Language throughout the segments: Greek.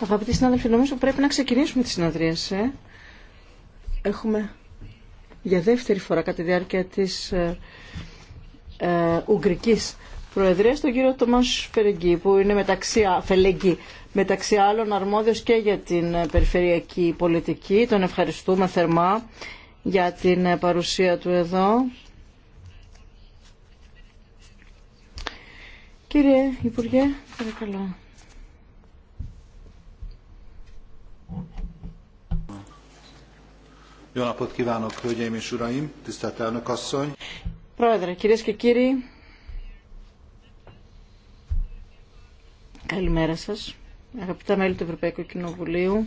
Αγαπητοί συνάδελφοι, νομίζω πρέπει να ξεκινήσουμε τη συνέδρια. Έχουμε για δεύτερη φορά κατά τη διάρκεια της ε, ε, Ουγγρικής Προεδρίας τον κύριο Τωμά Φελεγγύη, που είναι μεταξύ, μεταξύ άλλων αρμόδιο και για την ε, περιφερειακή πολιτική. Τον ευχαριστούμε θερμά για την ε, παρουσία του εδώ Κύριε Υπουργέ, παρακαλώ. Jó napot kívánok, hölgyeim és uraim, tisztelt elnök asszony! Πρόεδρε, κυρίε και κύριοι, καλημέρα σα, αγαπητά μέλη του Ευρωπαϊκού Κοινοβουλίου,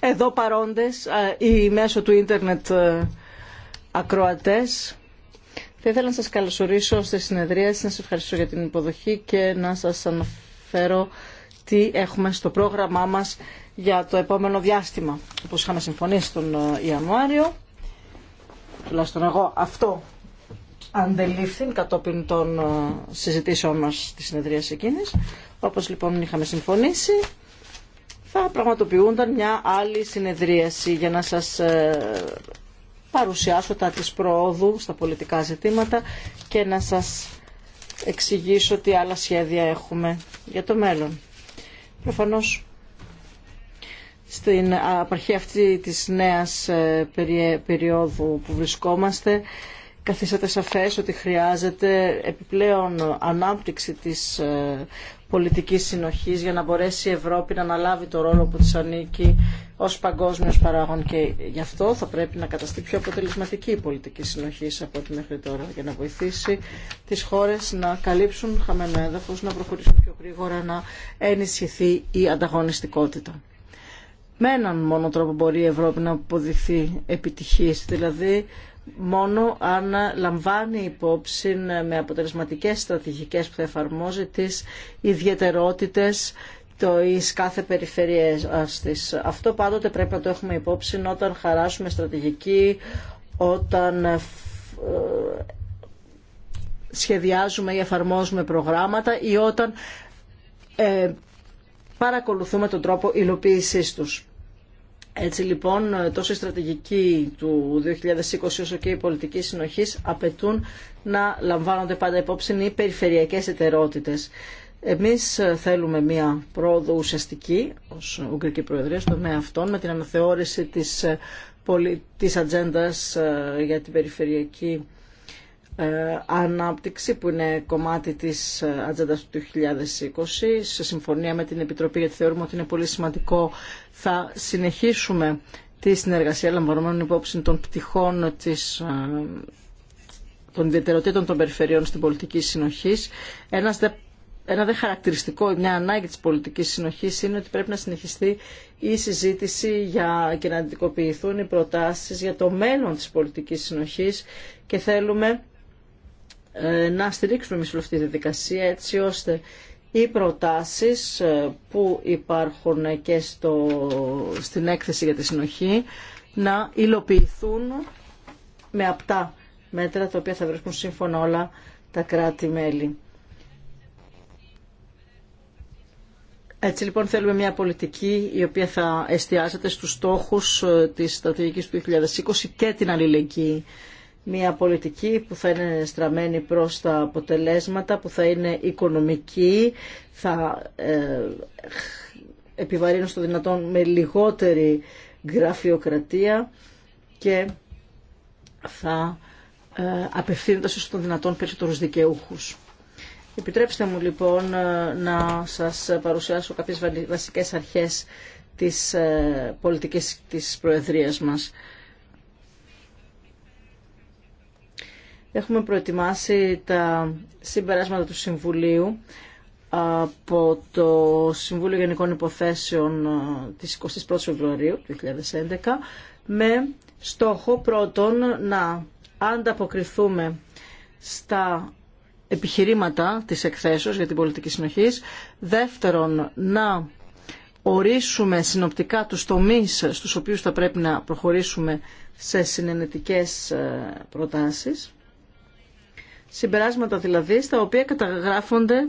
εδώ παρόντε, ή ε, μέσω του ίντερνετ ε, ακροατές, θα ήθελα να σας καλωσορίσω στη συνεδρία, να σας ευχαριστώ για την υποδοχή και να σας αναφέρω τι έχουμε στο πρόγραμμά μας για το επόμενο διάστημα. Όπως είχαμε συμφωνήσει τον ε, Ιανουάριο, τουλάχιστον εγώ αυτό αντελήφθη κατόπιν των ε, συζητήσεων μας στη συνεδρία εκείνης. Όπως λοιπόν είχαμε συμφωνήσει, θα πραγματοποιούνταν μια άλλη συνεδρίαση για να σας ε, παρουσιάσω τα της προόδου στα πολιτικά ζητήματα και να σας εξηγήσω τι άλλα σχέδια έχουμε για το μέλλον. Προφανώς στην απαρχή αυτή της νέας ε, περίοδου που βρισκόμαστε καθίσατε σαφές ότι χρειάζεται επιπλέον ανάπτυξη της ε, πολιτικής συνοχής για να μπορέσει η Ευρώπη να αναλάβει το ρόλο που της ανήκει ως παγκόσμιος παράγων και γι' αυτό θα πρέπει να καταστεί πιο αποτελεσματική η πολιτική συνοχή από ό,τι μέχρι τώρα για να βοηθήσει τις χώρες να καλύψουν χαμένο έδαφος, να προχωρήσουν πιο γρήγορα, να ενισχυθεί η ανταγωνιστικότητα. Με έναν μόνο τρόπο μπορεί η Ευρώπη να αποδειχθεί επιτυχής, δηλαδή μόνο αν λαμβάνει υπόψη με αποτελεσματικές στρατηγικές που θα εφαρμόζει τις ιδιαιτερότητες το εις κάθε περιφερειάς της. Αυτό πάντοτε πρέπει να το έχουμε υπόψη όταν χαράσουμε στρατηγική, όταν ε, ε, σχεδιάζουμε ή εφαρμόζουμε προγράμματα ή όταν ε, παρακολουθούμε τον τρόπο υλοποίησής τους. Έτσι λοιπόν τόσο η στρατηγική του 2020 όσο και η πολιτική συνοχής απαιτούν να λαμβάνονται πάντα υπόψη οι περιφερειακές εταιρότητες. Εμείς θέλουμε μια πρόοδο ουσιαστική ως Ουγγρική Προεδρία στο τομέα αυτών με την αναθεώρηση της, ε, της ατζέντα ε, για την περιφερειακή ε, ανάπτυξη που είναι κομμάτι της ατζέντα του 2020 σε συμφωνία με την Επιτροπή γιατί θεωρούμε ότι είναι πολύ σημαντικό θα συνεχίσουμε τη συνεργασία λαμβανωμένων υπόψη των πτυχών της, ε, των ιδιαιτεροτήτων των περιφερειών στην πολιτική συνοχή. ένα δε χαρακτηριστικό, μια ανάγκη της πολιτικής συνοχής είναι ότι πρέπει να συνεχιστεί η συζήτηση για, και να αντικοποιηθούν οι προτάσεις για το μέλλον της πολιτικής συνοχής και θέλουμε ε, να στηρίξουμε εμείς αυτή τη διαδικασία έτσι ώστε οι προτάσεις ε, που υπάρχουν και στο, στην έκθεση για τη συνοχή να υλοποιηθούν με απτά μέτρα τα οποία θα βρίσκουν σύμφωνα όλα τα κράτη-μέλη. Έτσι λοιπόν θέλουμε μια πολιτική η οποία θα εστιάζεται στους στόχους ε, της στρατηγικής του 2020 και την αλληλεγγύη μια πολιτική που θα είναι στραμμένη προς τα αποτελέσματα, που θα είναι οικονομική, θα ε, στο δυνατόν με λιγότερη γραφειοκρατία και θα ε, στο δυνατόν περισσότερους δικαιούχους. Επιτρέψτε μου λοιπόν ε, να σας παρουσιάσω κάποιες βασικές αρχές της ε, πολιτικής της Προεδρίας μας. Έχουμε προετοιμάσει τα συμπεράσματα του Συμβουλίου από το Συμβούλιο Γενικών Υποθέσεων ε, της 21 Φεβρουαρίου του 2011 με στόχο πρώτον να ανταποκριθούμε στα επιχειρήματα της εκθέσεως για την πολιτική συνοχής. Δεύτερον, να ορίσουμε συνοπτικά τους τομείς στους οποίους θα πρέπει να προχωρήσουμε σε συνενετικές ε, προτάσεις συμπεράσματα δηλαδή στα οποία καταγράφονται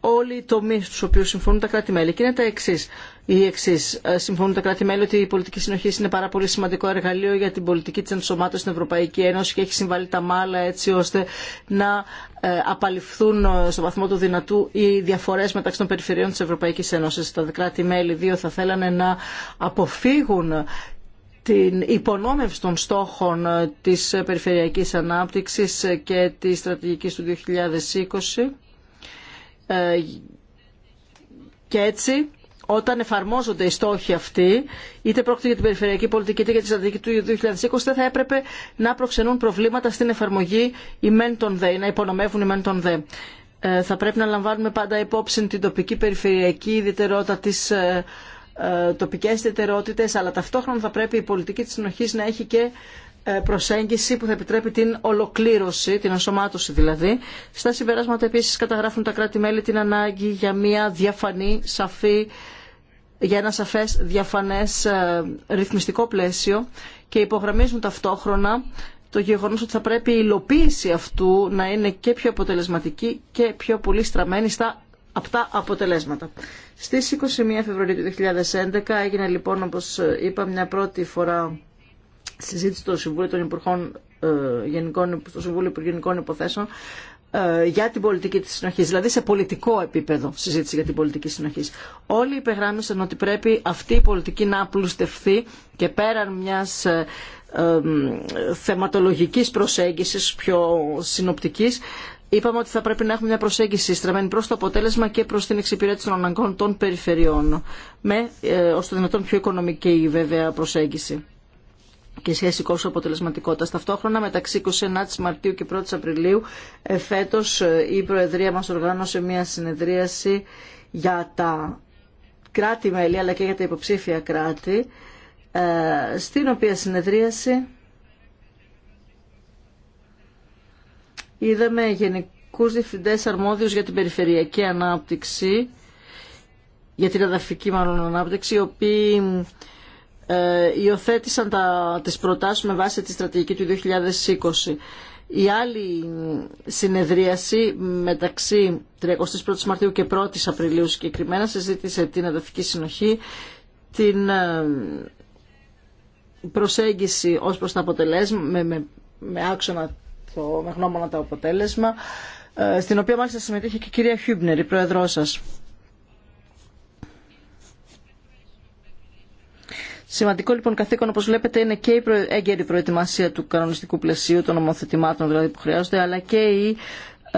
όλοι οι τομεί στου οποίου συμφωνούν τα κράτη-μέλη. Και είναι τα εξή. Οι εξή. Ε, συμφωνούν τα κράτη-μέλη ότι η πολιτική συνοχή είναι πάρα πολύ σημαντικό εργαλείο για την πολιτική τη ενσωμάτωση στην Ευρωπαϊκή Ένωση και έχει συμβάλει τα μάλα έτσι ώστε να ε, απαλληφθούν ε, στο βαθμό του δυνατού οι διαφορέ μεταξύ των περιφερειών τη Ευρωπαϊκή Ένωση. Τα κράτη-μέλη δύο θα θέλανε να αποφύγουν την υπονόμευση των στόχων ε, της περιφερειακής ανάπτυξης και της στρατηγικής του 2020 ε, και έτσι όταν εφαρμόζονται οι στόχοι αυτοί, είτε πρόκειται για την περιφερειακή πολιτική είτε για τη στρατηγική του 2020, δεν θα έπρεπε να προξενούν προβλήματα στην εφαρμογή ημέν των ΔΕ, να υπονομεύουν ημέν των ΔΕ. Ε, θα πρέπει να λαμβάνουμε πάντα υπόψη την τοπική περιφερειακή ιδιαιτερότητα της ε, τοπικές ιδιαιτερότητες, αλλά ταυτόχρονα θα πρέπει η πολιτική της συνοχής να έχει και ε, προσέγγιση που θα επιτρέπει την ολοκλήρωση, την ενσωμάτωση δηλαδή. Στα συμπεράσματα επίσης καταγράφουν τα κράτη-μέλη την ανάγκη για μια διαφανή, σαφή, για ένα σαφές διαφανές ε, ρυθμιστικό πλαίσιο και υπογραμμίζουν ταυτόχρονα το γεγονός ότι θα πρέπει η υλοποίηση αυτού να είναι και πιο αποτελεσματική και πιο πολύ στραμμένη στα απτά αποτελέσματα. Στις 21 Φεβρουαρίου του 2011 έγινε λοιπόν όπως είπα μια πρώτη φορά συζήτηση στο Συμβούλιο των Υπουργών, ε, στο Συμβούλιο Υπουργενικών Υποθέσεων ε, για την πολιτική της συνοχής, δηλαδή σε πολιτικό επίπεδο συζήτηση για την πολιτική συνοχής. Όλοι υπεγράμμισαν ότι πρέπει αυτή η πολιτική να απλουστευθεί και πέραν μιας ε, ε, θεματολογικής προσέγγισης πιο συνοπτικής Είπαμε ότι θα πρέπει να έχουμε μια προσέγγιση στραμμένη προς το αποτέλεσμα και προς την εξυπηρέτηση των αναγκών των περιφερειών, με ε, το δυνατόν πιο οικονομική βέβαια προσέγγιση και σχέση κόστου αποτελεσματικότητα. Ταυτόχρονα μεταξύ 29 Μαρτίου και 1 Απριλίου ε, ε, η Προεδρία μα οργάνωσε μια συνεδρίαση για τα κράτη-μέλη αλλά και για τα υποψήφια κράτη, ε, στην οποία συνεδρίαση είδαμε γενικούς διευθυντές αρμόδιους για την περιφερειακή ανάπτυξη, για την εδαφική μάλλον ανάπτυξη, οι οποίοι ε, υιοθέτησαν τα, τις προτάσεις με βάση τη στρατηγική του 2020. Η άλλη συνεδρίαση μεταξύ 31 Μαρτίου και 1 Απριλίου συγκεκριμένα συζήτησε την εδαφική συνοχή, την ε, προσέγγιση ως προς τα αποτελέσματα με, με, με άξονα το με γνώμονα το αποτέλεσμα, ε, στην οποία μάλιστα συμμετείχε και η κυρία Χιούμπνερ, η πρόεδρό σα. Σημαντικό λοιπόν καθήκον, όπω βλέπετε, είναι και η έγκαιρη προετοιμασία του κανονιστικού πλαισίου των νομοθετημάτων δηλαδή, που χρειάζονται, αλλά και η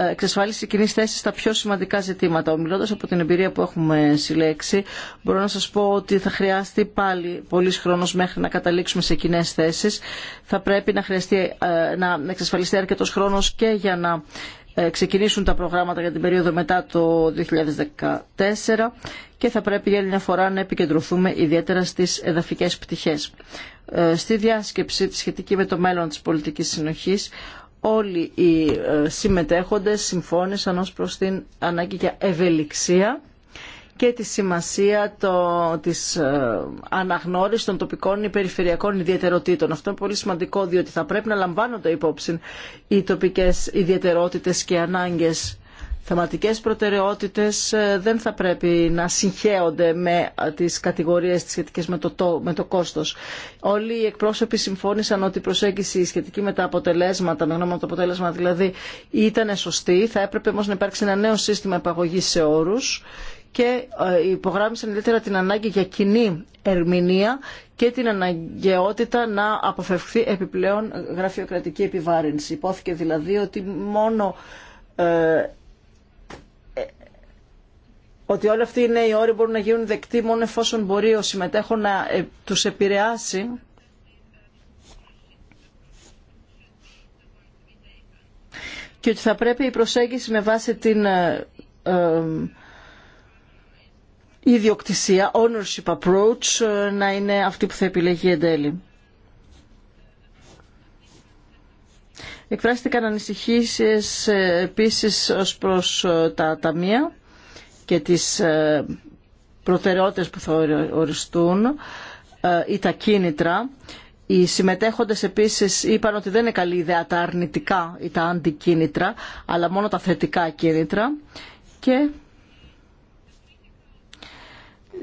εξασφάλιση κοινή θέση στα πιο σημαντικά ζητήματα. Μιλώντα από την εμπειρία που έχουμε συλλέξει, μπορώ να σα πω ότι θα χρειαστεί πάλι πολλή χρόνο μέχρι να καταλήξουμε σε κοινέ θέσει. Θα πρέπει να, χρειαστεί, ε, να εξασφαλιστεί αρκετό χρόνο και για να ε, ξεκινήσουν τα προγράμματα για την περίοδο μετά το 2014 και θα πρέπει για μια φορά να επικεντρωθούμε ιδιαίτερα στις εδαφικές πτυχές. Ε, στη διάσκεψη τη σχετική με το μέλλον της πολιτικής συνοχής, όλοι οι ε, συμμετέχοντες συμφώνησαν ως προς την ανάγκη για ευελιξία και τη σημασία το, της ε, αναγνώρισης των τοπικών ή περιφερειακών ιδιαιτεροτήτων. Αυτό είναι πολύ σημαντικό διότι θα πρέπει να λαμβάνονται υπόψη οι τοπικές ιδιαιτερότητες και ανάγκες θεματικές προτεραιότητες ε, δεν θα πρέπει να συγχέονται με ε, τις κατηγορίες τις σχετικές με το, με το κόστος. Όλοι οι εκπρόσωποι συμφώνησαν ότι η προσέγγιση σχετική με τα αποτελέσματα, με γνώμη το αποτέλεσμα δηλαδή, ήταν σωστή. Θα έπρεπε όμως να υπάρξει ένα νέο σύστημα επαγωγής σε όρους και ε, υπογράμμισαν ιδιαίτερα την ανάγκη για κοινή ερμηνεία και την αναγκαιότητα να αποφευχθεί επιπλέον γραφειοκρατική επιβάρυνση. Υπόθηκε δηλαδή ότι μόνο ότι όλοι αυτοί οι νέοι όροι μπορούν να γίνουν δεκτοί μόνο εφόσον μπορεί ο συμμετέχον να ε, τους επηρεάσει και ότι θα πρέπει η προσέγγιση με βάση την ε, ε, ιδιοκτησία, ownership approach, να είναι αυτή που θα επιλεγεί εν τέλει. Εκφράστηκαν ανησυχίες επίσης ως προς τα ταμεία και τις ε, προτεραιότητες που θα οριστούν ε, ή τα κίνητρα. Οι συμμετέχοντες επίσης είπαν ότι δεν είναι καλή ιδέα τα αρνητικά ή τα αντικίνητρα, αλλά μόνο τα θετικά κίνητρα και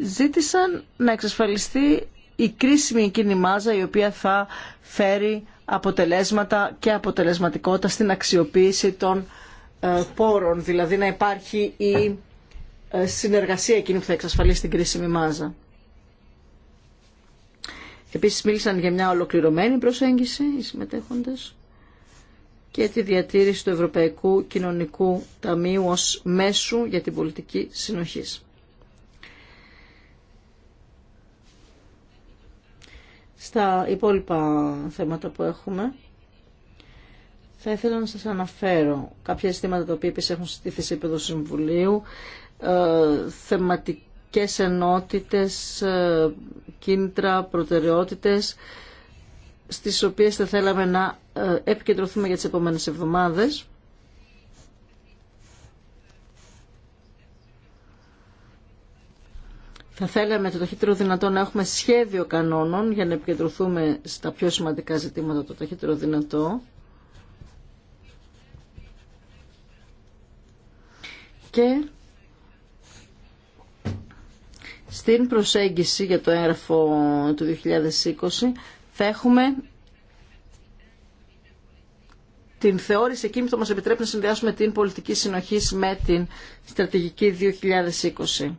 ζήτησαν να εξασφαλιστεί η κρίσιμη εκείνη μάζα η οποία θα φέρει αποτελέσματα και αποτελεσματικότητα στην αξιοποίηση των ε, πόρων, δηλαδή να υπάρχει η ε, συνεργασία εκείνη που θα εξασφαλίσει την κρίσιμη μάζα. Επίσης μίλησαν για μια ολοκληρωμένη προσέγγιση οι συμμετέχοντες και τη διατήρηση του Ευρωπαϊκού Κοινωνικού Ταμείου ως μέσου για την πολιτική συνοχής. Στα υπόλοιπα θέματα που έχουμε, θα ήθελα να σας αναφέρω κάποια ζητήματα τα οποία επίσης έχουν στη σε επίπεδο Συμβουλίου, ε, θεματικές ενότητες, ε, κίνητρα, προτεραιότητες, στις οποίες θα θέλαμε να ε, επικεντρωθούμε για τις επόμενες εβδομάδες. Θα θέλαμε το ταχύτερο δυνατό να έχουμε σχέδιο κανόνων για να επικεντρωθούμε στα πιο σημαντικά ζητήματα το ταχύτερο δυνατό. Και στην προσέγγιση για το έγγραφο του 2020 θα έχουμε την θεώρηση εκείνη που θα μας επιτρέπει να συνδυάσουμε την πολιτική συνοχή με την στρατηγική 2020.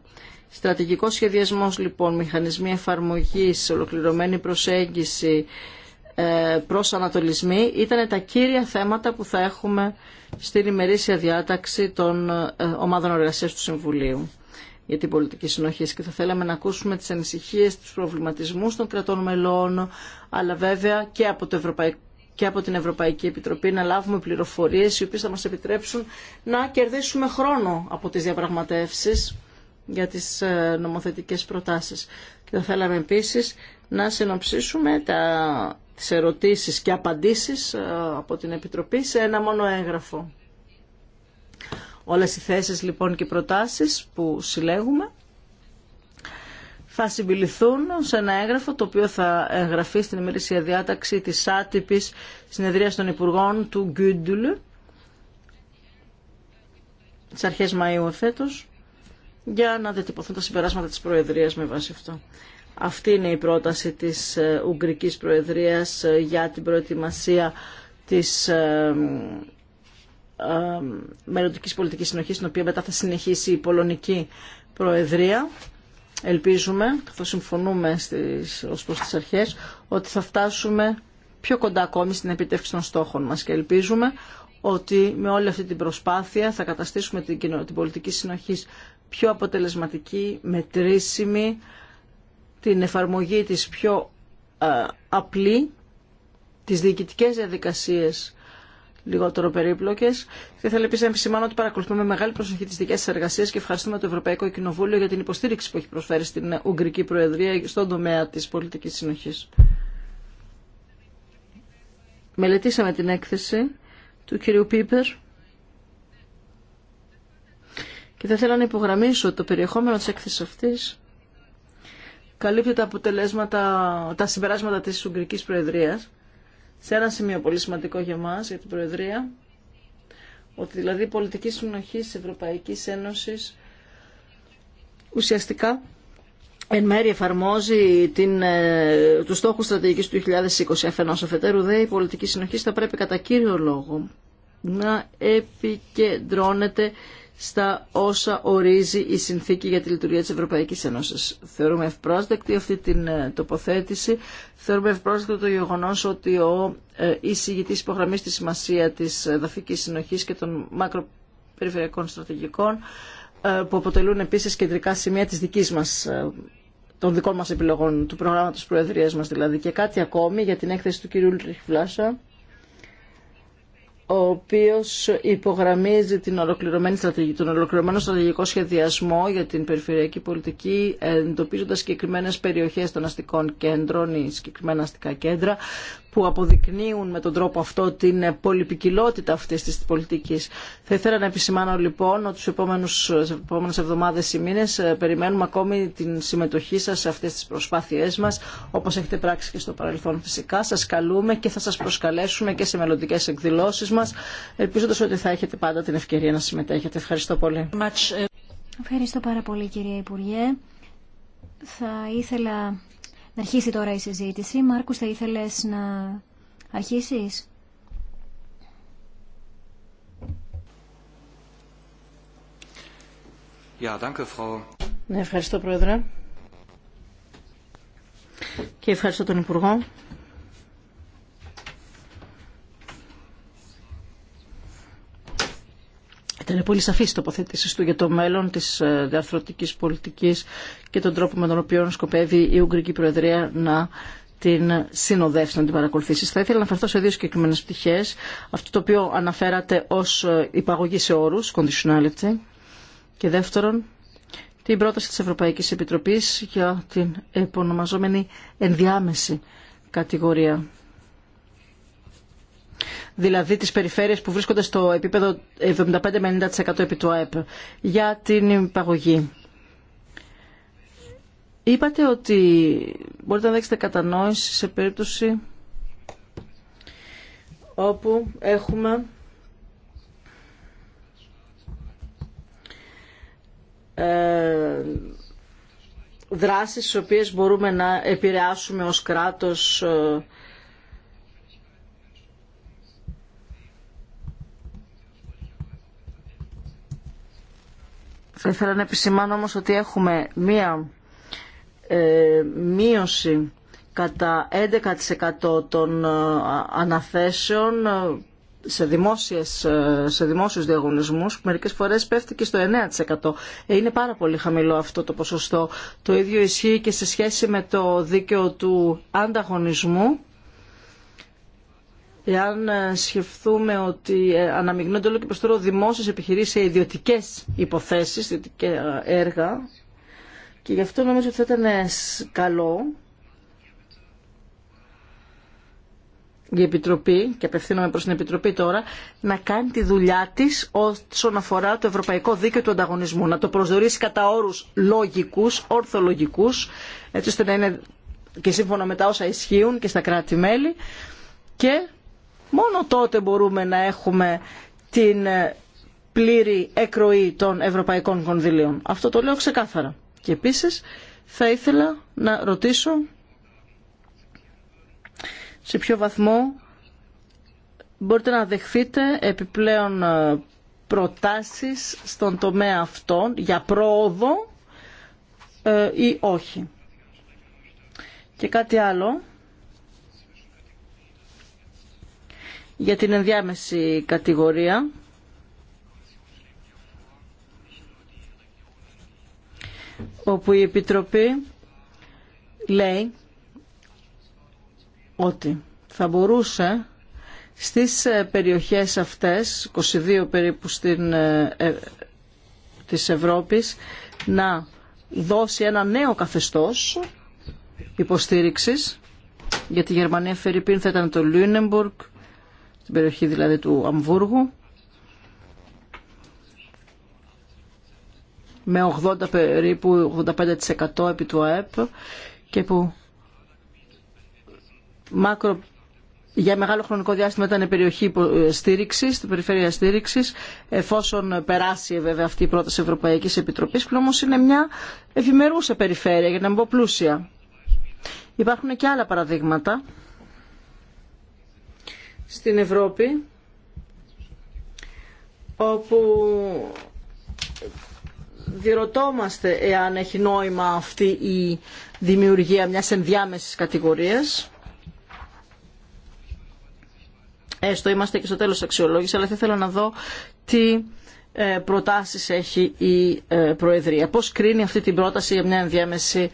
Στρατηγικός σχεδιασμός λοιπόν, μηχανισμοί εφαρμογής, ολοκληρωμένη προσέγγιση, ε, ανατολισμοί ήταν τα κύρια θέματα που θα έχουμε στην ημερήσια διάταξη των ε, ομάδων εργασίας του Συμβουλίου για την πολιτική συνοχή και θα θέλαμε να ακούσουμε τις ανησυχίες, τους προβληματισμούς των κρατών μελών, αλλά βέβαια και από το και από την Ευρωπαϊκή Επιτροπή να λάβουμε πληροφορίες οι οποίες θα μας επιτρέψουν να κερδίσουμε χρόνο από τις διαπραγματεύσεις για τις ε, νομοθετικές προτάσεις. Και θα θέλαμε επίσης να συνοψίσουμε τα, τις ερωτήσεις και απαντήσεις ε, από την Επιτροπή σε ένα μόνο έγγραφο. Όλες οι θέσεις λοιπόν και οι προτάσεις που συλλέγουμε θα συμπληθούν σε ένα έγγραφο το οποίο θα εγγραφεί στην ημερήσια διάταξη της άτυπης συνεδρίας των Υπουργών του Γκούντουλ τις αρχές Μαΐου εφέτος για να διατυπωθούν τα συμπεράσματα της Προεδρίας με βάση αυτό. Αυτή είναι η πρόταση της ε, Ουγγρικής Προεδρίας ε, για την προετοιμασία της ε, ε, μελλοντικής πολιτική συνοχής, την οποία μετά θα συνεχίσει η Πολωνική Προεδρία. Ελπίζουμε, καθώ συμφωνούμε στις, ως προς τις αρχές, ότι θα φτάσουμε πιο κοντά ακόμη στην επιτεύξη των στόχων μας και ελπίζουμε ότι με όλη αυτή την προσπάθεια θα καταστήσουμε την, την πολιτική συνοχής πιο αποτελεσματική, μετρήσιμη, την εφαρμογή της πιο ε, απλή, τις διοικητικές διαδικασίες λιγότερο περίπλοκε. Και θέλω επίση να επισημάνω ότι παρακολουθούμε με μεγάλη προσοχή τι δικέ σα εργασίε και ευχαριστούμε το Ευρωπαϊκό Κοινοβούλιο για την υποστήριξη που έχει προσφέρει στην Ουγγρική Προεδρία στον τομέα τη πολιτική συνοχή. Μελετήσαμε την έκθεση του κυρίου Πίπερ και θα ήθελα να υπογραμμίσω το περιεχόμενο της έκθεσης αυτής καλύπτει τα αποτελέσματα, τα συμπεράσματα της Ουγγρικής Προεδρίας σε ένα σημείο πολύ σημαντικό για μας, για την Προεδρία, ότι δηλαδή η πολιτική συνοχή της Ευρωπαϊκής Ένωσης ουσιαστικά εν μέρει εφαρμόζει την, ε, τους στόχους στρατηγικής του 2020 αφενός αφετέρου δε η πολιτική συνοχή θα πρέπει κατά κύριο λόγο να επικεντρώνεται στα όσα ορίζει η συνθήκη για τη λειτουργία της Ευρωπαϊκής Ένωσης. Θεωρούμε ευπρόσδεκτη αυτή την ε, τοποθέτηση. Θεωρούμε ευπρόσδεκτο το γεγονός ότι ο ε, εισηγητής υπογραμμής τη σημασία της δαφικής συνοχής και των μακροπεριφερειακών στρατηγικών ε, που αποτελούν επίσης κεντρικά σημεία της δικής μας των δικών μας επιλογών του προγράμματος Προεδρίας μας δηλαδή και κάτι ακόμη για την έκθεση του κυρίου Βλάσσα ο οποίος υπογραμμίζει την ολοκληρωμένη στρατηγική, τον ολοκληρωμένο στρατηγικό σχεδιασμό για την περιφερειακή πολιτική, εντοπίζοντας συγκεκριμένες περιοχές των αστικών κέντρων ή συγκεκριμένα αστικά κέντρα, που αποδεικνύουν με τον τρόπο αυτό την πολυπικιλότητα αυτής της πολιτικής. Θα ήθελα να επισημάνω λοιπόν ότι στις επόμενους, επόμενες εβδομάδες ή μήνες ε, περιμένουμε ακόμη την συμμετοχή σας σε αυτές τις προσπάθειές μας, όπως έχετε πράξει και στο παρελθόν φυσικά. Σας καλούμε και θα σας προσκαλέσουμε και σε μελλοντικέ εκδηλώσεις μας, ελπίζοντας ότι θα έχετε πάντα την ευκαιρία να συμμετέχετε. Ευχαριστώ πολύ. Ευχαριστώ πάρα πολύ κυρία Υπουργέ. Θα ήθελα να αρχίσει τώρα η συζήτηση. Μάρκους, θα ήθελες να αρχίσεις. Ja, danke, Frau. Ναι, ευχαριστώ, Πρόεδρε. Και ευχαριστώ τον Υπουργό Ήταν πολύ η τοποθέτηση του για το μέλλον της ε, διαρθρωτική πολιτικής και τον τρόπο με τον οποίο σκοπεύει η Ουγγρική Προεδρία να την συνοδεύσει, να την παρακολουθήσει. Θα ήθελα να αναφερθώ σε δύο συγκεκριμένε πτυχέ. Αυτό το οποίο αναφέρατε ω ε, υπαγωγή σε όρου, conditionality. Και δεύτερον, την πρόταση της Ευρωπαϊκής Επιτροπής για την επωνομαζόμενη ενδιάμεση κατηγορία δηλαδή τις περιφέρειες που βρίσκονται στο επίπεδο 75-90% επί του ΑΕΠ, για την υπαγωγή. Είπατε ότι μπορείτε να δείξετε κατανόηση σε περίπτωση όπου έχουμε ε, δράσεις στις οποίες μπορούμε να επηρεάσουμε ως κράτος ε, Θα ήθελα να επισημάνω όμως ότι έχουμε μία ε, μείωση κατά 11% των ε, αναθέσεων ε, σε, δημόσιες, ε, σε δημόσιους διαγωνισμούς που μερικές φορές πέφτει και στο 9%. Είναι πάρα πολύ χαμηλό αυτό το ποσοστό. Το ίδιο ισχύει και σε σχέση με το δίκαιο του ανταγωνισμού Εάν ε, σκεφτούμε ότι ε, αναμειγνώνται όλο και περισσότερο δημόσιες επιχειρήσεις σε ιδιωτικές υποθέσεις, ιδιωτικά έργα, και γι' αυτό νομίζω ότι θα ήταν ε, καλό η Επιτροπή, και απευθύνομαι προς την Επιτροπή τώρα, να κάνει τη δουλειά της όσον αφορά το Ευρωπαϊκό Δίκαιο του Ανταγωνισμού, να το προσδιορίσει κατά όρους λογικούς, ορθολογικούς, έτσι ώστε να είναι και σύμφωνα με τα όσα ισχύουν και στα κράτη-μέλη και Μόνο τότε μπορούμε να έχουμε την ε, πλήρη εκροή των ευρωπαϊκών κονδυλίων. Αυτό το λέω ξεκάθαρα. Και επίσης θα ήθελα να ρωτήσω σε ποιο βαθμό μπορείτε να δεχθείτε επιπλέον ε, προτάσεις στον τομέα αυτών για πρόοδο ε, ή όχι. Και κάτι άλλο για την ενδιάμεση κατηγορία. όπου η Επιτροπή λέει ότι θα μπορούσε στις περιοχές αυτές, 22 περίπου στην, ε, ε, της Ευρώπης, να δώσει ένα νέο καθεστώς υποστήριξης. Για τη Γερμανία Φερρυπίν θα ήταν το Λούνεμπουργκ, στην περιοχή δηλαδή του Αμβούργου με 80 περίπου 85% επί του ΑΕΠ και που μάκρο για μεγάλο χρονικό διάστημα ήταν περιοχή ε, στήριξη, την περιφέρεια στήριξη, εφόσον περάσει βέβαια αυτή η πρόταση Ευρωπαϊκή Επιτροπή, που όμω είναι μια ευημερούσα περιφέρεια, για να μην πω πλούσια. Υπάρχουν και άλλα παραδείγματα στην Ευρώπη όπου διρωτόμαστε εάν έχει νόημα αυτή η δημιουργία μιας ενδιάμεσης κατηγορίας. Έστω είμαστε και στο τέλος αξιολόγηση, αλλά θα ήθελα να δω τι ε, προτάσεις έχει η ε, Προεδρία. Πώς κρίνει αυτή την πρόταση για μια ενδιάμεση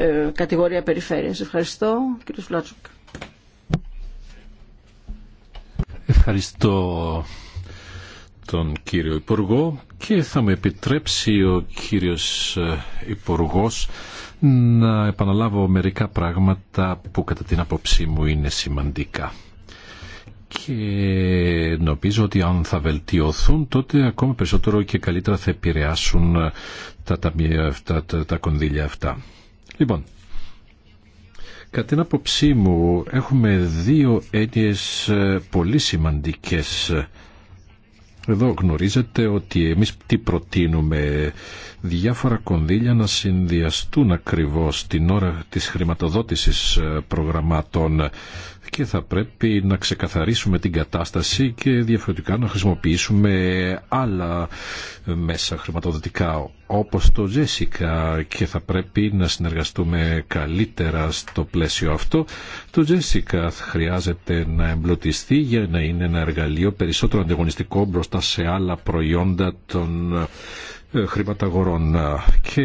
ε, κατηγορία περιφέρειας. Ευχαριστώ, κύριε Φλάτσουκ. Ευχαριστώ τον κύριο Υπουργό και θα μου επιτρέψει ο κύριος ε, Υπουργός να επαναλάβω μερικά πράγματα που κατά την απόψή μου είναι σημαντικά. Και νομίζω ότι αν θα βελτιωθούν τότε ακόμα περισσότερο και καλύτερα θα επηρεάσουν τα, τα, τα κονδύλια αυτά. Λοιπόν, Κατά την άποψή μου έχουμε δύο έννοιες ε, πολύ σημαντικές. Εδώ γνωρίζετε ότι εμείς τι προτείνουμε διάφορα κονδύλια να συνδυαστούν ακριβώς την ώρα της χρηματοδότησης ε, προγραμμάτων και θα πρέπει να ξεκαθαρίσουμε την κατάσταση και διαφορετικά να χρησιμοποιήσουμε άλλα μέσα χρηματοδοτικά όπως το Jessica και θα πρέπει να συνεργαστούμε καλύτερα στο πλαίσιο αυτό. Το Jessica χρειάζεται να εμπλουτιστεί για να είναι ένα εργαλείο περισσότερο ανταγωνιστικό μπροστά σε άλλα προϊόντα των ε, χρηματαγορών και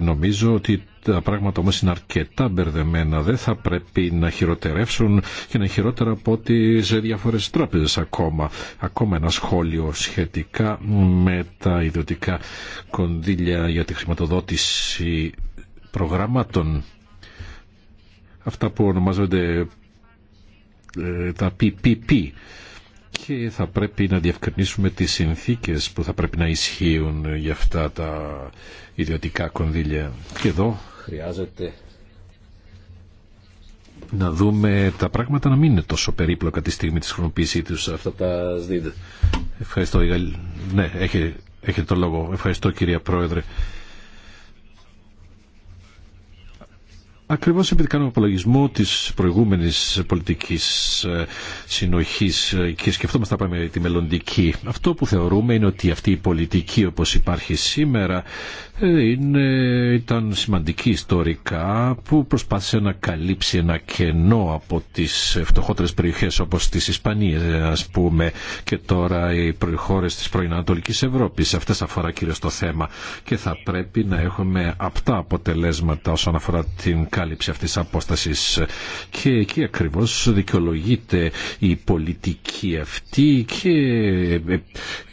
νομίζω ότι τα πράγματα όμως είναι αρκετά μπερδεμένα, δεν θα πρέπει να χειροτερεύσουν και να χειρότερα από ό,τι σε διάφορες τράπεζες ακόμα. Ακόμα ένα σχόλιο σχετικά με τα ιδιωτικά κονδύλια για τη χρηματοδότηση προγραμμάτων. Αυτά που ονομάζονται ε, τα PPP και θα πρέπει να διευκρινίσουμε τις συνθήκες που θα πρέπει να ισχύουν για αυτά τα ιδιωτικά κονδύλια. Και εδώ χρειάζεται να δούμε τα πράγματα να μην είναι τόσο περίπλοκα τη στιγμή της χρονοποίησής τους αυτά τα σδίδε. Ευχαριστώ. Ναι, έχετε, έχετε το λόγο. Ευχαριστώ κυρία Πρόεδρε. Ακριβώ επειδή κάνουμε απολογισμό της προηγούμενης πολιτικής ε, συνοχή ε, και σκεφτόμαστε να πάμε τη μελλοντική, αυτό που θεωρούμε είναι ότι αυτή η πολιτική όπω υπάρχει σήμερα ε, είναι, ήταν σημαντική ιστορικά που προσπάθησε να καλύψει ένα κενό από τι φτωχότερε περιοχέ, όπω τη Ισπανία, α πούμε και τώρα οι χώρες τη πρώην Ανατολική Ευρώπης. Αυτές αφορά κυρίως το θέμα και θα πρέπει να έχουμε απτά αποτελέσματα όσον αφορά την κάλυψη αυτής της απόστασης. Και εκεί ακριβώς δικαιολογείται η πολιτική αυτή και ε,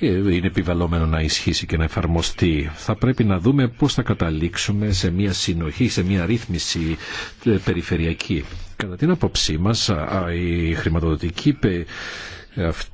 ε, είναι επιβαλλόμενο να ισχύσει και να εφαρμοστεί. Θα πρέπει να δούμε πώς θα καταλήξουμε σε μια συνοχή, σε μια ρύθμιση ε, περιφερειακή. Κατά την άποψή μας η χρηματοδοτική αυτή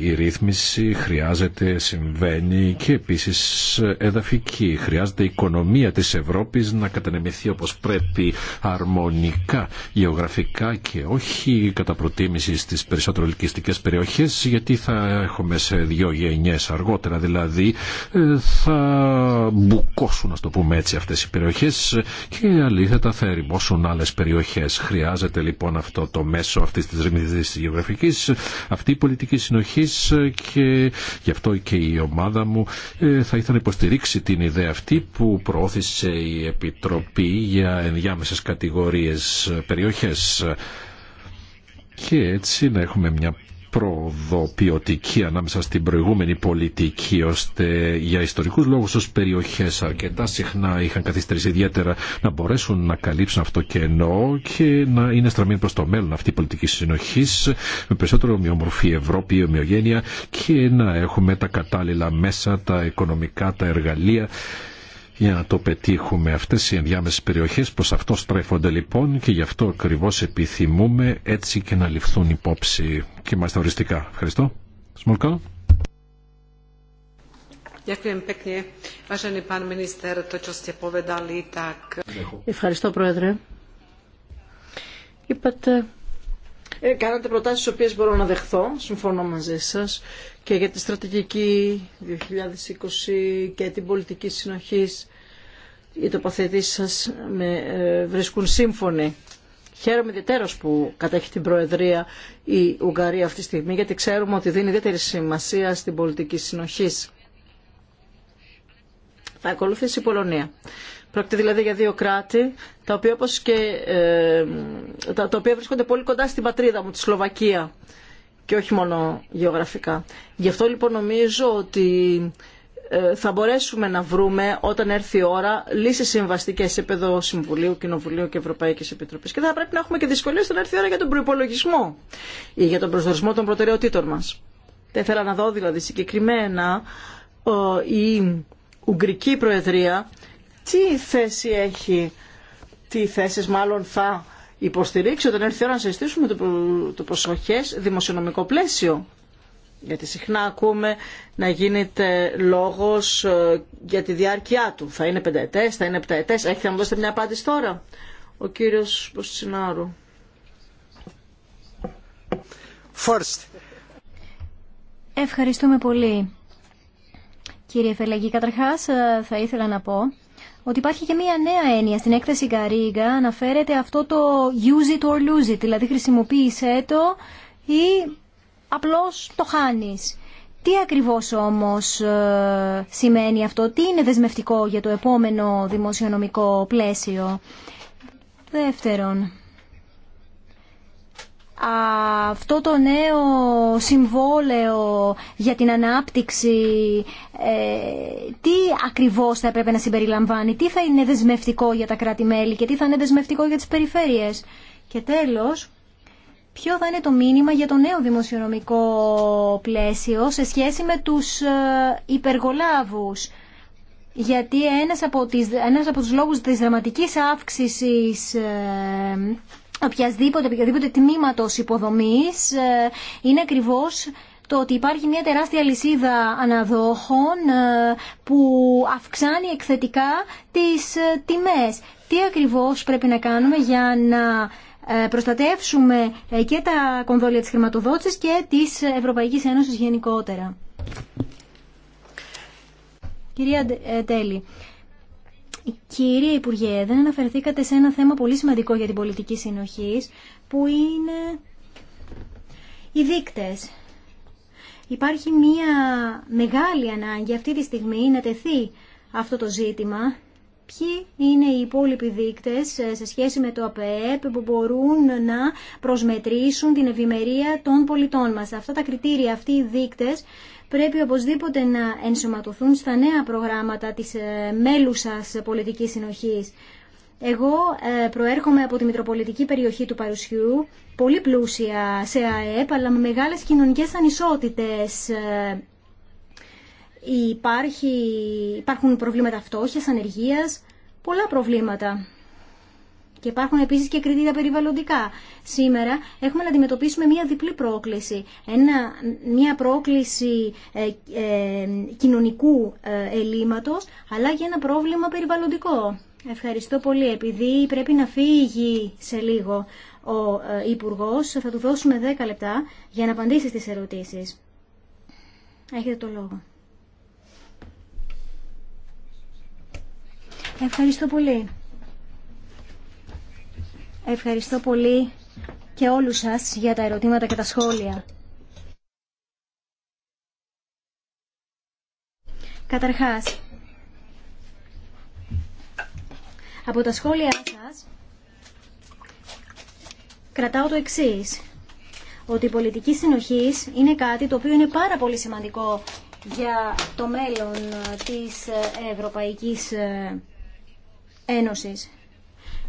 η ρύθμιση χρειάζεται, συμβαίνει και επίσης εδαφική. Χρειάζεται η οικονομία της Ευρώπης να κατανεμηθεί όπως πρέπει αρμονικά, γεωγραφικά και όχι κατά προτίμηση στις περισσότερο ελκυστικές περιοχές γιατί θα έχουμε σε δύο γενιές αργότερα δηλαδή ε, θα μπουκώσουν, το πούμε έτσι, αυτές οι περιοχές και αλήθετα θα ερημώσουν άλλες περιοχές. Χρειάζεται λοιπόν αυτό το μέσο αυτής της ρύθμισης γεωγραφικής αυτή η πολιτική συνοχή ε, και γι' αυτό και η ομάδα μου ε, θα ήθελα να υποστηρίξει την ιδέα αυτή που προώθησε η Επιτροπή για ενδιάμεσες κατηγορίες ε, περιοχές και έτσι να έχουμε μια προοδοποιωτική ανάμεσα στην προηγούμενη πολιτική ώστε για ιστορικούς λόγους ω περιοχές αρκετά συχνά είχαν καθυστερήσει ιδιαίτερα να μπορέσουν να καλύψουν αυτό κενό και να είναι στραμμένη προς το μέλλον αυτή η πολιτική συνοχή με περισσότερο ομοιομορφή Ευρώπη, ομοιογένεια και να έχουμε τα κατάλληλα μέσα, τα οικονομικά, τα εργαλεία για να το πετύχουμε. Αυτές οι ενδιάμεσες περιοχές προς αυτό στρέφονται λοιπόν και γι' αυτό ακριβώ επιθυμούμε έτσι και να ληφθούν υπόψη και μάλιστα οριστικά. Ευχαριστώ. Ευχαριστώ Πρόεδρε. Είπατε ε, κάνατε προτάσεις τις οποίες μπορώ να δεχθώ, συμφωνώ μαζί σας, και για τη στρατηγική 2020 και την πολιτική συνοχής οι τοποθετήσει σας ε, βρίσκουν σύμφωνοι. Χαίρομαι ιδιαίτερως που κατέχει την Προεδρία η Ουγγαρία αυτή τη στιγμή, γιατί ξέρουμε ότι δίνει ιδιαίτερη σημασία στην πολιτική συνοχή. Θα ακολουθήσει η Πολωνία. Πρόκειται δηλαδή για δύο κράτη, τα οποία, όπως και, ε, τα, τα οποία βρίσκονται πολύ κοντά στην πατρίδα μου, τη Σλοβακία, και όχι μόνο γεωγραφικά. Γι' αυτό λοιπόν νομίζω ότι ε, θα μπορέσουμε να βρούμε όταν έρθει η ώρα λύσεις συμβαστικές σε επίπεδο Συμβουλίου, Κοινοβουλίου και Ευρωπαϊκής Επιτροπής. Και θα πρέπει να έχουμε και δυσκολίες όταν έρθει η ώρα για τον προϋπολογισμό ή για τον προσδορισμό των προτεραιοτήτων μας. Θα ήθελα να δω δηλαδή συγκεκριμένα η Ουγγρική Προεδρία τι θέση έχει, τι θέσεις μάλλον θα υποστηρίξει όταν έρθει η ώρα να συζητήσουμε το προσοχές δημοσιονομικό πλαίσιο. Γιατί συχνά ακούμε να γίνεται λόγος ε, για τη διάρκεια του. Θα είναι πενταετές, θα είναι επταετές. Έχετε να μου δώσετε μια απάντηση τώρα. Ο κύριος Ποστινάρου. First. Ευχαριστούμε πολύ. Κύριε Φελεγγύη, καταρχάς ε, θα ήθελα να πω ότι υπάρχει και μία νέα έννοια. Στην έκθεση Γκαρίγκα αναφέρεται αυτό το use it or lose it, δηλαδή χρησιμοποίησέ το ή απλώς το χάνεις. Τι ακριβώς όμως ε, σημαίνει αυτό, τι είναι δεσμευτικό για το επόμενο δημοσιονομικό πλαίσιο. Δεύτερον, αυτό το νέο συμβόλαιο για την ανάπτυξη, ε, τι ακριβώς θα έπρεπε να συμπεριλαμβάνει, τι θα είναι δεσμευτικό για τα κράτη-μέλη και τι θα είναι δεσμευτικό για τις περιφέρειες. Και τέλος, ποιο θα είναι το μήνυμα για το νέο δημοσιονομικό πλαίσιο σε σχέση με τους ε, υπεργολάβους. Γιατί ένας από, τις, ένας από τους λόγους της δραματικής αύξησης ε, οποιασδήποτε, οποιαδήποτε τμήματος υποδομής ε, είναι ακριβώς το ότι υπάρχει μια τεράστια λυσίδα αναδόχων ε, που αυξάνει εκθετικά τις τιμές. Τι ακριβώς πρέπει να κάνουμε για να ε, προστατεύσουμε ε, και τα κονδόλια της χρηματοδότησης και της Ευρωπαϊκής Ένωσης γενικότερα. Κυρία ε, Τέλη, κύριε Υπουργέ, δεν αναφερθήκατε σε ένα θέμα πολύ σημαντικό για την πολιτική συνοχή, που είναι οι δείκτες. Υπάρχει μια μεγάλη ανάγκη αυτή τη στιγμή να τεθεί αυτό το ζήτημα ποιοι είναι οι υπόλοιποι δείκτες ε, σε σχέση με το ΑΠΕΠ που μπορούν να προσμετρήσουν την ευημερία των πολιτών μας. Αυτά τα κριτήρια, αυτοί οι δείκτες πρέπει οπωσδήποτε να ενσωματωθούν στα νέα προγράμματα της ε, μέλουσας πολιτικής συνοχής. Εγώ ε, προέρχομαι από τη Μητροπολιτική περιοχή του Παρουσιού, πολύ πλούσια σε ΑΕΠ, αλλά με μεγάλες κοινωνικές ανισότητες Υπάρχει, υπάρχουν προβλήματα φτώχειας, ανεργίας, πολλά προβλήματα. Και υπάρχουν επίσης και κριτήρια περιβαλλοντικά. Σήμερα έχουμε να αντιμετωπίσουμε μία διπλή πρόκληση. Ένα, μία πρόκληση ε, ε, κοινωνικού ε, αλλά και ένα πρόβλημα περιβαλλοντικό. Ευχαριστώ πολύ. Επειδή πρέπει να φύγει σε λίγο ο ε, Υπουργό, θα του δώσουμε 10 λεπτά για να απαντήσει στις ερωτήσεις. Έχετε το λόγο. Ευχαριστώ πολύ. Ευχαριστώ πολύ και όλους σας για τα ερωτήματα και τα σχόλια. Καταρχάς, από τα σχόλια σας κρατάω το εξής, ότι η πολιτική συνοχής είναι κάτι το οποίο είναι πάρα πολύ σημαντικό για το μέλλον της Ευρωπαϊκής Ένωσης.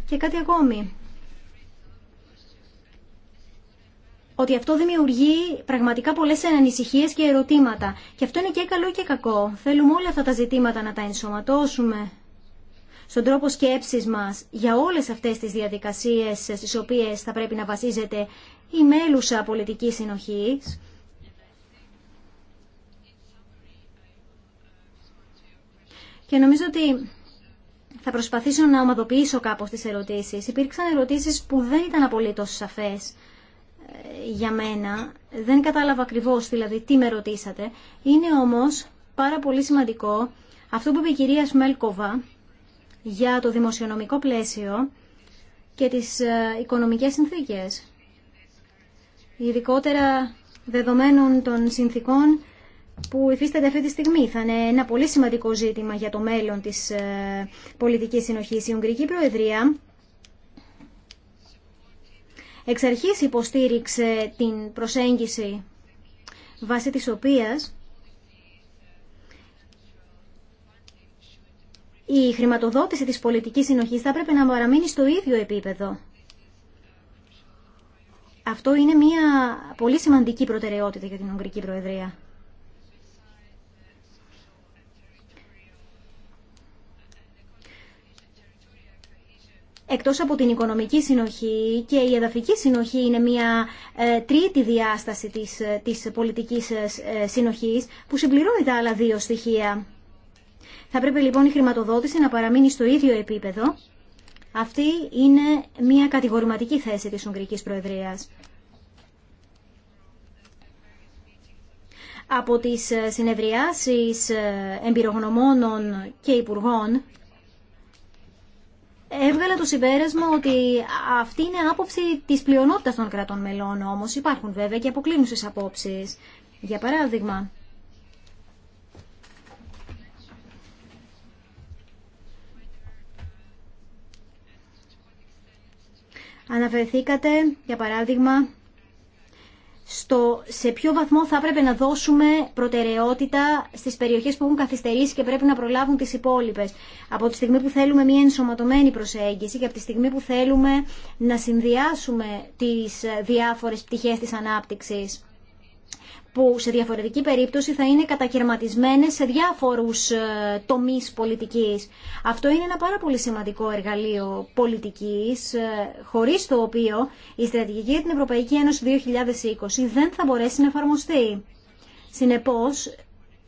Και κάτι ακόμη. Ότι αυτό δημιουργεί πραγματικά πολλές ανησυχίες και ερωτήματα. Και αυτό είναι και καλό και κακό. Θέλουμε όλα αυτά τα ζητήματα να τα ενσωματώσουμε στον τρόπο σκέψης μας για όλες αυτές τις διαδικασίες στις οποίες θα πρέπει να βασίζεται η μέλουσα πολιτική συνοχής. Και νομίζω ότι θα προσπαθήσω να ομαδοποιήσω κάπως τις ερωτήσεις. Υπήρξαν ερωτήσεις που δεν ήταν απολύτως σαφές ε, για μένα. Δεν κατάλαβα ακριβώς δηλαδή τι με ρωτήσατε. Είναι όμως πάρα πολύ σημαντικό αυτό που είπε η κυρία Σμέλκοβα για το δημοσιονομικό πλαίσιο και τις ε, οικονομικές συνθήκες. Ειδικότερα δεδομένων των συνθήκων που υφίσταται αυτή τη στιγμή. Θα είναι ένα πολύ σημαντικό ζήτημα για το μέλλον της ε, πολιτικής συνοχής. Η Ουγγρική Προεδρία εξ αρχής υποστήριξε την προσέγγιση βάσει της οποίας η χρηματοδότηση της πολιτικής συνοχής θα έπρεπε να παραμείνει στο ίδιο επίπεδο. Αυτό είναι μια πολύ σημαντική προτεραιότητα για την Ουγγρική Προεδρία. εκτός από την οικονομική συνοχή και η εδαφική συνοχή είναι μια ε, τρίτη διάσταση της, ε, της πολιτικής ε, συνοχής που συμπληρώνει τα άλλα δύο στοιχεία. Θα πρέπει λοιπόν η χρηματοδότηση να παραμείνει στο ίδιο επίπεδο. Αυτή είναι μια κατηγορηματική θέση της Ουγγρικής Προεδρίας. Από τις συνεδριάσεις εμπειρογνωμόνων και υπουργών έβγαλε το συμπέρασμα ότι αυτή είναι άποψη της πλειονότητας των κρατών μελών όμως. Υπάρχουν βέβαια και αποκλίνουσες απόψεις. Για παράδειγμα, αναφερθήκατε για παράδειγμα στο σε ποιο βαθμό θα έπρεπε να δώσουμε προτεραιότητα στις περιοχές που έχουν καθυστερήσει και πρέπει να προλάβουν τις υπόλοιπες. Από τη στιγμή που θέλουμε μια ενσωματωμένη προσέγγιση και από τη στιγμή που θέλουμε να συνδυάσουμε τις ε, διάφορες πτυχές της ανάπτυξης που σε διαφορετική περίπτωση θα είναι κατακαιρματισμένες σε διάφορους ε, τομείς πολιτικής. Αυτό είναι ένα πάρα πολύ σημαντικό εργαλείο πολιτικής, ε, χωρίς το οποίο η στρατηγική για την Ευρωπαϊκή Ένωση 2020 δεν θα μπορέσει να εφαρμοστεί. Συνεπώς,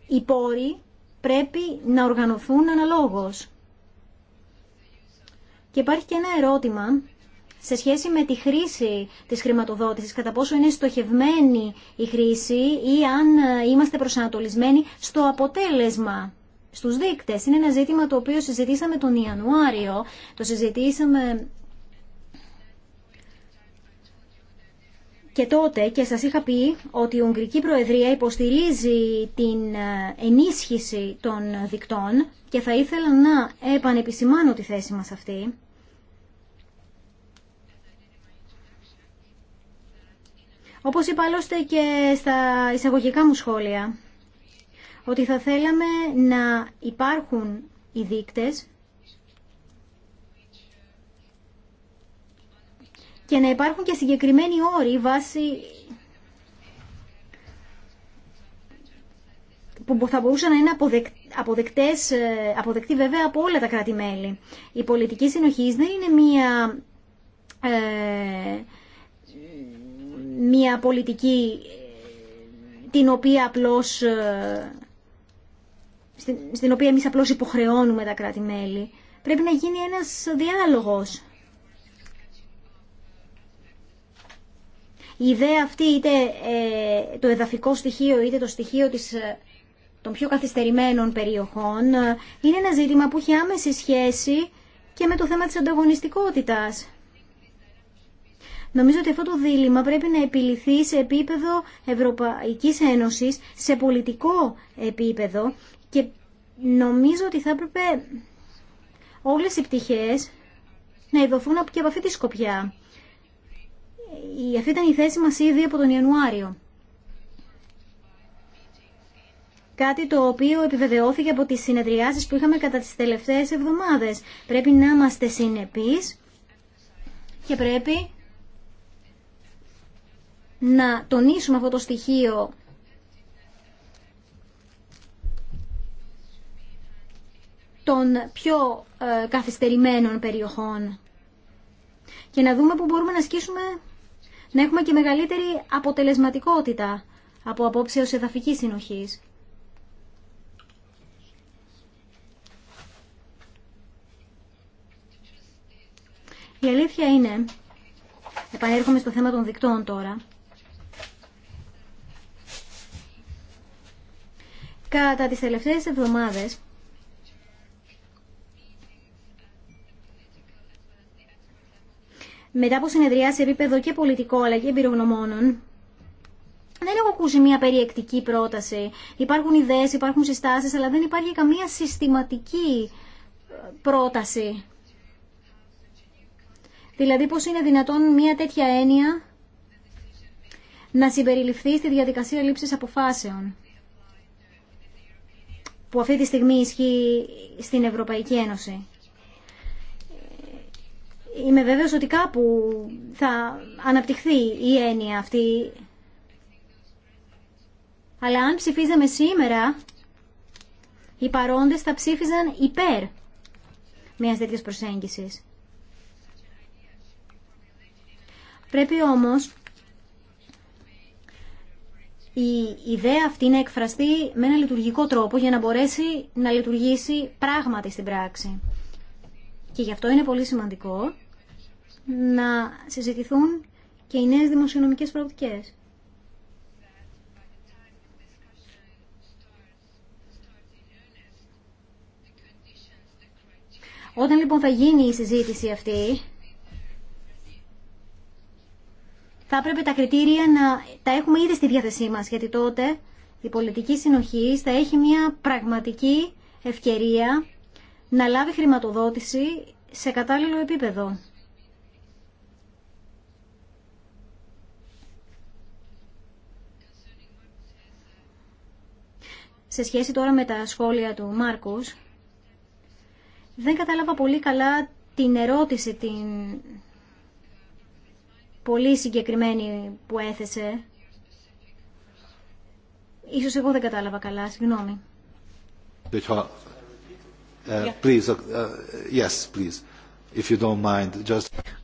οι πόροι πρέπει να οργανωθούν αναλόγως. Και υπάρχει και ένα ερώτημα σε σχέση με τη χρήση της χρηματοδότησης, κατά πόσο είναι στοχευμένη η χρήση ή αν ε, είμαστε προσανατολισμένοι στο αποτέλεσμα στους δείκτες. Είναι ένα ζήτημα το οποίο συζητήσαμε τον Ιανουάριο, το συζητήσαμε Και τότε και σας είχα πει ότι η Ουγγρική Προεδρία υποστηρίζει την ε, ενίσχυση των δικτών και θα ήθελα να επανεπισημάνω τη θέση μας αυτή. Όπως είπα άλλωστε και στα εισαγωγικά μου σχόλια, ότι θα θέλαμε να υπάρχουν οι δείκτες και να υπάρχουν και συγκεκριμένοι όροι βάση... που θα μπορούσαν να είναι αποδεκτές, ε, αποδεκτή βέβαια από όλα τα κράτη-μέλη. Η πολιτική συνοχής δεν είναι μία ε, μια πολιτική ε, την οποία απλώς, ε, στην, στην οποία εμείς απλώς υποχρεώνουμε τα κράτη-μέλη. Πρέπει να γίνει ένας διάλογος. Η ιδέα αυτή είτε ε, το εδαφικό στοιχείο είτε το στοιχείο της, των πιο καθυστερημένων περιοχών είναι ένα ζήτημα που έχει άμεση σχέση και με το θέμα της ανταγωνιστικότητας. Νομίζω ότι αυτό το δίλημα πρέπει να επιληθεί σε επίπεδο Ευρωπαϊκής Ένωσης, σε πολιτικό επίπεδο και νομίζω ότι θα έπρεπε όλες οι πτυχές να ειδωθούν και από αυτή τη σκοπιά. Αυτή ήταν η θέση μας ήδη από τον Ιανουάριο. Κάτι το οποίο επιβεβαιώθηκε από τις συνεδριάσεις που είχαμε κατά τις τελευταίες εβδομάδες. Πρέπει να είμαστε συνεπείς και πρέπει να τονίσουμε αυτό το στοιχείο των πιο ε, καθυστερημένων περιοχών και να δούμε που μπορούμε να σκίσουμε να έχουμε και μεγαλύτερη αποτελεσματικότητα από απόψε ως εδαφική συνοχής. Η αλήθεια είναι, επανέρχομαι στο θέμα των δικτών τώρα, Κατά τις τελευταίες εβδομάδες μετά από συνεδριά σε επίπεδο και πολιτικό αλλά και εμπειρογνωμόνων, δεν έχω ακούσει μια περιεκτική πρόταση. Υπάρχουν ιδέες, υπάρχουν συστάσεις, αλλά δεν υπάρχει καμία συστηματική ε, πρόταση. Δηλαδή πώς είναι δυνατόν μια τέτοια έννοια να συμπεριληφθεί στη διαδικασία λήψης αποφάσεων που αυτή τη στιγμή ισχύει στην Ευρωπαϊκή Ένωση. Είμαι βέβαιος ότι κάπου θα αναπτυχθεί η έννοια αυτή. Αλλά αν ψηφίζαμε σήμερα, οι παρόντες θα ψήφιζαν υπέρ μιας τέτοιας προσέγγισης. Πρέπει όμως η ιδέα αυτή να εκφραστεί με ένα λειτουργικό τρόπο για να μπορέσει να λειτουργήσει πράγματι στην πράξη. Και γι' αυτό είναι πολύ σημαντικό να συζητηθούν και οι νέες δημοσιονομικές προοπτικές. Όταν λοιπόν θα γίνει η συζήτηση αυτή, θα έπρεπε τα κριτήρια να τα έχουμε ήδη στη διάθεσή μας, γιατί τότε η πολιτική συνοχή θα έχει μια πραγματική ευκαιρία να λάβει χρηματοδότηση σε κατάλληλο επίπεδο. Σε σχέση τώρα με τα σχόλια του Μάρκους, δεν κατάλαβα πολύ καλά την ερώτηση την πολύ συγκεκριμένη που έθεσε. Ίσως εγώ δεν κατάλαβα καλά, συγγνώμη.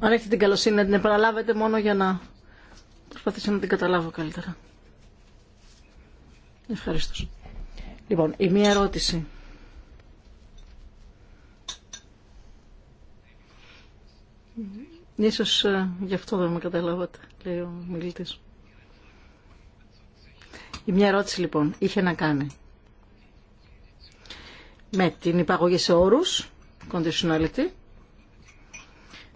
Αν έχετε την καλοσύνη να την επαναλάβετε μόνο για να προσπαθήσω να την καταλάβω καλύτερα. Ευχαριστώ. Λοιπόν, η μία ερώτηση. Ίσως ε, γι' αυτό δεν με καταλάβατε, λέει ο η Μια ερώτηση λοιπόν είχε να κάνει με την υπαγωγή σε όρους, conditionality,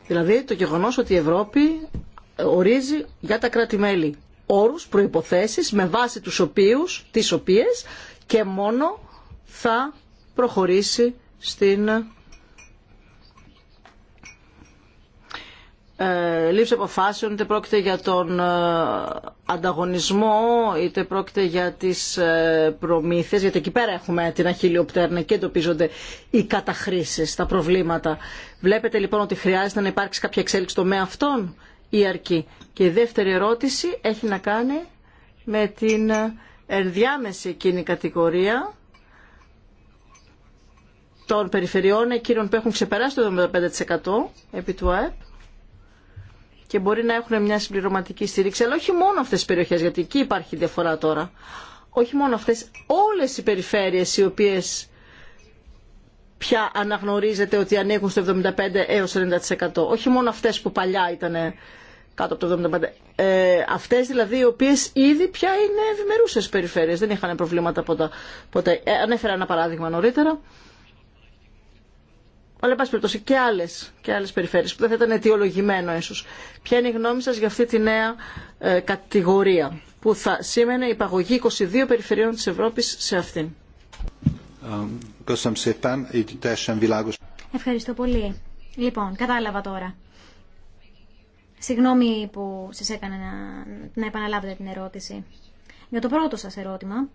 δηλαδή το γεγονός ότι η Ευρώπη ορίζει για τα κράτη-μέλη όρους, προϋποθέσεις με βάση τους οποίους, τις οποίες και μόνο θα προχωρήσει στην ε, λήψη αποφάσεων, είτε πρόκειται για τον ε, ανταγωνισμό, είτε πρόκειται για τις ε, προμήθειες, γιατί εκεί πέρα έχουμε την πτέρνα και εντοπίζονται οι καταχρήσεις, τα προβλήματα. Βλέπετε λοιπόν ότι χρειάζεται να υπάρξει κάποια εξέλιξη με αυτόν ή αρκεί. Και η δεύτερη ερώτηση έχει να κάνει με την ενδιάμεση εκείνη κατηγορία των περιφερειών εκείνων που έχουν ξεπεράσει το 75% επί του ΑΕΠ και μπορεί να έχουν μια συμπληρωματική στήριξη, αλλά όχι μόνο αυτές οι περιοχές, γιατί εκεί υπάρχει διαφορά τώρα. Όχι μόνο αυτές, όλες οι περιφέρειες οι οποίες πια αναγνωρίζεται ότι ανήκουν στο 75 έως 90%. Όχι μόνο αυτές που παλιά ήταν κάτω από το 75. Ε, αυτές δηλαδή οι οποίες ήδη πια είναι ευημερούσες περιφέρειες. Δεν είχαν προβλήματα ποτέ. ποτέ. Ε, ανέφερα ένα παράδειγμα νωρίτερα αλλά εν και άλλες, και άλλες περιφέρειες που δεν θα ήταν αιτιολογημένο ίσω. Ποια είναι η γνώμη σα για αυτή τη νέα ε, κατηγορία που θα σήμαινε υπαγωγή 22 περιφερειών τη Ευρώπη σε αυτήν. Ευχαριστώ πολύ. Λοιπόν, κατάλαβα τώρα. Συγγνώμη που σας έκανα να, να επαναλάβετε την ερώτηση. Για το πρώτο σας ερώτημα,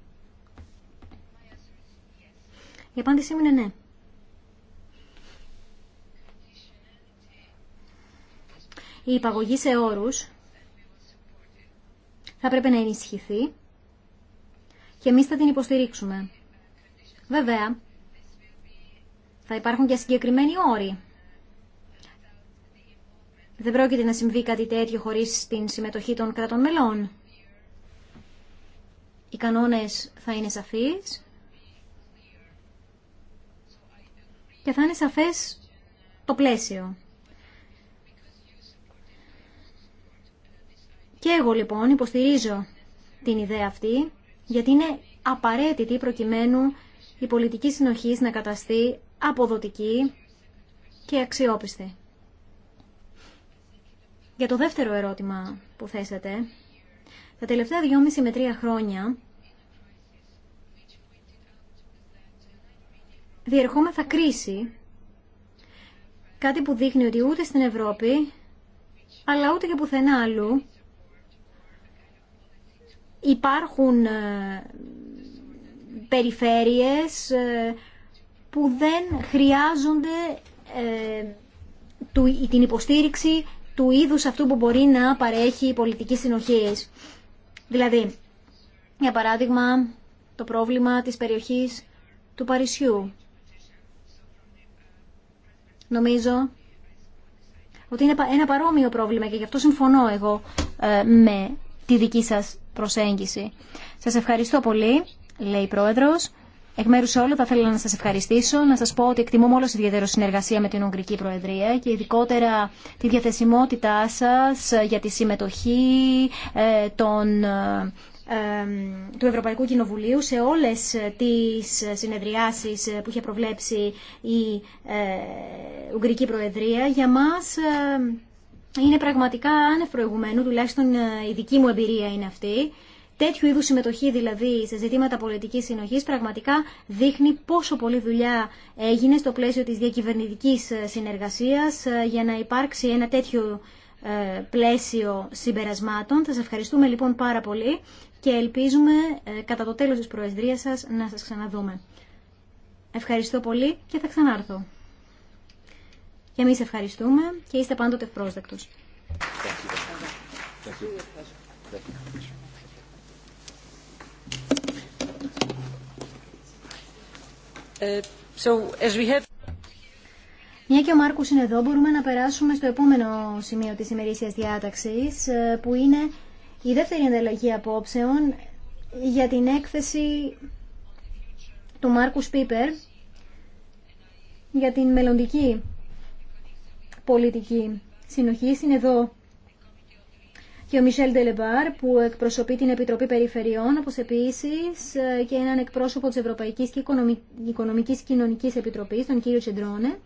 η απάντησή μου είναι ναι. η υπαγωγή σε όρους θα πρέπει να ενισχυθεί και εμείς θα την υποστηρίξουμε. Βέβαια, θα υπάρχουν και συγκεκριμένοι όροι. Δεν πρόκειται να συμβεί κάτι τέτοιο χωρίς την συμμετοχή των κρατών μελών. Οι κανόνες θα είναι σαφείς και θα είναι σαφές το πλαίσιο. Και εγώ λοιπόν υποστηρίζω την ιδέα αυτή, γιατί είναι απαραίτητη προκειμένου η πολιτική συνοχή να καταστεί αποδοτική και αξιόπιστη. Για το δεύτερο ερώτημα που θέσατε, τα τελευταία δυόμιση με τρία χρόνια διερχόμεθα κρίση, κάτι που δείχνει ότι ούτε στην Ευρώπη, αλλά ούτε και πουθενά αλλού, υπάρχουν ε, περιφέρειες ε, που δεν χρειάζονται ε, την υποστήριξη του είδους αυτού που μπορεί να παρέχει η πολιτική συνοχή. Δηλαδή, για παράδειγμα, το πρόβλημα της περιοχής του Παρισιού. Νομίζω ότι είναι ένα παρόμοιο πρόβλημα και γι' αυτό συμφωνώ εγώ με τη δική σας προσέγγιση. Σας ευχαριστώ πολύ, λέει η Πρόεδρος. Εκ μέρου όλων θα ήθελα να σας ευχαριστήσω, να σας πω ότι εκτιμώ όλος ιδιαίτερο συνεργασία με την Ουγγρική Προεδρία και ειδικότερα τη διαθεσιμότητά σας για τη συμμετοχή ε, των ε, του Ευρωπαϊκού Κοινοβουλίου σε όλες τις συνεδριάσεις που είχε προβλέψει η ε, Ουγγρική Προεδρία. Για μας είναι πραγματικά άνευ προηγουμένου, τουλάχιστον ε, η δική μου εμπειρία είναι αυτή. Τέτοιου είδου συμμετοχή δηλαδή σε ζητήματα πολιτική συνοχή πραγματικά δείχνει πόσο πολλή δουλειά έγινε στο πλαίσιο τη διακυβερνητική ε, συνεργασία ε, για να υπάρξει ένα τέτοιο πλαίσιο συμπερασμάτων. Θα σα ευχαριστούμε λοιπόν πάρα πολύ και ελπίζουμε κατά το τέλος της Προεδρίας σας να σας ξαναδούμε. Ευχαριστώ πολύ και θα ξανάρθω. Και εμείς ευχαριστούμε και είστε πάντοτε ευπρόσδεκτος. Μια και ο Μάρκος είναι εδώ, μπορούμε να περάσουμε στο επόμενο σημείο της ημερήσιας διάταξης, ε, που είναι η δεύτερη ανταλλαγή απόψεων για την έκθεση του Μάρκου Πίπερ για την μελλοντική πολιτική συνοχή είναι εδώ και ο Μισελ Ντελεμπάρ που εκπροσωπεί την Επιτροπή Περιφερειών, όπως επίσης ε, και έναν εκπρόσωπο της Ευρωπαϊκής και Οικονομικής Κοινωνικής Επιτροπής, τον κύριο Τσεντρώνε.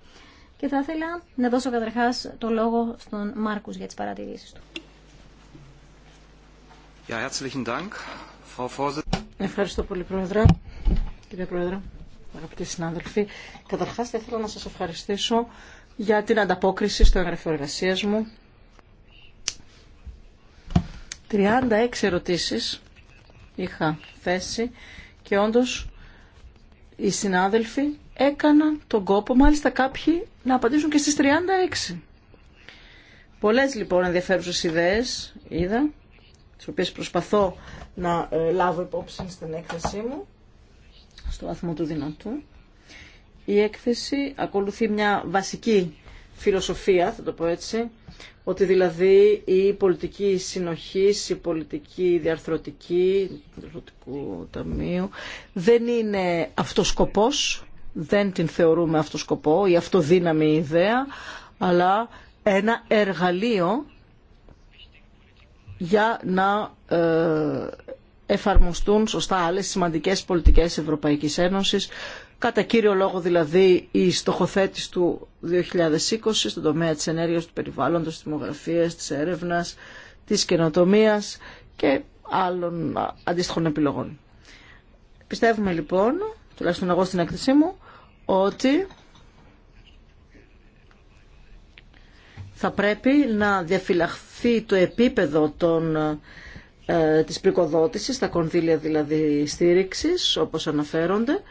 Και θα ήθελα να δώσω καταρχάς το λόγο στον Μάρκους για τις παρατηρήσεις του. Ευχαριστώ πολύ, Πρόεδρε. Κύριε Πρόεδρε, αγαπητοί συνάδελφοι, καταρχάς θα ήθελα να σας ευχαριστήσω για την ανταπόκριση στο εγγραφείο εργασία μου. 36 ερωτήσεις είχα θέσει και όντως οι συνάδελφοι έκαναν τον κόπο, μάλιστα κάποιοι να απαντήσουν και στις 36. Πολλές λοιπόν ενδιαφέρουσες ιδέες είδα, τις οποίες προσπαθώ να ε, λάβω υπόψη στην έκθεσή μου, στο βαθμό του δυνατού. Η έκθεση ακολουθεί μια βασική φιλοσοφία, θα το πω έτσι, ότι δηλαδή η πολιτική συνοχή, η πολιτική διαρθρωτική, διαρθρωτικού ταμείου, δεν είναι αυτός δεν την θεωρούμε αυτοσκοπό ή αυτοδύναμη ιδέα, αλλά ένα εργαλείο για να ε, εφαρμοστούν σωστά άλλες σημαντικές πολιτικές Ευρωπαϊκής Ένωσης κατά κύριο λόγο δηλαδή η στοχοθέτηση του 2020 στον τομέα της ενέργειας, του περιβάλλοντος, της δημογραφίας, της έρευνας, της καινοτομίας και άλλων αντίστοιχων επιλογών. Πιστεύουμε λοιπόν, τουλάχιστον εγώ στην έκθεσή μου, ότι θα πρέπει να διαφυλαχθεί το επίπεδο των, ε, της πρικοδότησης, τα κονδύλια δηλαδή στήριξης, όπως αναφέρονται,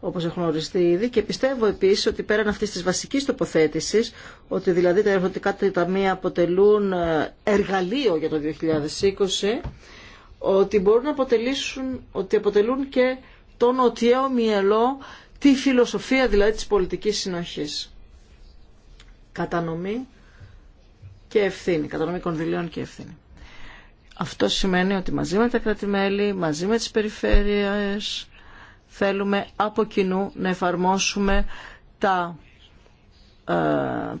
όπως έχουν οριστεί ήδη και πιστεύω επίσης ότι πέραν αυτής της βασικής τοποθέτησης ότι δηλαδή τα ερωτικά ταμεία αποτελούν ε, εργαλείο για το 2020 ότι μπορούν να αποτελήσουν, ότι αποτελούν και το νοτιαίο μυελό τη φιλοσοφία δηλαδή της πολιτικής συνοχής. Κατανομή και ευθύνη, κατανομή κονδυλίων και ευθύνη. Αυτό σημαίνει ότι μαζί με τα κρατημέλη, μαζί με τις περιφέρειες, θέλουμε από κοινού να εφαρμόσουμε τα ε,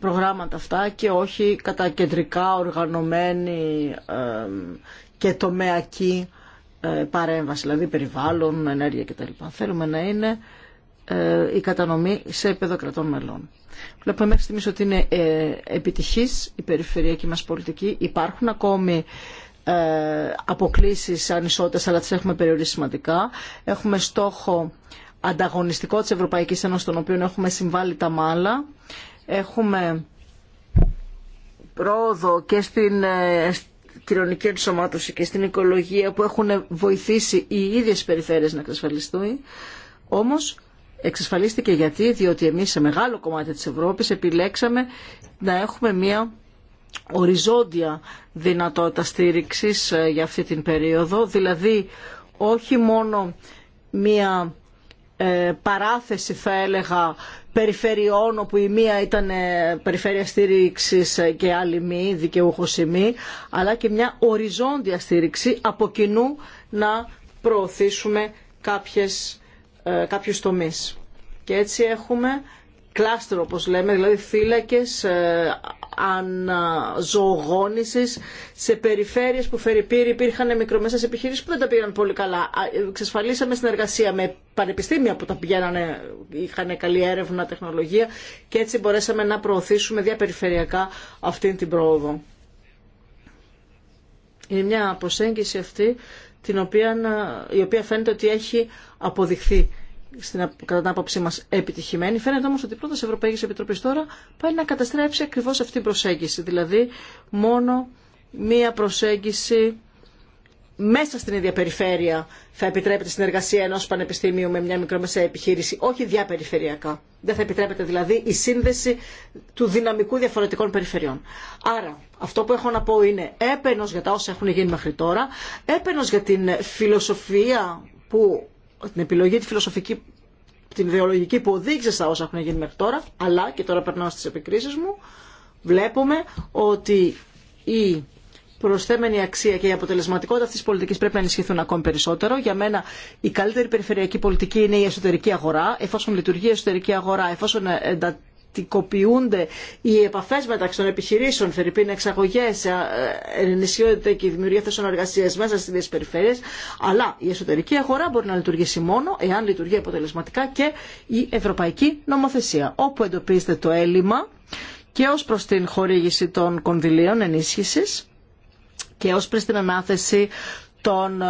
προγράμματα αυτά και όχι κατά κεντρικά οργανωμένη ε, και τομεακή ε, παρέμβαση, δηλαδή περιβάλλον, ενέργεια κτλ. Θέλουμε να είναι η κατανομή σε επίπεδο κρατών μελών. Βλέπουμε μέχρι στιγμής ότι είναι επιτυχής η περιφερειακή μας πολιτική. Υπάρχουν ακόμη ε, αποκλήσεις ανισότητες αλλά τις έχουμε περιορίσει σημαντικά. Έχουμε στόχο ανταγωνιστικό της Ευρωπαϊκής Ένωσης, τον οποίο έχουμε συμβάλει τα μάλα. Έχουμε πρόοδο και στην ε, κοινωνική ενσωμάτωση και στην οικολογία που έχουν βοηθήσει οι ίδιες περιφέρειες να εξασφαλιστούν. Όμως εξασφαλίστηκε γιατί, διότι εμείς σε μεγάλο κομμάτι της Ευρώπης επιλέξαμε να έχουμε μία οριζόντια δυνατότητα στήριξης ε, για αυτή την περίοδο, δηλαδή όχι μόνο μία ε, παράθεση θα έλεγα περιφερειών όπου η μία ήταν ε, περιφέρεια στήριξης και άλλη μη, δικαιούχος η μη, αλλά και μια οριζόντια στήριξη από κοινού να προωθήσουμε κάποιες, κάποιους τομείς. Και έτσι έχουμε Κλάστρο, όπως λέμε, δηλαδή θύλακες ε, αναζωογόνησης σε περιφέρειες που φερειπήρ υπήρχαν μικρομέσες επιχειρήσεις που δεν τα πήγαν πολύ καλά. Ξεσφαλίσαμε συνεργασία με πανεπιστήμια που τα πηγαίνανε, είχαν καλή έρευνα, τεχνολογία και έτσι μπορέσαμε να προωθήσουμε διαπεριφερειακά αυτή την πρόοδο. Είναι μια προσέγγιση αυτή την οποία, ε, η οποία φαίνεται ότι έχει αποδειχθεί στην, κατά την άποψή μα επιτυχημένη. Φαίνεται όμω ότι η πρόταση Ευρωπαϊκή Επιτροπή τώρα πάει να καταστρέψει ακριβώ αυτή την προσέγγιση. Δηλαδή, μόνο μία προσέγγιση μέσα στην ίδια περιφέρεια θα επιτρέπεται συνεργασία ενό πανεπιστημίου με μια μικρομεσαία επιχείρηση, όχι διαπεριφερειακά. Δεν θα επιτρέπεται δηλαδή η σύνδεση του δυναμικού διαφορετικών περιφερειών. Άρα, αυτό που έχω να πω είναι έπαινο για τα όσα έχουν γίνει μέχρι τώρα, έπαινο για την φιλοσοφία που την επιλογή, τη φιλοσοφική, την ιδεολογική που οδήγησε στα όσα έχουν γίνει μέχρι τώρα, αλλά και τώρα περνάω στις επικρίσεις μου, βλέπουμε ότι η προσθέμενη αξία και η αποτελεσματικότητα αυτής της πολιτικής πρέπει να ενισχυθούν ακόμη περισσότερο. Για μένα η καλύτερη περιφερειακή πολιτική είναι η εσωτερική αγορά. Εφόσον λειτουργεί η εσωτερική αγορά, εφόσον ε, εντα πραγματικοποιούνται οι επαφέ μεταξύ των επιχειρήσεων, φερειπίν εξαγωγέ, ε, ε, ενισχύονται και η δημιουργία θέσεων εργασία μέσα στι ίδιε περιφέρειε. Αλλά η εσωτερική αγορά μπορεί να λειτουργήσει μόνο εάν λειτουργεί αποτελεσματικά και η ευρωπαϊκή νομοθεσία. Όπου εντοπίζεται το έλλειμμα και ω προ την χορήγηση των κονδυλίων ενίσχυση και ω προ την ανάθεση των ε,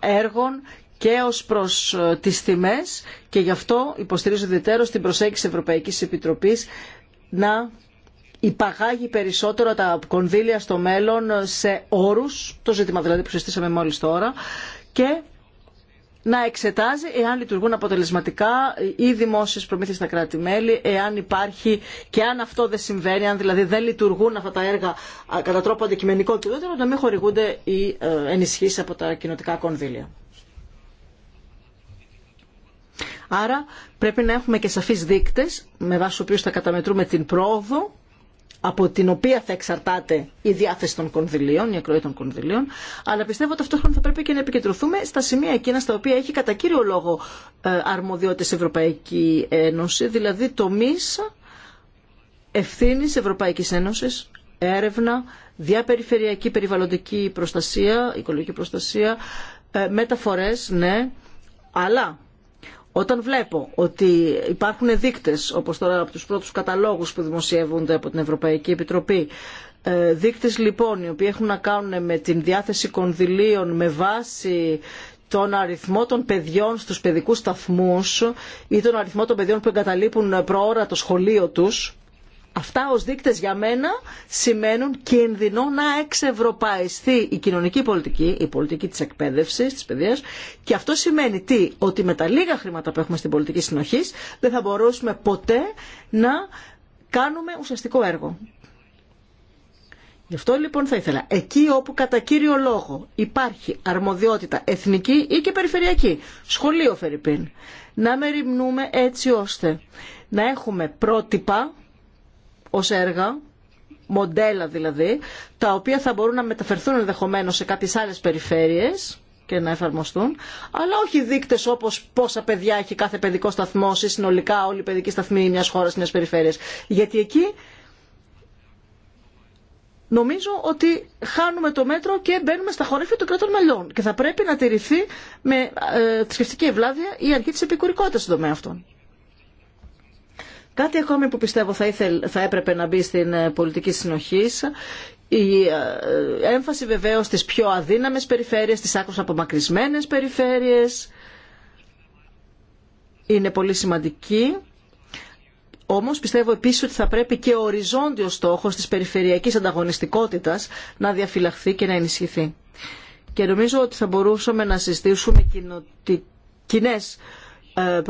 έργων και ως προς ε, τις θυμές και γι' αυτό υποστηρίζω ιδιαίτερο την προσέγγιση Ευρωπαϊκής Επιτροπής να υπαγάγει περισσότερο τα κονδύλια στο μέλλον ε, σε όρους, το ζήτημα δηλαδή που συστήσαμε μόλις τώρα, και να εξετάζει εάν λειτουργούν αποτελεσματικά οι δημόσιες προμήθειες στα κράτη-μέλη, εάν υπάρχει και αν αυτό δεν συμβαίνει, αν δηλαδή δεν λειτουργούν αυτά τα έργα κατά τρόπο αντικειμενικό και ούτερο, να μην χορηγούνται οι ε, ενισχύσεις από τα κοινοτικά κονδύλια. Άρα πρέπει να έχουμε και σαφείς δείκτες με βάση του οποίου θα καταμετρούμε την πρόοδο από την οποία θα εξαρτάται η διάθεση των κονδυλίων, η ακροή των κονδυλίων, αλλά πιστεύω ότι αυτόχρονα θα πρέπει και να επικεντρωθούμε στα σημεία εκείνα στα οποία έχει κατά κύριο λόγο ε, αρμοδιότητες Ευρωπαϊκή Ένωση, δηλαδή τομεί ευθύνη Ευρωπαϊκή Ένωση, έρευνα, διαπεριφερειακή περιβαλλοντική προστασία, οικολογική προστασία, ε, μεταφορέ, ναι, αλλά όταν βλέπω ότι υπάρχουν δείκτες, όπως τώρα από τους πρώτους καταλόγους που δημοσιεύονται από την Ευρωπαϊκή Επιτροπή, ε, δείκτες λοιπόν οι οποίοι έχουν να κάνουν με την διάθεση κονδυλίων με βάση τον αριθμό των παιδιών στους παιδικούς σταθμούς ή τον αριθμό των παιδιών που εγκαταλείπουν προώρα το σχολείο τους, Αυτά ως δείκτες για μένα σημαίνουν κίνδυνο να εξευρωπαϊστεί η κοινωνική πολιτική, η πολιτική της εκπαίδευσης, της παιδείας και αυτό σημαίνει τι, ότι με τα λίγα χρήματα που έχουμε στην πολιτική συνοχή δεν θα μπορούσαμε ποτέ να κάνουμε ουσιαστικό έργο. Γι' αυτό λοιπόν θα ήθελα, εκεί όπου κατά κύριο λόγο υπάρχει αρμοδιότητα εθνική ή και περιφερειακή, σχολείο Φερρυπίν, να μεριμνούμε έτσι ώστε να έχουμε πρότυπα ως έργα, μοντέλα δηλαδή, τα οποία θα μπορούν να μεταφερθούν ενδεχομένως σε κάποιες άλλες περιφέρειες και να εφαρμοστούν, αλλά όχι δείκτες όπως παιδιά έχει κάθε παιδικό σταθμό ή συνολικά όλη η παιδική σταθμή μιας χώρας, μιας περιφέρειας. Γιατί εκεί νομίζω ότι χάνουμε το μέτρο και μπαίνουμε στα χορύφια των κρατών μελών. Και θα πρέπει να τηρηθεί με ε, θρησκευτική ευλάβεια η αρχή της επικουρικότητας στον τομέα αυτών. Κάτι ακόμη που πιστεύω θα, ήθελ, θα έπρεπε να μπει στην ε, πολιτική συνοχή η ε, έμφαση βεβαίως στις πιο αδύναμες περιφέρειες, στις άκρως απομακρυσμένες περιφέρειες είναι πολύ σημαντική. Όμως πιστεύω επίσης ότι θα πρέπει και ο οριζόντιος στόχος της περιφερειακής ανταγωνιστικότητας να διαφυλαχθεί και να ενισχυθεί. Και νομίζω ότι θα μπορούσαμε να συζητήσουμε κοινέ ε,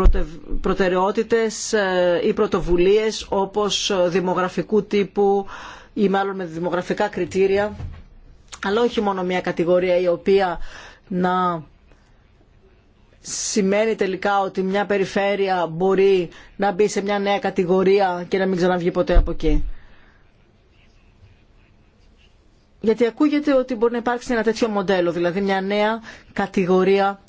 προτεραιότητες ε, ή πρωτοβουλίες όπως δημογραφικού τύπου ή μάλλον με δημογραφικά κριτήρια αλλά όχι μόνο μια κατηγορία η οποία να σημαίνει τελικά ότι μια περιφέρεια μπορεί να μπει σε μια νέα κατηγορία και να μην ξαναβγεί ποτέ από εκεί. Γιατί ακούγεται ότι μπορεί να υπάρξει ένα τέτοιο μοντέλο, δηλαδή μια νέα κατηγορία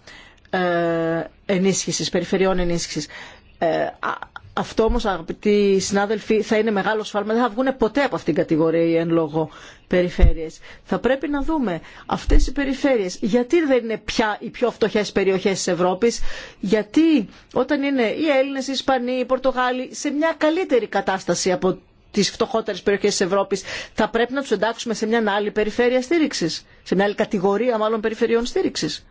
ε, ενίσχυσης, περιφερειών ενίσχυσης. Ε, αυτό όμω, αγαπητοί συνάδελφοι, θα είναι μεγάλο σφάλμα. Δεν θα βγουν ποτέ από αυτήν την κατηγορία οι εν λόγω περιφέρειε. Θα πρέπει να δούμε αυτέ οι περιφέρειε γιατί δεν είναι πια οι πιο φτωχέ περιοχέ τη Ευρώπη, γιατί όταν είναι οι Έλληνε, οι Ισπανοί, οι Πορτογάλοι σε μια καλύτερη κατάσταση από τι φτωχότερε περιοχέ τη Ευρώπη, θα πρέπει να του εντάξουμε σε μια άλλη περιφέρεια στήριξη, σε μια άλλη κατηγορία μάλλον περιφερειών στήριξη.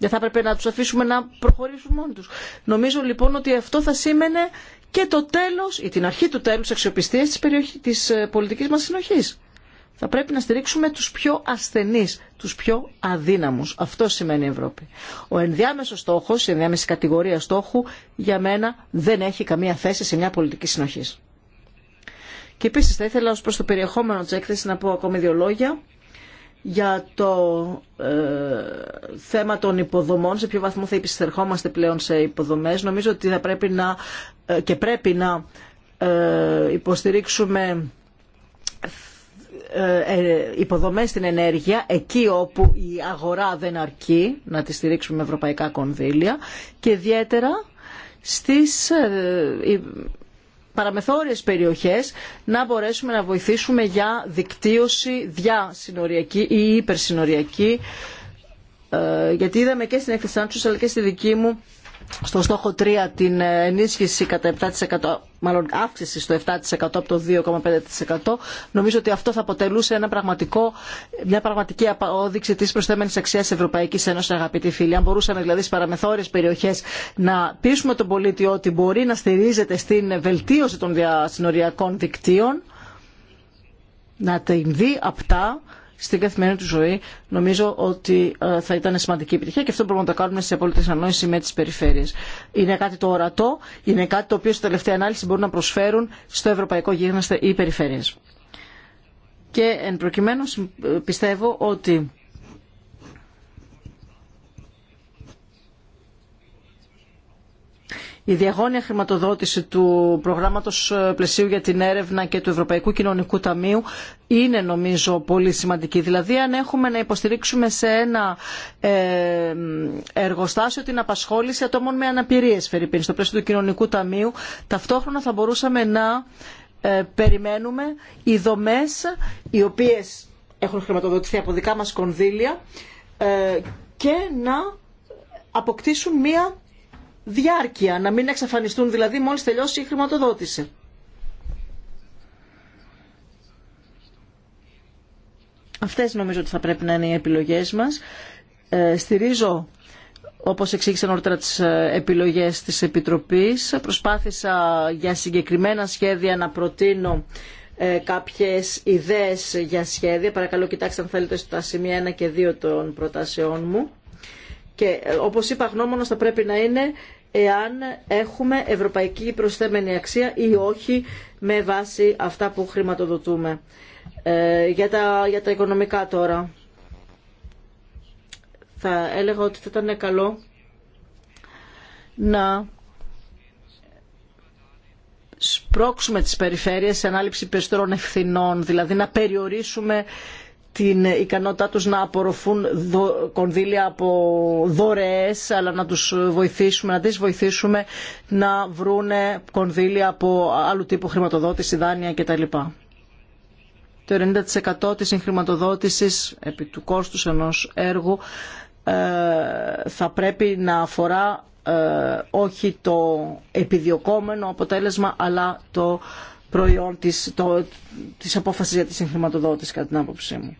Δεν θα έπρεπε να τους αφήσουμε να προχωρήσουν μόνοι τους. Νομίζω λοιπόν ότι αυτό θα σήμαινε και το τέλος ή την αρχή του τέλους αξιοπιστίας της, περιοχή, της ε, πολιτικής μας συνοχής. Θα πρέπει να στηρίξουμε τους πιο ασθενείς, τους πιο αδύναμους. Αυτό σημαίνει η Ευρώπη. Ο ενδιάμεσος στόχος, η ενδιάμεση κατηγορία στόχου για μένα δεν έχει καμία θέση σε μια πολιτική συνοχή. Και επίσης θα ήθελα ως προς το περιεχόμενο της έκθεσης να πω ακόμη δύο λόγια για το ε, θέμα των υποδομών, σε ποιο βαθμό θα επιστερχόμαστε πλέον σε υποδομές. Νομίζω ότι θα πρέπει να ε, και πρέπει να ε, υποστηρίξουμε υποδομές στην ενέργεια εκεί όπου η αγορά δεν αρκεί να τη στηρίξουμε με ευρωπαϊκά κονδύλια και ιδιαίτερα στις παραμεθόριες περιοχές να μπορέσουμε να βοηθήσουμε για δικτύωση διασυνοριακή ή υπερσυνοριακή ε, γιατί είδαμε και στην έκθεση αλλά και στη δική μου στο στόχο 3 την ε, ενίσχυση κατά 7%, μάλλον αύξηση στο 7% από το 2,5%, νομίζω ότι αυτό θα αποτελούσε ένα πραγματικό, μια πραγματική απόδειξη της προσθέμενης αξίας Ευρωπαϊκής Ένωσης, αγαπητοί φίλοι. Αν μπορούσαμε δηλαδή στι παραμεθόρειες περιοχές να πείσουμε τον πολίτη ότι μπορεί να στηρίζεται στην βελτίωση των διασυνοριακών δικτύων, να την δει απτά, στην καθημερινή του ζωή, νομίζω ότι ε, θα ήταν σημαντική επιτυχία και αυτό μπορούμε να το κάνουμε σε απόλυτη ανόηση με τι περιφέρειε. Είναι κάτι το ορατό, είναι κάτι το οποίο στη τελευταία ανάλυση μπορούν να προσφέρουν στο ευρωπαϊκό γίγνεσθε οι περιφέρειε. Και εν προκειμένου ε, πιστεύω ότι η διαγώνια χρηματοδότηση του προγράμματος ε, πλαισίου για την έρευνα και του Ευρωπαϊκού Κοινωνικού Ταμείου είναι νομίζω πολύ σημαντική. Δηλαδή αν έχουμε να υποστηρίξουμε σε ένα ε, εργοστάσιο την απασχόληση ατόμων με αναπηρίες φερρυπίν στο πλαίσιο του Κοινωνικού Ταμείου, ταυτόχρονα θα μπορούσαμε να ε, περιμένουμε οι δομές οι οποίες έχουν χρηματοδοτηθεί από δικά μας κονδύλια και να αποκτήσουν μία διάρκεια, να μην εξαφανιστούν δηλαδή μόλις τελειώσει η χρηματοδότηση. Αυτές νομίζω ότι θα πρέπει να είναι οι επιλογές μας. Ε, στηρίζω όπως εξήγησα νωρίτερα τις ε, επιλογές της Επιτροπής. Προσπάθησα για συγκεκριμένα σχέδια να προτείνω ε, κάποιες ιδέες για σχέδια. Παρακαλώ κοιτάξτε αν θέλετε στα σημεία 1 και 2 των προτάσεών μου. Και ε, όπως είπα, γνώμονος θα πρέπει να είναι εάν έχουμε ευρωπαϊκή προσθέμενη αξία ή όχι με βάση αυτά που χρηματοδοτούμε. Ε, για, τα, για τα οικονομικά τώρα. Θα έλεγα ότι θα ήταν καλό να σπρώξουμε τις περιφέρειες σε ανάληψη περισσότερων ευθυνών, δηλαδή να περιορίσουμε την ικανότητά τους να απορροφούν κονδύλια από δωρεές αλλά να τους βοηθήσουμε, να τις βοηθήσουμε να βρούνε κονδύλια από άλλου τύπου χρηματοδότηση, δάνεια κτλ. Το 90% της χρηματοδότησης επί του κόστους ενός έργου ε, θα πρέπει να αφορά ε, όχι το επιδιωκόμενο αποτέλεσμα αλλά το προϊόν της, το, της απόφασης για τη συγχρηματοδότηση κατά την άποψή μου.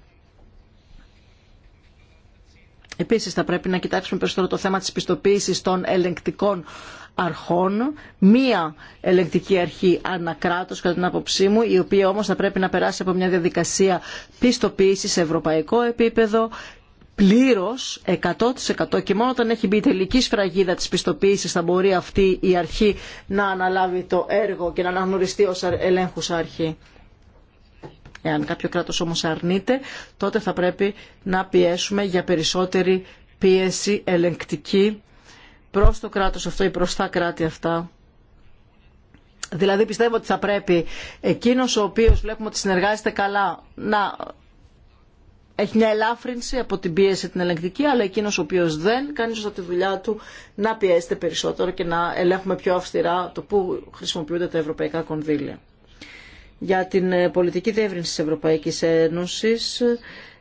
Επίσης θα πρέπει να κοιτάξουμε περισσότερο το θέμα της πιστοποίησης των ελεγκτικών αρχών, μία ελεγκτική αρχή ανακράτος κατά την άποψή μου, η οποία όμως θα πρέπει να περάσει από μια διαδικασία πιστοποίησης σε ευρωπαϊκό επίπεδο Πλήρω 100% και μόνο όταν έχει μπει η τελική σφραγίδα της πιστοποίηση, θα μπορεί αυτή η αρχή να αναλάβει το έργο και να αναγνωριστεί ω ελέγχου αρχή. Εάν κάποιο κράτος όμως αρνείται, τότε θα πρέπει να πιέσουμε για περισσότερη πίεση ελεγκτική προς το κράτος αυτό ή προς τα κράτη αυτά. Δηλαδή πιστεύω ότι θα πρέπει εκείνος ο οποίος βλέπουμε ότι συνεργάζεται καλά να έχει μια ελάφρυνση από την πίεση την ελεγκτική, αλλά εκείνο ο οποίο δεν κάνει σωστά τη δουλειά του να πιέζεται περισσότερο και να ελέγχουμε πιο αυστηρά το πού χρησιμοποιούνται τα ευρωπαϊκά κονδύλια. Για την ε, πολιτική διεύρυνση της Ευρωπαϊκής Ένωσης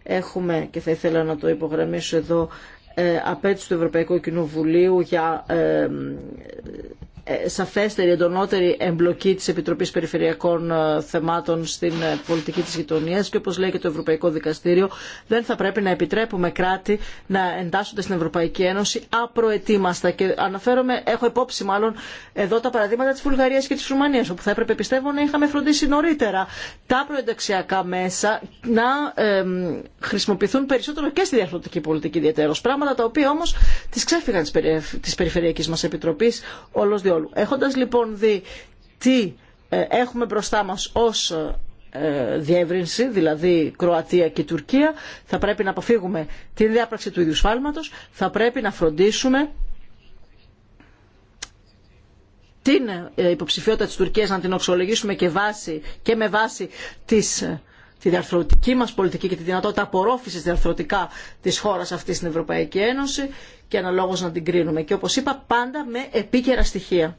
έχουμε, και θα ήθελα να το υπογραμμίσω εδώ, ε, απέτηση του Ευρωπαϊκού Κοινοβουλίου για ε, ε, σαφέστερη, εντονότερη εμπλοκή της Επιτροπής Περιφερειακών ε, Θεμάτων στην ε, πολιτική της γειτονίας και όπως λέει και το Ευρωπαϊκό Δικαστήριο δεν θα πρέπει να επιτρέπουμε κράτη να εντάσσονται στην Ευρωπαϊκή Ένωση απροετοίμαστα και αναφέρομαι, έχω υπόψη μάλλον εδώ τα παραδείγματα της Βουλγαρίας και της Ρουμανίας όπου θα έπρεπε πιστεύω να είχαμε φροντίσει νωρίτερα τα προενταξιακά μέσα να χρησιμοποιηθούν περισσότερο και στη διαφορετική πολιτική πράγματα τα οποία όμως τις ξέφυγαν της περιφερειακής μας επιτροπής όλος διόλου καθόλου. Έχοντας λοιπόν δει τι ε, έχουμε μπροστά μας ως ε, διεύρυνση, δηλαδή Κροατία και Τουρκία, θα πρέπει να αποφύγουμε την διάπραξη του ίδιου σφάλματος, θα πρέπει να φροντίσουμε την ε, υποψηφιότητα της Τουρκίας να την οξολογήσουμε και, και με βάση τις τη διαρθρωτική μας πολιτική και τη δυνατότητα απορρόφησης διαρθρωτικά της χώρας αυτής στην Ευρωπαϊκή Ένωση και αναλόγως να την κρίνουμε. Και όπως είπα πάντα με επίκαιρα στοιχεία.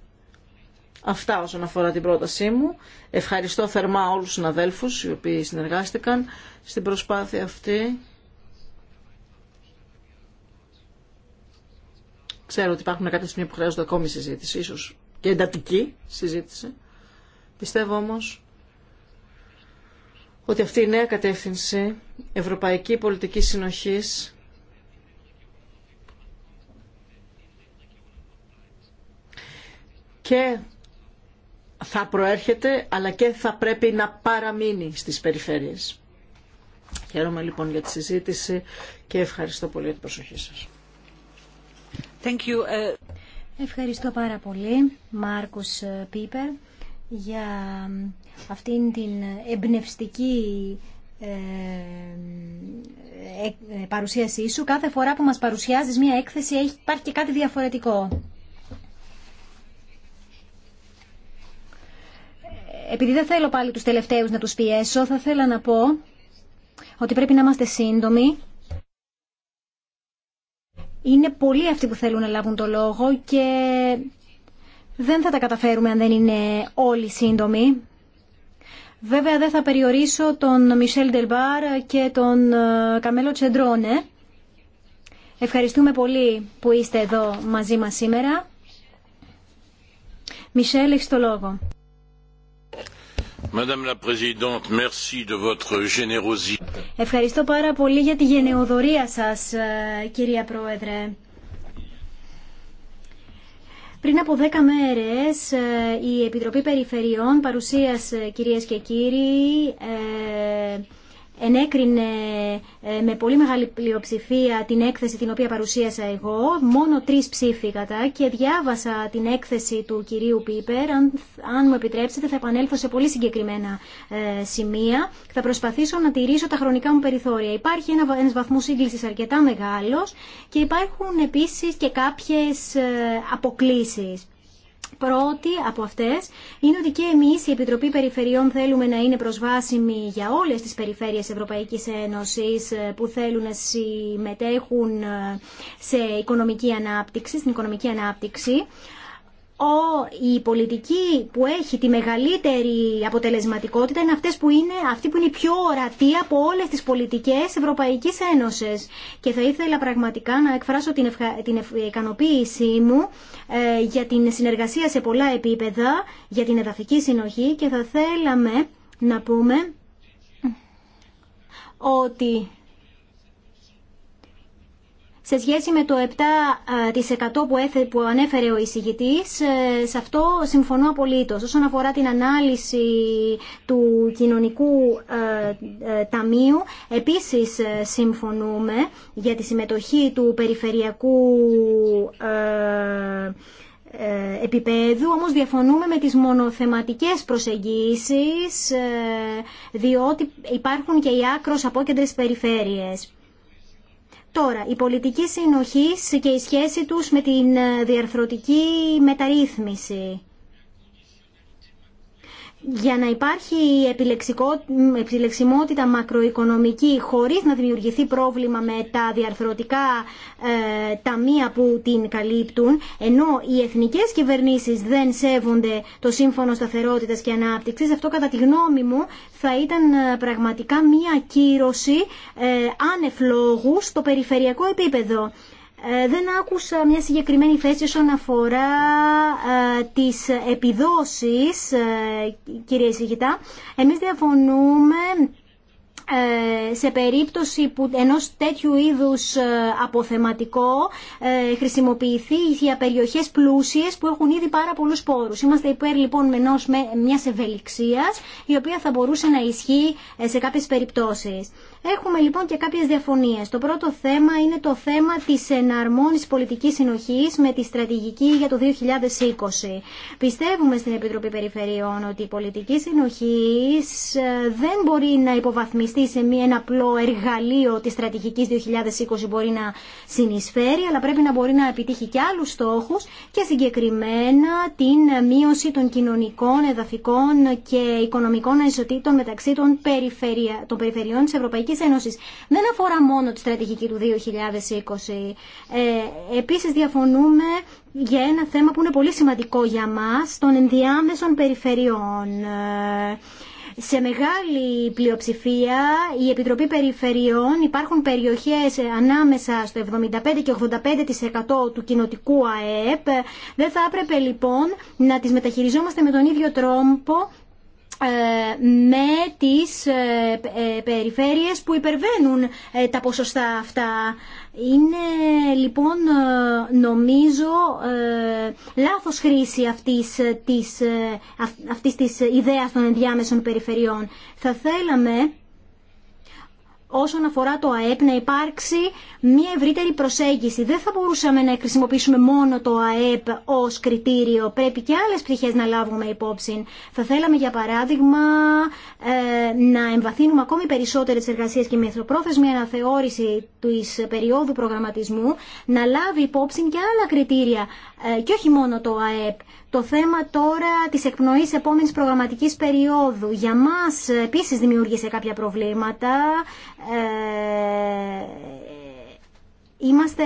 Αυτά όσον αφορά την πρότασή μου. Ευχαριστώ θερμά όλους τους συναδέλφους οι οποίοι συνεργάστηκαν στην προσπάθεια αυτή. Ξέρω ότι υπάρχουν κάποια σημεία που χρειάζονται ακόμη συζήτηση, ίσως και εντατική συζήτηση. Πιστεύω όμως ότι αυτή η νέα κατεύθυνση, ευρωπαϊκή πολιτική συνοχής, και θα προέρχεται αλλά και θα πρέπει να παραμείνει στις περιφέρειες. Χαίρομαι λοιπόν για τη συζήτηση και ευχαριστώ πολύ για την προσοχή σας. Thank you. Ε, ευχαριστώ πάρα πολύ Μάρκους Πίπερ για αυτήν την εμπνευστική ε, ε, ε, παρουσίασή σου. Κάθε φορά που μας παρουσιάζεις μία έκθεση υπάρχει και κάτι διαφορετικό. Επειδή δεν θέλω πάλι τους τελευταίους να τους πιέσω, θα ήθελα να πω ότι πρέπει να είμαστε σύντομοι. Είναι πολλοί αυτοί που θέλουν να λάβουν το λόγο και δεν θα τα καταφέρουμε αν δεν είναι όλοι σύντομοι. Βέβαια δεν θα περιορίσω τον Μισελ Ντελμπάρ και τον Καμέλο Τσεντρόνε. Ευχαριστούμε πολύ που είστε εδώ μαζί μας σήμερα. Μισελ, έχεις το λόγο. Ευχαριστώ πάρα πολύ για τη γενεοδορία σας, ε, κυρία Πρόεδρε. Πριν από 10 μέρες ε, η Επιτροπή Περιφερειών παρουσίασε, ε, κυρίες και κύριοι, ε, ενέκρινε ε, με πολύ μεγάλη πλειοψηφία την έκθεση την οποία παρουσίασα εγώ. Μόνο τρεις ψήφοι κατά και διάβασα την έκθεση του κυρίου Πίπερ. Αν, αν μου επιτρέψετε θα επανέλθω σε πολύ συγκεκριμένα ε, σημεία θα προσπαθήσω να τηρήσω τα χρονικά μου περιθώρια. Υπάρχει ένα, ένας βαθμός σύγκλησης αρκετά μεγάλος και υπάρχουν επίσης και κάποιες ε, αποκλήσεις. Πρώτη από αυτέ, είναι ότι και εμεί η Επιτροπή Περιφερειών θέλουμε να είναι προσβάσιμη για όλε τι περιφέρειες Ευρωπαϊκή Ένωση ε, που θέλουν να συμμετέχουν ε, σε οικονομική ανάπτυξη, στην οικονομική ανάπτυξη ο, η πολιτική που έχει τη μεγαλύτερη αποτελεσματικότητα είναι, αυτές που είναι αυτή που είναι η πιο ορατή από όλες τις πολιτικές Ευρωπαϊκής Ένωσης. Και θα ήθελα πραγματικά να εκφράσω την, ευχα... ικανοποίησή μου ε, για την συνεργασία σε πολλά επίπεδα, για την εδαφική συνοχή και θα θέλαμε να πούμε ότι σε σχέση με το 7% που ανέφερε ο εισηγητής, ε, σε αυτό συμφωνώ απολύτως. Όσον αφορά την ανάλυση του κοινωνικού ε, ε, ταμείου, επίσης συμφωνούμε για τη συμμετοχή του περιφερειακού επίπεδου, όμως διαφωνούμε με τις μονοθεματικές προσεγγίσεις, διότι υπάρχουν και οι άκρος απόκεντρες περιφέρειες. Τώρα, η πολιτική συνοχή και η σχέση τους με την ε, διαρθρωτική μεταρρύθμιση για να υπάρχει επιλεξιμότητα μακροοικονομική χωρίς να δημιουργηθεί πρόβλημα με τα διαρθρωτικά ε, ταμεία που την καλύπτουν, ενώ οι εθνικές κυβερνήσεις δεν σέβονται το Σύμφωνο Σταθερότητας και Ανάπτυξης, αυτό κατά τη γνώμη μου θα ήταν ε, πραγματικά μία κύρωση ε, άνευ στο περιφερειακό επίπεδο. Ε, δεν άκουσα μια συγκεκριμένη θέση όσον αφορά ε, τις επιδόσεις, κύριε Σιγητά. Εμείς διαφωνούμε ε, σε περίπτωση που ενός τέτοιου είδους ε, αποθεματικό ε, χρησιμοποιηθεί για περιοχές πλούσιες που έχουν ήδη πάρα πολλούς πόρους. Είμαστε υπέρ λοιπόν με μιας ευελιξίας η οποία θα μπορούσε να ισχύει σε κάποιες περιπτώσεις. Έχουμε λοιπόν και κάποιες διαφωνίες. Το πρώτο θέμα είναι το θέμα της εναρμόνης πολιτικής συνοχής με τη στρατηγική για το 2020. Πιστεύουμε στην Επιτροπή Περιφερειών ότι η πολιτική συνοχής δεν μπορεί να υποβαθμιστεί σε μία, ένα απλό εργαλείο της στρατηγικής 2020 μπορεί να συνεισφέρει, αλλά πρέπει να μπορεί να επιτύχει και άλλους στόχους και συγκεκριμένα την μείωση των κοινωνικών, εδαφικών και οικονομικών ανισοτήτων μεταξύ των, περιφερειών της Ευρωπαϊκής Ένωσης. Δεν αφορά μόνο τη στρατηγική του 2020. Ε, επίσης διαφωνούμε για ένα θέμα που είναι πολύ σημαντικό για μας, των ενδιάμεσων περιφερειών. Ε, σε μεγάλη πλειοψηφία η Επιτροπή Περιφερειών υπάρχουν περιοχές ανάμεσα στο 75% και 85% του κοινοτικού ΑΕΠ. Δεν θα έπρεπε λοιπόν να τις μεταχειριζόμαστε με τον ίδιο τρόπο ε, με τις ε, ε, περιφέρειες που υπερβαίνουν τα ποσοστά αυτά. Είναι λοιπόν νομίζω λάθος χρήση αυτής της, αυτής της ιδέας των ενδιάμεσων περιφερειών. Θα θέλαμε όσον αφορά το ΑΕΠ να υπάρξει μια ευρύτερη προσέγγιση. Δεν θα μπορούσαμε να χρησιμοποιήσουμε μόνο το ΑΕΠ ω κριτήριο. Πρέπει και άλλες πτυχέ να λάβουμε υπόψη. Θα θέλαμε για παράδειγμα ε, να εμβαθύνουμε ακόμη περισσότερε εργασίε εργασίες και μεθοπρόθεσμη αναθεώρηση της περίοδου προγραμματισμού να λάβει υπόψη και άλλα κριτήρια ε, και όχι μόνο το ΑΕΠ. Το θέμα τώρα της εκπνοής επόμενη προγραμματικής περίοδου για μας ε, επίσης δημιούργησε κάποια προβλήματα. Ε, είμαστε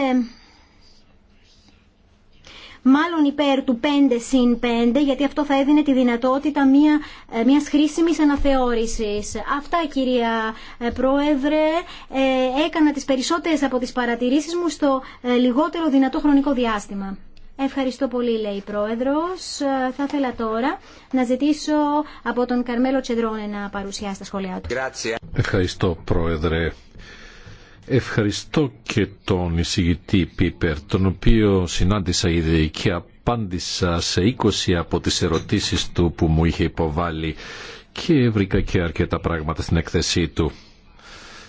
μάλλον υπέρ του 5 συν 5, γιατί αυτό θα έδινε τη δυνατότητα μια, ε, μιας χρήσιμης αναθεώρησης. Αυτά κυρία Πρόεδρε, έκανα τις περισσότερες από τις παρατηρήσεις μου στο λιγότερο δυνατό χρονικό διάστημα. Ευχαριστώ πολύ, λέει η Πρόεδρος. Θα ήθελα τώρα να ζητήσω από τον Καρμέλο Τσεντρώνε να παρουσιάσει τα σχόλιά του. Ευχαριστώ, Πρόεδρε. Ευχαριστώ και τον εισηγητή Πίπερ, τον οποίο συνάντησα ήδη και απάντησα σε 20 από τις ερωτήσεις του που μου είχε υποβάλει και βρήκα και αρκετά πράγματα στην έκθεσή του.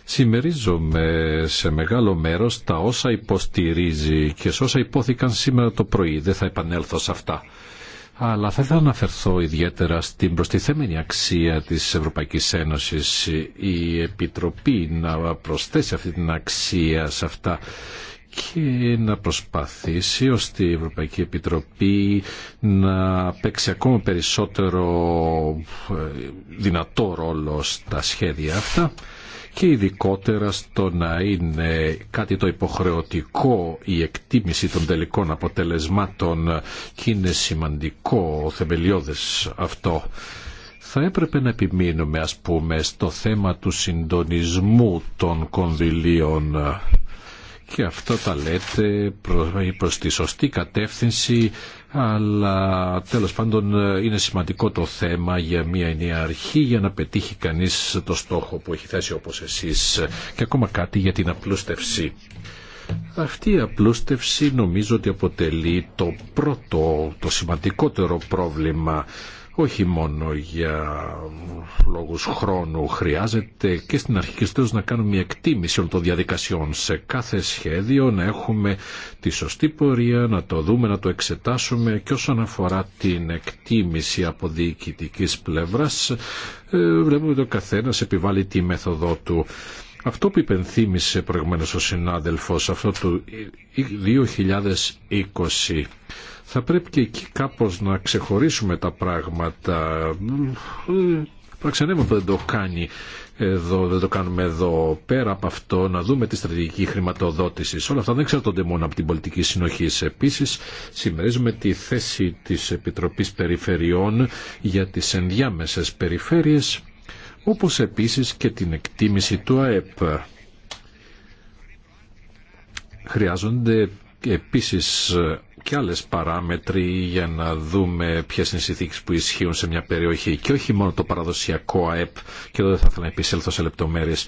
Συμμερίζομαι σε μεγάλο μέρος τα όσα υποστηρίζει και σε όσα υπόθηκαν σήμερα το πρωί. Δεν θα επανέλθω σε αυτά. Αλλά θα ήθελα να αναφερθώ ιδιαίτερα στην προστιθέμενη αξία της Ευρωπαϊκής Ένωσης. Η Επιτροπή να προσθέσει αυτή την αξία σε αυτά και να προσπαθήσει ώστε η Ευρωπαϊκή Επιτροπή να παίξει ακόμα περισσότερο ε, δυνατό ρόλο στα σχέδια αυτά και ειδικότερα στο να είναι κάτι το υποχρεωτικό η εκτίμηση των τελικών αποτελεσμάτων και είναι σημαντικό, θεμελιώδες αυτό θα έπρεπε να επιμείνουμε ας πούμε στο θέμα του συντονισμού των κονδυλίων και αυτό τα λέτε προς, προς τη σωστή κατεύθυνση αλλά τέλος πάντων ε, είναι σημαντικό το θέμα για μια ενιαία αρχή για να πετύχει κανείς το στόχο που έχει θέσει όπως εσείς και ακόμα κάτι για την απλούστευση. Αυτή η απλούστευση νομίζω ότι αποτελεί το πρώτο, το σημαντικότερο πρόβλημα όχι μόνο για λόγους χρόνου. Χρειάζεται και στην αρχική στιγμή να κάνουμε μια εκτίμηση όλων των διαδικασιών σε κάθε σχέδιο, να έχουμε τη σωστή πορεία, να το δούμε, να το εξετάσουμε και όσον αφορά την εκτίμηση από διοικητικής πλευράς, ε, βλέπουμε ότι ο καθένας επιβάλλει τη μέθοδό του. Αυτό που υπενθύμησε προηγουμένως ο συνάδελφος, αυτό του 2020, θα πρέπει και εκεί κάπως να ξεχωρίσουμε τα πράγματα. Πραξενεύω που δεν το κάνει εδώ, δεν το κάνουμε εδώ. Πέρα από αυτό, να δούμε τη στρατηγική χρηματοδότηση. Όλα αυτά δεν εξαρτώνται μόνο από την πολιτική συνοχή. Επίση, συμμερίζουμε τη θέση τη Επιτροπή Περιφερειών για τι ενδιάμεσε περιφέρειε, όπω επίση και την εκτίμηση του ΑΕΠ. Χρειάζονται επίσης και άλλες παράμετροι για να δούμε ποιες είναι οι συνθήκες που ισχύουν σε μια περιοχή και όχι μόνο το παραδοσιακό ΑΕΠ και εδώ δεν θα ήθελα να επισέλθω σε λεπτομέρειες.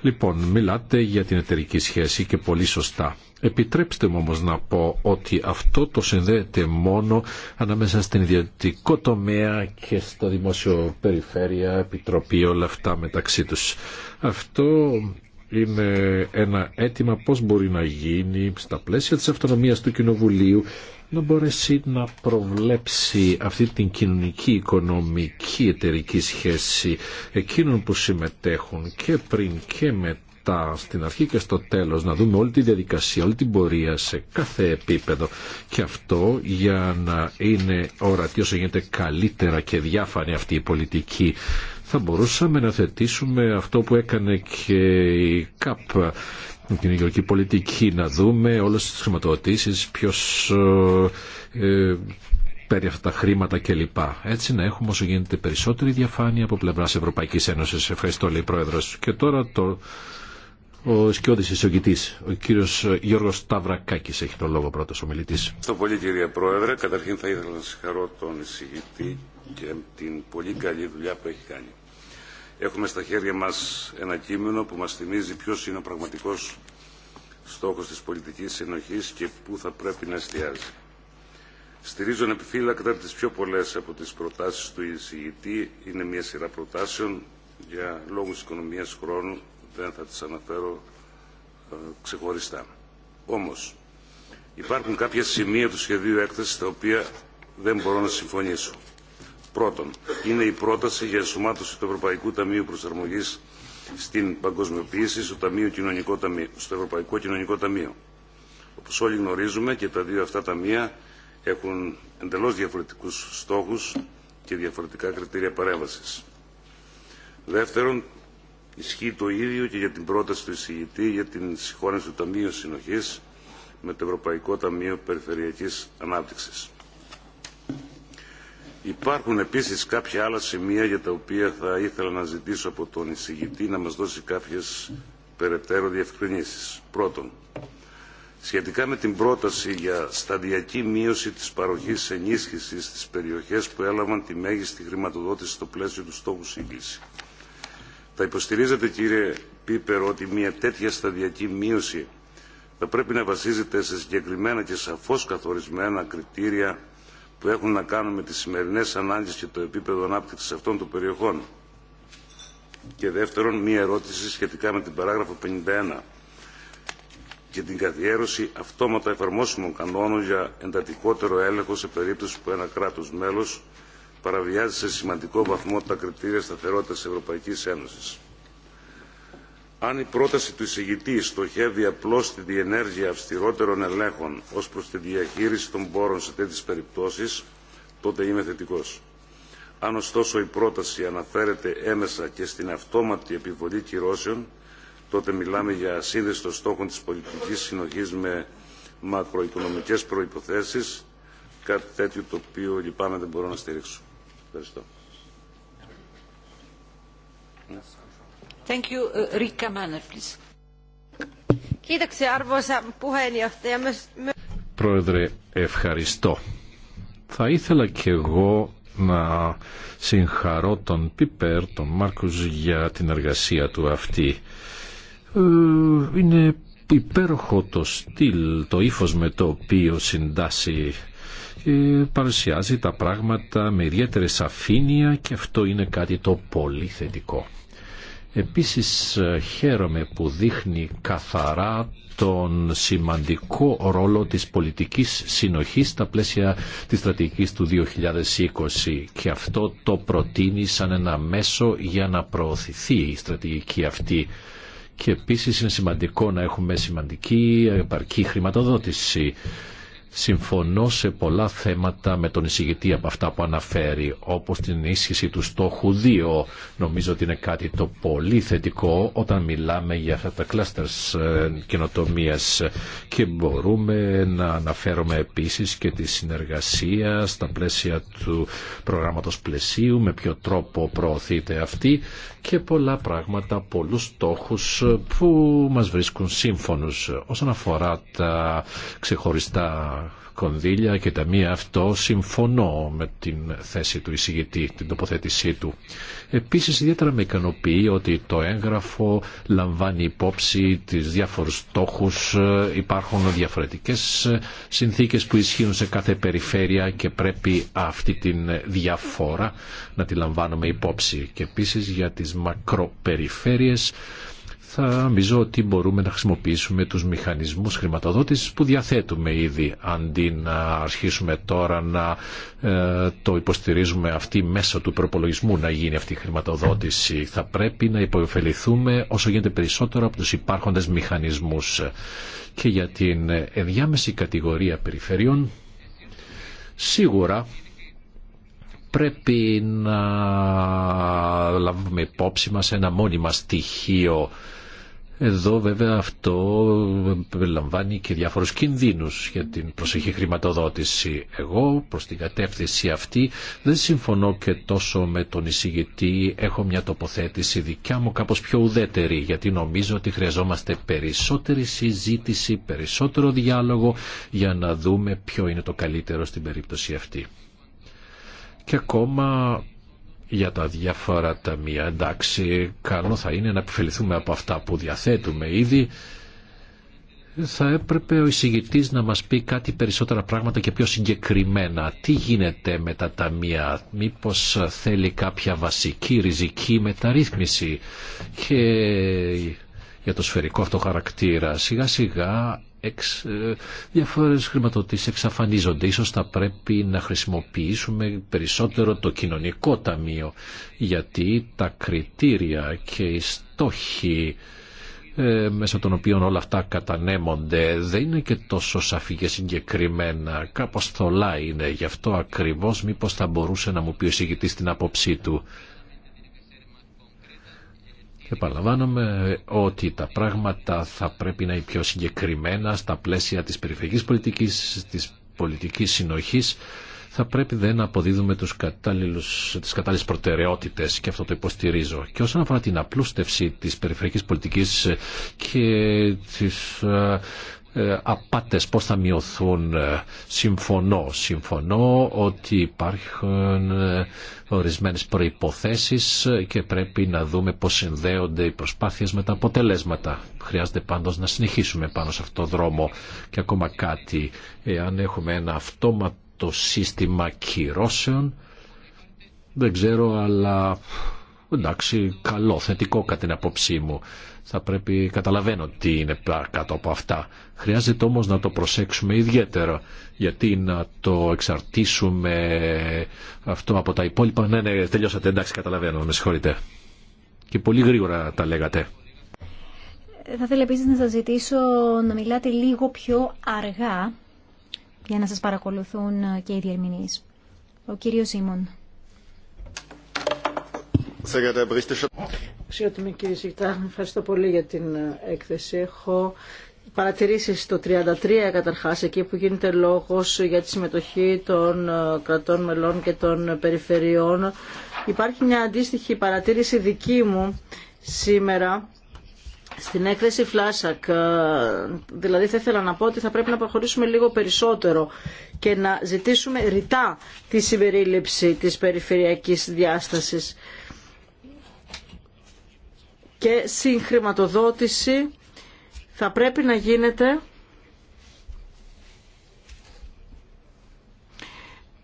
Λοιπόν, μιλάτε για την εταιρική σχέση και πολύ σωστά. Επιτρέψτε μου όμως να πω ότι αυτό το συνδέεται μόνο ανάμεσα στην ιδιωτικό τομέα και στα δημόσιο περιφέρεια, επιτροπή, όλα αυτά μεταξύ τους. Αυτό είναι ένα αίτημα πώς μπορεί να γίνει στα πλαίσια της αυτονομίας του Κοινοβουλίου να μπορέσει να προβλέψει αυτή την κοινωνική, οικονομική, εταιρική σχέση εκείνων που συμμετέχουν και πριν και μετά στην αρχή και στο τέλος να δούμε όλη τη διαδικασία, όλη την πορεία σε κάθε επίπεδο και αυτό για να είναι ορατή όσο γίνεται καλύτερα και διάφανη αυτή η πολιτική θα μπορούσαμε να θετήσουμε αυτό που έκανε και η ΚΑΠ την Κοινωνική πολιτική, να δούμε όλες τις χρηματοδοτήσεις, ποιος ε, ε, παίρνει αυτά τα χρήματα κλπ. Έτσι να έχουμε όσο γίνεται περισσότερη διαφάνεια από πλευράς Ευρωπαϊκής Ένωσης. Ευχαριστώ λέει Πρόεδρος. Και τώρα το, ο σκιώδης εισογητής, ο κύριος Γιώργος Σταυρακάκης έχει το λόγο πρώτος ομιλητής. Ευχαριστώ πολύ κύριε Πρόεδρε. Καταρχήν θα ήθελα να συγχαρώ τον εισηγητή και την πολύ καλή δουλειά που έχει κάνει. Έχουμε στα χέρια μας ένα κείμενο που μας θυμίζει ποιος είναι ο πραγματικός στόχος της πολιτικής συνοχής και πού θα πρέπει να εστιάζει. Στηρίζω επιφύλακτα τις πιο πολλές από τις προτάσεις του εισηγητή. Είναι μια σειρά προτάσεων για λόγους οικονομίας χρόνου. Δεν θα τις αναφέρω ε, ξεχωριστά. Όμως, υπάρχουν κάποια σημεία του σχεδίου έκθεσης τα οποία δεν μπορώ να συμφωνήσω. Πρώτον, είναι η πρόταση για ενσωμάτωση του Ευρωπαϊκού Ταμείου Προσαρμογή στην παγκοσμιοποίηση στο, Ταμείο Κοινωνικό Ταμείο, στο Ευρωπαϊκό Κοινωνικό Ταμείο. Όπω όλοι γνωρίζουμε και τα δύο αυτά ταμεία έχουν εντελώ διαφορετικού στόχου και διαφορετικά κριτήρια παρέμβαση. Δεύτερον, ισχύει το ίδιο και για την πρόταση του εισηγητή για την συγχώνευση του Ταμείου Συνοχή με το Ευρωπαϊκό Ταμείο Περιφερειακής Ανάπτυξης. Υπάρχουν επίσης κάποια άλλα σημεία για τα οποία θα ήθελα να ζητήσω από τον εισηγητή να μας δώσει κάποιες περαιτέρω διευκρινήσεις. Πρώτον, σχετικά με την πρόταση για σταδιακή μείωση της παροχής ενίσχυσης στις περιοχές που έλαβαν τη μέγιστη χρηματοδότηση στο πλαίσιο του στόχου σύγκληση. Θα υποστηρίζετε κύριε Πίπερ ότι μια τέτοια σταδιακή μείωση θα πρέπει να βασίζεται σε συγκεκριμένα και σαφώς καθορισμένα κριτήρια που έχουν να κάνουν με τις σημερινές ανάγκες και το επίπεδο ανάπτυξης αυτών των περιοχών. Και δεύτερον, μία ερώτηση σχετικά με την παράγραφο 51 και την καθιέρωση αυτόματα εφαρμόσιμων κανόνων για εντατικότερο έλεγχο σε περίπτωση που ένα κράτος μέλος παραβιάζει σε σημαντικό βαθμό τα κριτήρια σταθερότητας της Ευρωπαϊκής Ένωσης αν η πρόταση του εισηγητή στοχεύει απλώς στη διενέργεια αυστηρότερων ελέγχων ως προς τη διαχείριση των πόρων σε τέτοιες περιπτώσεις, τότε είμαι θετικός. Αν ωστόσο η πρόταση αναφέρεται έμεσα και στην αυτόματη επιβολή κυρώσεων, τότε μιλάμε για σύνδεστο των στόχων της πολιτικής συνοχής με μακροοικονομικές προϋποθέσεις, κάτι τέτοιο το οποίο λυπάμαι δεν μπορώ να στηρίξω. Ευχαριστώ. Uh, Πρόεδρε, ευχαριστώ. Θα ήθελα και εγώ να συγχαρώ τον Πίπερ, τον Μάρκους, για την εργασία του αυτή. Ε, είναι υπέροχο το στυλ, το ύφος με το οποίο συντάσσει ε, παρουσιάζει τα πράγματα με ιδιαίτερη σαφήνεια και αυτό είναι κάτι το πολύ θετικό. Επίσης χαίρομαι που δείχνει καθαρά τον σημαντικό ρόλο της πολιτικής συνοχής στα πλαίσια της στρατηγικής του 2020 και αυτό το προτείνει σαν ένα μέσο για να προωθηθεί η στρατηγική αυτή. Και επίσης είναι σημαντικό να έχουμε σημαντική επαρκή χρηματοδότηση. Συμφωνώ σε πολλά θέματα με τον εισηγητή από αυτά που αναφέρει, όπως την ίσχυση του στόχου 2. Νομίζω ότι είναι κάτι το πολύ θετικό όταν μιλάμε για αυτά τα κλάστερς καινοτομία και μπορούμε να αναφέρουμε επίσης και τη συνεργασία στα πλαίσια του προγράμματος πλαισίου, με ποιο τρόπο προωθείται αυτή και πολλά πράγματα, πολλούς στόχους που μας βρίσκουν σύμφωνους όσον αφορά τα ξεχωριστά κονδύλια και τα μία αυτό συμφωνώ με την θέση του εισηγητή, την τοποθέτησή του. Επίσης ιδιαίτερα με ικανοποιεί ότι το έγγραφο λαμβάνει υπόψη τις διάφορους στόχους, υπάρχουν διαφορετικές συνθήκες που ισχύουν σε κάθε περιφέρεια και πρέπει αυτή την διαφορά να τη λαμβάνουμε υπόψη. Και επίσης για τις μακροπεριφέρειες θα νομίζω ότι μπορούμε να χρησιμοποιήσουμε τους μηχανισμούς χρηματοδότησης που διαθέτουμε ήδη αντί να αρχίσουμε τώρα να ε, το υποστηρίζουμε αυτή μέσω του προπολογισμού να γίνει αυτή η χρηματοδότηση. Θα πρέπει να υποφεληθούμε όσο γίνεται περισσότερο από τους υπάρχοντες μηχανισμούς και για την ενδιάμεση κατηγορία περιφερειών σίγουρα πρέπει να λάβουμε υπόψη μας ένα μόνιμα στοιχείο εδώ βέβαια αυτό περιλαμβάνει και διάφορους κινδύνους για την προσεχή χρηματοδότηση. Εγώ προς την κατεύθυνση αυτή δεν συμφωνώ και τόσο με τον εισηγητή. Έχω μια τοποθέτηση δικιά μου κάπως πιο ουδέτερη γιατί νομίζω ότι χρειαζόμαστε περισσότερη συζήτηση, περισσότερο διάλογο για να δούμε ποιο είναι το καλύτερο στην περίπτωση αυτή. Και ακόμα για τα διάφορα ταμεία. Εντάξει, καλό θα είναι να επιφεληθούμε από αυτά που διαθέτουμε ήδη. Θα έπρεπε ο εισηγητής να μας πει κάτι περισσότερα πράγματα και πιο συγκεκριμένα. Τι γίνεται με τα ταμεία, μήπως θέλει κάποια βασική, ριζική μεταρρύθμιση και για το σφαιρικό αυτό χαρακτήρα. Σιγά σιγά εξ, ε, διάφορες χρηματοδοτήσεις εξαφανίζονται. Ίσως θα πρέπει να χρησιμοποιήσουμε περισσότερο το κοινωνικό ταμείο γιατί τα κριτήρια και οι στόχοι ε, μέσα των οποίων όλα αυτά κατανέμονται δεν είναι και τόσο σαφή και συγκεκριμένα. Κάπως θολά είναι. Γι' αυτό ακριβώς μήπως θα μπορούσε να μου πει ο συγκητής την άποψή του. Επαναλαμβάνομαι ότι τα πράγματα θα πρέπει να είναι πιο συγκεκριμένα στα πλαίσια της περιφερειακής πολιτικής, της πολιτικής συνοχής. Θα πρέπει δεν να αποδίδουμε τους κατάλληλους, τις κατάλληλες προτεραιότητες και αυτό το υποστηρίζω. Και όσον αφορά την απλούστευση της περιφερειακής πολιτικής και της ε, ε, απάτες πώς θα μειωθούν. Ε, συμφωνώ, συμφωνώ ότι υπάρχουν ε, ορισμένες προϋποθέσεις και πρέπει να δούμε πώς συνδέονται οι προσπάθειες με τα αποτελέσματα. Χρειάζεται πάντως να συνεχίσουμε πάνω σε αυτό το δρόμο και ακόμα κάτι. Εάν έχουμε ένα αυτόματο σύστημα κυρώσεων, δεν ξέρω, αλλά εντάξει, καλό, θετικό κατά την απόψή μου θα πρέπει, καταλαβαίνω τι είναι κάτω από αυτά. Χρειάζεται όμως να το προσέξουμε ιδιαίτερα γιατί να το εξαρτήσουμε αυτό από τα υπόλοιπα. Ναι, ναι, τελειώσατε, εντάξει, καταλαβαίνω, με συγχωρείτε. Και πολύ γρήγορα τα λέγατε. Θα ήθελα επίσης να σας ζητήσω να μιλάτε λίγο πιο αργά, για να σας παρακολουθούν και οι διερμηνείς. Ο κύριος Σίμων. Αξιότιμη κύριε Σιχτά, ευχαριστώ πολύ για την ε, έκθεση. Έχω παρατηρήσει στο 33 καταρχάς, εκεί που γίνεται λόγος για τη συμμετοχή των ε, κρατών μελών και των ε, περιφερειών. Υπάρχει μια αντίστοιχη παρατήρηση δική μου σήμερα στην έκθεση Φλάσακ, δηλαδή θα ήθελα να πω ότι θα πρέπει να προχωρήσουμε λίγο περισσότερο και να ζητήσουμε ρητά τη συμπερίληψη της περιφερειακής διάστασης και συγχρηματοδότηση θα πρέπει να γίνεται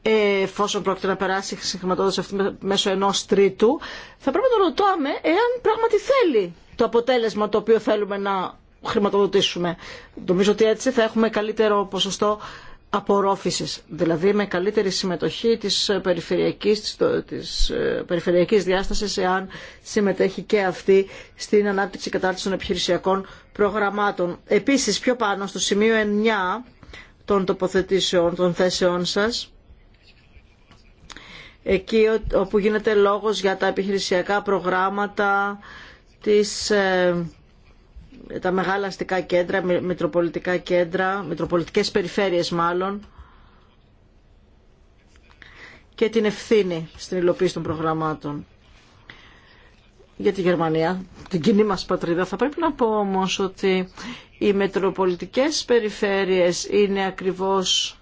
εφόσον πρόκειται να περάσει η συγχρηματοδότηση αυτή μέσω ενό τρίτου, θα πρέπει να το ρωτάμε εάν πράγματι θέλει το αποτέλεσμα το οποίο θέλουμε να χρηματοδοτήσουμε. Νομίζω ότι έτσι θα έχουμε καλύτερο ποσοστό απορρόφησης, δηλαδή με καλύτερη συμμετοχή της περιφερειακής, της, της ε, περιφερειακής διάστασης εάν συμμετέχει και αυτή στην ανάπτυξη κατάρτιση των επιχειρησιακών προγραμμάτων. Επίσης πιο πάνω στο σημείο 9 των τοποθετήσεων των θέσεών σας εκεί όπου γίνεται λόγος για τα επιχειρησιακά προγράμματα της ε, τα μεγάλα αστικά κέντρα, μετροπολιτικά κέντρα, μετροπολιτικές περιφέρειες μάλλον και την ευθύνη στην υλοποίηση των προγραμμάτων για τη Γερμανία, την κοινή μας πατρίδα. Θα πρέπει να πω όμως ότι οι μετροπολιτικές περιφέρειες είναι ακριβώς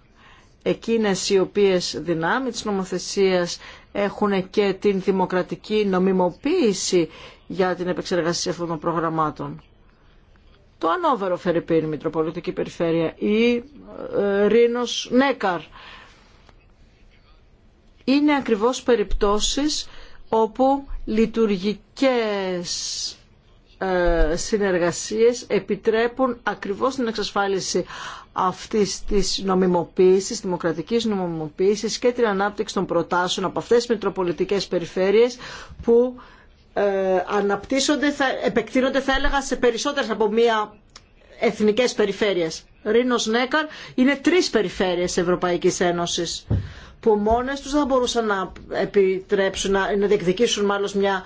εκείνες οι οποίες δυνάμει της νομοθεσίας έχουν και την δημοκρατική νομιμοποίηση για την επεξεργασία αυτών των προγραμμάτων το Ανόβερο Φερρυπίν, Μητροπολιτική Περιφέρεια ή ε, Νέκαρ. Είναι ακριβώς περιπτώσεις όπου λειτουργικές ε, συνεργασίες επιτρέπουν ακριβώς την εξασφάλιση αυτής της νομιμοποίησης, δημοκρατικής νομιμοποίησης και την ανάπτυξη των προτάσεων από αυτές τις Μητροπολιτικές περιφέρειες που ε, αναπτύσσονται, θα, επεκτείνονται θα έλεγα σε περισσότερες από μία εθνικές περιφέρειες. Ρήνος Νέκαρ είναι τρεις περιφέρειες Ευρωπαϊκής Ένωσης που μόνες τους δεν μπορούσαν να επιτρέψουν, να, να διεκδικήσουν μάλλον μια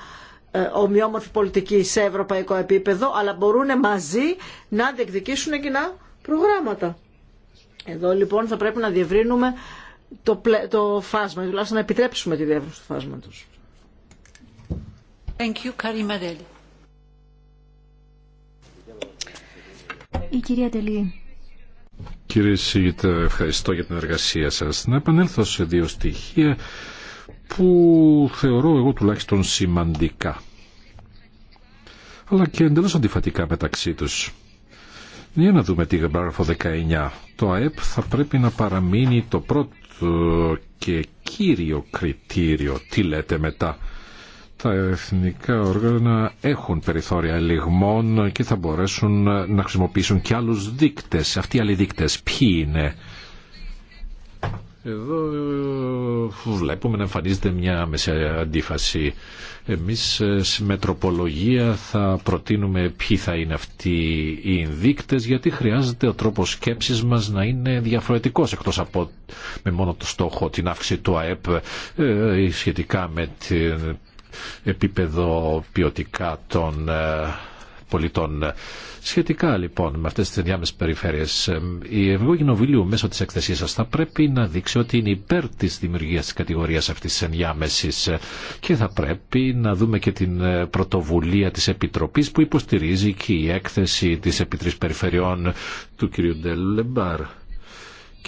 ε, ομοιόμορφη πολιτική σε ευρωπαϊκό επίπεδο, αλλά μπορούν μαζί να διεκδικήσουν κοινά προγράμματα. Εδώ λοιπόν θα πρέπει να διευρύνουμε το, το φάσμα, τουλάχιστον να επιτρέψουμε τη διεύρυνση του φάσματος. Κύριε ευχαριστώ για την εργασία σας. Να επανέλθω σε δύο στοιχεία που θεωρώ εγώ τουλάχιστον σημαντικά αλλά και εντελώς αντιφατικά μεταξύ τους. Για να δούμε τη γράφω 19. Το ΑΕΠ θα πρέπει να παραμείνει το πρώτο και κύριο κριτήριο. Τι λέτε μετά τα εθνικά όργανα έχουν περιθώρια λιγμών και θα μπορέσουν να χρησιμοποιήσουν και άλλους δείκτες. Αυτοί οι άλλοι δείκτες ποιοι είναι. Εδώ ε, βλέπουμε να εμφανίζεται μια αντίφαση. Εμείς ε, σε μετροπολογία θα προτείνουμε ποιοι θα είναι αυτοί οι ενδείκτες γιατί χρειάζεται ο τρόπος σκέψης μας να είναι διαφορετικός εκτός από με μόνο το στόχο την αύξηση του ΑΕΠ ε, σχετικά με την επίπεδο ποιοτικά των ε, πολιτών. Σχετικά λοιπόν με αυτές τις ενδιάμεσες περιφέρειες, ε, η Ευρωπαϊκή μέσω της εκθεσίας σας θα πρέπει να δείξει ότι είναι υπέρ της δημιουργίας της κατηγορίας αυτής της ενδιάμεσης ε, και θα πρέπει να δούμε και την πρωτοβουλία της Επιτροπής που υποστηρίζει και η έκθεση της Επιτρής Περιφερειών του κ. Ντελεμπάρ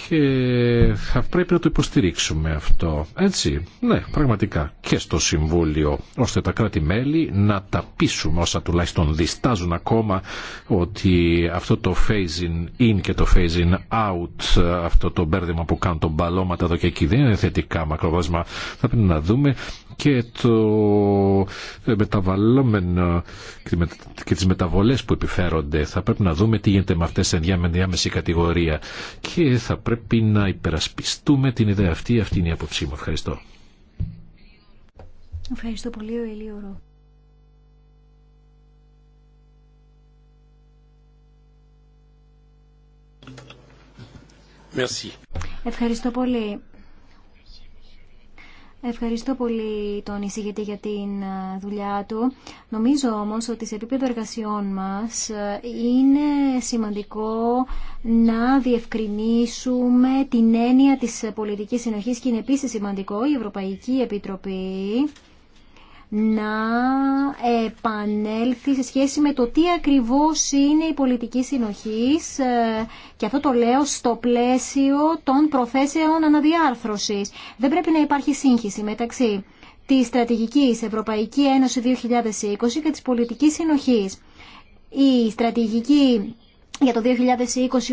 και θα πρέπει να το υποστηρίξουμε αυτό. Έτσι, ναι, πραγματικά και στο Συμβούλιο, ώστε τα κράτη-μέλη να τα πείσουμε όσα τουλάχιστον διστάζουν ακόμα ότι αυτό το phasing in και το phasing out, αυτό το μπέρδεμα που κάνουν τον μπαλώματα εδώ και εκεί δεν είναι θετικά μακροβάσμα. Θα πρέπει να δούμε και, το ε, μεταβαλλόμενο και τις μεταβολές που επιφέρονται. Θα πρέπει να δούμε τι γίνεται με αυτές σε ενδιάμεση κατηγορία και θα πρέπει να υπερασπιστούμε την ιδέα αυτή. Αυτή είναι η άποψή μου. Ευχαριστώ. Ευχαριστώ πολύ ο Ελίωρο. Ευχαριστώ πολύ. Ευχαριστώ πολύ τον εισηγητή για την δουλειά του. Νομίζω όμως ότι σε επίπεδο εργασιών μας είναι σημαντικό να διευκρινίσουμε την έννοια της πολιτικής συνοχής και είναι επίσης σημαντικό η Ευρωπαϊκή Επιτροπή να επανέλθει σε σχέση με το τι ακριβώς είναι η πολιτική συνοχής ε, και αυτό το λέω στο πλαίσιο των προθέσεων αναδιάρθρωσης. Δεν πρέπει να υπάρχει σύγχυση μεταξύ της Στρατηγικής Ευρωπαϊκή Ένωση 2020 και της Πολιτικής Συνοχής. Η στρατηγική για το 2020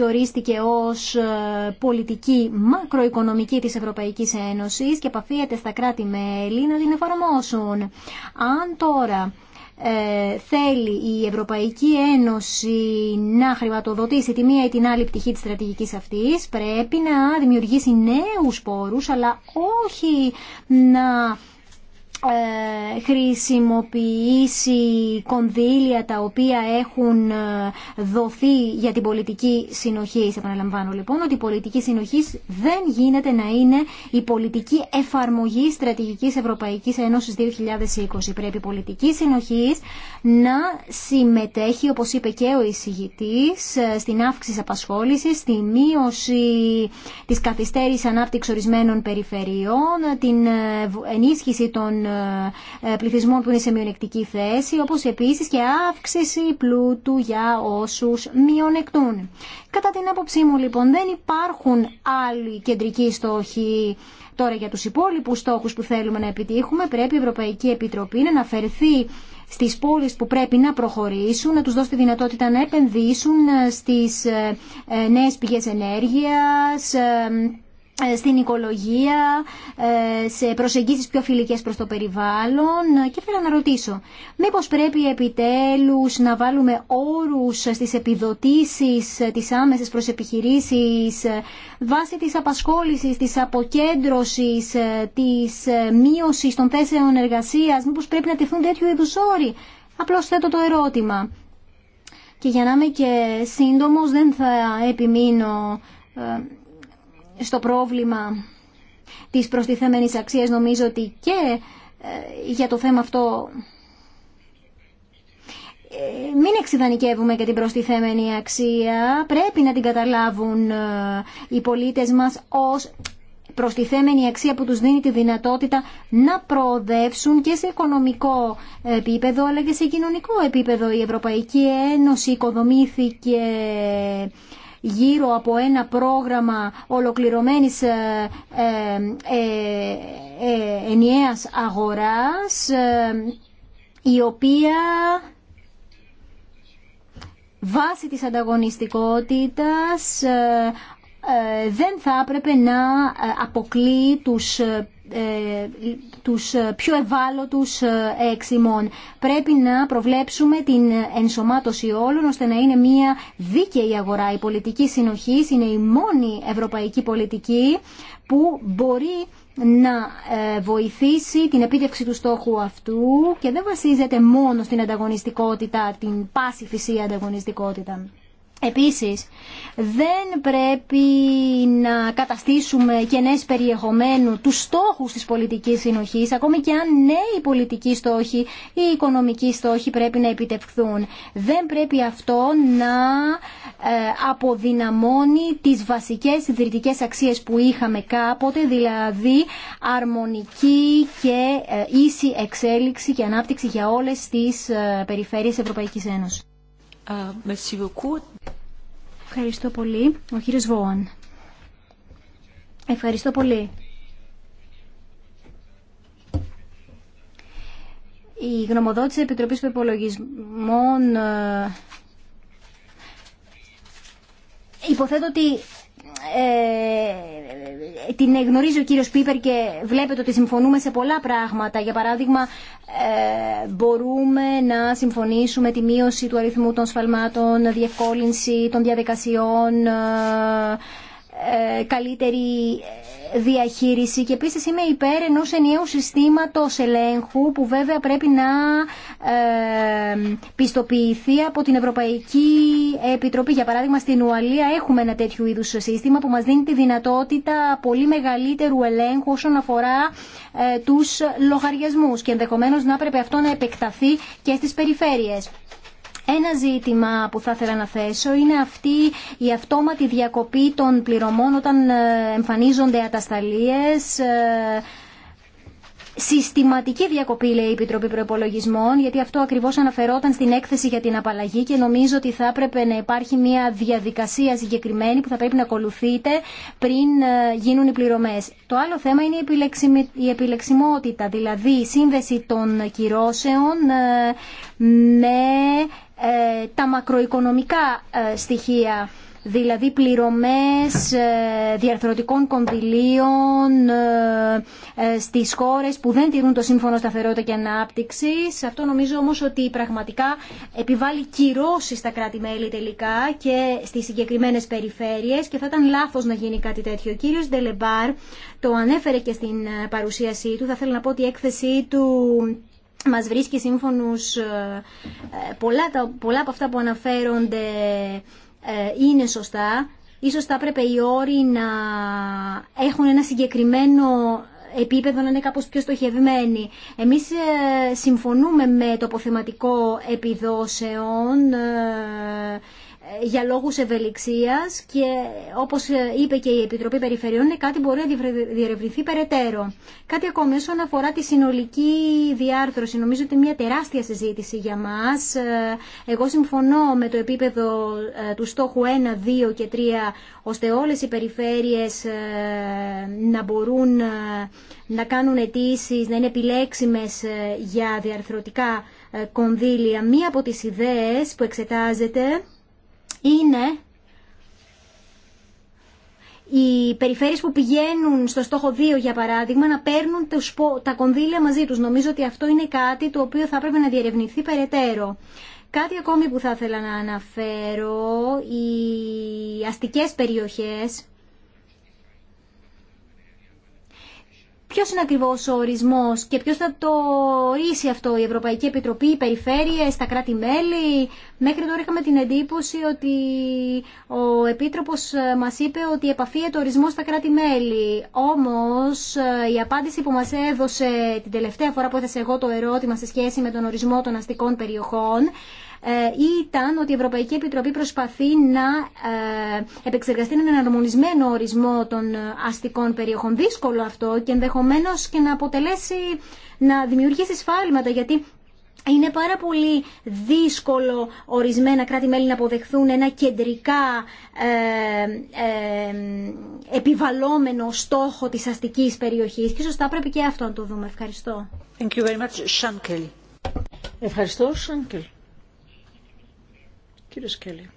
ορίστηκε ως ε, πολιτική μακροοικονομική της Ευρωπαϊκής Ένωσης και επαφίεται στα κράτη-μέλη να την εφαρμόσουν. Αν τώρα ε, θέλει η Ευρωπαϊκή Ένωση να χρηματοδοτήσει τη μία ή την άλλη πτυχή της στρατηγικής αυτής, πρέπει να δημιουργήσει νέους πόρους, αλλά όχι να ε, χρησιμοποιήσει κονδύλια τα οποία έχουν ε, δοθεί για την πολιτική συνοχή. Επαναλαμβάνω λοιπόν ότι η πολιτική συνοχή δεν γίνεται να είναι η πολιτική εφαρμογή στρατηγικής Ευρωπαϊκής Ένωσης 2020. Πρέπει η πολιτική συνοχή να συμμετέχει, όπως είπε και ο εισηγητής, ε, στην αύξηση απασχόλησης, στη μείωση της καθυστέρησης ανάπτυξη ορισμένων περιφερειών, την ενίσχυση των ε, πληθυσμών που είναι σε μειονεκτική θέση, όπως επίσης και αύξηση πλούτου για όσους μειονεκτούν. Κατά την άποψή μου λοιπόν δεν υπάρχουν άλλοι κεντρικοί στόχοι Τώρα για τους υπόλοιπους στόχους που θέλουμε να επιτύχουμε πρέπει η Ευρωπαϊκή Επιτροπή να αναφερθεί στις πόλεις που πρέπει να προχωρήσουν, να τους δώσει τη δυνατότητα να επενδύσουν στις ε, ε, νέες πηγές ενέργειας, ε, στην οικολογία, ε, σε προσεγγίσεις πιο φιλικές προς το περιβάλλον ε, και θέλω να ρωτήσω, μήπως πρέπει επιτέλους να βάλουμε όρους στις επιδοτήσεις της άμεσης προς επιχειρήσεις βάσει της απασχόλησης, της αποκέντρωσης, της μείωσης των θέσεων εργασίας, μήπως πρέπει να τεθούν τέτοιου είδους όροι. Απλώς θέτω το ερώτημα. Και για να είμαι και σύντομος δεν θα επιμείνω στο πρόβλημα της προστιθέμενης αξίας νομίζω ότι και ε, για το θέμα αυτό ε, μην εξειδανικεύουμε και την προστιθέμενη αξία. Πρέπει να την καταλάβουν ε, οι πολίτες μας ως προστιθέμενη αξία που τους δίνει τη δυνατότητα να προοδεύσουν και σε οικονομικό επίπεδο αλλά και σε κοινωνικό επίπεδο. Η Ευρωπαϊκή Ένωση οικοδομήθηκε γύρω από ένα πρόγραμμα ολοκληρωμένης ε, ε, ε, ενιαίας αγοράς η οποία βάσει της ανταγωνιστικότητας δεν θα έπρεπε να αποκλεί τους ε, τους ε, πιο ευάλωτους ε, έξιμων. Πρέπει να προβλέψουμε την ενσωμάτωση όλων ώστε να είναι μια δίκαιη αγορά. Η πολιτική συνοχή είναι η μόνη ευρωπαϊκή πολιτική που μπορεί να βοηθήσει την επίτευξη του στόχου αυτού και δεν βασίζεται μόνο στην ανταγωνιστικότητα, την πάση φυσία ανταγωνιστικότητα. Επίσης, δεν πρέπει να καταστήσουμε κενές περιεχομένου τους στόχους της πολιτικής συνοχής, ακόμη και αν νέοι πολιτικοί στόχοι ή οικονομικοί στόχοι πρέπει να επιτευχθούν. Δεν πρέπει αυτό να ε, αποδυναμώνει τις βασικές ιδρυτικές αξίες που είχαμε κάποτε, δηλαδή αρμονική και ε, ίση εξέλιξη και ανάπτυξη για όλες τις ε, περιφέρειες Ευρωπαϊκής Ένωσης. Euh, Ευχαριστώ πολύ. Ο κύριος Βόαν. Ευχαριστώ πολύ. Η γνωμοδότηση Επιτροπής Προπολογισμών ε, υποθέτω ότι ε, την γνωρίζει ο κύριος Πίπερ και βλέπετε ότι συμφωνούμε σε πολλά πράγματα. Για παράδειγμα, ε, μπορούμε να συμφωνήσουμε τη μείωση του αριθμού των σφαλμάτων, διευκόλυνση των διαδικασιών, ε, ε, καλύτερη διαχείριση και επίσης είμαι υπέρ ενός ενιαίου συστήματος ελέγχου που βέβαια πρέπει να πιστοποιηθεί από την Ευρωπαϊκή Επιτροπή. Για παράδειγμα στην Ουαλία έχουμε ένα τέτοιο είδους σύστημα που μας δίνει τη δυνατότητα πολύ μεγαλύτερου ελέγχου όσον αφορά ε, τους λογαριασμούς και ενδεχομένως να πρέπει αυτό να επεκταθεί και στις περιφέρειες. Ένα ζήτημα που θα ήθελα να θέσω είναι αυτή η αυτόματη διακοπή των πληρωμών όταν ε, εμφανίζονται ατασταλίες ε, συστηματική διακοπή, λέει η Επιτροπή Προπολογισμών, γιατί αυτό ακριβώ αναφερόταν στην έκθεση για την απαλλαγή και νομίζω ότι θα έπρεπε να υπάρχει μια διαδικασία συγκεκριμένη που θα πρέπει να ακολουθείτε πριν ε, γίνουν οι πληρωμέ. Το άλλο θέμα είναι η επιλεξιμότητα, δηλαδή η σύνδεση των κυρώσεων με ε, τα μακροοικονομικά ε, στοιχεία, δηλαδή πληρωμές ε, διαρθρωτικών κονδυλίων στις χώρες που δεν τηρούν το Σύμφωνο Σταθερότητα και ανάπτυξη. Αυτό νομίζω όμως ότι πραγματικά επιβάλλει κυρώσεις στα κράτη-μέλη τελικά και στις συγκεκριμένες περιφέρειες και θα ήταν λάθος να γίνει κάτι τέτοιο. Ο κύριος Ντελεμπάρ το ανέφερε και στην παρουσίασή του. Θα θέλω να πω ότι η έκθεσή του μας βρίσκει σύμφωνους ε, ε, πολλά, τα, πολλά από αυτά που αναφέρονται ε, είναι σωστά. Ίσως θα έπρεπε οι όροι να έχουν ένα συγκεκριμένο επίπεδο να είναι κάπως πιο στοχευμένοι. Εμείς συμφωνούμε με το αποθεματικό επιδόσεων για λόγους ευελιξίας και όπως ε, είπε και η Επιτροπή Περιφερειών είναι κάτι που μπορεί να διερευνηθεί περαιτέρω. Κάτι ακόμη όσον αφορά τη συνολική διάρθρωση. Νομίζω ότι είναι μια τεράστια συζήτηση για μας. Ε, εγώ συμφωνώ με το επίπεδο ε, του στόχου 1, 2 και 3 ώστε όλες οι περιφέρειες να μπορούν να κάνουν αιτήσει, να είναι επιλέξιμες για διαρθρωτικά κονδύλια. Μία από τις ιδέες που εξετάζεται είναι οι περιφέρειες που πηγαίνουν στο στόχο 2 για παράδειγμα να παίρνουν τα κονδύλια μαζί τους. Νομίζω ότι αυτό είναι κάτι το οποίο θα έπρεπε να διερευνηθεί περαιτέρω. Κάτι ακόμη που θα ήθελα να αναφέρω, οι αστικές περιοχές Ποιο είναι ακριβώ ο ορισμός και ποιο θα το ορίσει αυτό, η Ευρωπαϊκή Επιτροπή, οι περιφέρειε, τα κράτη-μέλη. Μέχρι τώρα είχαμε την εντύπωση ότι ο Επίτροπος μας είπε ότι το ορισμό στα κράτη-μέλη. Όμως ε, η απάντηση που μας έδωσε την τελευταία φορά που έθεσε εγώ το ερώτημα σε σχέση με τον ορισμό των αστικών περιοχών ε, ήταν ότι η Ευρωπαϊκή Επιτροπή προσπαθεί να ε, επεξεργαστεί έναν αναρμονισμένο ορισμό των αστικών περιοχών. Δύσκολο αυτό και ενδεχομένως και να αποτελέσει, να δημιουργήσει σφάλματα γιατί είναι πάρα πολύ δύσκολο ορισμένα κράτη-μέλη να αποδεχθούν ένα κεντρικά ε, ε επιβαλόμενο στόχο της αστικής περιοχής και σωστά πρέπει και αυτό να το δούμε. Ευχαριστώ. Thank you very much. Ευχαριστώ, Σάνκελ. Κύριε Σκέλη.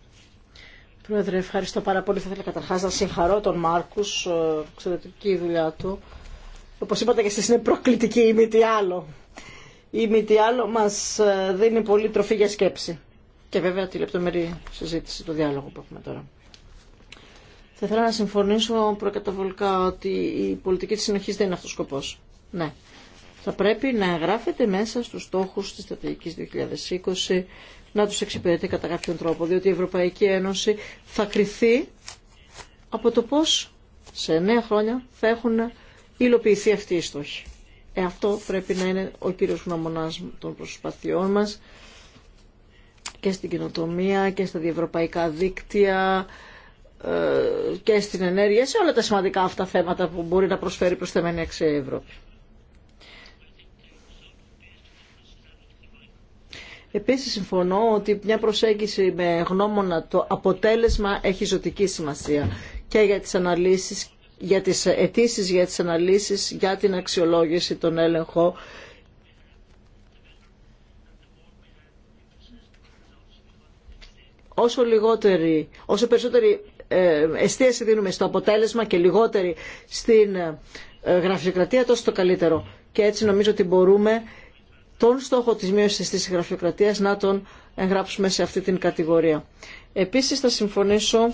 Πρόεδρε, ευχαριστώ πάρα πολύ. Θα ήθελα καταρχά να συγχαρώ τον Μάρκου, ε, εξαιρετική η δουλειά του. Όπω είπατε και εσεί, είναι προκλητική ή μη τι άλλο. Ή μη τι άλλο μα ε, δίνει πολύ τροφή για σκέψη. Και βέβαια τη λεπτομερή συζήτηση, το διάλογο που έχουμε τώρα. Θα ήθελα να συμφωνήσω προκαταβολικά ότι η πολιτική τη συνοχή δεν είναι αυτό ο σκοπό. Ναι. Θα πρέπει να εγγράφεται μέσα στου στόχου τη στρατηγική 2020 να τους εξυπηρετεί κατά κάποιον τρόπο, διότι η Ευρωπαϊκή Ένωση θα κριθεί από το πώς σε νέα χρόνια θα έχουν υλοποιηθεί αυτοί οι στόχοι. Ε, αυτό πρέπει να είναι ο κύριος γνωμονάς των προσπαθειών μας και στην κοινοτομία και στα διευρωπαϊκά δίκτυα ε, και στην ενέργεια, σε όλα τα σημαντικά αυτά θέματα που μπορεί να προσφέρει προς θεμένη αξία η Ευρώπη. Επίσης συμφωνώ ότι μια προσέγγιση με γνώμονα το αποτέλεσμα έχει ζωτική σημασία και για τις αναλύσεις, για τις αιτήσει για τις αναλύσεις, για την αξιολόγηση, τον έλεγχο. Όσο, λιγότερη, όσο περισσότερη ε, εστίαση δίνουμε στο αποτέλεσμα και λιγότερη στην ε, γραφειοκρατία, τόσο το καλύτερο. Και έτσι νομίζω ότι μπορούμε τον στόχο της μείωσης της γραφειοκρατίας να τον εγγράψουμε σε αυτή την κατηγορία. Επίσης θα συμφωνήσω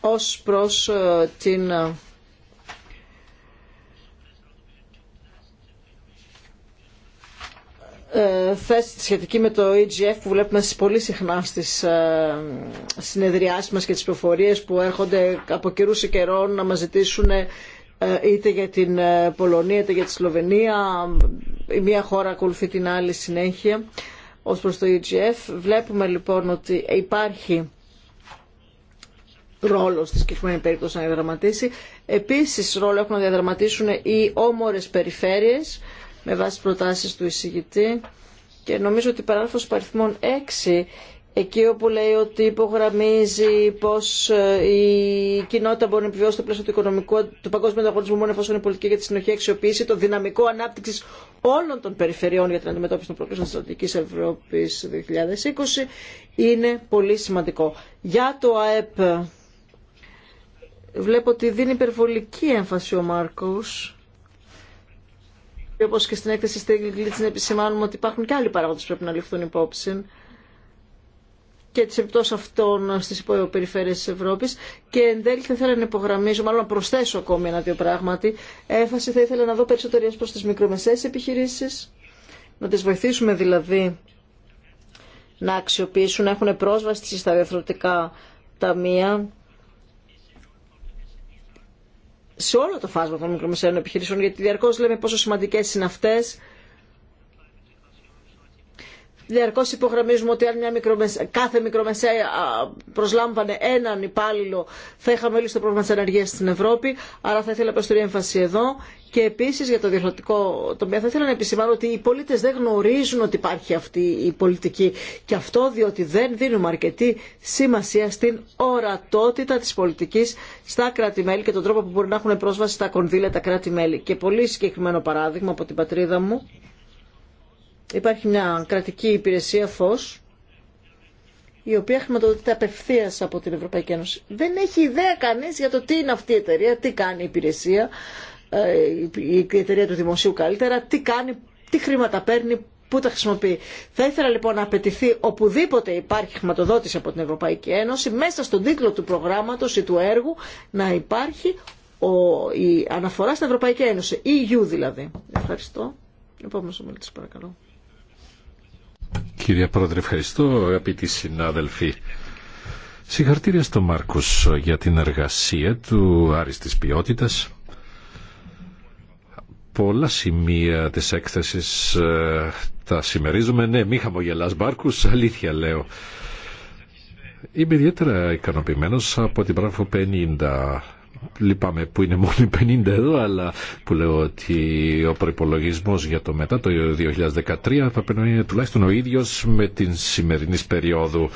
ως προς ε, την ε, Ε, θέση σχετική με το EGF που βλέπουμε πολύ συχνά στις ε, συνεδριάσεις μας και τις προφορίες που έρχονται από καιρού σε καιρό να μας ζητήσουν ε, είτε για την Πολωνία είτε για τη Σλοβενία η μία χώρα ακολουθεί την άλλη συνέχεια ως προς το EGF βλέπουμε λοιπόν ότι υπάρχει ρόλο στη συγκεκριμένη περίπτωση να διαδραματίσει επίσης ρόλο έχουν να διαδραματίσουν οι όμορες περιφέρειες με βάση προτάσεις του εισηγητή και νομίζω ότι η παράγραφος παριθμών 6 εκεί όπου λέει ότι υπογραμμίζει πως ε, η κοινότητα μπορεί να επιβιώσει στο πλαίσιο του, οικονομικού, του παγκόσμιου ανταγωνισμού μόνο εφόσον η πολιτική για τη συνοχή αξιοποίηση, το δυναμικό ανάπτυξη όλων των περιφερειών για την αντιμετώπιση των προκλήσεων τη Στρατηγική Ευρώπη 2020 είναι πολύ σημαντικό. Για το ΑΕΠ βλέπω ότι δίνει υπερβολική έμφαση ο Μάρκο όπως και στην έκθεση της να επισημάνουμε ότι υπάρχουν και άλλοι παράγοντες που πρέπει να ληφθούν υπόψη και τις επιπτώσεις αυτών στις υποπεριφέρειες της Ευρώπης και εν τέλει θα ήθελα να υπογραμμίζω, μάλλον να προσθέσω ακόμη ένα-δύο πράγματι, έφαση θα ήθελα να δω περισσότερες προς τις μικρομεσαίες επιχειρήσεις, να τις βοηθήσουμε δηλαδή να αξιοποιήσουν, να έχουν πρόσβαση στις τα ταμεία, σε όλο το φάσμα των μικρομεσαίων επιχειρήσεων, γιατί διαρκώς λέμε πόσο σημαντικές είναι αυτές Διαρκώ υπογραμμίζουμε ότι αν μια μικρομεσα... κάθε μικρομεσαία προσλάμβανε έναν υπάλληλο, θα είχαμε λύσει το πρόβλημα τη ανεργία στην Ευρώπη. Άρα θα ήθελα περισσότερη έμφαση εδώ. Και επίση για το διαχρονικό τομέα, θα ήθελα να επισημάνω ότι οι πολίτε δεν γνωρίζουν ότι υπάρχει αυτή η πολιτική. Και αυτό διότι δεν δίνουμε αρκετή σημασία στην ορατότητα τη πολιτική στα κράτη-μέλη και τον τρόπο που μπορεί να έχουν πρόσβαση στα κονδύλια τα κράτη-μέλη. Και πολύ συγκεκριμένο παράδειγμα από την πατρίδα μου υπάρχει μια κρατική υπηρεσία φως η οποία χρηματοδοτείται απευθεία από την Ευρωπαϊκή Ένωση. Δεν έχει ιδέα κανεί για το τι είναι αυτή η εταιρεία, τι κάνει η υπηρεσία, ε, η εταιρεία του δημοσίου καλύτερα, τι κάνει, τι χρήματα παίρνει, πού τα χρησιμοποιεί. Θα ήθελα λοιπόν να απαιτηθεί οπουδήποτε υπάρχει χρηματοδότηση από την Ευρωπαϊκή Ένωση, μέσα στον τίτλο του προγράμματο ή του έργου, να υπάρχει ή του έργου, να υπάρχει ο, η αναφορά στην Ευρωπαϊκή Ένωση, η EU δηλαδή. Ευχαριστώ. παρακαλώ. Κύριε Πρόεδρε, ευχαριστώ αγαπητοί συνάδελφοι. Συγχαρητήρια στον Μάρκους για την εργασία του άριστης ποιότητας. Πολλά σημεία της έκθεσης ε, τα συμμερίζουμε. Ναι, μη χαμογελάς Μάρκο, αλήθεια λέω. Είμαι ιδιαίτερα ικανοποιημένος από την πράγμα 50 λυπάμαι που είναι μόνο 50 εδώ, αλλά που λέω ότι ο προπολογισμό για το μετά το 2013 θα πρέπει να είναι τουλάχιστον ο ίδιο με την σημερινή περίοδου.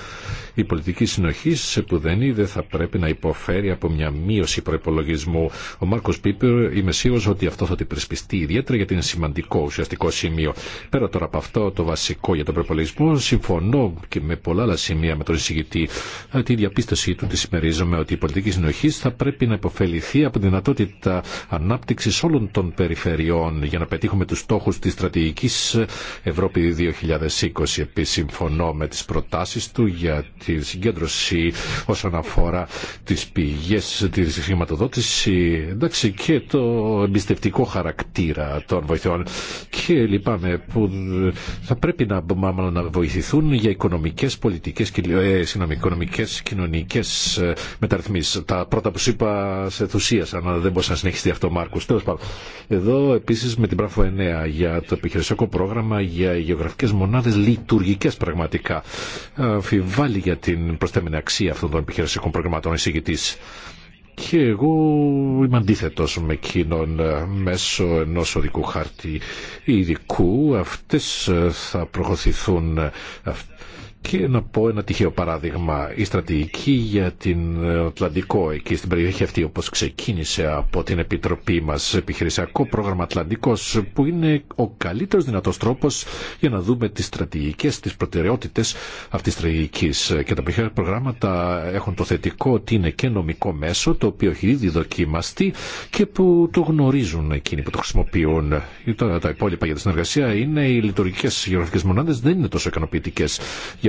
Η πολιτική συνοχή σε που δεν είδε θα πρέπει να υποφέρει από μια μείωση προπολογισμού. Ο Μάρκο Πίπερ είμαι σίγουρο ότι αυτό θα την περισπιστεί ιδιαίτερα γιατί είναι σημαντικό ουσιαστικό σημείο. Πέρα τώρα από αυτό το βασικό για τον προπολογισμό, συμφωνώ και με πολλά άλλα σημεία με τον εισηγητή. Ε, τη διαπίστωσή του τη συμμερίζομαι ότι η πολιτική συνοχή θα πρέπει να υποφεληθεί από τη δυνατότητα ανάπτυξη όλων των περιφερειών για να πετύχουμε του στόχου τη στρατηγική Ευρώπη 2020. Επίση, συμφωνώ με τι προτάσει του για τη συγκέντρωση όσον αφορά τις πηγές της χρηματοδότηση εντάξει, και το εμπιστευτικό χαρακτήρα των βοηθειών και λυπάμαι που θα πρέπει να, να βοηθηθούν για οικονομικές, πολιτικές και ε, οικονομικές, κοινωνικές ε, μεταρρυθμίσεις. Τα πρώτα που σου είπα σε θουσίασαν, αλλά δεν μπορούσα να συνεχιστεί αυτό Μάρκος. Τέλος πάντων. Εδώ επίσης με την πράφο 9 για το επιχειρησιακό πρόγραμμα για γεωγραφικές μονάδες λειτουργικές πραγματικά. Αμφιβάλλει για για την προσθέμενη αξία αυτών των επιχειρησιακών προγραμμάτων εισηγητή. Και εγώ είμαι αντίθετο με εκείνον ε, μέσω ενό οδικού χάρτη ειδικού. Αυτέ ε, θα προχωρηθούν ε, και να πω ένα τυχαίο παράδειγμα. Η στρατηγική για την ε, Ατλαντικό, εκεί στην περιοχή αυτή, όπως ξεκίνησε από την Επιτροπή μας, επιχειρησιακό πρόγραμμα Ατλαντικός, που είναι ο καλύτερος δυνατό τρόπος για να δούμε τις στρατηγικές, τις προτεραιότητες αυτής της στρατηγικής. Και τα περιοχή προγράμματα έχουν το θετικό ότι είναι και νομικό μέσο, το οποίο έχει ήδη δοκιμαστεί και που το γνωρίζουν εκείνοι που το χρησιμοποιούν. τα υπόλοιπα για τη συνεργασία είναι οι λειτουργικές γεωγραφικές μονάδες δεν είναι τόσο ικανοποιητικέ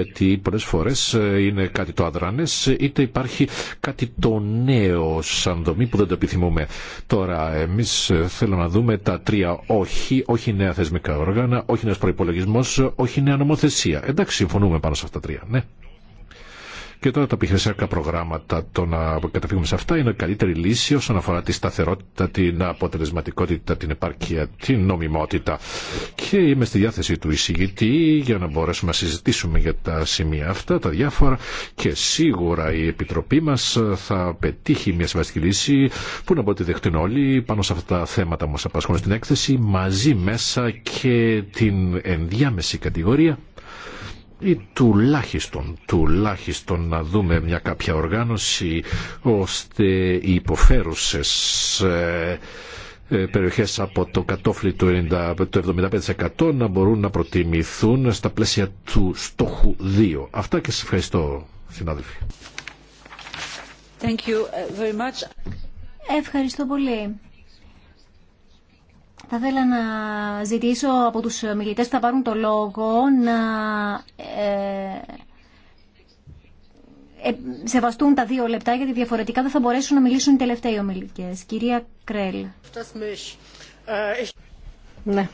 γιατί πολλές φορές ε, είναι κάτι το αδρανές είτε υπάρχει κάτι το νέο σαν δομή που δεν το επιθυμούμε. Τώρα εμείς ε, θέλουμε να δούμε τα τρία όχι, όχι νέα θεσμικά όργανα, όχι νέος προϋπολογισμός, ε, όχι νέα νομοθεσία. Εντάξει συμφωνούμε πάνω σε αυτά τα τρία, ναι. Και τώρα τα επιχειρησιακά προγράμματα, το να καταφύγουμε σε αυτά είναι η καλύτερη λύση όσον αφορά τη σταθερότητα, την αποτελεσματικότητα, την επάρκεια, την νομιμότητα. Και είμαι στη διάθεση του εισηγητή για να μπορέσουμε να συζητήσουμε για τα σημεία αυτά, τα διάφορα και σίγουρα η Επιτροπή μα θα πετύχει μια συμβαστική λύση που να μπορείτε δεχτούν όλοι πάνω σε αυτά τα θέματα που μα απασχολούν στην έκθεση μαζί μέσα και την ενδιάμεση κατηγορία ή τουλάχιστον, τουλάχιστον να δούμε μια κάποια οργάνωση ώστε οι υποφέρουσες ε, ε περιοχές από το κατόφλι του 90, το 75% να μπορούν να προτιμηθούν στα πλαίσια του στόχου 2. Αυτά και σας ευχαριστώ συνάδελφοι. Ε, ευχαριστώ πολύ. Θα ήθελα να ζητήσω από τους μιλητές που θα πάρουν το λόγο να ε, ε, σεβαστούν τα δύο λεπτά γιατί διαφορετικά δεν θα μπορέσουν να μιλήσουν οι τελευταίοι ομιλητές. Κυρία Κρέλ. Ναι,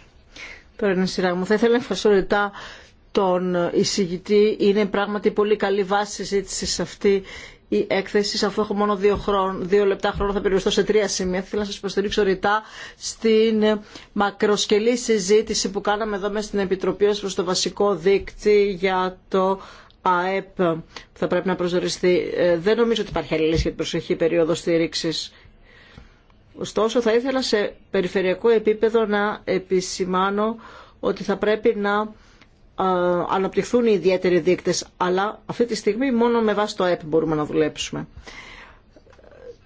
τώρα είναι σειρά μου. Θα ήθελα να ευχαριστώ ρητά τον εισηγητή. Είναι πράγματι πολύ καλή βάση συζήτηση αυτή η έκθεση, αφού έχω μόνο δύο, χρόνο, δύο λεπτά χρόνο, θα περιοριστώ σε τρία σημεία. Θέλω να σα υποστηρίξω ρητά στην μακροσκελή συζήτηση που κάναμε εδώ μέσα στην Επιτροπή ω προ το βασικό δίκτυο για το ΑΕΠ που θα πρέπει να προσδοριστεί. Ε, δεν νομίζω ότι υπάρχει άλλη για την προσοχή περίοδο στήριξη. Ωστόσο, θα ήθελα σε περιφερειακό επίπεδο να επισημάνω ότι θα πρέπει να αναπτυχθούν οι ιδιαίτεροι δείκτες, αλλά αυτή τη στιγμή μόνο με βάση το ΕΠ μπορούμε να δουλέψουμε.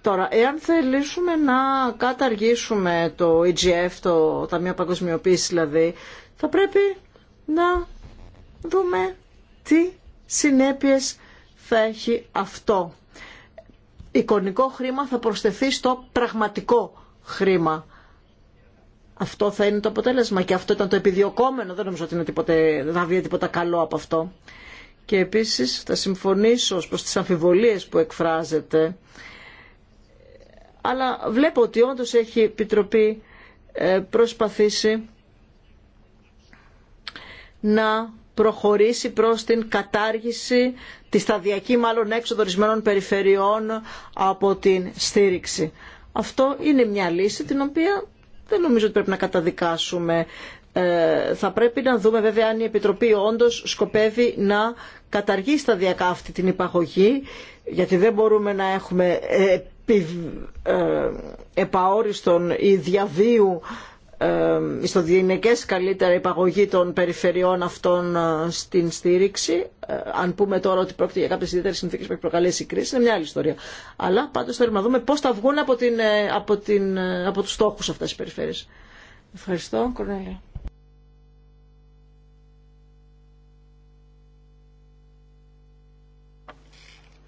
Τώρα, εάν θελήσουμε να καταργήσουμε το EGF, το Ταμείο Παγκοσμιοποίηση δηλαδή, θα πρέπει να δούμε τι συνέπειες θα έχει αυτό. Εικονικό χρήμα θα προσθεθεί στο πραγματικό χρήμα αυτό θα είναι το αποτέλεσμα και αυτό ήταν το επιδιωκόμενο. Δεν νομίζω ότι είναι θα βγει τίποτα καλό από αυτό. Και επίσης θα συμφωνήσω προς τις αμφιβολίες που εκφράζεται. Αλλά βλέπω ότι όντως έχει η Επιτροπή ε, προσπαθήσει να προχωρήσει προς την κατάργηση, τη σταδιακή μάλλον έξοδο ορισμένων περιφερειών από την στήριξη. Αυτό είναι μια λύση την οποία δεν νομίζω ότι πρέπει να καταδικάσουμε. Ε, θα πρέπει να δούμε βέβαια αν η Επιτροπή όντως σκοπεύει να καταργεί σταδιακά αυτή την υπαγωγή, γιατί δεν μπορούμε να έχουμε επι, ε, επαόριστον ή διαβίου ε, ιστοδιενικές καλύτερα υπαγωγή των περιφερειών αυτών ε, στην στήριξη. Ε, αν πούμε τώρα ότι πρόκειται για κάποιες ιδιαίτερες συνθήκες που έχει προκαλέσει η κρίση, είναι μια άλλη ιστορία. Αλλά πάντως θέλουμε να δούμε πώς θα βγουν από, την, από, την, από τους στόχους αυτές οι περιφέρειες. Ευχαριστώ. Κορνέλια.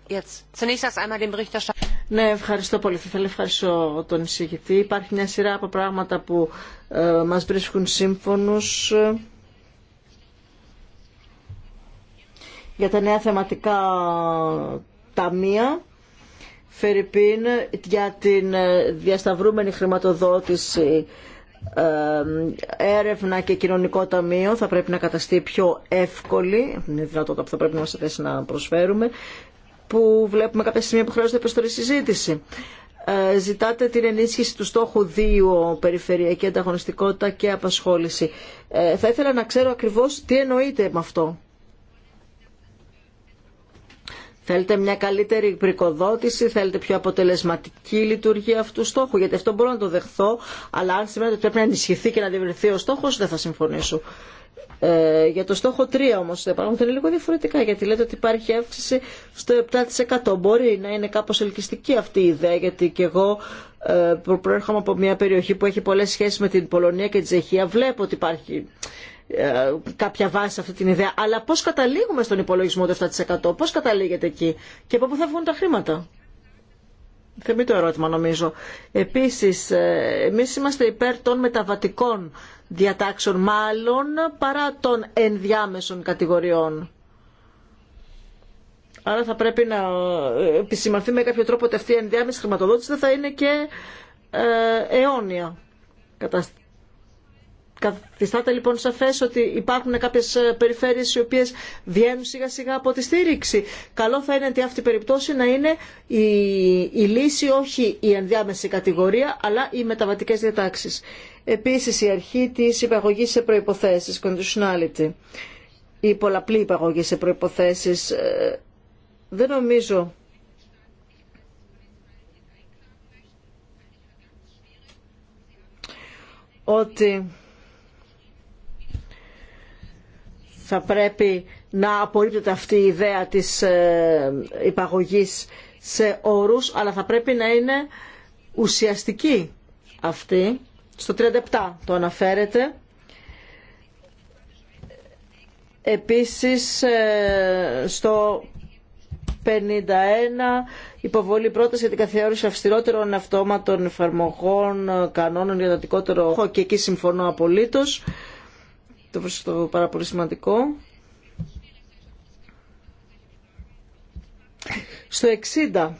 Jetzt. Zunächst erst einmal Berichterstatter. Ναι, ευχαριστώ πολύ. Θα ήθελα να ευχαριστώ τον εισηγητή. Υπάρχει μια σειρά από πράγματα που ε, μας βρίσκουν σύμφωνους. Ε, για τα νέα θεματικά ταμεία, Φερρυπίν, για την ε, διασταυρούμενη χρηματοδότηση έρευνα και κοινωνικό ταμείο θα πρέπει να καταστεί πιο εύκολη, είναι δυνατότητα που θα πρέπει να μας θέσει να προσφέρουμε που βλέπουμε κάποια σημεία που χρειάζεται περισσότερη συζήτηση. Ε, ζητάτε την ενίσχυση του στόχου 2, περιφερειακή ανταγωνιστικότητα και απασχόληση. Ε, θα ήθελα να ξέρω ακριβώς τι εννοείτε με αυτό. Θέλετε μια καλύτερη πρικοδότηση, θέλετε πιο αποτελεσματική λειτουργία αυτού του στόχου. Γιατί αυτό μπορώ να το δεχθώ, αλλά αν σημαίνει ότι πρέπει να ενισχυθεί και να διευρυνθεί ο στόχο, δεν θα συμφωνήσω. Ε, για το στόχο 3 όμως τα πράγματα είναι λίγο διαφορετικά γιατί λέτε ότι υπάρχει αύξηση στο 7%. Μπορεί να είναι κάπως ελκυστική αυτή η ιδέα γιατί και εγώ ε, προέρχομαι από μια περιοχή που έχει πολλές σχέσεις με την Πολωνία και την Τσεχία. Βλέπω ότι υπάρχει ε, κάποια βάση σε αυτή την ιδέα. Αλλά πώς καταλήγουμε στον υπολογισμό του 7%, πώς καταλήγεται εκεί και από πού θα βγουν τα χρήματα. Θεμεί το ερώτημα νομίζω. Επίσης, ε, εμείς είμαστε υπέρ των μεταβατικών διατάξεων μάλλον παρά των ενδιάμεσων κατηγοριών. Άρα θα πρέπει να ε, επισημανθεί με κάποιο τρόπο ότι αυτή η ενδιάμεση χρηματοδότηση δεν θα είναι και ε, αιώνια. κατάσταση. Καθιστάται λοιπόν σαφέ ότι υπάρχουν κάποιε περιφέρειε οι οποίε βγαίνουν σιγά σιγά από τη στήριξη. Καλό θα είναι ότι αυτή η περιπτώση να είναι η, η λύση, όχι η ενδιάμεση κατηγορία, αλλά οι μεταβατικέ διατάξει. Επίση η αρχή τη υπαγωγή σε προποθέσει, conditionality. Η πολλαπλή υπαγωγή σε προποθέσει. Ε, δεν νομίζω ότι θα πρέπει να απορρίπτεται αυτή η ιδέα της ε, υπαγωγής σε όρους, αλλά θα πρέπει να είναι ουσιαστική αυτή. Στο 37 το αναφέρεται. Επίσης ε, στο 51 υποβολή πρόταση για την καθιέρωση αυστηρότερων αυτόματων εφαρμογών κανόνων για το και εκεί συμφωνώ απολύτως. Το βρίσκω πάρα πολύ σημαντικό. Στο 60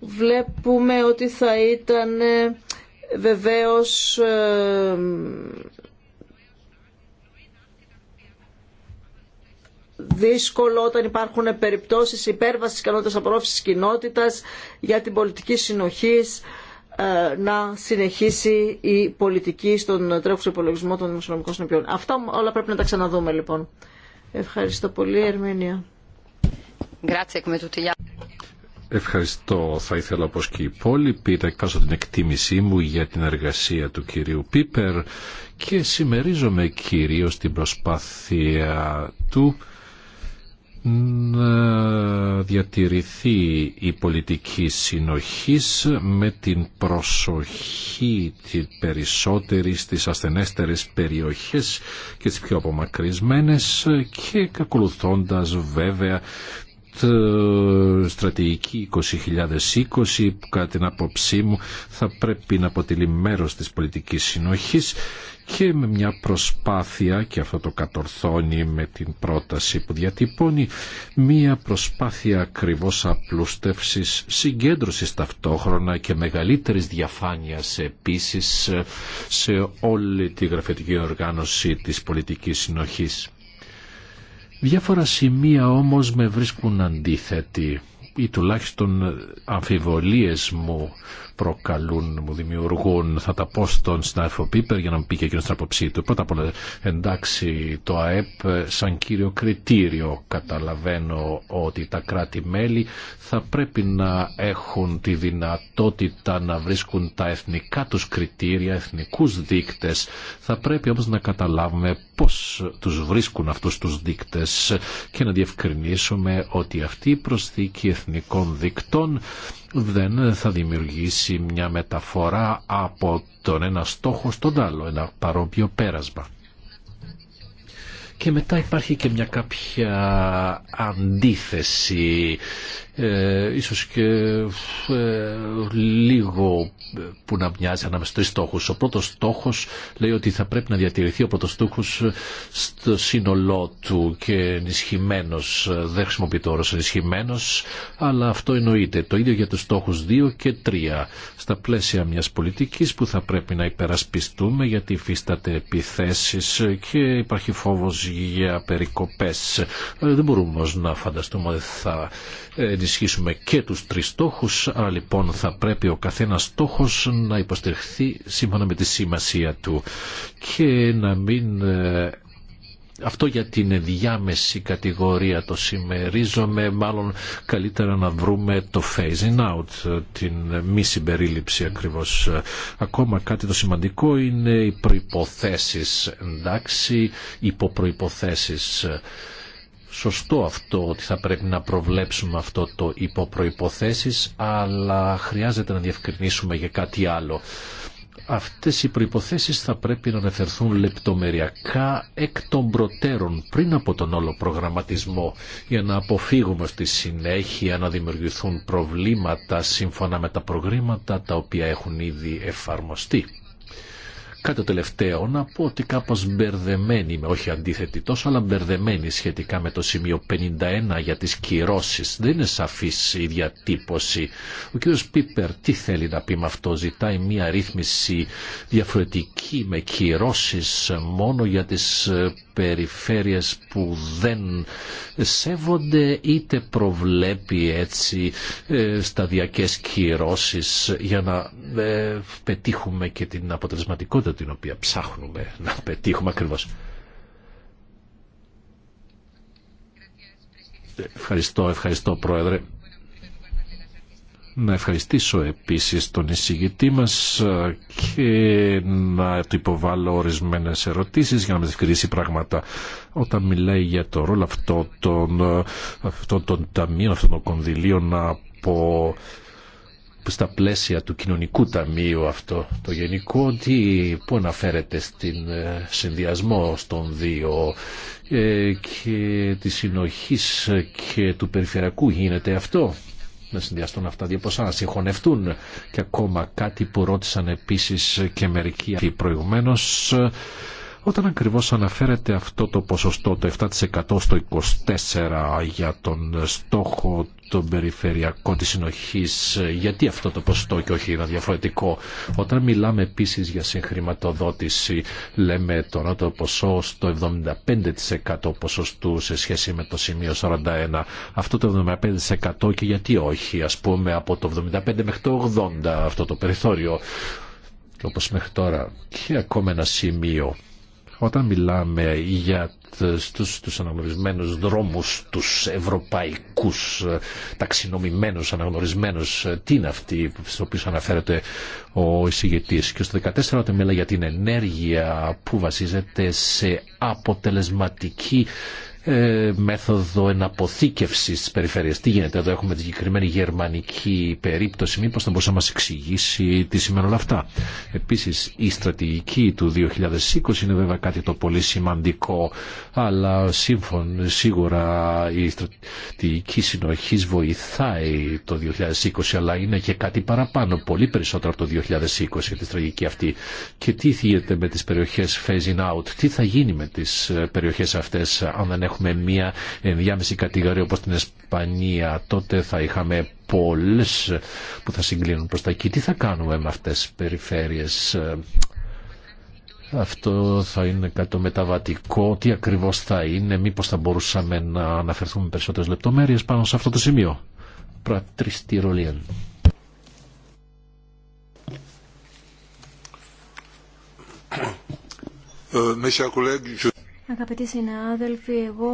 βλέπουμε ότι θα ήταν ε, βεβαίως ε, δύσκολο όταν υπάρχουν περιπτώσεις υπέρβασης ικανότητας απορρόφησης κοινότητας για την πολιτική συνοχής ε, να συνεχίσει η πολιτική στον τρέχουσα υπολογισμό των δημοσιονομικών συνεπειών. Αυτά όλα πρέπει να τα ξαναδούμε λοιπόν. Ευχαριστώ πολύ, Ερμήνια. Ευχαριστώ. Θα ήθελα όπως και οι υπόλοιποι να εκφράσω την εκτίμησή μου για την εργασία του κυρίου Πίπερ και συμμερίζομαι κυρίως την προσπάθεια του να διατηρηθεί η πολιτική συνοχής με την προσοχή τη περισσότερη στις ασθενέστερες περιοχές και τις πιο απομακρυσμένες και ακολουθώντα βέβαια ε, στρατηγική 2020 που κατά την άποψή μου θα πρέπει να αποτελεί μέρος της πολιτικής συνοχής και με μια προσπάθεια και αυτό το κατορθώνει με την πρόταση που διατυπώνει μια προσπάθεια ακριβώς απλούστευσης συγκέντρωσης ταυτόχρονα και μεγαλύτερης διαφάνειας επίσης σε όλη τη γραφετική οργάνωση της πολιτικής συνοχής. Διάφορα σημεία όμως με βρίσκουν αντίθετη ή τουλάχιστον αμφιβολίες μου προκαλούν, μου δημιουργούν. Θα τα πω στον συνάδελφο Πίπερ για να μου πει και εκείνο την άποψή του. Πρώτα απ' όλα, εντάξει, το ΑΕΠ σαν κύριο κριτήριο καταλαβαίνω ότι τα κράτη-μέλη θα πρέπει να έχουν τη δυνατότητα να βρίσκουν τα εθνικά τους κριτήρια, εθνικούς δείκτες. Θα πρέπει όμως να καταλάβουμε πώς τους βρίσκουν αυτούς τους δείκτες και να διευκρινίσουμε ότι αυτή η προσθήκη εθνικών δείκτων δεν θα δημιουργήσει μια μεταφορά από τον ένα στόχο στον άλλο, ένα παρόμοιο πέρασμα. Και μετά υπάρχει και μια κάποια αντίθεση ε, ίσως και ε, λίγο που να μοιάζει ανάμεσα στους στόχους. Ο πρώτος στόχος λέει ότι θα πρέπει να διατηρηθεί ο πρώτος στόχος στο σύνολό του και ενισχυμένο. Δεν χρησιμοποιεί το όρος ενισχυμένο, αλλά αυτό εννοείται. Το ίδιο για τους στόχους 2 και 3 στα πλαίσια μιας πολιτικής που θα πρέπει να υπερασπιστούμε γιατί υφίσταται επιθέσεις και υπάρχει φόβος για περικοπές. Ε, δεν μπορούμε όμως να φανταστούμε ότι θα ε, ενισχύσουμε και τους τρεις στόχους, λοιπόν θα πρέπει ο καθένας στόχος να υποστηριχθεί σύμφωνα με τη σημασία του και να μην ε, αυτό για την διάμεση κατηγορία το σημεριζομαι, μάλλον καλύτερα να βρούμε το phasing out, την μη συμπερίληψη ακριβώς. Ακόμα κάτι το σημαντικό είναι οι προϋποθέσεις, εντάξει, υποπροϋποθέσεις σωστό αυτό ότι θα πρέπει να προβλέψουμε αυτό το προϋποθέσεις αλλά χρειάζεται να διευκρινίσουμε για κάτι άλλο. Αυτές οι προϋποθέσεις θα πρέπει να αναφερθούν λεπτομεριακά εκ των προτέρων πριν από τον όλο προγραμματισμό για να αποφύγουμε στη συνέχεια να δημιουργηθούν προβλήματα σύμφωνα με τα προγράμματα τα οποία έχουν ήδη εφαρμοστεί. Κάτι τελευταίο να πω ότι κάπως μπερδεμένη με όχι αντίθετη τόσο, αλλά μπερδεμένη σχετικά με το σημείο 51 για τις κυρώσεις. Δεν είναι σαφής η διατύπωση. Ο κ. Πίπερ τι θέλει να πει με αυτό. Ζητάει μια ρύθμιση διαφορετική με κυρώσεις μόνο για τις ε, περιφέρειες που δεν σέβονται είτε προβλέπει έτσι ε, σταδιακές κυρώσεις για να ε, πετύχουμε και την αποτελεσματικότητα την οποία ψάχνουμε να πετύχουμε ακριβώς. Ευχαριστώ, ευχαριστώ Πρόεδρε. Να ευχαριστήσω επίσης τον εισηγητή μας ε, και να του υποβάλω ορισμένες ερωτήσεις για να με ευκρινίσει πράγματα. Όταν μιλάει για το ρόλο αυτό των, ε, αυτών των ταμείων, αυτών των κονδυλίων από στα πλαίσια του κοινωνικού ταμείου αυτό το γενικό τι, που αναφέρεται στην ε, συνδυασμό των δύο και τη συνοχής και του περιφερειακού γίνεται αυτό να συνδυαστούν αυτά δύο ποσά, να συγχωνευτούν. Και ακόμα κάτι που ρώτησαν επίσης και μερικοί προηγουμένως όταν ακριβώς αναφέρεται αυτό το ποσοστό, το 7% στο 24% για τον στόχο τον περιφερειακό της συνοχής, γιατί αυτό το ποσοστό και όχι ένα διαφορετικό. Όταν μιλάμε επίσης για συγχρηματοδότηση, λέμε το το ποσό στο 75% ποσοστού σε σχέση με το σημείο 41. Αυτό το 75% και γιατί όχι, ας πούμε από το 75% μέχρι το 80% αυτό το περιθώριο όπως μέχρι τώρα και ακόμα ένα σημείο όταν μιλάμε για στους, τους αναγνωρισμένους δρόμους, τους ευρωπαϊκούς, ε, ταξινομημένους, αναγνωρισμένους, ε, τι είναι αυτοί στο οποίο αναφέρεται ο εισηγητής. Και στο 14 όταν μιλά για την ενέργεια που βασίζεται σε αποτελεσματική ε, μέθοδο εναποθήκευσης της περιφέρειας. Τι γίνεται εδώ, έχουμε τη συγκεκριμένη γερμανική περίπτωση, μήπως θα μπορούσε να μας εξηγήσει τι σημαίνουν όλα αυτά. Επίσης, η στρατηγική του 2020 είναι βέβαια κάτι το πολύ σημαντικό, αλλά σύμφων, σίγουρα η στρατηγική συνοχή βοηθάει το 2020, αλλά είναι και κάτι παραπάνω, πολύ περισσότερο από το 2020 τη στρατηγική αυτή. Και τι θίγεται με τις περιοχές phasing out, τι θα γίνει με τις περιοχές αυτές αν δεν έχουμε έχουμε μια ενδιάμεση κατηγορία όπως την Ισπανία, τότε θα είχαμε πόλεις που θα συγκλίνουν προς τα εκεί. Τι θα κάνουμε με αυτές τις περιφέρειες. Αυτό θα είναι κάτι μεταβατικό, Τι ακριβώς θα είναι. Μήπως θα μπορούσαμε να αναφερθούμε περισσότερες λεπτομέρειες πάνω σε αυτό το σημείο. je... Αγαπητοί συνάδελφοι, εγώ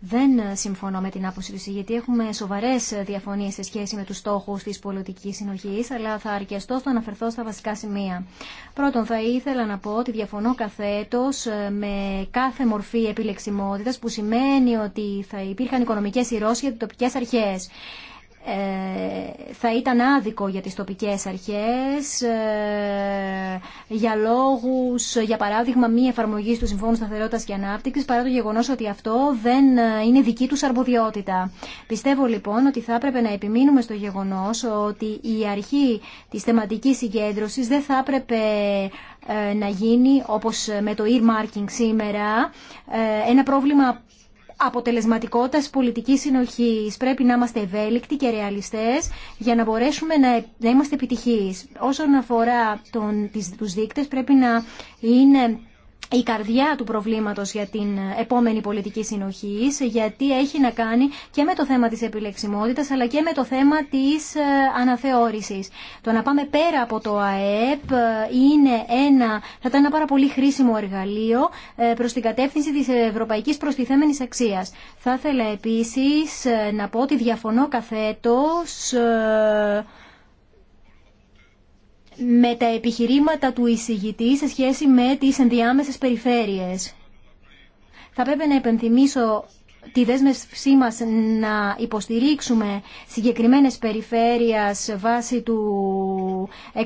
δεν συμφωνώ με την άποψη του γιατί έχουμε σοβαρέ διαφωνίε σε σχέση με του στόχου τη πολιτική συνοχή, αλλά θα αρκεστώ στο αναφερθώ στα βασικά σημεία. Πρώτον, θα ήθελα να πω ότι διαφωνώ καθέτο ε, με κάθε μορφή επιλεξιμότητα που σημαίνει ότι θα υπήρχαν οικονομικέ ηρώσει για τι τοπικέ αρχέ. Ε, θα ήταν άδικο για τις τοπικές αρχές ε, για λόγους, για παράδειγμα, μη εφαρμογής του Συμφώνου Σταθερότητας και Ανάπτυξης παρά το γεγονός ότι αυτό δεν ε, είναι δική τους αρμοδιότητα. Πιστεύω λοιπόν ότι θα έπρεπε να επιμείνουμε στο γεγονός ότι η αρχή της θεματικής συγκέντρωσης δεν θα έπρεπε να γίνει όπως με το earmarking σήμερα ένα πρόβλημα αποτελεσματικότητας πολιτικής συνοχής. Πρέπει να είμαστε ευέλικτοι και ρεαλιστές για να μπορέσουμε να, να είμαστε επιτυχείς. Όσον αφορά τον, τις, τους δείκτες πρέπει να είναι η καρδιά του προβλήματος για την επόμενη πολιτική συνοχή, γιατί έχει να κάνει και με το θέμα της επιλεξιμότητας, αλλά και με το θέμα της ε, αναθεώρησης. Το να πάμε πέρα από το ΑΕΠ ε, είναι ένα, θα ήταν ένα πάρα πολύ χρήσιμο εργαλείο ε, προς την κατεύθυνση της ευρωπαϊκής προστιθέμενης αξίας. Θα ήθελα επίσης να πω ότι διαφωνώ καθέτος με τα επιχειρήματα του εισηγητή σε σχέση με τις ενδιάμεσες περιφέρειες. Θα πρέπει να υπενθυμίσω τη δέσμευσή μας να υποστηρίξουμε συγκεκριμένες περιφέρειες βάσει του 149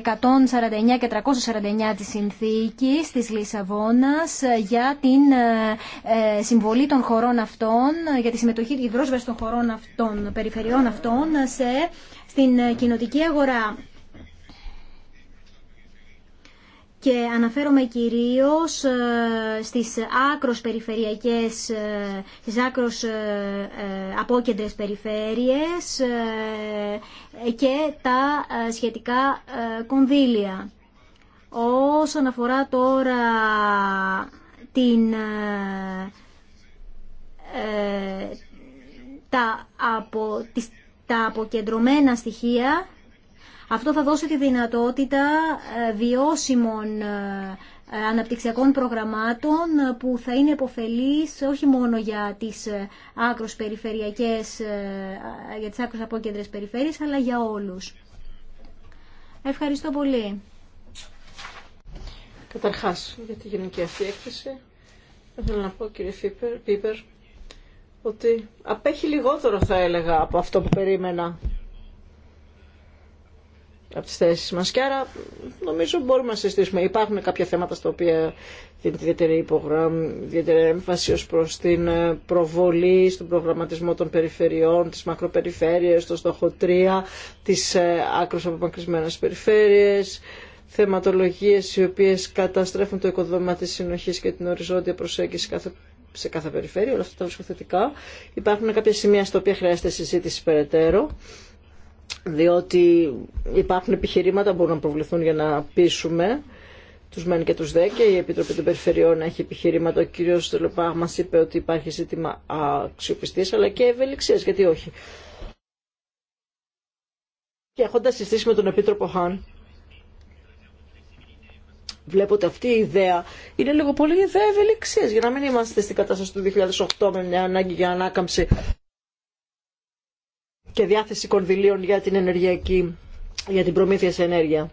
και 349 της συνθήκης της Λισαβόνας για την ε, συμβολή των χωρών αυτών, για τη συμμετοχή τη των χωρών αυτών, των περιφερειών αυτών σε, στην κοινοτική αγορά. και αναφέρομαι κυρίως ε, στις άκρος περιφερειακές, ε, στις άκρος ε, απόκεντρες περιφέρειες και τα σχετικά κονδύλια. Όσον αφορά τώρα την, τα, από, τις, τα αποκεντρωμένα στοιχεία, αυτό θα δώσει τη δυνατότητα ε, βιώσιμων ε, ε, αναπτυξιακών προγραμμάτων που θα είναι επωφελής όχι μόνο για τις άκρως περιφερειακές, για τις άκρως απόκεντρες περιφέρειες, αλλά για όλους. Ευχαριστώ πολύ. Καταρχάς, για τη γενική αυτή έκθεση, θέλω να πω κύριε Πίπερ, ότι απέχει λιγότερο θα έλεγα από αυτό που περίμενα από τις θέσεις μας. Και άρα νομίζω μπορούμε να συζητήσουμε. Υπάρχουν κάποια θέματα στα οποία δίνεται ιδιαίτερη ιδιαίτερη έμφαση ως προς την ε, προβολή στον προγραμματισμό των περιφερειών, τις μακροπεριφέρειες, το στόχο 3, τις ε, άκρως απομακρυσμένες περιφέρειες, θεματολογίες οι οποίες καταστρέφουν το οικοδόμα της συνοχής και την οριζόντια προσέγγιση κάθε σε κάθε περιφέρεια, όλα αυτά τα βρίσκω θετικά. Υπάρχουν κάποια σημεία στα οποία χρειάζεται συζήτηση περαιτέρω διότι υπάρχουν επιχειρήματα που μπορούν να προβληθούν για να πείσουμε τους μεν και τους δε και η Επιτροπή των Περιφερειών έχει επιχειρήματα. Ο κύριος Στελοπά μας είπε ότι υπάρχει ζήτημα αξιοπιστής αλλά και ευελιξίας, γιατί όχι. Και έχοντας συστήσει με τον Επίτροπο Χάν, βλέπω ότι αυτή η ιδέα είναι λίγο πολύ ιδέα ευελιξίας για να μην είμαστε στην κατάσταση του 2008 με μια ανάγκη για ανάκαμψη και διάθεση κονδυλίων για την ενεργειακή, για την προμήθεια σε ενέργεια.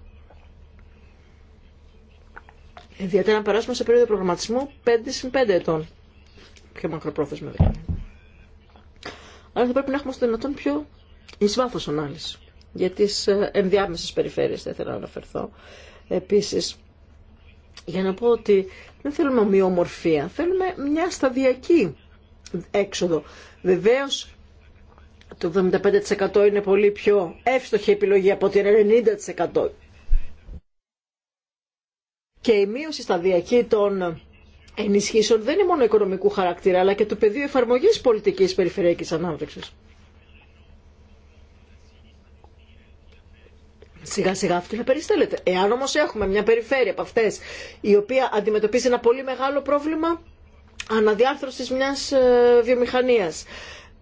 Ιδιαίτερα να περάσουμε σε περίοδο προγραμματισμού 5 συν 5 ετών. Πιο μακροπρόθεσμα δηλαδή. Άρα θα πρέπει να έχουμε στο δυνατόν πιο εις ανάλυση. Για τι ε, ενδιάμεσε περιφέρειες θα ήθελα να αναφερθώ. επίση. για να πω ότι δεν θέλουμε ομοιομορφία, θέλουμε μια σταδιακή έξοδο. Βεβαίω το 75% είναι πολύ πιο εύστοχη επιλογή από την 90%. Και η μείωση σταδιακή των ενισχύσεων δεν είναι μόνο οικονομικού χαρακτήρα, αλλά και του πεδίου εφαρμογής πολιτικής περιφερειακής ανάπτυξης. Σιγά σιγά αυτή θα περιστέλλεται. Εάν όμως έχουμε μια περιφέρεια από αυτές η οποία αντιμετωπίζει ένα πολύ μεγάλο πρόβλημα αναδιάρθρωσης μιας ε, βιομηχανίας,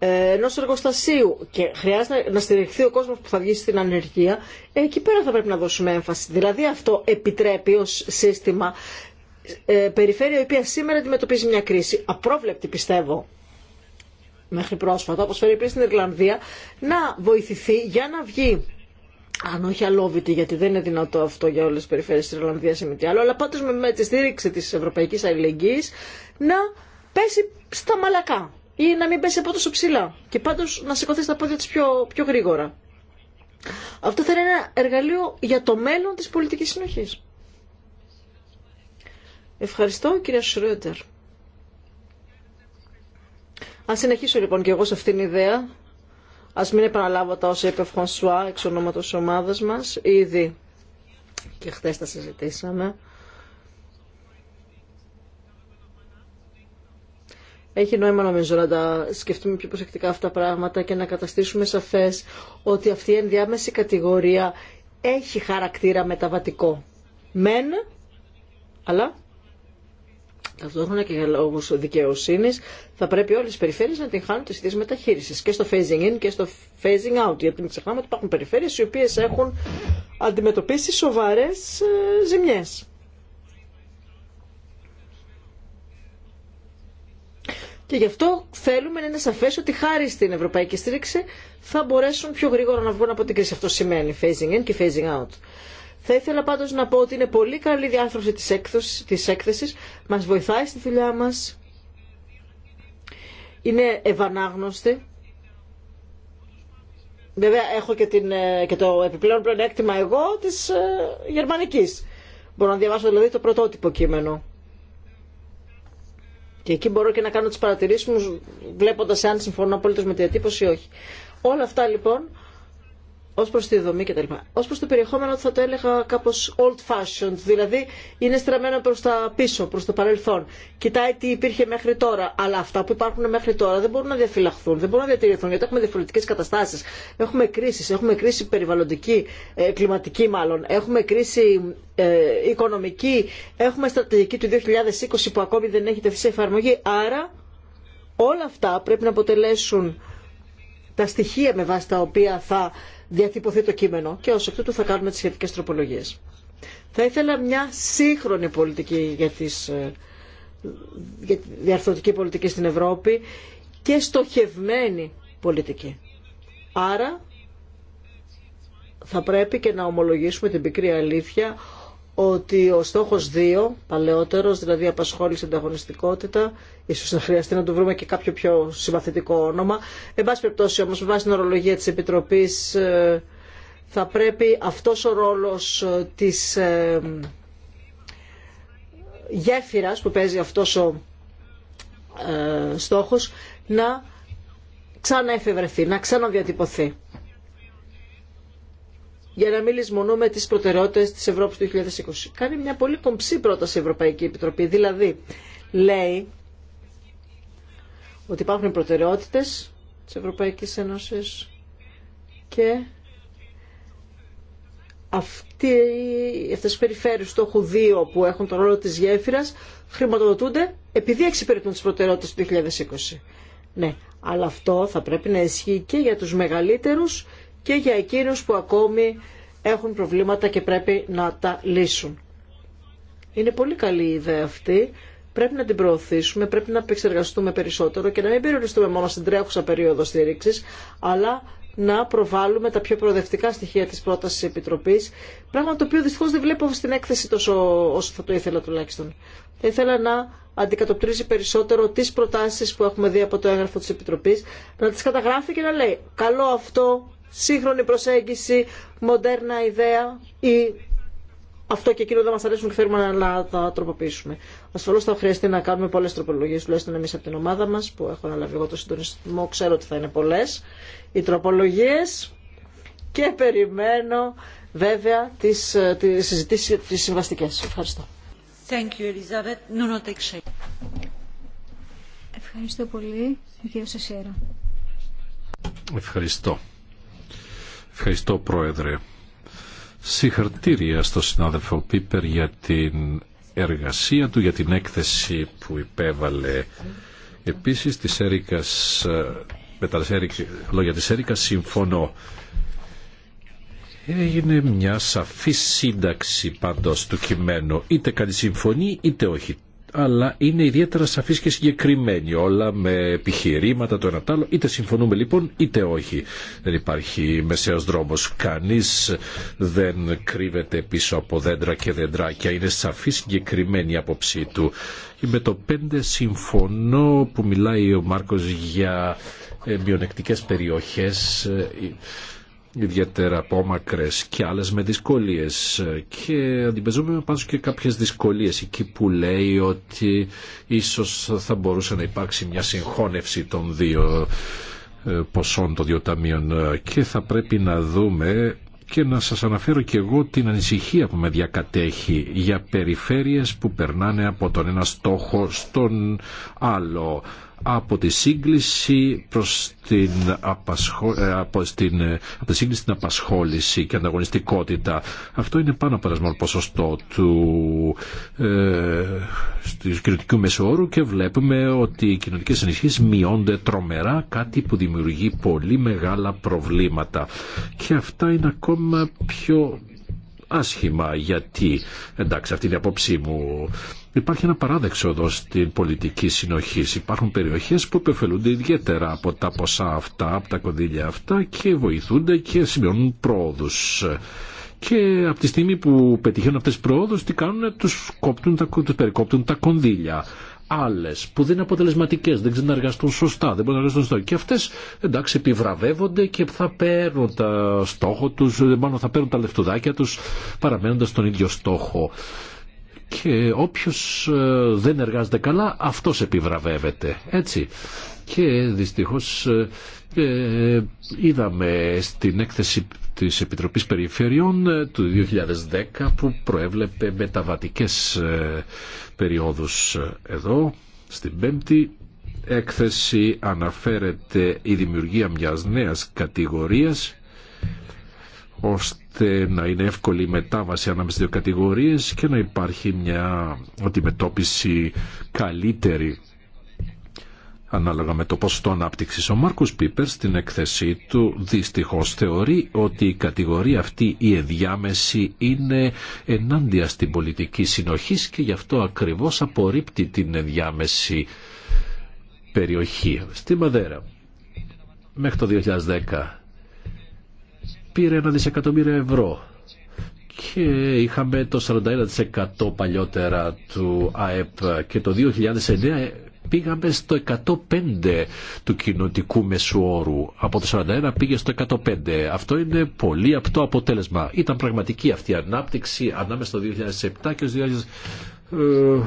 ε, ενό εργοστασίου και χρειάζεται να στηριχθεί ο κόσμο που θα βγει στην ανεργία, εκεί πέρα θα πρέπει να δώσουμε έμφαση. Δηλαδή αυτό επιτρέπει ω σύστημα ε, περιφέρεια η οποία σήμερα αντιμετωπίζει μια κρίση. Απρόβλεπτη πιστεύω μέχρι πρόσφατα, όπως φέρει επίσης στην Ιρλανδία, να βοηθηθεί για να βγει αν όχι αλόβητη, γιατί δεν είναι δυνατό αυτό για όλε τι περιφέρειες τη Ιρλανδία ή με τι άλλο, αλλά πάντω με, τη στήριξη τη Ευρωπαϊκή Αλληλεγγύη να πέσει στα μαλακά ή να μην πέσει από τόσο ψηλά και πάντως να σηκωθεί τα πόδια της πιο, πιο γρήγορα. Αυτό θα είναι ένα εργαλείο για το μέλλον της πολιτικής συνοχής. Ευχαριστώ κυρία Σρότερ. Ας συνεχίσω λοιπόν και εγώ σε αυτήν την ιδέα. Ας μην επαναλάβω τα όσα είπε ο Φρανσουά εξ ονόματος ομάδας μας. Ήδη και χθε τα συζητήσαμε. Έχει νόημα νομίζω να τα σκεφτούμε πιο προσεκτικά αυτά τα πράγματα και να καταστήσουμε σαφές ότι αυτή η ενδιάμεση κατηγορία έχει χαρακτήρα μεταβατικό. Μεν, αλλά ταυτόχρονα και για λόγου δικαιοσύνη, θα πρέπει όλες τι περιφέρειες να την χάνουν τις ιδίες μεταχείρισης, και στο phasing in και στο phasing out. Γιατί μην ξεχνάμε ότι υπάρχουν περιφέρειες οι οποίες έχουν αντιμετωπίσει σοβαρέ ε, ζημιές. και γι' αυτό θέλουμε να είναι σαφέ ότι χάρη στην ευρωπαϊκή στήριξη θα μπορέσουν πιο γρήγορα να βγουν από την κρίση. Αυτό σημαίνει phasing in και phasing out. Θα ήθελα πάντω να πω ότι είναι πολύ καλή διάρθρωση της έκθεσης, της μας βοηθάει στη δουλειά μας, είναι ευανάγνωστη. Βέβαια έχω και, την, ε, το επιπλέον πλεονέκτημα εγώ τη ε, γερμανικής. Μπορώ να διαβάσω δηλαδή το πρωτότυπο κείμενο. Και εκεί μπορώ και να κάνω τις παρατηρήσεις μου βλέποντας αν συμφωνώ απολύτω με τη διατύπωση ή όχι. Όλα αυτά λοιπόν ως προς τη δομή κτλ. Ως προς το περιεχόμενο θα το έλεγα κάπως old fashioned, δηλαδή είναι στραμμένο προς τα πίσω, προς το παρελθόν. Κοιτάει τι υπήρχε μέχρι τώρα, αλλά αυτά που υπάρχουν μέχρι τώρα δεν μπορούν να διαφυλαχθούν, δεν μπορούν να διατηρηθούν, γιατί έχουμε διαφορετικές καταστάσεις. Έχουμε κρίσεις, έχουμε κρίση περιβαλλοντική, ε, κλιματική μάλλον, έχουμε κρίση ε, οικονομική, έχουμε στρατηγική του 2020 που ακόμη δεν έχει τεθεί σε εφαρμογή, άρα όλα αυτά πρέπει να αποτελέσουν τα στοιχεία με βάση τα οποία θα διατυπωθεί το κείμενο και ως εκ τούτου θα κάνουμε τις σχετικές τροπολογίες. Θα ήθελα μια σύγχρονη πολιτική για, τις, ε, για τη διαρθρωτική πολιτική στην Ευρώπη και στοχευμένη πολιτική. Άρα θα πρέπει και να ομολογήσουμε την πικρή αλήθεια ότι ο στόχος 2, παλαιότερος, δηλαδή απασχόληση ανταγωνιστικότητα, ίσως να χρειαστεί να του βρούμε και κάποιο πιο συμπαθητικό όνομα. Εν πάση περιπτώσει όμως, με βάση την ορολογία της Επιτροπής, ε, θα πρέπει αυτός ο ρόλος ε, της ε, γέφυρας που παίζει αυτός ο στόχος να ξαναεφευρεθεί, να ξαναδιατυπωθεί για να μην λησμονούμε τις προτεραιότητες της Ευρώπης του 2020. Κάνει μια πολύ κομψή πρόταση η Ευρωπαϊκή Επιτροπή, δηλαδή λέει ότι υπάρχουν προτεραιότητες της Ευρωπαϊκής Ένωσης και αυτέ αυτές οι περιφέρειες στόχου 2 που έχουν τον ρόλο της γέφυρας χρηματοδοτούνται επειδή εξυπηρετούν τις προτεραιότητες του 2020. Ναι, αλλά αυτό θα πρέπει να ισχύει και για τους μεγαλύτερους και για εκείνους που ακόμη έχουν προβλήματα και πρέπει να τα λύσουν. Είναι πολύ καλή η ιδέα αυτή. Πρέπει να την προωθήσουμε, πρέπει να επεξεργαστούμε περισσότερο και να μην περιοριστούμε μόνο στην τρέχουσα περίοδο στήριξη, αλλά να προβάλλουμε τα πιο προοδευτικά στοιχεία τη πρόταση τη Επιτροπής, πράγμα το οποίο δυστυχώ δεν βλέπω στην έκθεση τόσο όσο θα το ήθελα τουλάχιστον. Θα ήθελα να αντικατοπτρίζει περισσότερο τι προτάσει που έχουμε δει από το έγγραφο τη Επιτροπή, να τι καταγράφει και να λέει «Καλό αυτό, σύγχρονη προσέγγιση, μοντέρνα ιδέα ή αυτό και εκείνο δεν μα αρέσουν και θέλουμε να τα τροποποιήσουμε. Ασφαλώ θα χρειαστεί να κάνουμε πολλέ τροπολογίε, τουλάχιστον εμεί από την ομάδα μα, που έχω αναλάβει εγώ το συντονισμό, ξέρω ότι θα είναι πολλέ οι τροπολογίε και περιμένω βέβαια τι τις συζητήσει τι συμβαστικέ. Ευχαριστώ. Thank you, Elizabeth. No, no, Ευχαριστώ πολύ, κύριε Σασίερα. Ευχαριστώ. Ευχαριστώ Πρόεδρε. Συγχαρητήρια στον συνάδελφο Πίπερ για την εργασία του, για την έκθεση που υπέβαλε. Επίσης της Έρικας, με τα λόγια της Έρικας συμφωνώ. Έγινε μια σαφή σύνταξη πάντως του κειμένου. Είτε κανείς συμφωνεί είτε όχι αλλά είναι ιδιαίτερα σαφής και συγκεκριμένη όλα με επιχειρήματα το ένα το άλλο, είτε συμφωνούμε λοιπόν είτε όχι. Δεν υπάρχει μεσαίος δρόμος, κανείς δεν κρύβεται πίσω από δέντρα και δεντράκια, είναι σαφή συγκεκριμένη η άποψή του. Με το πέντε συμφωνώ που μιλάει ο Μάρκος για ε, μειονεκτικές περιοχές, ε, ιδιαίτερα απόμακρε και άλλες με δυσκολίες και αντιμετωπίζουμε πάντω και κάποιες δυσκολίες εκεί που λέει ότι ίσως θα μπορούσε να υπάρξει μια συγχώνευση των δύο ε, ποσών των δύο ταμείων και θα πρέπει να δούμε και να σας αναφέρω και εγώ την ανησυχία που με διακατέχει για περιφέρειες που περνάνε από τον ένα στόχο στον άλλο από τη σύγκληση προς την, ε, την... Ε, τη στην απασχόληση και ανταγωνιστικότητα. Αυτό είναι πάνω από ένα ποσοστό του ε... κοινωνικού μεσοόρου και βλέπουμε ότι οι κοινωνικές ενισχύσεις μειώνται τρομερά, κάτι που δημιουργεί πολύ μεγάλα προβλήματα. Και αυτά είναι ακόμα πιο άσχημα γιατί, εντάξει αυτή είναι η απόψή μου, Υπάρχει ένα παράδεξο εδώ στην πολιτική συνοχή. Υπάρχουν περιοχέ που επεφελούνται ιδιαίτερα από τα ποσά αυτά, από τα κονδύλια αυτά και βοηθούνται και σημειώνουν πρόοδου. Και από τη στιγμή που πετυχαίνουν αυτέ τι πρόοδου, τι κάνουν, του τους περικόπτουν τα κονδύλια. Άλλε που δεν είναι αποτελεσματικέ, δεν ξέρουν να εργαστούν σωστά, δεν μπορούν να εργαστούν σωστά. Και αυτέ εντάξει επιβραβεύονται και θα παίρνουν τα στόχο του, μάλλον θα παίρνουν τα λεφτουδάκια του παραμένοντα τον ίδιο στόχο και όποιος ε, δεν εργάζεται καλά αυτός επιβραβεύεται έτσι και δυστυχώς ε, ε, είδαμε στην έκθεση της Επιτροπής Περιφερειών του 2010 που προέβλεπε μεταβατικές περιόδους εδώ στην πέμπτη έκθεση αναφέρεται η δημιουργία μιας νέας κατηγορίας ώστε να είναι εύκολη η μετάβαση ανάμεσα δύο κατηγορίες και να υπάρχει μια αντιμετώπιση καλύτερη ανάλογα με το ποσοστό ανάπτυξη. Ο Μάρκο Πίπερ στην εκθεσή του δυστυχώ θεωρεί ότι η κατηγορία αυτή η ενδιάμεση είναι ενάντια στην πολιτική συνοχή και γι' αυτό ακριβώ απορρίπτει την ενδιάμεση περιοχή. Στη Μαδέρα μέχρι το 2010 πήρε ένα δισεκατομμύριο ευρώ και είχαμε το 41% παλιότερα του ΑΕΠ και το 2009 πήγαμε στο 105 του κοινοτικού μεσουόρου. Από το 41 πήγε στο 105. Αυτό είναι πολύ απτό αποτέλεσμα. Ήταν πραγματική αυτή η ανάπτυξη ανάμεσα στο 2007 και στο 2000... Ε,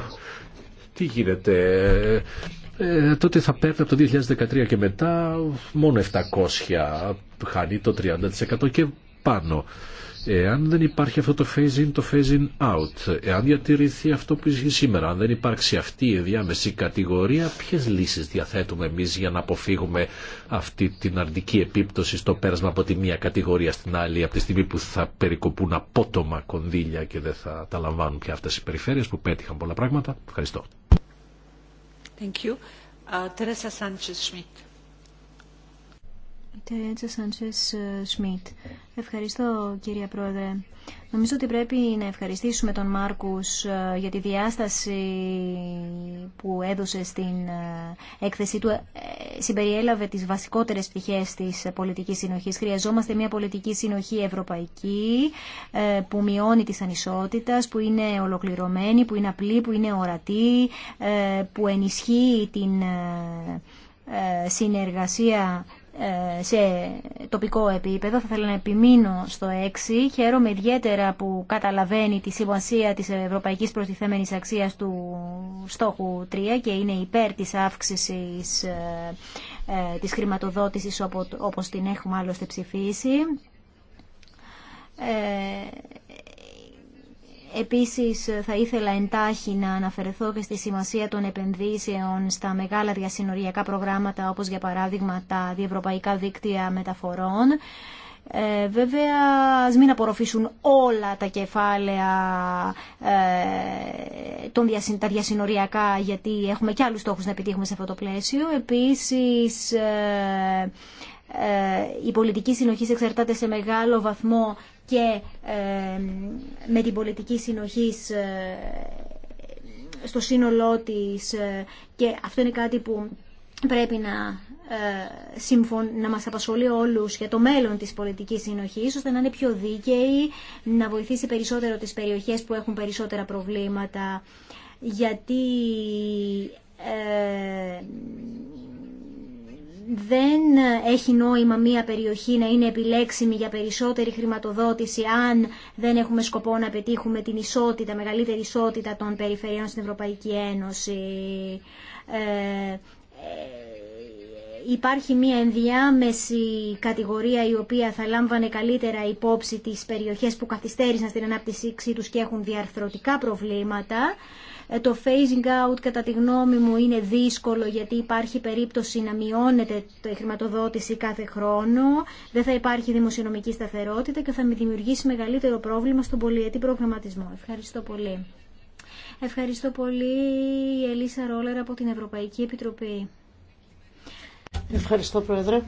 τι γίνεται, ε, ε, τότε θα παίρνει από το 2013 και μετά μόνο 700, χάνει το 30% και πάνω. Εάν δεν υπάρχει αυτό το phasing, το phasing out, εάν διατηρηθεί αυτό που ισχύει σήμερα, αν δεν υπάρξει αυτή η διάμεση κατηγορία, ποιες λύσεις διαθέτουμε εμείς για να αποφύγουμε αυτή την αρνητική επίπτωση στο πέρασμα από τη μία κατηγορία στην άλλη, από τη στιγμή που θα περικοπούν απότομα κονδύλια και δεν θα τα λαμβάνουν πια αυτές οι περιφέρειες που πέτυχαν πολλά πράγματα. Ευχαριστώ. Thank you. Teresa Sanchez-Schmidt. Ε, Σμιτ. Ευχαριστώ κυρία Πρόεδρε. Νομίζω ότι πρέπει να ευχαριστήσουμε τον Μάρκους ε, για τη διάσταση που έδωσε στην ε, έκθεση του. Συμπεριέλαβε τις βασικότερες πτυχές της πολιτικής συνοχής. Χρειαζόμαστε μια πολιτική συνοχή ευρωπαϊκή που μειώνει τις ανισότητες, που είναι ολοκληρωμένη, που είναι απλή, που είναι ορατή, που ενισχύει την συνεργασία σε τοπικό επίπεδο. Θα ήθελα να επιμείνω στο 6. Χαίρομαι ιδιαίτερα που καταλαβαίνει τη σημασία της ευρωπαϊκής προστιθέμενης αξίας του στόχου 3 και είναι υπέρ της αύξησης ε, ε, της χρηματοδότησης όπως την έχουμε άλλωστε ψηφίσει ε, Επίσης θα ήθελα εντάχει να αναφερθώ και στη σημασία των επενδύσεων στα μεγάλα διασυνοριακά προγράμματα όπως για παράδειγμα τα διευρωπαϊκά δίκτυα μεταφορών. Ε, βέβαια, ας μην απορροφήσουν όλα τα κεφάλαια ε, των τα διασυνοριακά γιατί έχουμε και άλλους στόχους να επιτύχουμε σε αυτό το πλαίσιο. Επίσης, ε, ε, η πολιτική συνοχή εξαρτάται σε μεγάλο βαθμό και ε, με την πολιτική συνοχή στο σύνολό της ε, και αυτό είναι κάτι που πρέπει να, να μας απασχολεί όλους για το μέλλον της πολιτικής συνοχής ώστε να είναι πιο δίκαιη, να βοηθήσει περισσότερο τις περιοχές που έχουν περισσότερα προβλήματα γιατί δεν έχει νόημα μία περιοχή να είναι επιλέξιμη για περισσότερη χρηματοδότηση αν δεν έχουμε σκοπό να πετύχουμε την ισότητα, μεγαλύτερη ισότητα των περιφερειών στην Ευρωπαϊκή Ένωση. Ε, ε, υπάρχει μια ενδιάμεση κατηγορία η οποία θα λάμβανε καλύτερα υπόψη τις περιοχές που καθυστέρησαν στην ανάπτυξή τους και έχουν διαρθρωτικά προβλήματα. Ε, το phasing out κατά τη γνώμη μου είναι δύσκολο γιατί υπάρχει περίπτωση να μειώνεται η χρηματοδότηση κάθε χρόνο, δεν θα υπάρχει δημοσιονομική σταθερότητα και θα με δημιουργήσει μεγαλύτερο πρόβλημα στον πολυετή προγραμματισμό. Ευχαριστώ πολύ. Ευχαριστώ πολύ η Ελίσσα Ρόλερ από την Ευρωπαϊκή Επιτροπή. Ευχαριστώ Πρόεδρε.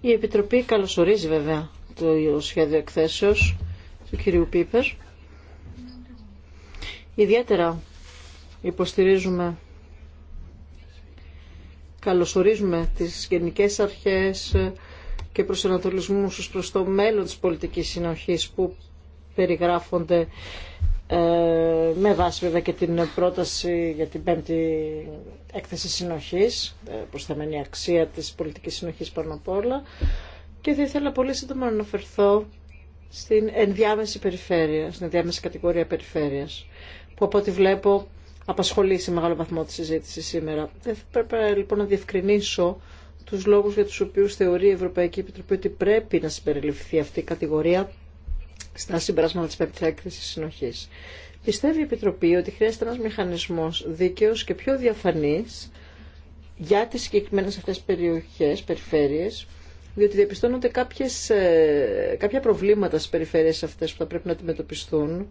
Η Επιτροπή καλωσορίζει βέβαια το σχέδιο εκθέσεως του κυρίου Πίπερ Ιδιαίτερα υποστηρίζουμε, καλωσορίζουμε τις γενικές αρχές και προσανατολισμούς προς το μέλλον της πολιτικής συνοχής που περιγράφονται ε, με βάση βέβαια και την πρόταση για την πέμπτη έκθεση συνοχής, ε, θεμενή αξία της πολιτικής συνοχής πάνω απ' όλα. Και θα ήθελα πολύ σύντομα να αναφερθώ στην ενδιάμεση περιφέρεια, στην ενδιάμεση κατηγορία περιφέρειας που από ό,τι βλέπω απασχολεί σε μεγάλο βαθμό τη συζήτηση σήμερα. Δεν πρέπει λοιπόν να διευκρινίσω τους λόγους για τους οποίους θεωρεί η Ευρωπαϊκή Επιτροπή ότι πρέπει να συμπεριληφθεί αυτή η κατηγορία στα συμπεράσματα της πέμπτης έκθεσης συνοχής. Πιστεύει η Επιτροπή ότι χρειάζεται ένας μηχανισμός δίκαιος και πιο διαφανής για τις συγκεκριμένε αυτές περιοχές, περιφέρειες, διότι διαπιστώνονται κάποιες, ε, κάποια προβλήματα στις περιφέρειες αυτές που θα πρέπει να αντιμετωπιστούν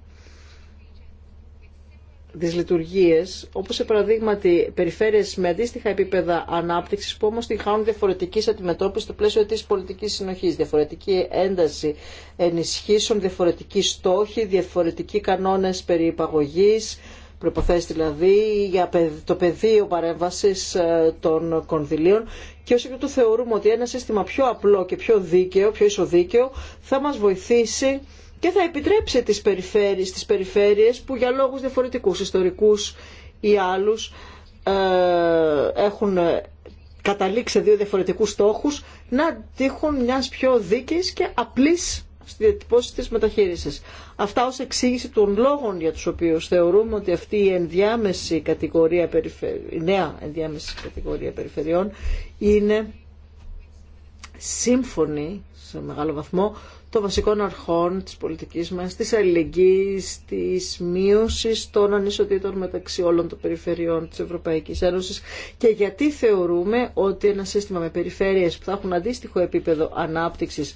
δυσλειτουργίες, όπως σε παραδείγματι περιφέρειες με αντίστοιχα επίπεδα ανάπτυξης που όμως τη χάνουν διαφορετική αντιμετώπιση στο πλαίσιο της πολιτικής συνοχής, διαφορετική ένταση ενισχύσεων, διαφορετικοί στόχοι, διαφορετικοί κανόνες περί υπαγωγής, προϋποθέσεις δηλαδή για το πεδίο παρέμβαση ε, των κονδυλίων και όσο και το θεωρούμε ότι ένα σύστημα πιο απλό και πιο δίκαιο, πιο ισοδίκαιο θα μας βοηθήσει και θα επιτρέψει τις περιφέρειες, τις περιφέρειες που για λόγους διαφορετικούς, ιστορικούς ή άλλους ε, έχουν καταλήξει σε δύο διαφορετικούς στόχους να τύχουν μιας πιο δίκης και απλής στη διατυπώση της μεταχείρισης. Αυτά ως εξήγηση των λόγων για τους οποίους θεωρούμε ότι αυτή η, ενδιάμεση κατηγορία η νέα ενδιάμεση κατηγορία περιφερειών είναι σύμφωνη σε μεγάλο βαθμό των βασικών αρχών της πολιτικής μας, της αλληλεγγύης, της μείωσης των ανισοτήτων μεταξύ όλων των περιφερειών της Ευρωπαϊκής Ένωσης και γιατί θεωρούμε ότι ένα σύστημα με περιφέρειες που θα έχουν αντίστοιχο επίπεδο ανάπτυξης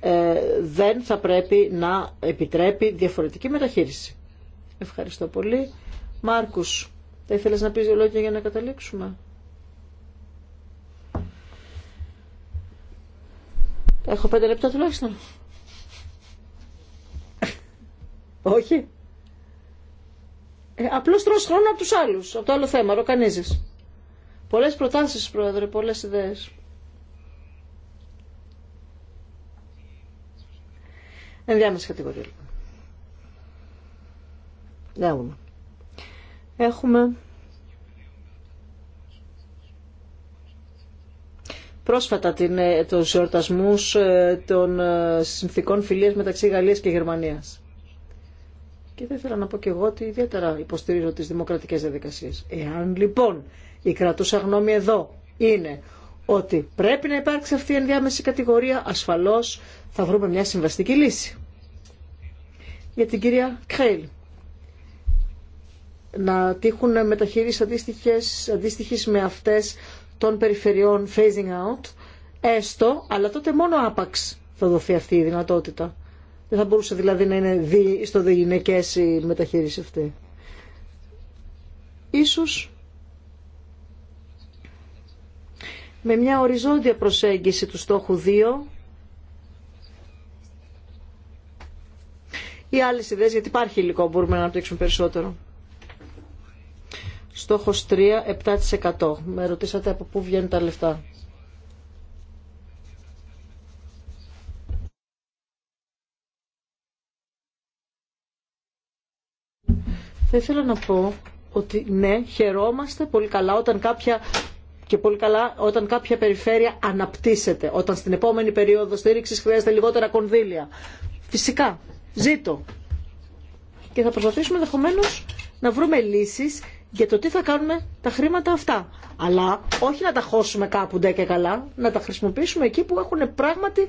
ε, δεν θα πρέπει να επιτρέπει διαφορετική μεταχείριση. Ευχαριστώ πολύ. Μάρκους, θα ήθελες να πεις δύο λόγια για να καταλήξουμε. Έχω πέντε λεπτά τουλάχιστον. Όχι. Ε, απλώς τρως χρόνο από τους άλλους, από το άλλο θέμα, ροκανίζεις. Πολλές προτάσεις, πρόεδρε, πολλές ιδέες. Ενδιάμεση κατηγορία, λοιπόν. Έχουμε πρόσφατα την, ε, τους εορτασμούς ε, των ε, συνθήκων φιλίας μεταξύ Γαλλίας και Γερμανίας. Και δεν ήθελα να πω και εγώ ότι ιδιαίτερα υποστηρίζω τις δημοκρατικές διαδικασίες. Εάν λοιπόν η κρατούσα γνώμη εδώ είναι ότι πρέπει να υπάρξει αυτή η ενδιάμεση κατηγορία, ασφαλώς θα βρούμε μια συμβαστική λύση. Για την κυρία Κρέιλ. Να τύχουν μεταχείριση αντίστοιχες, αντίστοιχες με αυτές των περιφερειών phasing out, έστω, αλλά τότε μόνο άπαξ θα δοθεί αυτή η δυνατότητα. Δεν θα μπορούσε δηλαδή να είναι δι, στο διγυναικές η μεταχείριση αυτή. Ίσως με μια οριζόντια προσέγγιση του στόχου 2 ή άλλες ιδέες, γιατί υπάρχει υλικό, μπορούμε να αναπτύξουμε περισσότερο. Στόχος 3, 7%. Με ρωτήσατε από πού βγαίνουν τα λεφτά. Θα ήθελα να πω ότι ναι, χαιρόμαστε πολύ καλά όταν κάποια και πολύ καλά όταν κάποια περιφέρεια αναπτύσσεται, όταν στην επόμενη περίοδο στήριξης χρειάζεται λιγότερα κονδύλια. Φυσικά, ζήτω. Και θα προσπαθήσουμε ενδεχομένω να βρούμε λύσεις για το τι θα κάνουμε τα χρήματα αυτά. Αλλά όχι να τα χώσουμε κάπου ντε και καλά, να τα χρησιμοποιήσουμε εκεί που έχουν πράγματι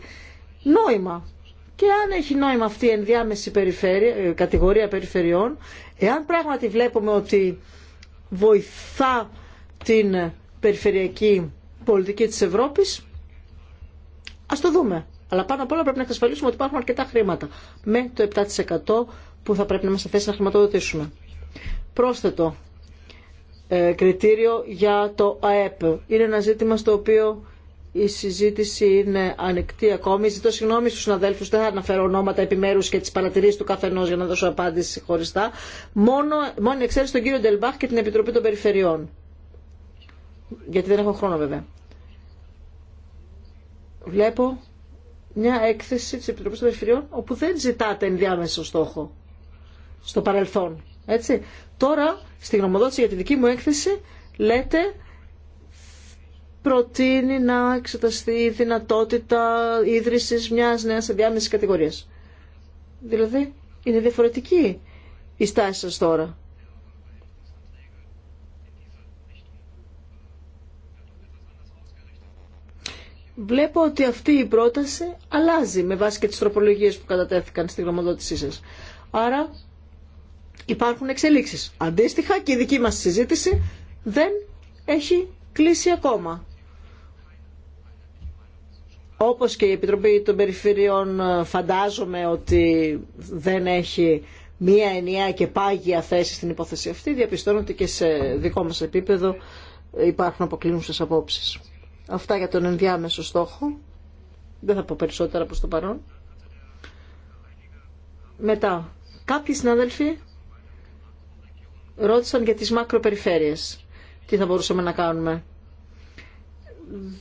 νόημα. Και αν έχει νόημα αυτή η ενδιάμεση περιφέρεια, ε, κατηγορία περιφερειών, εάν πράγματι βλέπουμε ότι βοηθά την περιφερειακή πολιτική της Ευρώπης, ας το δούμε. Αλλά πάνω απ' όλα πρέπει να εξασφαλίσουμε ότι υπάρχουν αρκετά χρήματα με το 7% που θα πρέπει να είμαστε θέσει να χρηματοδοτήσουμε. Πρόσθετο ε, κριτήριο για το ΑΕΠ. Είναι ένα ζήτημα στο οποίο η συζήτηση είναι ανοιχτή ακόμη. Ζητώ συγγνώμη στους συναδέλφους, δεν θα αναφέρω ονόματα επιμέρους και τις παρατηρήσεις του καθενός για να δώσω απάντηση χωριστά. Μόνο, μόνο εξαίρεση τον κύριο Ντελμπάχ και την Επιτροπή των Περιφερειών. Γιατί δεν έχω χρόνο βέβαια. Βλέπω μια έκθεση της Επιτροπής των Περιφερειών όπου δεν ζητάτε ενδιάμεσο στόχο στο παρελθόν. Έτσι. Τώρα, στη γνωμοδότηση για τη δική μου έκθεση, λέτε προτείνει να εξεταστεί η δυνατότητα ίδρυσης μιας νέας ενδιάμεσης κατηγορίας. Δηλαδή, είναι διαφορετική η στάση σας τώρα. Βλέπω ότι αυτή η πρόταση αλλάζει με βάση και τις τροπολογίες που κατατέθηκαν στη γνωμοδότησή σας. Άρα υπάρχουν εξελίξεις. Αντίστοιχα και η δική μας συζήτηση δεν έχει κλείσει ακόμα. Όπως και η Επιτροπή των Περιφερειών ε, φαντάζομαι ότι δεν έχει μία ενιαία και πάγια θέση στην υπόθεση αυτή, διαπιστώνω ότι και σε δικό μας επίπεδο υπάρχουν αποκλίνουσες απόψεις. Αυτά για τον ενδιάμεσο στόχο. Δεν θα πω περισσότερα προς το παρόν. Μετά, κάποιοι συναδελφοί ρώτησαν για τις μακροπεριφέρειες. Τι θα μπορούσαμε να κάνουμε.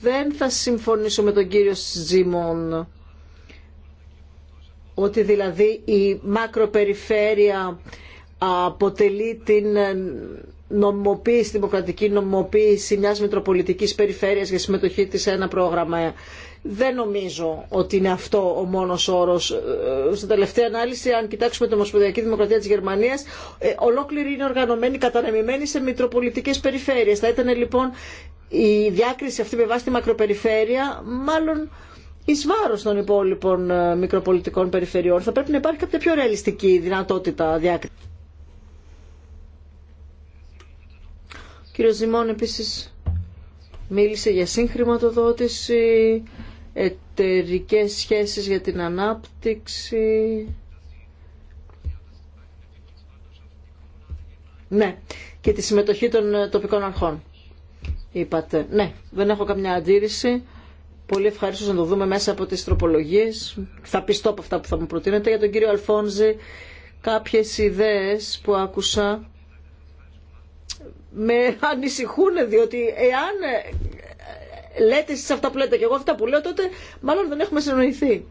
Δεν θα συμφωνήσω με τον κύριο Σζίμων ότι δηλαδή η μακροπεριφέρεια αποτελεί την νομοποίηση δημοκρατική νομοποίηση μιας μετροπολιτικής περιφέρειας για συμμετοχή της σε ένα πρόγραμμα δεν νομίζω ότι είναι αυτό ο μόνο όρο. Ε, Στην τελευταία ανάλυση, αν κοιτάξουμε την Ομοσπονδιακή Δημοκρατία τη Γερμανία, ε, ολόκληρη είναι οργανωμένη, κατανεμημένη σε μητροπολιτικέ περιφέρειες. Θα ήταν λοιπόν η διάκριση αυτή με βάση τη μακροπεριφέρεια, μάλλον ει βάρος των υπόλοιπων ε, μικροπολιτικών περιφερειών. Θα πρέπει να υπάρχει κάποια πιο ρεαλιστική δυνατότητα διάκριση. Κύριο Ζημών επίσης μίλησε για συγχρηματοδότηση, εταιρικέ σχέσεις για την ανάπτυξη. Ναι, και τη συμμετοχή των ε, τοπικών αρχών. Είπατε. Ναι, δεν έχω καμιά αντίρρηση. Πολύ ευχαριστώ να το δούμε μέσα από τις τροπολογίες. Θα πιστώ από αυτά που θα μου προτείνετε. Για τον κύριο Αλφόνζη, κάποιες ιδέες που άκουσα με ανησυχούν διότι εάν λέτε εσείς αυτά που λέτε και εγώ αυτά που λέω, τότε μάλλον δεν έχουμε συνοηθεί.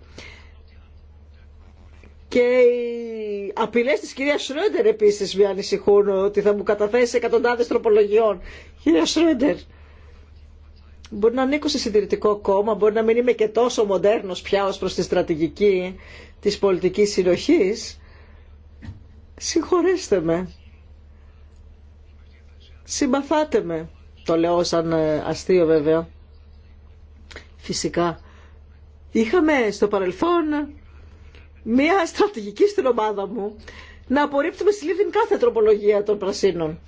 Και οι απειλές της κυρία Σρόιντερ επίσης με ανησυχούν ότι θα μου καταθέσει εκατοντάδες τροπολογιών. Κυρία Σρούντερ. μπορεί να ανήκω σε συντηρητικό κόμμα, μπορεί να μην είμαι και τόσο μοντέρνος πια ως προς τη στρατηγική της πολιτικής συνοχής. Συγχωρέστε με. Συμπαθάτε με. Το λέω σαν ε, αστείο βέβαια. Φυσικά, είχαμε στο παρελθόν μια στρατηγική στην ομάδα μου να απορρίπτουμε στη κάθε τροπολογία των πρασίνων.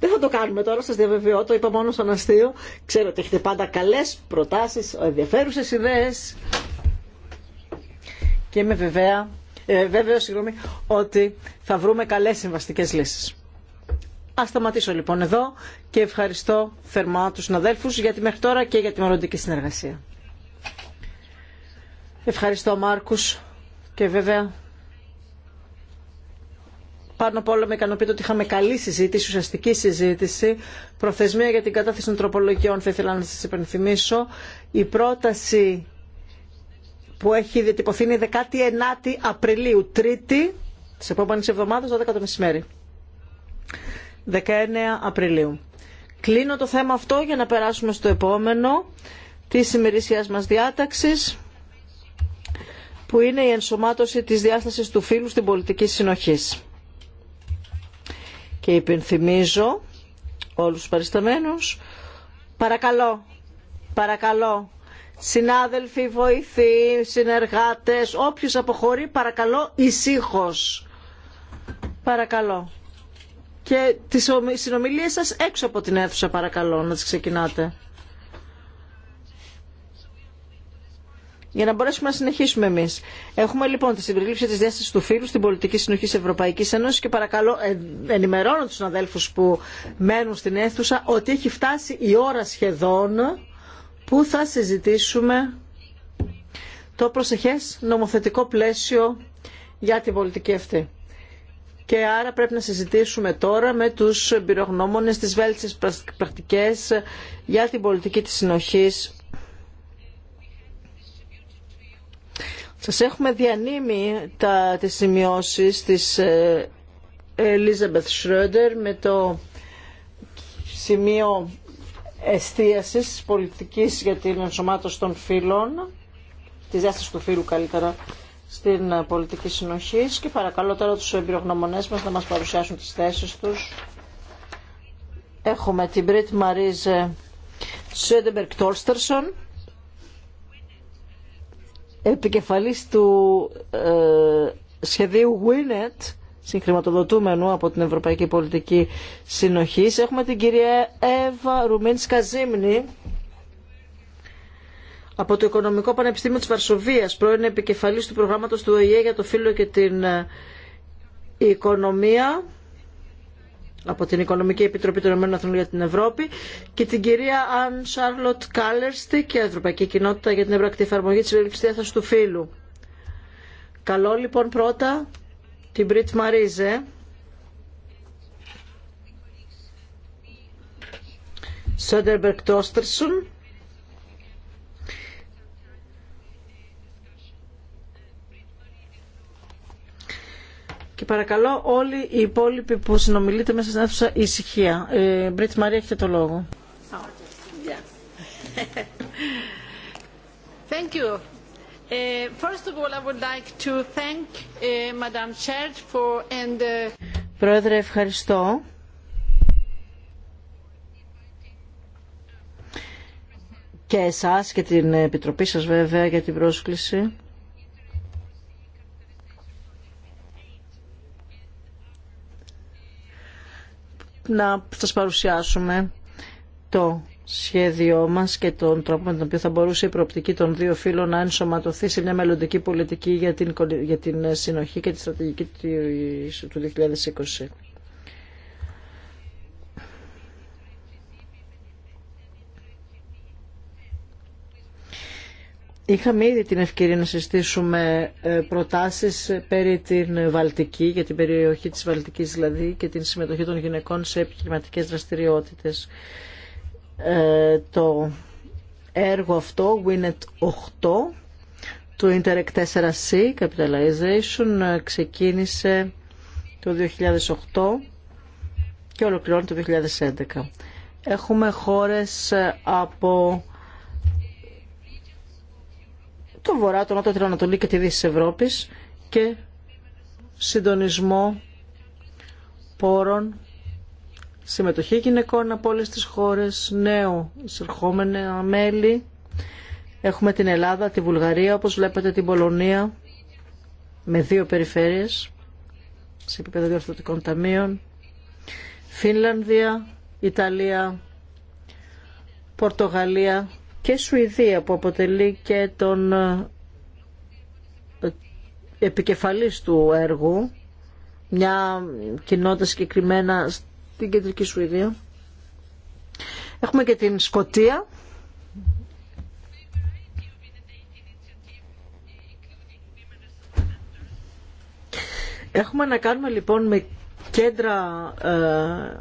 Δεν θα το κάνουμε τώρα, σα διαβεβαιώ, το είπα μόνο σαν αστείο. Ξέρω ότι έχετε πάντα καλές προτάσεις, ενδιαφέρουσε ιδέες. Και είμαι βεβαία, ε, βέβαια, ότι θα βρούμε καλές συμβαστικέ λύσει. Α σταματήσω λοιπόν εδώ και ευχαριστώ θερμά του συναδέλφου για τη μέχρι τώρα και για τη μελλοντική συνεργασία. Ευχαριστώ Μάρκους και βέβαια πάνω απ' όλα με ικανοποιείται ότι είχαμε καλή συζήτηση, ουσιαστική συζήτηση. Προθεσμία για την κατάθεση των τροπολογιών θα ήθελα να σας υπενθυμίσω. Η πρόταση που έχει διατυπωθεί είναι 19η Απριλίου, Τρίτη, τη επόμενη εβδομάδα, 12 το μεσημέρι. 19 Απριλίου. Κλείνω το θέμα αυτό για να περάσουμε στο επόμενο της ημερησία μας διάταξης που είναι η ενσωμάτωση της διάσταση του φύλου στην πολιτική συνοχή. Και υπενθυμίζω όλους τους παρισταμένους, παρακαλώ, παρακαλώ, συνάδελφοι, βοηθοί, συνεργάτες, όποιος αποχωρεί, παρακαλώ, ησύχως. Παρακαλώ και τις συνομιλίες σας έξω από την αίθουσα παρακαλώ να τις ξεκινάτε. Για να μπορέσουμε να συνεχίσουμε εμεί. Έχουμε λοιπόν τη συμπερίληψη τη διάσταση του φίλου στην πολιτική συνοχή Ευρωπαϊκή Ένωση και παρακαλώ ε, ενημερώνω του αδέλφου που μένουν στην αίθουσα ότι έχει φτάσει η ώρα σχεδόν που θα συζητήσουμε το προσεχές νομοθετικό πλαίσιο για την πολιτική αυτή και άρα πρέπει να συζητήσουμε τώρα με τους εμπειρογνώμονες τις βέλτιστες πρακτικές για την πολιτική της συνοχής. Σας έχουμε διανύμει τα, τις σημειώσεις της ε, Elizabeth με το σημείο εστίασης πολιτικής για την ενσωμάτωση των φύλων, της διάστασης του φύλου καλύτερα, στην ε, πολιτική συνοχή και παρακαλώ τώρα τους εμπειρογνωμονές μας να μας παρουσιάσουν τις θέσεις τους. Έχουμε την Μπρίτ Μαρίζε Σέντεμπερκ Τόλστερσον, επικεφαλής του ε, σχεδίου WINET, συγχρηματοδοτούμενου από την Ευρωπαϊκή Πολιτική Συνοχής. Έχουμε την κυρία Εύα Ρουμίνσκα Ζήμνη, από το Οικονομικό Πανεπιστήμιο της Βαρσοβίας, πρώην επικεφαλής του προγράμματος του ΟΗΕ για το φύλλο και την ε, οικονομία από την Οικονομική Επιτροπή των ΗΠΑ για την Ευρώπη και την κυρία Αν Σάρλοτ Κάλερστη και Ευρωπαϊκή Κοινότητα για την Ευρωπαϊκή Εφαρμογή της διάθεσης του Φύλου. Καλό λοιπόν πρώτα την Μπριτ Μαρίζε. Σόντερμπερκ Τόστερσον παρακαλώ όλοι οι υπόλοιποι που συνομιλείτε μέσα στην αίθουσα ησυχία. Ε, Μπρίτ Μαρία, έχετε το λόγο. Πρόεδρε, ευχαριστώ. Και εσάς και την Επιτροπή σας βέβαια για την πρόσκληση. να σας παρουσιάσουμε το σχέδιό μας και τον τρόπο με τον οποίο θα μπορούσε η προοπτική των δύο φίλων να ενσωματωθεί σε μια μελλοντική πολιτική για την, για την συνοχή και τη στρατηγική του 2020. Είχαμε ήδη την ευκαιρία να συστήσουμε ε, προτάσεις περί την Βαλτική, για την περιοχή της Βαλτικής δηλαδή και την συμμετοχή των γυναικών σε επιχειρηματικές δραστηριότητες. Ε, το έργο αυτό, Winnet 8, του Interreg 4C, Capitalization, ε, ξεκίνησε το 2008 και ολοκληρώνει το 2011. Έχουμε χώρες από τον βορρά, τον νότο, την Ανατολή και τη δύση της Ευρώπης και συντονισμό πόρων, συμμετοχή γυναικών από όλες τις χώρες, νέο εισερχόμενα μέλη. Έχουμε την Ελλάδα, τη Βουλγαρία, όπως βλέπετε την Πολωνία, με δύο περιφέρειες, σε επίπεδο διορθωτικών ταμείων, Φινλανδία, Ιταλία, Πορτογαλία και Σουηδία που αποτελεί και τον ε, επικεφαλής του έργου μια κοινότητα συγκεκριμένα στην κεντρική Σουηδία. Έχουμε και την Σκοτία. Έχουμε να κάνουμε λοιπόν με κέντρα, ε,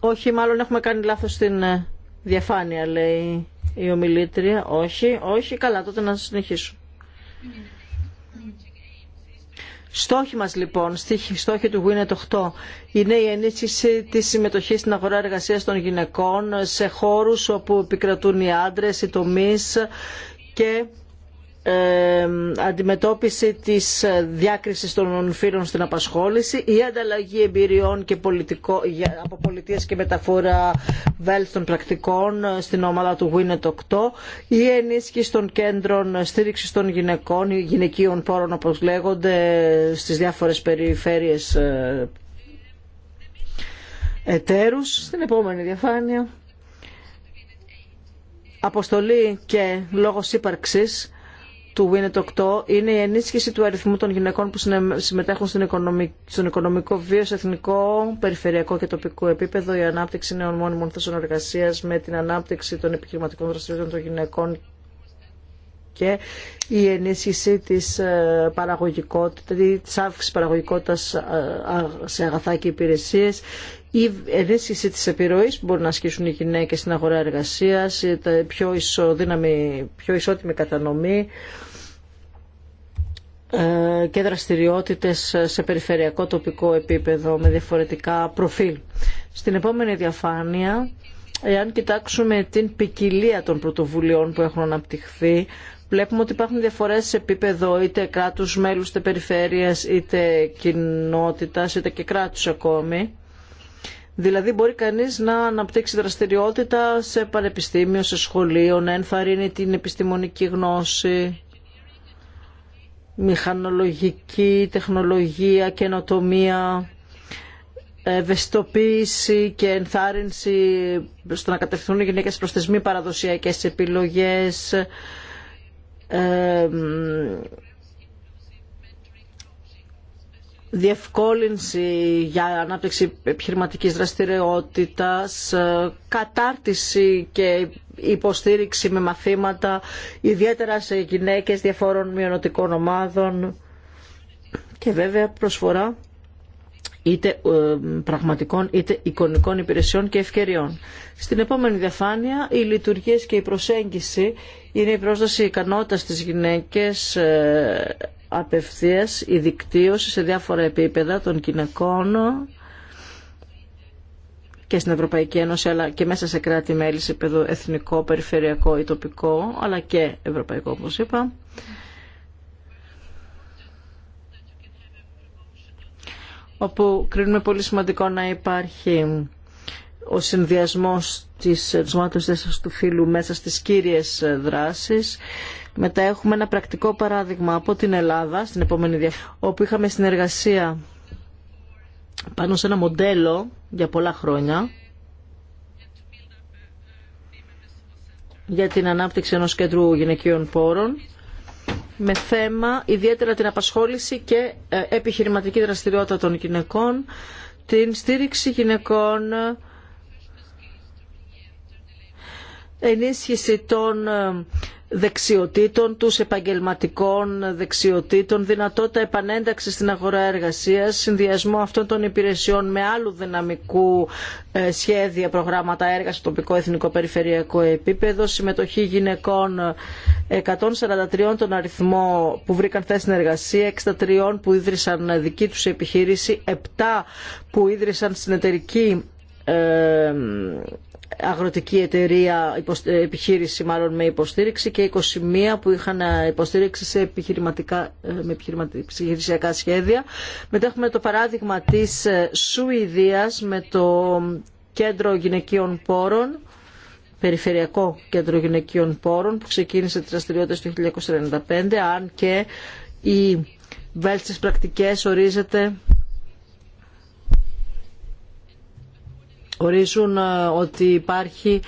όχι μάλλον έχουμε κάνει λάθος στην ε, Διαφάνεια λέει η ομιλήτρια. Όχι, όχι, καλά, τότε να συνεχίσω. Στόχοι μας λοιπόν, στόχοι του Winnet 8, είναι η ενίσχυση της συμμετοχής στην αγορά εργασίας των γυναικών σε χώρους όπου επικρατούν οι άντρες, οι τομείς και αντιμετώπιση της διάκρισης των φύλων στην απασχόληση, η ανταλλαγή εμπειριών και πολιτικό, από πολιτείες και μεταφορά βέλθων πρακτικών ε, στην ομάδα του Winnet 8, η ενίσχυση των κέντρων στήριξης των γυναικών, ή γυναικείων πόρων όπως λέγονται στις διάφορες περιφέρειες ε, εταίρους. Στην επόμενη διαφάνεια. Αποστολή και λόγος ύπαρξης του Winnet 8 είναι η ενίσχυση του αριθμού των γυναικών που συμμετέχουν στον οικονομικό βίο σε εθνικό, περιφερειακό και τοπικό επίπεδο, η ανάπτυξη νέων μόνιμων θέσεων εργασία με την ανάπτυξη των επιχειρηματικών δραστηριοτήτων των γυναικών και η ενίσχυση της ε, παραγωγικότητας, της αύξησης παραγωγικότητας ε, σε αγαθά και υπηρεσίες, η ενίσχυση της επιρροής που μπορούν να ασκήσουν οι γυναίκες στην αγορά εργασία, τα πιο, ισοδύναμη, πιο ισότιμη κατανομή ε, και δραστηριότητες σε περιφερειακό τοπικό επίπεδο με διαφορετικά προφίλ. Στην επόμενη διαφάνεια, εάν κοιτάξουμε την ποικιλία των πρωτοβουλειών που έχουν αναπτυχθεί, Βλέπουμε ότι υπάρχουν διαφορές σε επίπεδο είτε κράτους μέλους, είτε περιφέρειας, είτε κοινότητας, είτε και κράτους ακόμη. Δηλαδή μπορεί κανείς να αναπτύξει δραστηριότητα σε πανεπιστήμιο, σε σχολείο, να ενθαρρύνει την επιστημονική γνώση, μηχανολογική τεχνολογία, καινοτομία, ευαισθητοποίηση και ενθάρρυνση στο να κατευθυνούν οι γυναίκες προς τις μη παραδοσιακές επιλογές, ε, διευκόλυνση για ανάπτυξη επιχειρηματικής δραστηριότητας, ε, κατάρτιση και υποστήριξη με μαθήματα, ιδιαίτερα σε γυναίκες διαφόρων μειονοτικών ομάδων και βέβαια προσφορά είτε ε, πραγματικών είτε εικονικών υπηρεσιών και ευκαιριών. Στην επόμενη διαφάνεια, οι λειτουργίες και η προσέγγιση είναι η πρόσδοση ικανότητας στις γυναίκες ε, απευθείας η δικτύωση σε διάφορα επίπεδα των κοινωνικών και στην Ευρωπαϊκή Ένωση αλλά και μέσα σε κράτη-μέλη σε επίπεδο εθνικό, περιφερειακό ή τοπικό αλλά και ευρωπαϊκό όπως είπα. όπου κρίνουμε πολύ σημαντικό να υπάρχει ο συνδυασμός της ενσωμάτωσης του φύλου μέσα στις κύριες δράσεις μετά έχουμε ένα πρακτικό παράδειγμα από την Ελλάδα, στην επόμενη όπου είχαμε συνεργασία πάνω σε ένα μοντέλο για πολλά χρόνια για την ανάπτυξη ενός κέντρου γυναικείων πόρων με θέμα ιδιαίτερα την απασχόληση και ε, επιχειρηματική δραστηριότητα των γυναικών, την στήριξη γυναικών, ε, ενίσχυση των ε, δεξιοτήτων τους, επαγγελματικών δεξιοτήτων, δυνατότητα επανένταξη στην αγορά εργασίας, συνδυασμό αυτών των υπηρεσιών με άλλου δυναμικού ε, σχέδια, προγράμματα έργα στο τοπικό, εθνικό, περιφερειακό επίπεδο, συμμετοχή γυναικών 143 τον αριθμό που βρήκαν θέση στην εργασία, 63 που ίδρυσαν δική τους επιχείρηση, 7 που ίδρυσαν στην ε, αγροτική εταιρεία, επιχείρηση μάλλον με υποστήριξη και 21 που είχαν ε, υποστήριξη σε επιχειρηματικά, ε, με επιχειρησιακά σχέδια. Μετά έχουμε το παράδειγμα της Σουηδίας με το κέντρο γυναικείων πόρων Περιφερειακό Κέντρο Γυναικείων Πόρων που ξεκίνησε τις δραστηριότητες το 1995 αν και οι βέλτιστες πρακτικές ορίζεται ορίζουν ε, ότι υπάρχει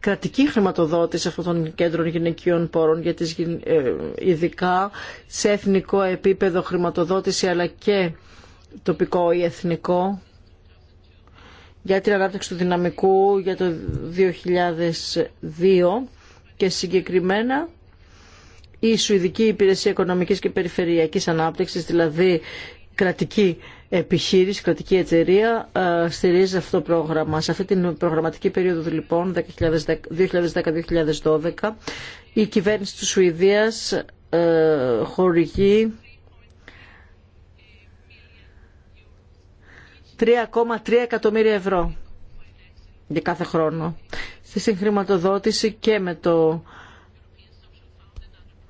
κρατική χρηματοδότηση αυτών των κέντρων γυναικείων πόρων για τις ε, ειδικά σε εθνικό επίπεδο χρηματοδότηση αλλά και τοπικό ή εθνικό για την ανάπτυξη του δυναμικού για το 2002 και συγκεκριμένα η Σουηδική Υπηρεσία Οικονομικής και Περιφερειακής Ανάπτυξης, δηλαδή κρατική επιχείρηση, κρατική εταιρεία ε, στηρίζει αυτό το πρόγραμμα. Σε αυτή την προγραμματική περίοδο λοιπόν 2010-2012 η κυβέρνηση της Σουηδίας ε, χορηγεί 3,3 εκατομμύρια ευρώ για κάθε χρόνο στη συγχρηματοδότηση και με το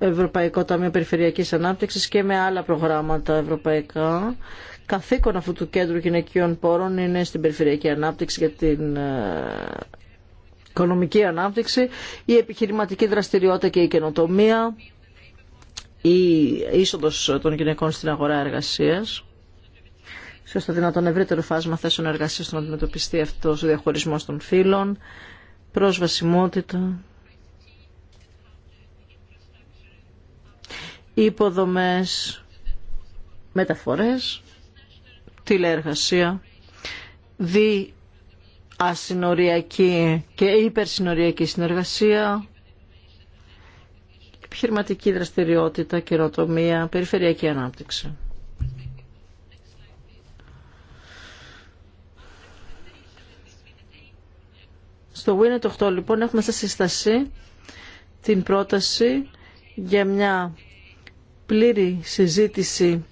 Ευρωπαϊκό Ταμείο περιφερειακή Ανάπτυξης και με άλλα προγράμματα ευρωπαϊκά. Καθήκον αυτού του κέντρου γυναικείων πόρων είναι στην περιφερειακή ανάπτυξη για την ε, οικονομική ανάπτυξη, η επιχειρηματική δραστηριότητα και η καινοτομία, η είσοδος των γυναικών στην αγορά εργασίας σε όσο δυνατόν ευρύτερο φάσμα θέσεων εργασίας στο να αντιμετωπιστεί αυτός ο διαχωρισμός των φύλων, προσβασιμότητα, υποδομές, μεταφορές, τηλεεργασία, δι ασυνοριακή και υπερσυνοριακή συνεργασία, επιχειρηματική δραστηριότητα, καιροτομία, περιφερειακή ανάπτυξη. Στο Winnet 8 λοιπόν έχουμε σε συστασή την πρόταση για μια πλήρη συζήτηση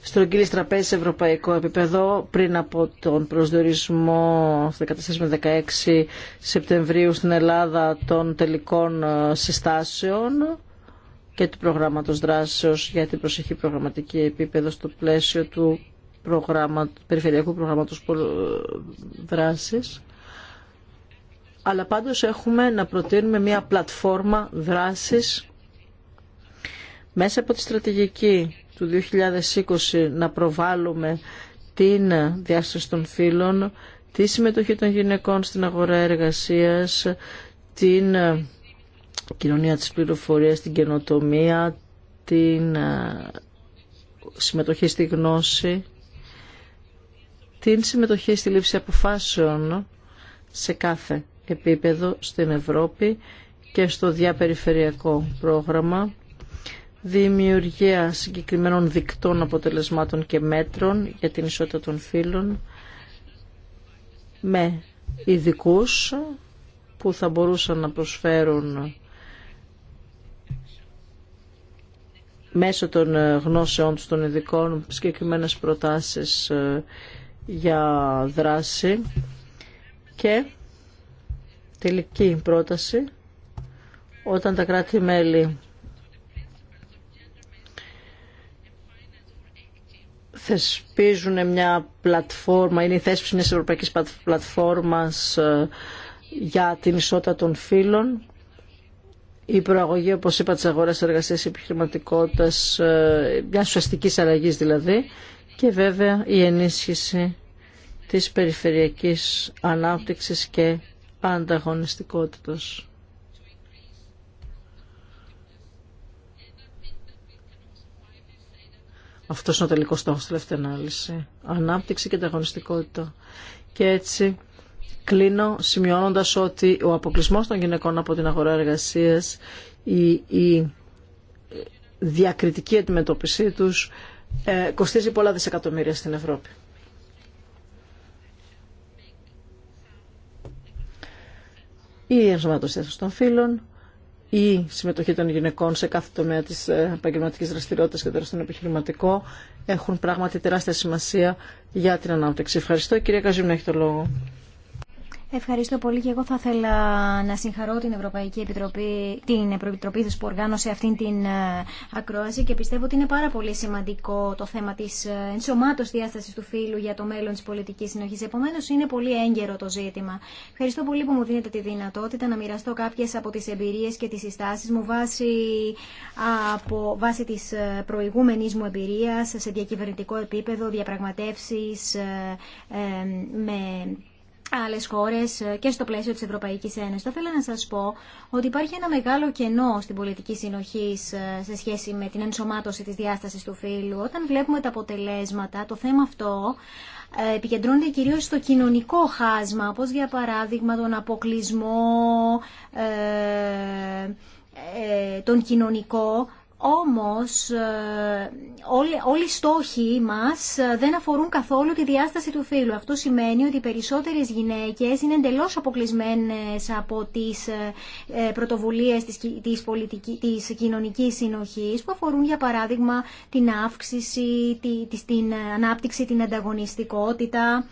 στρογγύλης σε ευρωπαϊκό επίπεδο πριν από τον προσδιορισμό 14 16 Σεπτεμβρίου στην Ελλάδα των τελικών ε, συστάσεων και του προγράμματος δράσεως για την προσεχή προγραμματική επίπεδο στο πλαίσιο του προγράμμα, περιφερειακού προγράμματος ε, δράσης. Αλλά πάντως έχουμε να προτείνουμε μια πλατφόρμα δράσης μέσα από τη στρατηγική του 2020 να προβάλλουμε την διάσταση των φύλων, τη συμμετοχή των γυναικών στην αγορά εργασίας, την ε, κοινωνία της πληροφορίας, την καινοτομία, την ε, συμμετοχή στη γνώση, την συμμετοχή στη λήψη αποφάσεων σε κάθε επίπεδο στην Ευρώπη και στο διαπεριφερειακό πρόγραμμα δημιουργία συγκεκριμένων δικτών αποτελεσμάτων και μέτρων για την ισότητα των φύλων με ειδικού που θα μπορούσαν να προσφέρουν μέσω των γνώσεών τους των ειδικών συγκεκριμένε προτάσεις ε, για δράση και τελική πρόταση όταν τα κράτη-μέλη θεσπίζουν μια πλατφόρμα, είναι η θέσπιση μιας ευρωπαϊκής πλατφόρμας ε, για την ισότητα των φύλων. Η προαγωγή, όπως είπα, της αγοράς εργασίας επιχειρηματικότητας, ε, μια ουσιαστική αλλαγή δηλαδή, και βέβαια η ενίσχυση της περιφερειακής ανάπτυξης και ανταγωνιστικότητας. Αυτός είναι ο τελικός στόχος τελευταία ανάλυση. Ανάπτυξη και ανταγωνιστικότητα. Και έτσι κλείνω σημειώνοντας ότι ο αποκλεισμός των γυναικών από την αγορά εργασίας, η, η διακριτική αντιμετώπιση τους, ε, κοστίζει πολλά δισεκατομμύρια στην Ευρώπη. Η ενσωματωσία των φίλων η συμμετοχή των γυναικών σε κάθε τομέα της ε, επαγγελματική δραστηριότητας και τώρα στον επιχειρηματικό έχουν πράγματι τεράστια σημασία για την ανάπτυξη. Ευχαριστώ. Κυρία Καζίμνα, έχει το λόγο. Ευχαριστώ πολύ και εγώ θα ήθελα να συγχαρώ την Ευρωπαϊκή Επιτροπή, την Επιτροπή που οργάνωσε αυτήν την ε, ακρόαση και πιστεύω ότι είναι πάρα πολύ σημαντικό το θέμα τη ε, ενσωμάτωσης διάσταση του φύλου για το μέλλον τη πολιτική συνοχή. Επομένω. είναι πολύ έγκαιρο το ζήτημα. Ευχαριστώ πολύ που μου δίνετε τη δυνατότητα να μοιραστώ κάποιε από τι εμπειρίε και τι συστάσει μου βάσει, από, βάσει της ε, προηγούμενης μου εμπειρίας σε διακυβερνητικό επίπεδο, διαπραγματεύσεις με Άλλε χώρε ε, και στο πλαίσιο της Ευρωπαϊκής Ένωσης. Θα ήθελα να σας πω ότι υπάρχει ένα μεγάλο κενό στην πολιτική συνοχή ε, σε σχέση με την ενσωμάτωση της διάστασης του φύλου. Όταν βλέπουμε τα αποτελέσματα, το θέμα αυτό ε, επικεντρώνεται κυρίως στο κοινωνικό χάσμα, όπω για παράδειγμα τον αποκλεισμό, τον κοινωνικό, όμως ε, όλοι, όλοι οι στόχοι μας ε, δεν αφορούν καθόλου τη διάσταση του φύλου. Αυτό σημαίνει ότι οι περισσότερες γυναίκες είναι εντελώς αποκλεισμένες από τις ε, πρωτοβουλίες της, της, πολιτική, της κοινωνικής συνοχής που αφορούν για παράδειγμα την αύξηση, την ανάπτυξη, την ανταγωνιστικότητα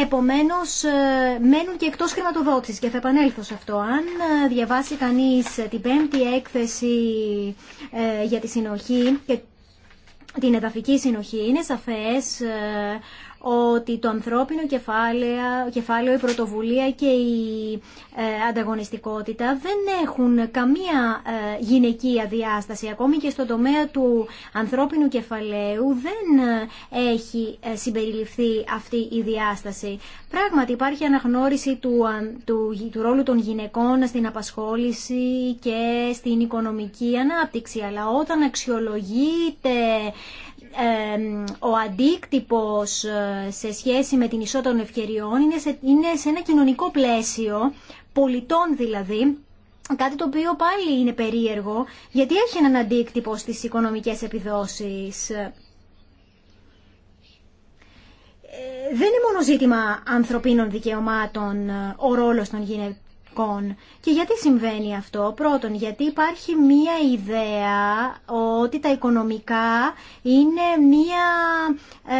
Επομένως, ε, μένουν και εκτός χρηματοδότησης και θα επανέλθω σε αυτό. Αν ε, διαβάσει κανείς ε, την πέμπτη έκθεση για τη συνοχή και την εδαφική συνοχή, είναι σαφές ότι το ανθρώπινο κεφάλαιο, κεφάλαιο η πρωτοβουλία και η ε, ανταγωνιστικότητα δεν έχουν καμία ε, γυναικεία διάσταση. Ακόμη και στον τομέα του ανθρώπινου κεφαλαίου δεν ε, έχει συμπεριληφθεί αυτή η διάσταση. Πράγματι υπάρχει αναγνώριση του, του, του ρόλου των γυναικών στην απασχόληση και στην οικονομική ανάπτυξη, αλλά όταν αξιολογείται ο αντίκτυπος ε, σε σχέση με την ισότητα των ευκαιριών είναι σε ένα κοινωνικό πλαίσιο, πολιτών δηλαδή, Κάτι το οποίο πάλι είναι περίεργο, γιατί έχει έναν αντίκτυπο στις οικονομικές επιδόσεις. Ε, δεν είναι μόνο ζήτημα ανθρωπίνων δικαιωμάτων ε, ο ρόλος των και γιατί συμβαίνει αυτό. Πρώτον, γιατί υπάρχει μία ιδέα ότι τα οικονομικά είναι μία ε,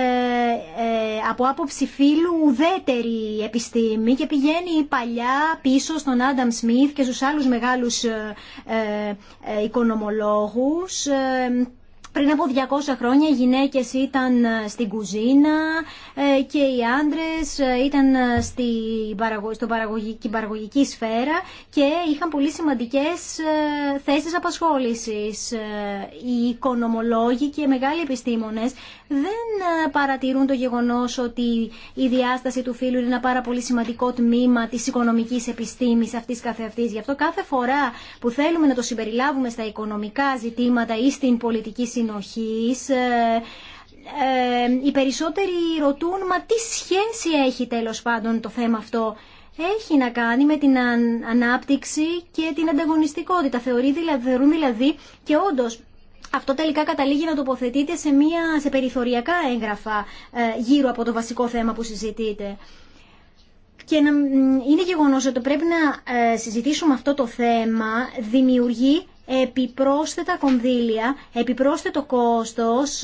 ε από άποψη φύλου ουδέτερη επιστήμη και πηγαίνει παλιά πίσω στον Άνταμ Σμιθ και στους άλλους μεγάλους ε, ε, ε οικονομολόγους πριν από 200 χρόνια οι γυναίκες ήταν ε, στην κουζίνα ε, και οι άντρες ε, ήταν στην παραγωγική, παραγωγική σφαίρα και είχαν πολύ σημαντικές θέσεις απασχόλησης. Οι οικονομολόγοι και οι μεγάλοι επιστήμονες δεν παρατηρούν το γεγονός ότι η διάσταση του φύλου είναι ένα πάρα πολύ σημαντικό τμήμα της οικονομικής επιστήμης αυτής καθεαυτής. Γι' αυτό κάθε φορά που θέλουμε να το συμπεριλάβουμε στα οικονομικά ζητήματα ή στην πολιτική συνοχής ε, ε, οι περισσότεροι ρωτούν μα τι σχέση έχει τέλος πάντων το θέμα αυτό έχει να κάνει με την ανάπτυξη και την ανταγωνιστικότητα. Θεωρεί δηλαδή, θεωρούν δηλαδή και όντω. Αυτό τελικά καταλήγει να τοποθετείται σε, μια, σε περιθωριακά έγγραφα ε, γύρω από το βασικό θέμα που συζητείτε. Και να, είναι γεγονός ότι πρέπει να συζητήσουμε αυτό το θέμα, δημιουργεί επιπρόσθετα κονδύλια, επιπρόσθετο κόστος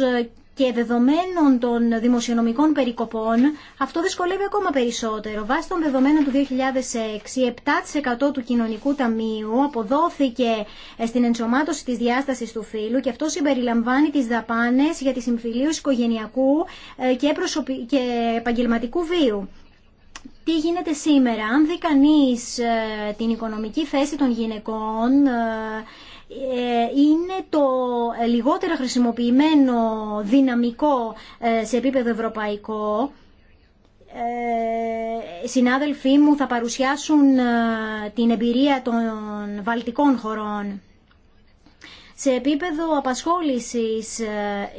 και δεδομένων των δημοσιονομικών περικοπών, αυτό δυσκολεύει ακόμα περισσότερο. Βάσει των δεδομένων του 2006, 7% του κοινωνικού ταμείου αποδόθηκε στην ενσωμάτωση της διάστασης του φύλου και αυτό συμπεριλαμβάνει τις δαπάνες για τη συμφιλίωση οικογενειακού ε, και, και επαγγελματικού βίου. Τι γίνεται σήμερα, αν δει κανείς ε, την οικονομική θέση των γυναικών, ε, ε, είναι το λιγότερα χρησιμοποιημένο δυναμικό ε, σε επίπεδο ευρωπαϊκό. Ε, συνάδελφοί μου θα παρουσιάσουν την εμπειρία των βαλτικών χωρών. Σε επίπεδο απασχόλησης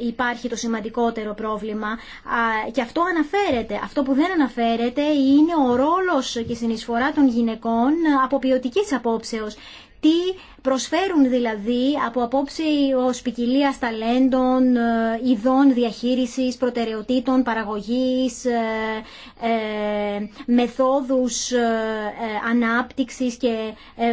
υπάρχει το σημαντικότερο πρόβλημα και αυτό αναφέρεται. Αυτό που δεν αναφέρεται είναι ο ρόλος και συνεισφορά των γυναικών από ποιοτική απόψεως. Τι προσφέρουν δηλαδή από απόψη ω ποικιλία ταλέντων, ε, ειδών διαχείρισης, προτεραιοτήτων, παραγωγής, ε, ε, μεθόδους ανάπτυξη και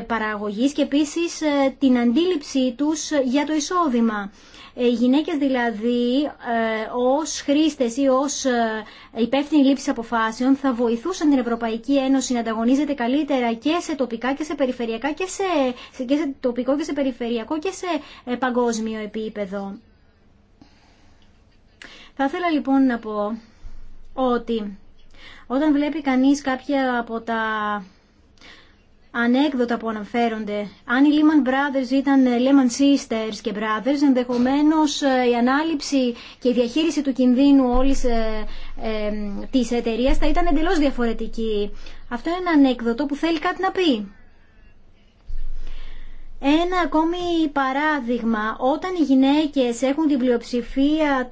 παραγωγής και επίσης την αντίληψή τους για το εισόδημα. Ε, οι γυναίκες δηλαδή ε, ως χρήστες ή ως ε, υπεύθυνοι λήψη αποφάσεων θα βοηθούσαν την Ευρωπαϊκή Ένωση να ανταγωνίζεται καλύτερα και σε τοπικά και σε περιφερειακά και σε, και σε τοπικό και σε περιφερειακό και σε παγκόσμιο επίπεδο. Θα ήθελα λοιπόν να πω ότι όταν βλέπει κανείς κάποια από τα ανέκδοτα που αναφέρονται. Αν οι Lehman Brothers ήταν ε, Lehman Sisters και Brothers, ενδεχομένως ε, η ανάληψη και η διαχείριση του κινδύνου όλης ε, ε της εταιρεία θα ήταν εντελώς διαφορετική. Αυτό είναι ένα ανέκδοτο που θέλει κάτι να πει. Ένα ακόμη παράδειγμα, όταν οι γυναίκες έχουν την πλειοψηφία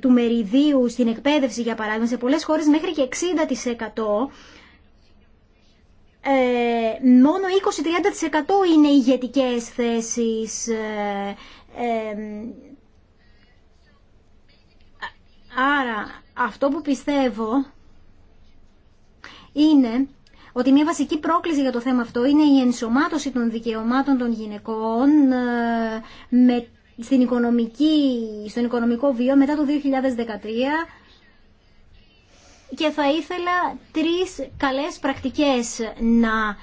του μεριδίου στην εκπαίδευση, για παράδειγμα, σε πολλές χώρες μέχρι και 60%, ε, μόνο 20-30% είναι ηγετικές θέσεις. Ε, ε, άρα αυτό που πιστεύω είναι ότι μια βασική πρόκληση για το θέμα αυτό είναι η ενσωμάτωση των δικαιωμάτων των γυναικών ε, με, στην οικονομική, στον οικονομικό βίο μετά το 2013 και θα ήθελα τρεις καλές πρακτικές να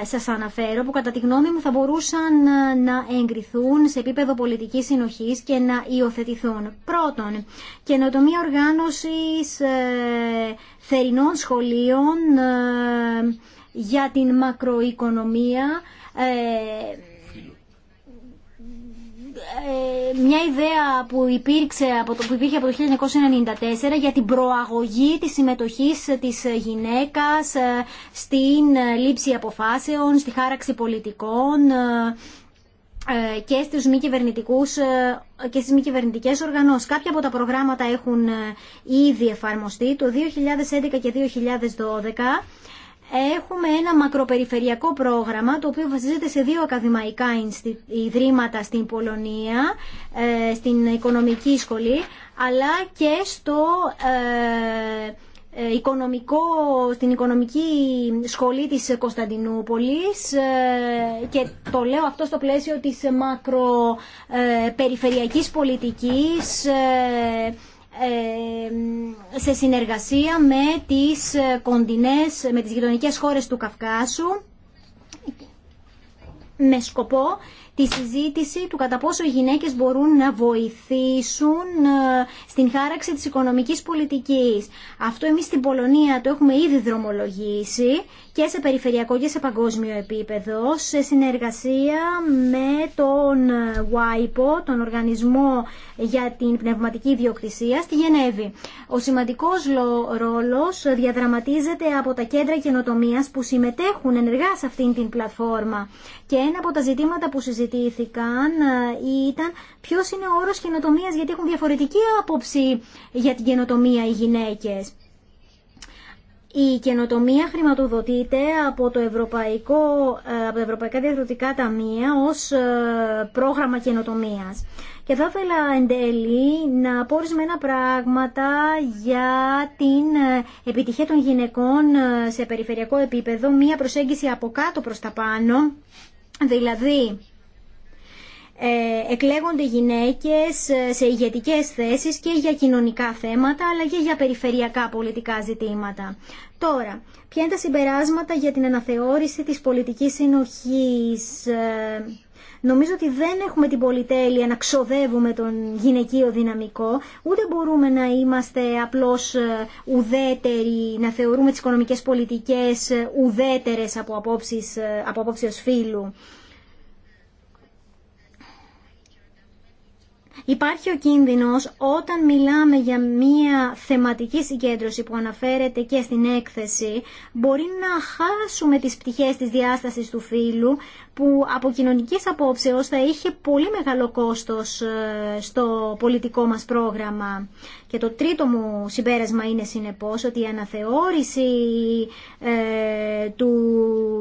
ε, σας αναφέρω που κατά τη γνώμη μου θα μπορούσαν ε, να εγκριθούν σε επίπεδο πολιτικής συνοχής και να υιοθετηθούν. Πρώτον, καινοτομία οργάνωσης ε, θερινών σχολείων για την μακροοικονομία ε, μια ιδέα που, υπήρξε από το, που υπήρχε από το 1994 για την προαγωγή της συμμετοχής της γυναίκας ε, στην ε, λήψη αποφάσεων, στη χάραξη πολιτικών και στους μη κυβερνητικούς και στις μη κυβερνητικέ οργανώσεις. Κάποια από τα προγράμματα έχουν ήδη εφαρμοστεί το 2011 και 2012 έχουμε ένα μακροπεριφερειακό πρόγραμμα το οποίο βασίζεται σε δύο ακαδημαϊκά ιδρύματα στην Πολωνία, ε, στην Οικονομική Σχολή, αλλά και στο ε, ε, οικονομικό, στην οικονομική σχολή της Κωνσταντινούπολης και το λέω αυτό στο πλαίσιο της μακροπεριφερειακής πολιτικής ε, σε συνεργασία με τις ε, κοντινές, με τις γειτονικές χώρες του Καυκάσου με σκοπό τη συζήτηση του κατά πόσο οι γυναίκες μπορούν να βοηθήσουν ε, στην χάραξη της οικονομικής πολιτικής. Αυτό εμείς στην Πολωνία το έχουμε ήδη δρομολογήσει και σε περιφερειακό και σε παγκόσμιο επίπεδο σε συνεργασία με τον WIPO, τον Οργανισμό για την Πνευματική Διοκτησία στη Γενέβη. Ο σημαντικός ρόλος διαδραματίζεται από τα κέντρα καινοτομίας που συμμετέχουν ενεργά σε αυτήν την πλατφόρμα και ένα από τα ζητήματα που συζητήσαμε συζητήθηκαν ε, ήταν ποιο είναι ο όρο καινοτομία γιατί έχουν διαφορετική άποψη για την καινοτομία οι γυναίκε. Η καινοτομία χρηματοδοτείται από, το Ευρωπαϊκό, ε, από τα Ευρωπαϊκά Διαδροτικά Ταμεία ως ε, πρόγραμμα καινοτομίας. Και θα ήθελα εν τέλει να πω ορισμένα πράγματα για την επιτυχία των γυναικών σε περιφερειακό επίπεδο, μία προσέγγιση από κάτω προς τα πάνω, δηλαδή ε, εκλέγονται γυναίκες ε, σε ηγετικές θέσεις και για κοινωνικά θέματα αλλά και για περιφερειακά πολιτικά ζητήματα. Τώρα, ποια είναι τα συμπεράσματα για την αναθεώρηση της πολιτικής συνοχής. Ε, νομίζω ότι δεν έχουμε την πολυτέλεια να ξοδεύουμε τον γυναικείο δυναμικό, ούτε μπορούμε να είμαστε απλώς ουδέτεροι, να θεωρούμε τις οικονομικές πολιτικές ουδέτερες από απόψεις, από φύλου. Υπάρχει ο κίνδυνος όταν μιλάμε για μια θεματική συγκέντρωση που αναφέρεται και στην έκθεση, μπορεί να χάσουμε τις πτυχές της διάστασης του φύλου που από κοινωνικής απόψεως θα είχε πολύ μεγάλο κόστος ε, στο πολιτικό μας πρόγραμμα. Και το τρίτο μου συμπέρασμα είναι συνεπώς ότι η αναθεώρηση ε, του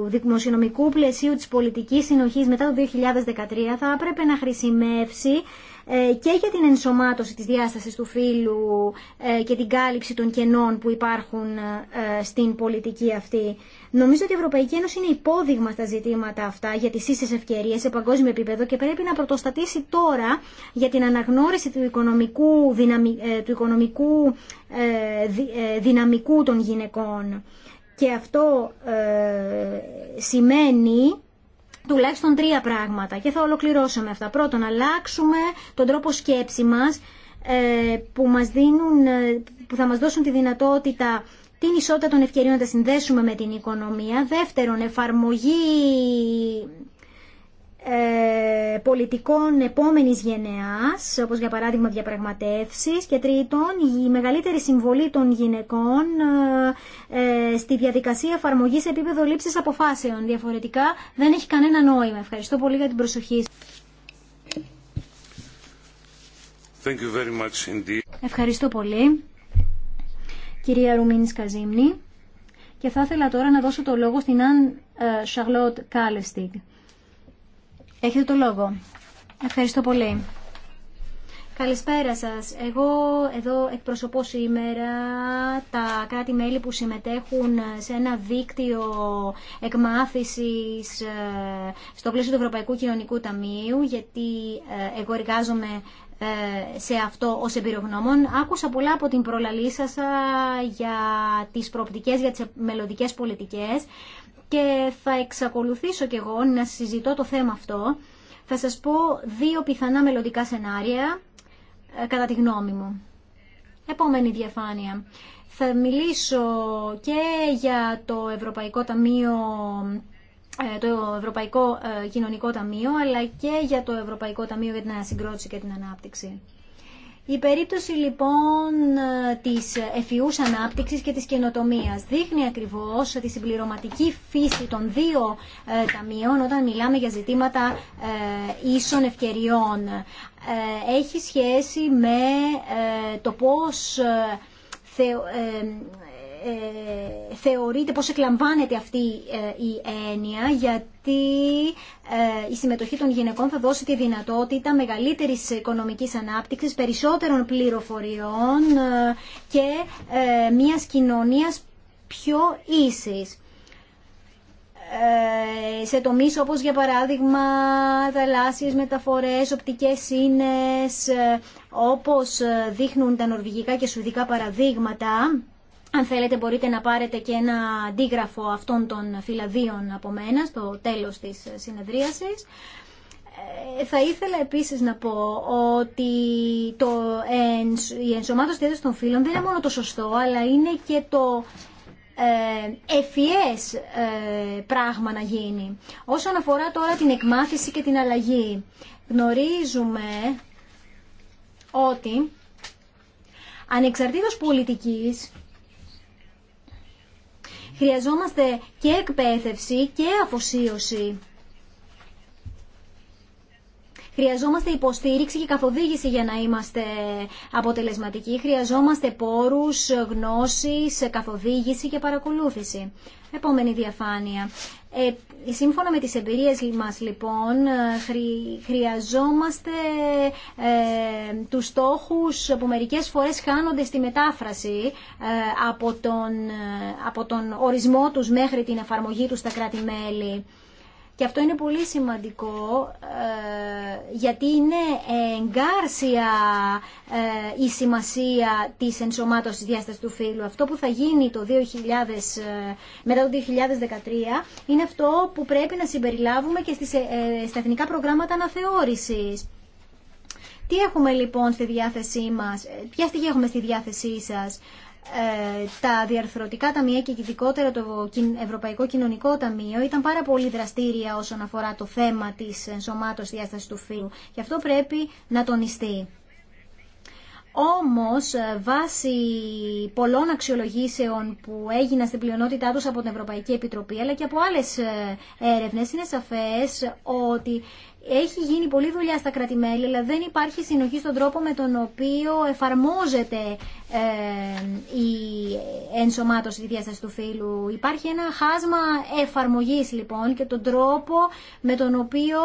δημοσιονομικού πλαισίου της πολιτικής συνοχής μετά το 2013 θα έπρεπε να χρησιμεύσει ε, και για την ενσωμάτωση της διάστασης του φύλου ε, και την κάλυψη των κενών που υπάρχουν ε, στην πολιτική αυτή. Νομίζω ότι η Ευρωπαϊκή Ένωση είναι υπόδειγμα στα ζητήματα αυτά για τις ίσες ευκαιρίες σε παγκόσμιο επίπεδο και πρέπει να πρωτοστατήσει τώρα για την αναγνώριση του οικονομικού, δυναμικού των γυναικών. Και αυτό σημαίνει τουλάχιστον τρία πράγματα και θα ολοκληρώσω με αυτά. Πρώτον, αλλάξουμε τον τρόπο σκέψη μας ε, που, μας δίνουν, ε, που θα μας δώσουν τη δυνατότητα την ισότητα των ευκαιριών να τα συνδέσουμε με την οικονομία. Δεύτερον, εφαρμογή ε, πολιτικών επόμενη γενεάς, όπω για παράδειγμα διαπραγματεύσεις και τρίτον η μεγαλύτερη συμβολή των γυναικών ε, ε, στη διαδικασία εφαρμογή σε επίπεδο λήψη αποφάσεων. Διαφορετικά δεν έχει κανένα νόημα. Ευχαριστώ πολύ για την προσοχή Thank Ευχαριστώ πολύ, κυρία Ρουμίνη Καζίμνη. Και θα ήθελα τώρα να δώσω το λόγο στην Αν Σαρλότ Κάλεστιγκ. Έχετε το λόγο. Ευχαριστώ πολύ. Καλησπέρα σας. Εγώ εδώ εκπροσωπώ σήμερα τα κράτη-μέλη που συμμετέχουν σε ένα δίκτυο εκμάθησης ε, στο πλαίσιο του Ευρωπαϊκού Κοινωνικού Ταμείου, γιατί ε, εγώ εργάζομαι ε, σε αυτό ως εμπειρογνώμων. Άκουσα πολλά από την προλαλή για τις προοπτικές, για τις μελλοντικές πολιτικές και θα εξακολουθήσω κι εγώ να συζητώ το θέμα αυτό. Θα σας πω δύο πιθανά μελλοντικά σενάρια, ε, κατά τη γνώμη μου. Επόμενη διαφάνεια. Θα μιλήσω και για το Ευρωπαϊκό Ταμείο ε, το Ευρωπαϊκό ε, Κοινωνικό Ταμείο, αλλά και για το Ευρωπαϊκό Ταμείο για την Ανασυγκρότηση και την Ανάπτυξη. Η περίπτωση λοιπόν της εφιούς ανάπτυξης και της καινοτομίας δείχνει ακριβώς τη συμπληρωματική φύση των δύο ε, ταμείων όταν μιλάμε για ζητήματα ε, ίσων ευκαιριών. Ε, έχει σχέση με το πώς ε, θεωρείται, πώς εκλαμβάνεται αυτή ε, η έννοια, γιατί ε, η συμμετοχή των γυναικών θα δώσει τη δυνατότητα μεγαλύτερης οικονομικής ανάπτυξης, περισσότερων πληροφοριών ε, και μιας κοινωνίας πιο ίσης σε τομείς όπως για παράδειγμα θαλάσσιες μεταφορές, οπτικές σύνες, όπως δείχνουν τα νορβηγικά και σουηδικά παραδείγματα, αν θέλετε μπορείτε να πάρετε και ένα αντίγραφο αυτών των φυλαδίων από μένα στο τέλος της συνεδρίασης. Ε, θα ήθελα επίσης να πω ότι το, η ενσωμάτωση των φύλων δεν είναι μόνο το σωστό, αλλά είναι και το ευφυές ε, πράγμα να γίνει. Όσον αφορά τώρα την εκμάθηση και την αλλαγή, γνωρίζουμε ότι ανεξαρτήτως πολιτικής Χρειαζόμαστε και εκπαίδευση και αφοσίωση. Χρειαζόμαστε υποστήριξη και καθοδήγηση για να είμαστε αποτελεσματικοί. Χρειαζόμαστε πόρους, γνώσεις, καθοδήγηση και παρακολούθηση. Επόμενη διαφάνεια. Ε, σύμφωνα με τις εμπειρίες μας λοιπόν ε, χρειαζόμαστε ε, τους στόχους που μερικές φορές χάνονται στη μετάφραση ε, από, τον, ε, από τον ορισμό τους μέχρι την εφαρμογή τους στα κράτη-μέλη. Και αυτό είναι πολύ σημαντικό ε, γιατί είναι εγκάρσια ε, η σημασία της ενσωμάτωσης διάστασης του φύλου. Αυτό που θα γίνει το 2000, ε, μετά το 2013 είναι αυτό που πρέπει να συμπεριλάβουμε και στις, στα εθνικά προγράμματα αναθεώρησης. Τι έχουμε λοιπόν στη διάθεσή μας, ποια στοιχεία έχουμε στη διάθεσή σας. Ε, τα διαρθρωτικά ταμεία και ειδικότερα το Ευρωπαϊκό Κοινωνικό Ταμείο ήταν πάρα πολύ δραστήρια όσον αφορά το θέμα της ενσωμάτωσης διάστασης του φύλου. Γι' αυτό πρέπει να τονιστεί. Όμως, ε, βάσει πολλών αξιολογήσεων που έγιναν στην πλειονότητά τους από την Ευρωπαϊκή Επιτροπή, αλλά και από άλλες ε, έρευνες, είναι σαφές ότι έχει γίνει πολλή δουλειά στα κρατημέλη, αλλά δεν υπάρχει συνοχή στον τρόπο με τον οποίο εφαρμόζεται ε, η ενσωμάτωση τη διάσταση του φύλου. Υπάρχει ένα χάσμα εφαρμογής, λοιπόν, και τον τρόπο με τον οποίο...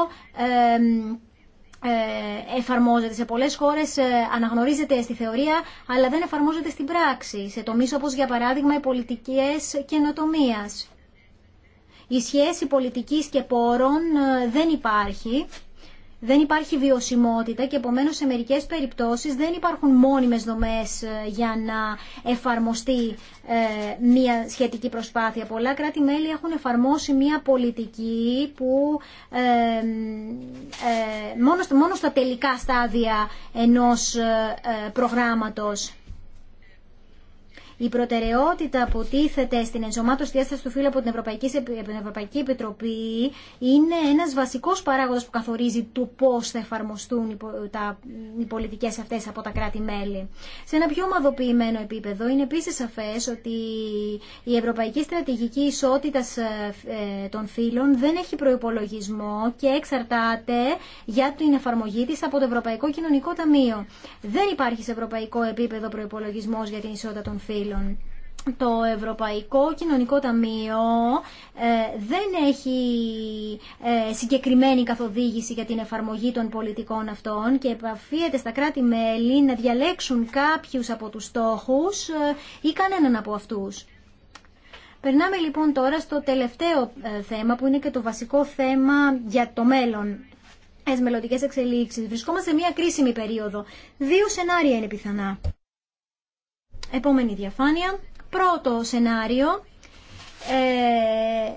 Ε, εφαρμόζεται σε πολλές χώρες, ε, αναγνωρίζεται στη θεωρία, αλλά δεν εφαρμόζεται στην πράξη, σε τομείς όπως για παράδειγμα οι πολιτικές καινοτομία. Η σχέση πολιτικής και πόρων ε, δεν υπάρχει δεν υπάρχει βιωσιμότητα και επομένως σε μερικές περιπτώσεις δεν υπάρχουν μόνιμες δομές ε, για να εφαρμοστεί ε, μια σχετική προσπάθεια. Πολλά κράτη-μέλη έχουν εφαρμόσει μια πολιτική που ε, μόνο στα τελικά στάδια ενός προγράμματος η προτεραιότητα που τίθεται στην ενσωμάτωση διάσταση του φύλου από την Ευρωπαϊκή, την Επιτροπή είναι ένα βασικό παράγοντα που καθορίζει το πώ θα εφαρμοστούν οι πολιτικές αυτέ από τα κράτη-μέλη. Σε ένα πιο ομαδοποιημένο επίπεδο είναι επίση σαφέ ότι η Ευρωπαϊκή Στρατηγική Ισότητα ε, ε, των Φύλων δεν έχει προπολογισμό και εξαρτάται για την εφαρμογή τη από το Ευρωπαϊκό Κοινωνικό Ταμείο. Δεν υπάρχει σε ευρωπαϊκό επίπεδο προπολογισμό για την ισότητα των φύλων. Το Ευρωπαϊκό Κοινωνικό Ταμείο ε, δεν έχει ε, συγκεκριμένη καθοδήγηση για την εφαρμογή των πολιτικών αυτών και επαφίεται στα κράτη-μέλη να διαλέξουν κάποιους από τους στόχους ε, ή κανέναν από αυτούς. Περνάμε λοιπόν τώρα στο τελευταίο θέμα που είναι και το βασικό θέμα για το μέλλον. Εσμελωτικές εξελίξεις. Βρισκόμαστε σε μια κρίσιμη περίοδο. Δύο σενάρια είναι πιθανά. Επόμενη διαφάνεια. Πρώτο σενάριο. Ε,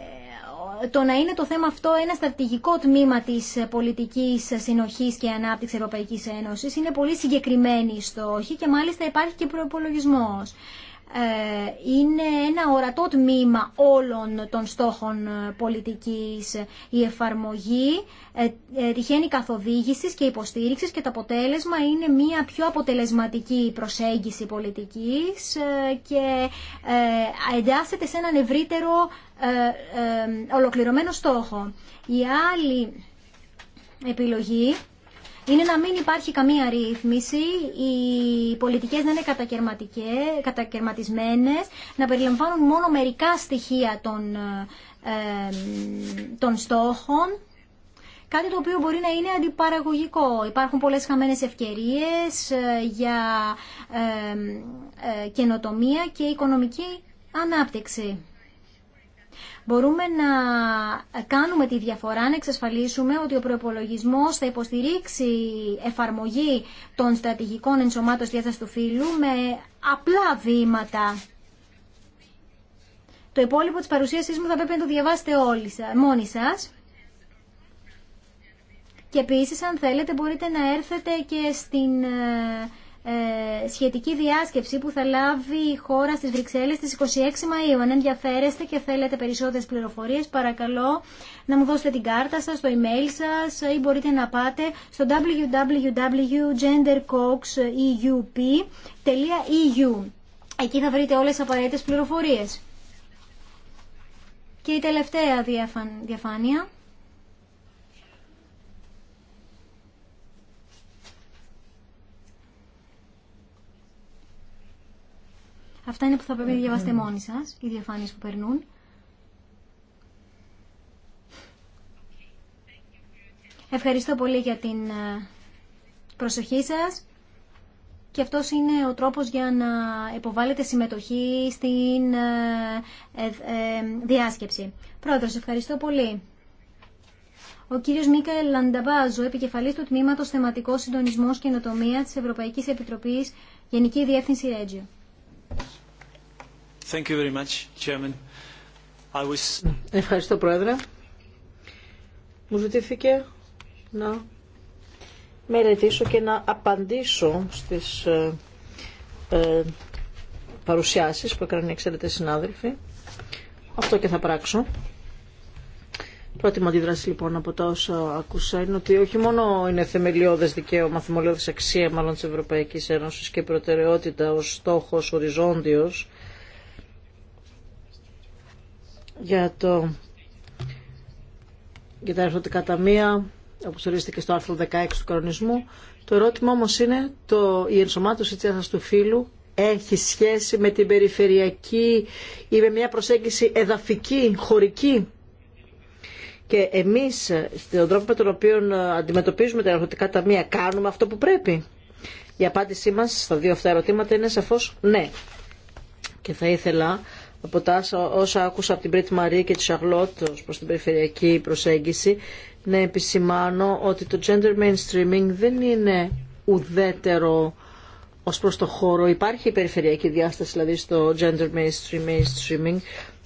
το να είναι το θέμα αυτό ένα στρατηγικό τμήμα της πολιτικής συνοχής και ανάπτυξης Ευρωπαϊκής Ένωσης είναι πολύ συγκεκριμένη στόχη και μάλιστα υπάρχει και προπολογισμό. Ε, είναι ένα ορατό τμήμα όλων των στόχων ε, πολιτικής. Η εφαρμογή ε, τυχαίνει καθοδήγησης και υποστήριξης και το αποτέλεσμα είναι μια πιο αποτελεσματική προσέγγιση πολιτικής και εντάσσεται σε έναν ευρύτερο ολοκληρωμένο στόχο. Η άλλη επιλογή είναι να μην υπάρχει καμία ρύθμιση, οι πολιτικές να είναι κατακαιρματισμένες, να περιλαμβάνουν μόνο μερικά στοιχεία των, ε, στόχων, κάτι το οποίο μπορεί να είναι αντιπαραγωγικό. Υπάρχουν πολλές χαμένες ευκαιρίες ε, για ε, ε, καινοτομία και οικονομική ανάπτυξη μπορούμε να κάνουμε τη διαφορά, να εξασφαλίσουμε ότι ο προπολογισμό θα υποστηρίξει εφαρμογή των στρατηγικών ενσωμάτων διάσταση του φύλου με απλά βήματα. Το υπόλοιπο της παρουσίασής μου θα πρέπει να το διαβάσετε όλοι, μόνοι σας. Και επίσης αν θέλετε μπορείτε να έρθετε και στην ε, ε, σχετική διάσκεψη που θα λάβει η χώρα στις Βρυξέλλες στις 26 Μαΐου. Αν ενδιαφέρεστε και θέλετε περισσότερες πληροφορίες, παρακαλώ να μου δώσετε την κάρτα σας, το email σας ή μπορείτε να πάτε στο www.gendercoxeup.eu. Εκεί θα βρείτε όλες τις απαραίτητες πληροφορίες. Και η τελευταία διαφάνεια Αυτά είναι που θα πρέπει να διαβάσετε μόνοι σας, οι διαφάνειε που περνούν. Ευχαριστώ πολύ για την ε, προσοχή σας. Και αυτό είναι ο τρόπος για να υποβάλλετε συμμετοχή στην ε, ε, διάσκεψη. Πρόεδρο, ευχαριστώ πολύ. Ο κύριος Μίκαελ Λανταμπάζο, επικεφαλής του Τμήματος Θεματικό Συντονισμό και Ενοτομία της Ευρωπαϊκής Επιτροπής Γενική Διεύθυνση Ρέτζιο. Ευχαριστώ, Πρόεδρε. Μου ζητήθηκε να μελετήσω και να απαντήσω στις ε, ε, παρουσιάσεις που έκαναν οι εξαιρετές συνάδελφοι. Αυτό και θα πράξω. Πρώτη μου αντίδραση λοιπόν από τα όσα ακούσα είναι ότι όχι μόνο είναι θεμελιώδες δικαίωμα, θεμελιώδες αξία μάλλον της Ευρωπαϊκής Ένωσης και προτεραιότητα ως στόχος οριζόντιος για, το, για τα ερωτικά ταμεία, όπως ορίστηκε στο άρθρο 16 του κανονισμού. Το ερώτημα όμως είναι το, η ενσωμάτωση της του φύλου έχει σχέση με την περιφερειακή ή με μια προσέγγιση εδαφική, χωρική. Και εμείς, στον τρόπο με τον οποίο αντιμετωπίζουμε τα ερωτικά ταμεία, κάνουμε αυτό που πρέπει. Η απάντησή μας στα δύο αυτά ερωτήματα είναι σαφώς ναι. Και θα ήθελα από τα όσα άκουσα από την Πρίτη Μαρία και τη Σαρλότ ως προς την περιφερειακή προσέγγιση να επισημάνω ότι το gender mainstreaming δεν είναι ουδέτερο ως προς το χώρο. Υπάρχει η περιφερειακή διάσταση δηλαδή στο gender mainstreaming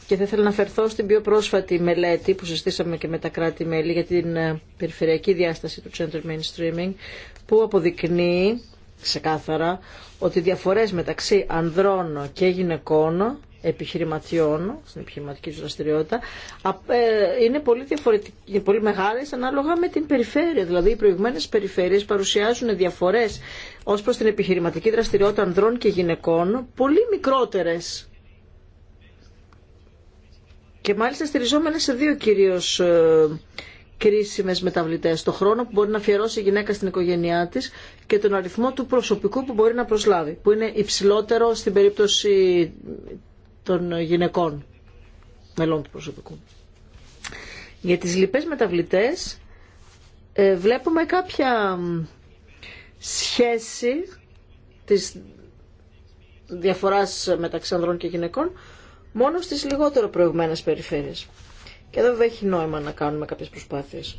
και θα ήθελα να φερθώ στην πιο πρόσφατη μελέτη που συστήσαμε και με τα κράτη-μέλη για την ε, περιφερειακή διάσταση του gender mainstreaming που αποδεικνύει ξεκάθαρα ότι οι διαφορές μεταξύ ανδρών και γυναικών επιχειρηματιών στην επιχειρηματική δραστηριότητα ε, είναι πολύ, διαφορετική, πολύ μεγάλες ανάλογα με την περιφέρεια. Δηλαδή οι προηγουμένες περιφέρειες παρουσιάζουν διαφορές ως προς την επιχειρηματική δραστηριότητα ανδρών και γυναικών πολύ μικρότερες και μάλιστα στηριζόμενες σε δύο κυρίως ε, κρίσιμες μεταβλητέ. Το χρόνο που μπορεί να αφιερώσει η γυναίκα στην οικογένειά της και τον αριθμό του προσωπικού που μπορεί να προσλάβει, που είναι υψηλότερο στην περίπτωση των γυναικών μελών του προσωπικού. Για τις λοιπές μεταβλητές ε, βλέπουμε κάποια σχέση της διαφοράς μεταξύ ανδρών και γυναικών μόνο στις λιγότερο προηγμένες περιφέρειες. Και εδώ δεν έχει νόημα να κάνουμε κάποιες προσπάθειες.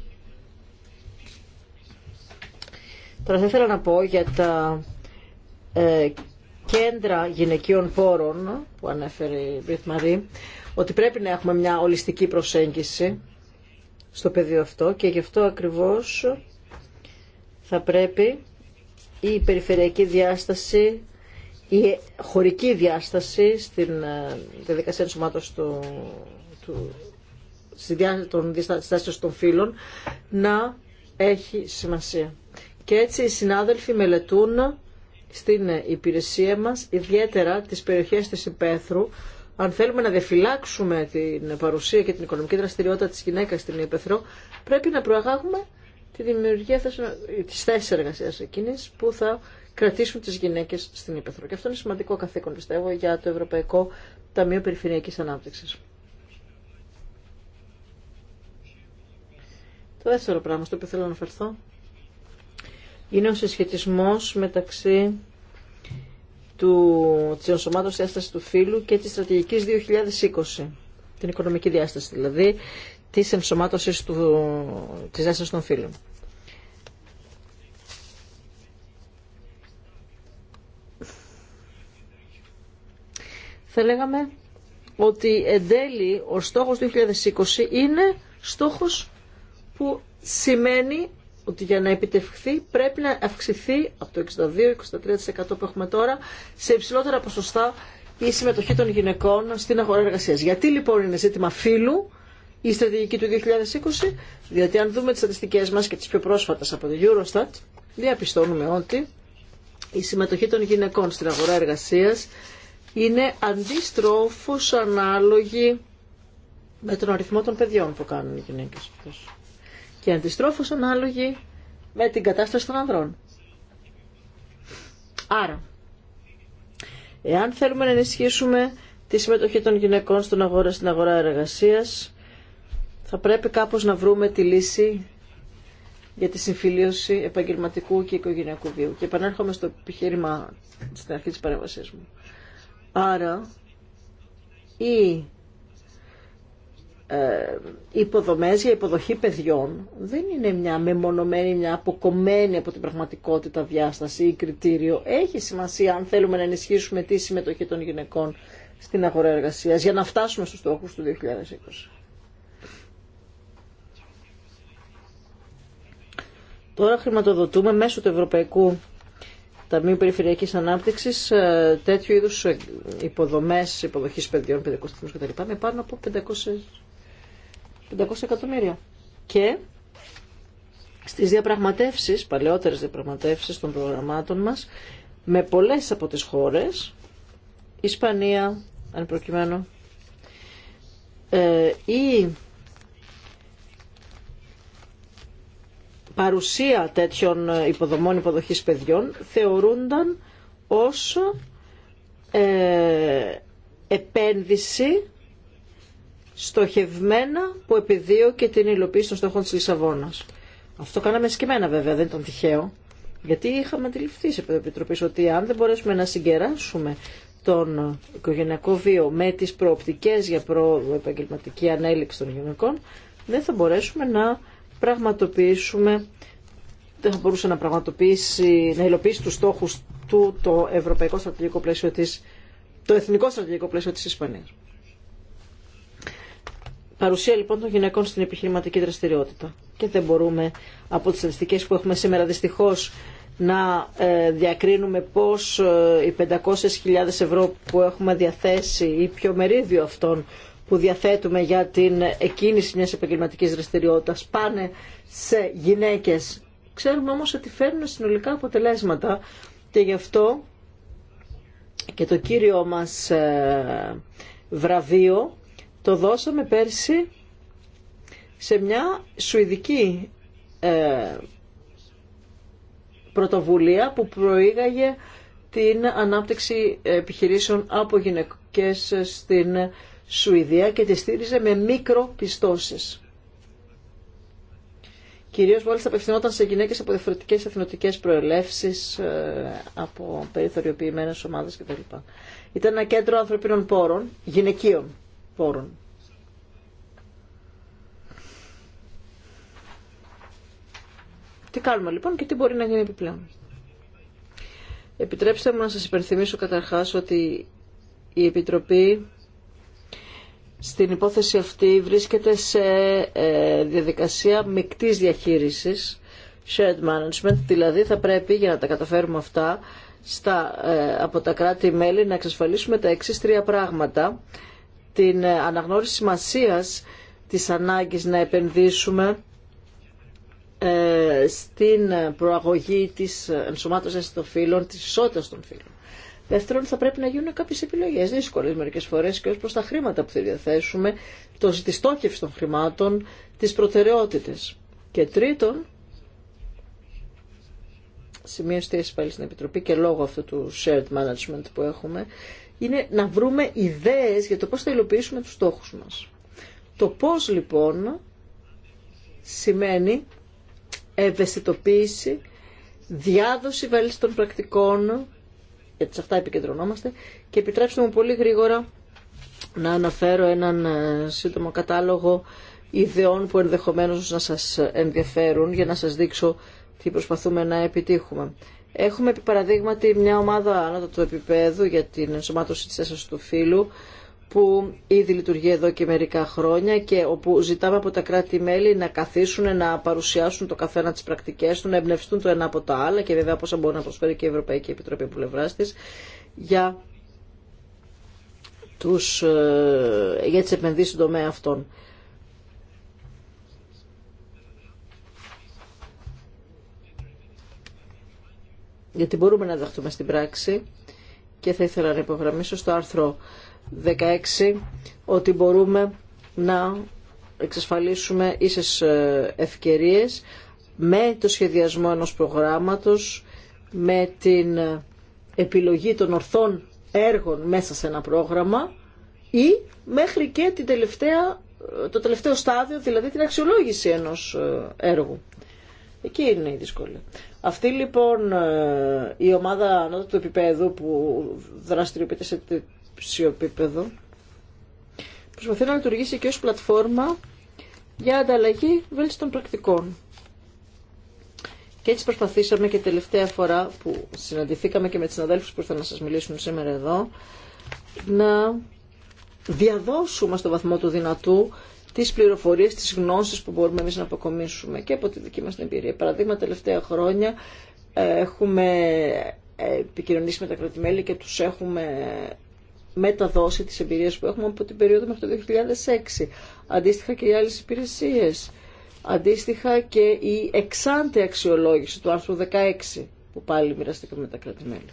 Τώρα θα ήθελα να πω για τα ε, κέντρα γυναικείων πόρων που ανέφερε η Μπριθ ότι πρέπει να έχουμε μια ολιστική προσέγγιση στο πεδίο αυτό και γι' αυτό ακριβώς θα πρέπει η περιφερειακή διάσταση, η χωρική διάσταση στην ε, διαδικασία ενσωμάτωση του, του, των των φύλων να έχει σημασία. Και έτσι οι συνάδελφοι μελετούν στην υπηρεσία μας, ιδιαίτερα τις περιοχές της υπαίθρου, αν θέλουμε να διαφυλάξουμε την παρουσία και την οικονομική δραστηριότητα της γυναίκας στην υπαίθρο, πρέπει να προαγάγουμε τη δημιουργία της θέσης εργασίας εκείνης που θα κρατήσουν τις γυναίκες στην υπαίθρο. Και αυτό είναι σημαντικό καθήκον, πιστεύω, για το Ευρωπαϊκό Ταμείο Περιφερειακής Ανάπτυξης. Το δεύτερο πράγμα στο οποίο θέλω να αναφερθώ είναι ο συσχετισμός μεταξύ του, της ενσωμάτωσης διάστασης του φύλου και της στρατηγικής 2020, την οικονομική διάσταση δηλαδή, της ενσωμάτωσης του, της διάστασης των φύλων. Θα λέγαμε ότι εν τέλει ο στόχος του 2020 είναι στόχος που σημαίνει ότι για να επιτευχθεί πρέπει να αυξηθεί από το 62-63% που έχουμε τώρα σε υψηλότερα ποσοστά η συμμετοχή των γυναικών στην αγορά εργασία. Γιατί λοιπόν είναι ζήτημα φύλου η στρατηγική του 2020, διότι αν δούμε τι στατιστικές μας και τις πιο πρόσφατες από το Eurostat, διαπιστώνουμε ότι η συμμετοχή των γυναικών στην αγορά εργασία είναι αντιστρόφως ανάλογη με τον αριθμό των παιδιών που κάνουν οι γυναίκες και αντιστρόφως ανάλογη με την κατάσταση των ανδρών. Άρα, εάν θέλουμε να ενισχύσουμε τη συμμετοχή των γυναικών στον αγορά, στην αγορά εργασίας, θα πρέπει κάπως να βρούμε τη λύση για τη συμφιλίωση επαγγελματικού και οικογενειακού βίου. Και επανέρχομαι στο επιχείρημα στην αρχή της παρέμβασής μου. Άρα, η ε, υποδομές για υποδοχή παιδιών δεν είναι μια μεμονωμένη, μια αποκομμένη από την πραγματικότητα διάσταση ή κριτήριο. Έχει σημασία αν θέλουμε να ενισχύσουμε τη συμμετοχή των γυναικών στην αγορά εργασίας για να φτάσουμε στους στόχους του 2020. Τώρα χρηματοδοτούμε μέσω του Ευρωπαϊκού Ταμείου Περιφερειακής Ανάπτυξης ε, τέτοιου είδους ε, υποδομές υποδοχής παιδιών, παιδικούς κτλ. με πάνω από 500 500 εκατομμύρια. Και στις διαπραγματεύσεις, παλαιότερες διαπραγματεύσεις των προγραμμάτων μας, με πολλές από τις χώρες, Ισπανία, αν προκειμένου, ε, η παρουσία τέτοιων υποδομών υποδοχής παιδιών θεωρούνταν ως ε, επένδυση στοχευμένα που επιδίωκε την υλοποίηση των στόχων της Λισαβόνας. Αυτό κάναμε σκημένα βέβαια, δεν ήταν τυχαίο. Γιατί είχαμε αντιληφθεί σε επιτροπή ότι αν δεν μπορέσουμε να συγκεράσουμε τον οικογενειακό βίο με τις προοπτικές για πρόοδο επαγγελματική ανέλυξη των γυναικών, δεν θα μπορέσουμε να πραγματοποιήσουμε, δεν θα μπορούσε να πραγματοποιήσει, να υλοποιήσει τους στόχους του το ευρωπαϊκό στρατηγικό πλαίσιο το εθνικό στρατηγικό πλαίσιο της Ισπανίας. Παρουσία λοιπόν των γυναικών στην επιχειρηματική δραστηριότητα. Και δεν μπορούμε από τις στατιστικέ που έχουμε σήμερα δυστυχώς να ε, διακρίνουμε πώς ε, οι 500.000 ευρώ που έχουμε διαθέσει ή ποιο μερίδιο αυτών που διαθέτουμε για την εκκίνηση μιας επαγγελματικής δραστηριότητας πάνε σε γυναίκες. Ξέρουμε όμως ότι φέρνουν συνολικά αποτελέσματα και γι' αυτό και το κύριο μας ε, βραβείο το δώσαμε πέρσι σε μια σουηδική ε, πρωτοβουλία που προήγαγε την ανάπτυξη επιχειρήσεων από γυναικές στην Σουηδία και τη στήριζε με μικροπιστώσεις. Κυρίως μόλις απευθυνόταν σε γυναίκες από διαφορετικές εθνοτικές προελεύσεις, ε, από περιθωριοποιημένες ομάδες κτλ. Ήταν ένα κέντρο ανθρωπίνων πόρων, γυναικείων τι κάνουμε λοιπόν και τι μπορεί να γίνει επιπλέον. Επιτρέψτε μου να σας υπενθυμίσω καταρχάς ότι η Επιτροπή στην υπόθεση αυτή βρίσκεται σε ε, διαδικασία μικτής διαχείρισης, shared management, δηλαδή θα πρέπει για να τα καταφέρουμε αυτά στα, ε, από τα κράτη-μέλη να εξασφαλίσουμε τα εξής τρία πράγματα την αναγνώριση σημασίας της ανάγκης να επενδύσουμε ε, στην προαγωγή της ενσωμάτωσης των φύλων, της ισότητας των φύλων. Δεύτερον, θα πρέπει να γίνουν κάποιε επιλογέ δύσκολε μερικέ φορέ και ω προ τα χρήματα που θα διαθέσουμε, το, τη στόχευση των χρημάτων, τι προτεραιότητες. Και τρίτον, σημείο στήριξη πάλι στην Επιτροπή και λόγω αυτού του shared management που έχουμε, είναι να βρούμε ιδέες για το πώς θα υλοποιήσουμε τους στόχους μας. Το πώς λοιπόν σημαίνει ευαισθητοποίηση, διάδοση βέλτιστων πρακτικών, γιατί σε αυτά επικεντρωνόμαστε, και επιτρέψτε μου πολύ γρήγορα να αναφέρω έναν ε, σύντομο κατάλογο ιδεών που ενδεχομένως να σας ενδιαφέρουν για να σας δείξω τι προσπαθούμε να επιτύχουμε. Έχουμε επί παραδείγματι μια ομάδα το επίπεδου για την ενσωμάτωση της έσωσης του φύλου που ήδη λειτουργεί εδώ και μερικά χρόνια και όπου ζητάμε από τα κράτη-μέλη να καθίσουν, να παρουσιάσουν το καθένα τις πρακτικές του, να εμπνευστούν το ένα από τα άλλα και βέβαια πόσα μπορεί να προσφέρει και η Ευρωπαϊκή Επιτροπή από πλευρά τη για, τους, ε, για τις επενδύσεις στον τομέα αυτών. γιατί μπορούμε να δεχτούμε στην πράξη και θα ήθελα να υπογραμμίσω στο άρθρο 16 ότι μπορούμε να εξασφαλίσουμε ίσες ε, ευκαιρίες με το σχεδιασμό ενός προγράμματος, με την ε, επιλογή των ορθών έργων μέσα σε ένα πρόγραμμα ή μέχρι και την τελευταία, ε, το τελευταίο στάδιο, δηλαδή την αξιολόγηση ενός έργου. Εκεί είναι η δυσκολία. Αυτή λοιπόν ε, η ομάδα ανώτατου επίπεδου που δραστηριοποιείται σε τέτοιο επίπεδο προσπαθεί να λειτουργήσει και ως πλατφόρμα για ανταλλαγή βέλτιστων πρακτικών. Και έτσι προσπαθήσαμε και τελευταία φορά που συναντηθήκαμε και με τις συναδέλφους που ήρθαν να σας μιλήσουν σήμερα εδώ να διαδώσουμε στο βαθμό του δυνατού τι πληροφορίε, τι γνώσει που μπορούμε εμεί να αποκομίσουμε και από τη δική μα εμπειρία. Παραδείγμα, τελευταία χρόνια ε, έχουμε ε, επικοινωνήσει με τα κρατημέλη και του έχουμε μεταδώσει τις εμπειρίες που έχουμε από την περίοδο μέχρι το 2006. Αντίστοιχα και οι άλλες υπηρεσίες. Αντίστοιχα και η εξάντια αξιολόγηση του άρθρου 16 που πάλι μοιραστήκαμε με τα κρατημέλη.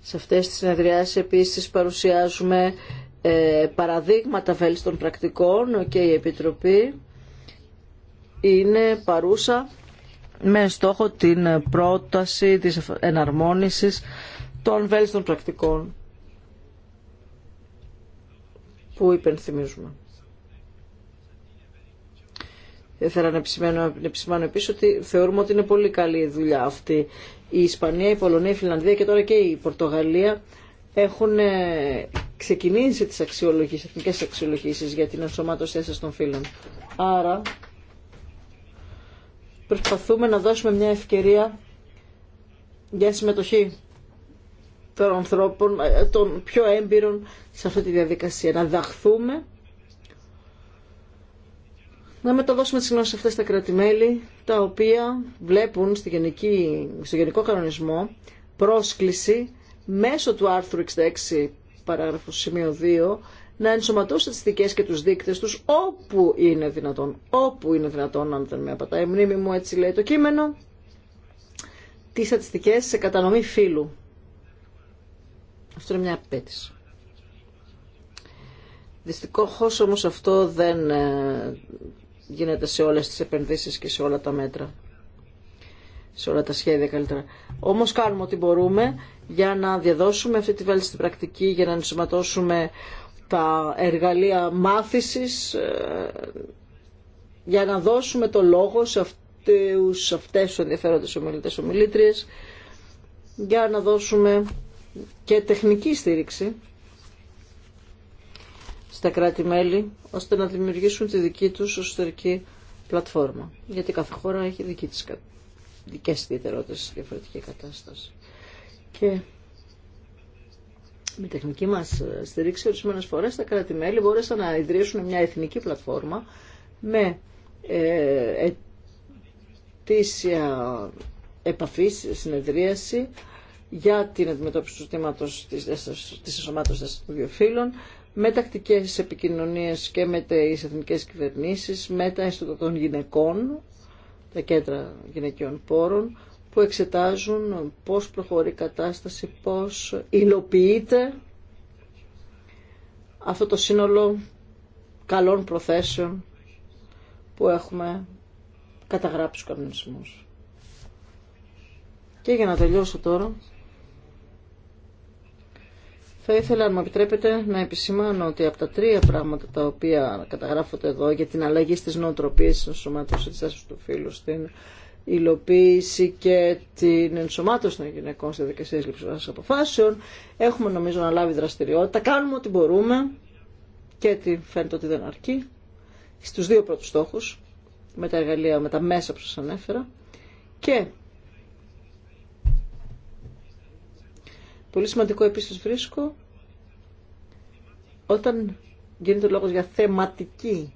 Σε αυτές τις συνεδριάσεις επίσης παρουσιάζουμε ε, παραδείγματα των πρακτικών και η Επιτροπή είναι παρούσα με στόχο την πρόταση της εναρμόνισης των βέλτιστων πρακτικών που υπενθυμίζουμε. Θέλω να επισημάνω, επισημάνω επίση ότι θεωρούμε ότι είναι πολύ καλή η δουλειά αυτή. Η Ισπανία, η Πολωνία, η Φιλανδία και τώρα και η Πορτογαλία έχουν ε, ξεκινήσει τις αξιολογήσεις, εθνικές αξιολογήσεις για την ενσωμάτωση των φίλων. Άρα προσπαθούμε να δώσουμε μια ευκαιρία για συμμετοχή των ανθρώπων, ε, των πιο έμπειρων σε αυτή τη διαδικασία. Να δαχθούμε, να μεταδώσουμε τις γνώσεις αυτές στα κρατημέλη, τα οποία βλέπουν στη γενική, στο γενικό κανονισμό πρόσκληση μέσω του άρθρου 66 παράγραφο σημείο 2 να ενσωματώσετε τις δικές και τους δείκτες τους όπου είναι δυνατόν. Όπου είναι δυνατόν, αν δεν με απατάει η μνήμη μου, έτσι λέει το κείμενο, τις στατιστικές σε κατανομή φύλου. Αυτό είναι μια απέτηση. Δυστυχώς όμως αυτό δεν ε, γίνεται σε όλες τις επενδύσεις και σε όλα τα μέτρα σε όλα τα σχέδια καλύτερα. Όμως κάνουμε ό,τι μπορούμε για να διαδώσουμε αυτή τη βέλτιστη πρακτική, για να ενσωματώσουμε τα εργαλεία μάθησης, ε, για να δώσουμε το λόγο σε αυτούς, σε αυτές τους ενδιαφέροντες ομιλητές ομιλήτριες, για να δώσουμε και τεχνική στήριξη στα κράτη-μέλη, ώστε να δημιουργήσουν τη δική τους εσωτερική πλατφόρμα. Γιατί κάθε χώρα έχει δική της δικές ιδιαιτερότητες, διαφορετική κατάσταση. Και με τεχνική μας στηρίξη ορισμένες φορές τα κράτη-μέλη μπόρεσαν να ιδρύσουν μια εθνική πλατφόρμα με ε, επαφή, συνεδρίαση για την αντιμετώπιση του ζητήματος της ενσωμάτωση των δύο φύλων, με τακτικές επικοινωνίες και με τις εθνικές κυβερνήσεις, με τα ιστοτοτών των Γυναικών τα κέντρα γυναικείων πόρων που εξετάζουν πώς προχωρεί η κατάσταση, πώς υλοποιείται αυτό το σύνολο καλών προθέσεων που έχουμε καταγράψει στους κανονισμούς. Και για να τελειώσω τώρα, θα ήθελα, αν μου επιτρέπετε, να επισημάνω ότι από τα τρία πράγματα τα οποία καταγράφονται εδώ για την αλλαγή στις νοοτροπίες, ενσωμάτωσης της θέσης του φύλου στην υλοποίηση και την ενσωμάτωση των γυναικών σε δικασίες λήψη αποφάσεων, έχουμε νομίζω να λάβει δραστηριότητα, κάνουμε ό,τι μπορούμε και τι φαίνεται ότι δεν αρκεί, στους δύο πρώτους στόχους, με τα εργαλεία, με τα μέσα που σας ανέφερα, και Πολύ σημαντικό επίσης βρίσκω όταν γίνεται λόγος για θεματική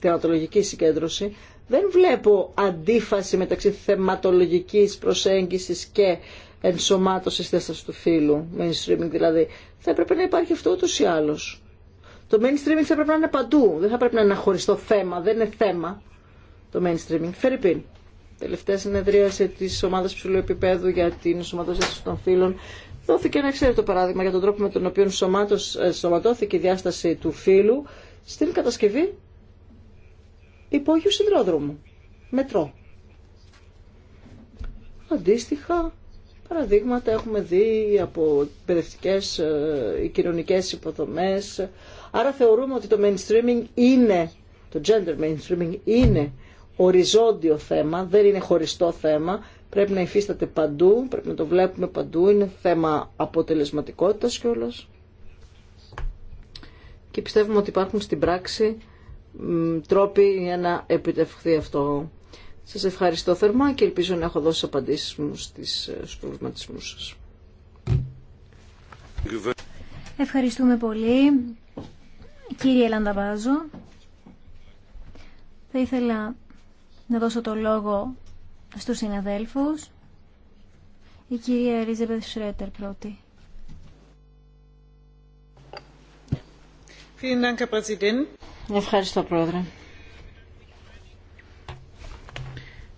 θεατρολογική συγκέντρωση, δεν βλέπω αντίφαση μεταξύ θεματολογικής προσέγγισης και ενσωμάτωσης θέσης του φύλου, mainstreaming δηλαδή. Θα έπρεπε να υπάρχει αυτό ούτως ή άλλως. Το mainstreaming θα έπρεπε να είναι παντού, δεν θα πρέπει να είναι ένα χωριστό θέμα, δεν είναι θέμα το mainstreaming. Φερρυπίν τελευταία συνεδρίαση της ομάδας ψηλού επίπεδου για την σωματοζήτηση των φύλων δόθηκε ένα εξαίρετο παράδειγμα για τον τρόπο με τον οποίο ε, σωματώθηκε η διάσταση του φύλου στην κατασκευή υπόγειου συνδρόδρομου. μετρό. Αντίστοιχα, παραδείγματα έχουμε δει από εκπαιδευτικέ ή ε, κοινωνικέ υποδομέ. Άρα θεωρούμε ότι το mainstreaming είναι, το gender mainstreaming είναι οριζόντιο θέμα, δεν είναι χωριστό θέμα, πρέπει να υφίσταται παντού, πρέπει να το βλέπουμε παντού, είναι θέμα αποτελεσματικότητας κιόλας. Και πιστεύουμε ότι υπάρχουν στην πράξη τρόποι για να επιτευχθεί αυτό. Σας ευχαριστώ θερμά και ελπίζω να έχω δώσει απαντήσεις μου στις, ε, στους προβληματισμούς σας. Ευχαριστούμε πολύ. Κύριε Λανταβάζο, θα ήθελα να δώσω το λόγο στους συναδέλφους. Η κυρία Ρίζεπεθ Σρέτερ πρώτη. Ευχαριστώ πρόεδρε.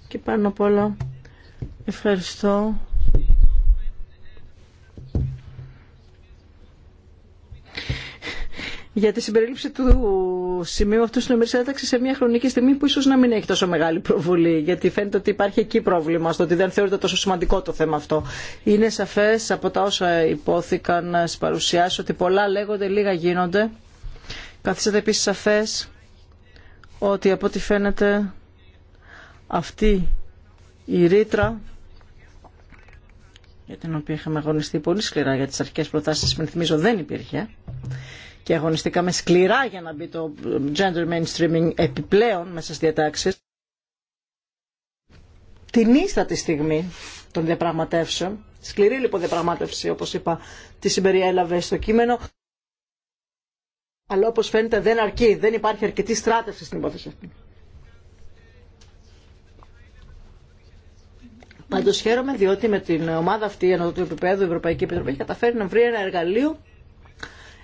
Και πάνω απ' όλα ευχαριστώ για τη συμπερίληψη του σημείου αυτού στην ομιλία ένταξη σε μια χρονική στιγμή που ίσω να μην έχει τόσο μεγάλη προβολή. Γιατί φαίνεται ότι υπάρχει εκεί πρόβλημα, στο ότι δεν θεωρείται τόσο σημαντικό το θέμα αυτό. Είναι σαφέ από τα όσα υπόθηκαν στι παρουσιάσει ότι πολλά λέγονται, λίγα γίνονται. Καθίσατε επίση σαφέ ότι από ό,τι φαίνεται αυτή η ρήτρα για την οποία είχαμε αγωνιστεί πολύ σκληρά για τις αρχικές προτάσεις, μην θυμίζω δεν υπήρχε και αγωνιστήκαμε σκληρά για να μπει το gender mainstreaming επιπλέον μέσα στις διατάξεις. Την ίστατη στιγμή των διαπραγματεύσεων, σκληρή λοιπόν διαπραγμάτευση όπως είπα, τη συμπεριέλαβε στο κείμενο. Αλλά όπως φαίνεται δεν αρκεί, δεν υπάρχει αρκετή στράτευση στην υπόθεση αυτή. Πάντω χαίρομαι διότι με την ομάδα αυτή επίπεδου η Ευρωπαϊκή Επιτροπή έχει καταφέρει να βρει ένα εργαλείο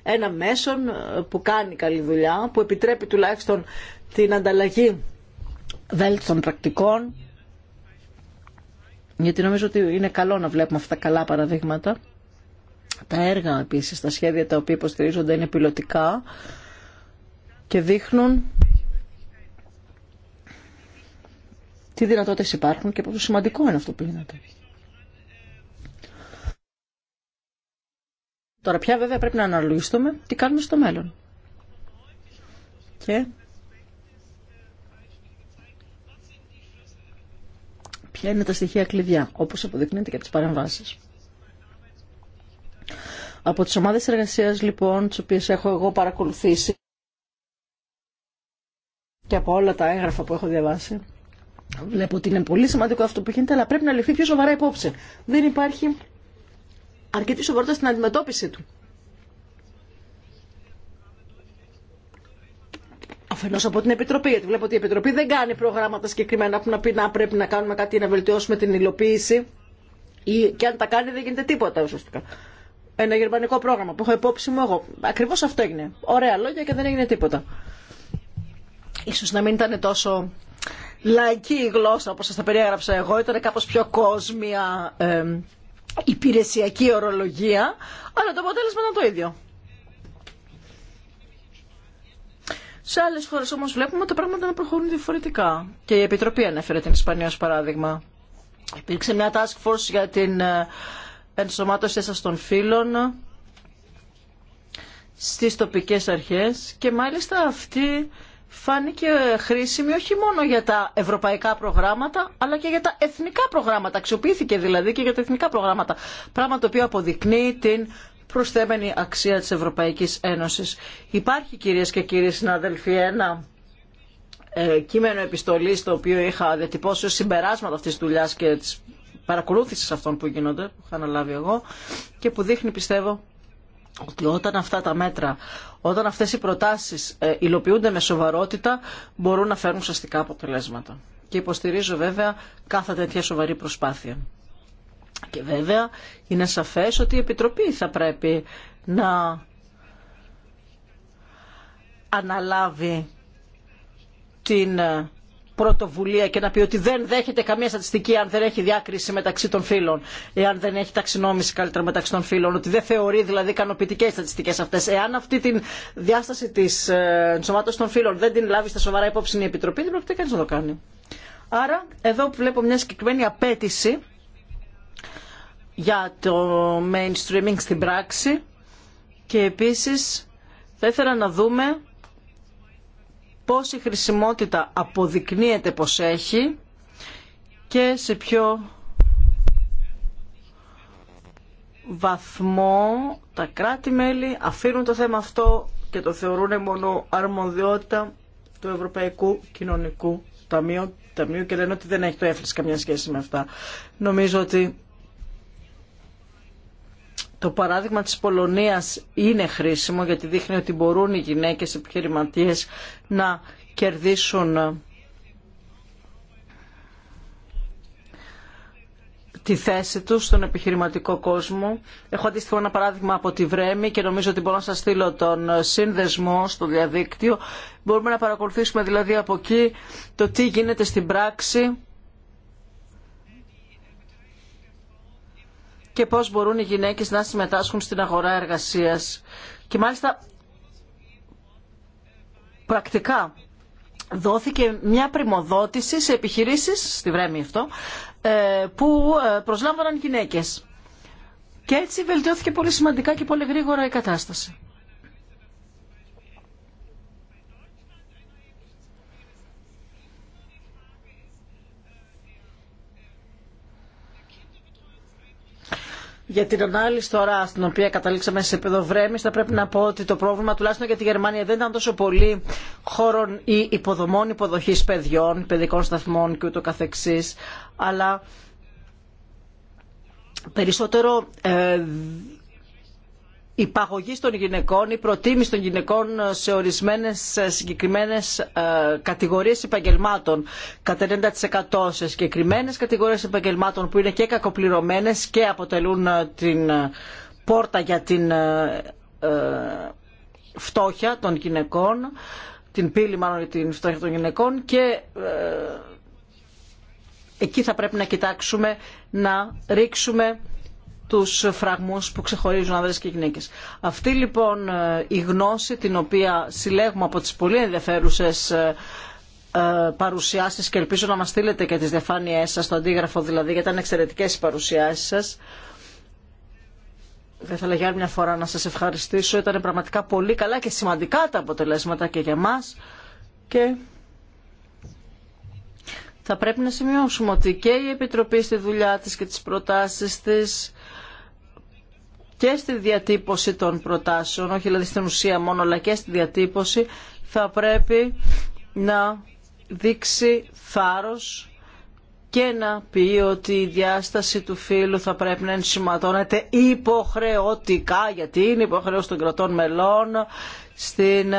ένα μέσον ε, που κάνει καλή δουλειά, που επιτρέπει τουλάχιστον την ανταλλαγή βέλτιστων πρακτικών, γιατί νομίζω ότι είναι καλό να βλέπουμε αυτά τα καλά παραδείγματα. Τα έργα επίσης, τα σχέδια τα οποία υποστηρίζονται είναι πιλωτικά και δείχνουν τι δυνατότητες υπάρχουν και πόσο σημαντικό είναι αυτό που γίνεται. Τώρα πια βέβαια πρέπει να αναλογιστούμε τι κάνουμε στο μέλλον. Και ποια είναι τα στοιχεία κλειδιά, όπως αποδεικνύεται και από τις παρεμβάσεις. Από τις ομάδες εργασίας λοιπόν, τις οποίες έχω εγώ παρακολουθήσει και από όλα τα έγγραφα που έχω διαβάσει, βλέπω ότι είναι πολύ σημαντικό αυτό που γίνεται, αλλά πρέπει να ληφθεί πιο σοβαρά υπόψη. Δεν υπάρχει αρκετή σοβαρότητα στην αντιμετώπιση του. Αφενό από την Επιτροπή, γιατί βλέπω ότι η Επιτροπή δεν κάνει προγράμματα συγκεκριμένα που να πει να πρέπει να κάνουμε κάτι να βελτιώσουμε την υλοποίηση ή, και αν τα κάνει δεν γίνεται τίποτα ουσιαστικά. Ένα γερμανικό πρόγραμμα που έχω υπόψη μου εγώ. Ακριβώ αυτό έγινε. Ωραία λόγια και δεν έγινε τίποτα. Ίσως να μην ήταν τόσο λαϊκή η γλώσσα όπως σας τα περιέγραψα εγώ, ήταν κάπως πιο κόσμια ε, υπηρεσιακή ορολογία, αλλά το αποτέλεσμα ήταν το ίδιο. Σε άλλε χώρε όμω βλέπουμε τα πράγματα να προχωρούν διαφορετικά. Και η Επιτροπή ανέφερε την Ισπανία ω παράδειγμα. Υπήρξε μια task force για την ε, ενσωμάτωση σα των φύλων στις τοπικές αρχές και μάλιστα αυτή φάνηκε χρήσιμη όχι μόνο για τα ευρωπαϊκά προγράμματα, αλλά και για τα εθνικά προγράμματα. Αξιοποιήθηκε δηλαδή και για τα εθνικά προγράμματα. Πράγμα το οποίο αποδεικνύει την προσθέμενη αξία της Ευρωπαϊκής Ένωσης. Υπάρχει κυρίες και κύριοι συναδελφοί ένα ε, κείμενο επιστολής το οποίο είχα διατυπώσει ως συμπεράσματα αυτής της δουλειάς και της παρακολούθησης αυτών που γίνονται, που είχα αναλάβει εγώ και που δείχνει πιστεύω ότι όταν αυτά τα μέτρα, όταν αυτές οι προτάσεις ε, υλοποιούνται με σοβαρότητα, μπορούν να φέρουν σαστικά αποτελέσματα. Και υποστηρίζω βέβαια κάθε τέτοια σοβαρή προσπάθεια. Και βέβαια είναι σαφές ότι η Επιτροπή θα πρέπει να αναλάβει την ε, πρωτοβουλία και να πει ότι δεν δέχεται καμία στατιστική αν δεν έχει διάκριση μεταξύ των φύλων, εάν δεν έχει ταξινόμηση καλύτερα μεταξύ των φύλων, ότι δεν θεωρεί δηλαδή ικανοποιητικέ στατιστικέ αυτέ. Εάν αυτή τη διάσταση τη ε, ενσωμάτωση των φύλων δεν την λάβει στα σοβαρά υπόψη η Επιτροπή, δεν πρόκειται κανεί να το κάνει. Άρα, εδώ βλέπω μια συγκεκριμένη απέτηση για το mainstreaming στην πράξη και επίσης θα ήθελα να δούμε πόση χρησιμότητα αποδεικνύεται πως έχει και σε ποιο βαθμό τα κράτη-μέλη αφήνουν το θέμα αυτό και το θεωρούν μόνο αρμοδιότητα του Ευρωπαϊκού Κοινωνικού Ταμείου, ταμείου και λένε ότι δεν έχει το καμιά σχέση με αυτά. Νομίζω ότι το παράδειγμα της Πολωνίας είναι χρήσιμο γιατί δείχνει ότι μπορούν οι γυναίκες επιχειρηματίες να κερδίσουν ε, τη θέση τους στον επιχειρηματικό κόσμο. Έχω αντίστοιχο ένα παράδειγμα από τη Βρέμη και νομίζω ότι μπορώ να σας στείλω τον ε, σύνδεσμο στο διαδίκτυο. Μπορούμε να παρακολουθήσουμε δηλαδή από εκεί το τι γίνεται στην πράξη και πώς μπορούν οι γυναίκες να συμμετάσχουν στην αγορά εργασίας. Και μάλιστα πρακτικά δόθηκε μια πρημοδότηση σε επιχειρήσεις, στη Βρέμη αυτό, ε, που ε, προσλάμβαναν γυναίκες. Και έτσι βελτιώθηκε πολύ σημαντικά και πολύ γρήγορα η κατάσταση. Για την ανάλυση τώρα στην οποία καταλήξαμε σε επίπεδο βρέμη, θα πρέπει να πω ότι το πρόβλημα τουλάχιστον για τη Γερμανία δεν ήταν τόσο πολύ χώρων ή υποδομών υποδοχή παιδιών, παιδικών σταθμών και ούτω καθεξής, αλλά περισσότερο ε, η παγωγή των γυναικών, η προτίμηση των γυναικών σε ορισμένες συγκεκριμένες ε, κατηγορίες επαγγελμάτων κατά 90% σε συγκεκριμένες κατηγορίες επαγγελμάτων που είναι και κακοπληρωμένες και αποτελούν ε, την ε, πόρτα για την φτώχεια των γυναικών, την πύλη μάλλον για την φτώχεια των γυναικών και εκεί θα πρέπει να κοιτάξουμε να ρίξουμε τους φραγμούς που ξεχωρίζουν άνδρες και γυναίκες. Αυτή λοιπόν ε, η γνώση την οποία συλλέγουμε από τις πολύ ενδιαφέρουσες ε, ε, παρουσιάσεις και ελπίζω να μας στείλετε και τις διαφάνειές σας, το αντίγραφο δηλαδή, γιατί ήταν εξαιρετικές οι παρουσιάσεις σας. Δεν θα για άλλη μια φορά να σας ευχαριστήσω. Ήταν πραγματικά πολύ καλά και σημαντικά τα αποτελέσματα και για μας. Και θα πρέπει να σημειώσουμε ότι και η Επιτροπή στη δουλειά της και τις προτάσεις της και στη διατύπωση των προτάσεων, όχι δηλαδή στην ουσία μόνο, αλλά και στη διατύπωση, θα πρέπει να δείξει θάρρος και να πει ότι η διάσταση του φίλου θα πρέπει να ενσηματώνεται υποχρεωτικά, γιατί είναι υποχρέωση των κρατών μελών στην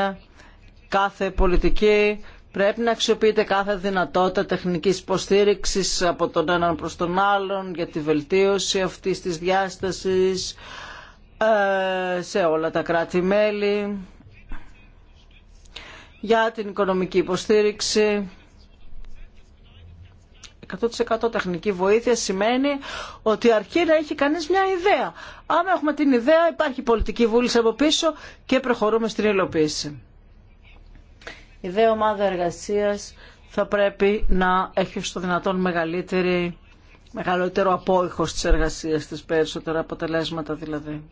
κάθε πολιτική. Πρέπει να αξιοποιείται κάθε δυνατότητα τεχνικής υποστήριξη από τον έναν προς τον άλλον για τη βελτίωση αυτής της διάστασης ε, σε όλα τα κράτη-μέλη για την οικονομική υποστήριξη. 100% τεχνική βοήθεια σημαίνει ότι αρχεί να έχει κανείς μια ιδέα. Άμα έχουμε την ιδέα υπάρχει πολιτική βούληση από πίσω και προχωρούμε στην υλοποίηση. Η δε ομάδα εργασίας θα πρέπει να έχει στο δυνατόν μεγαλύτερη, μεγαλύτερο απόϊχο της εργασίας της, περισσότερα αποτελέσματα δηλαδή.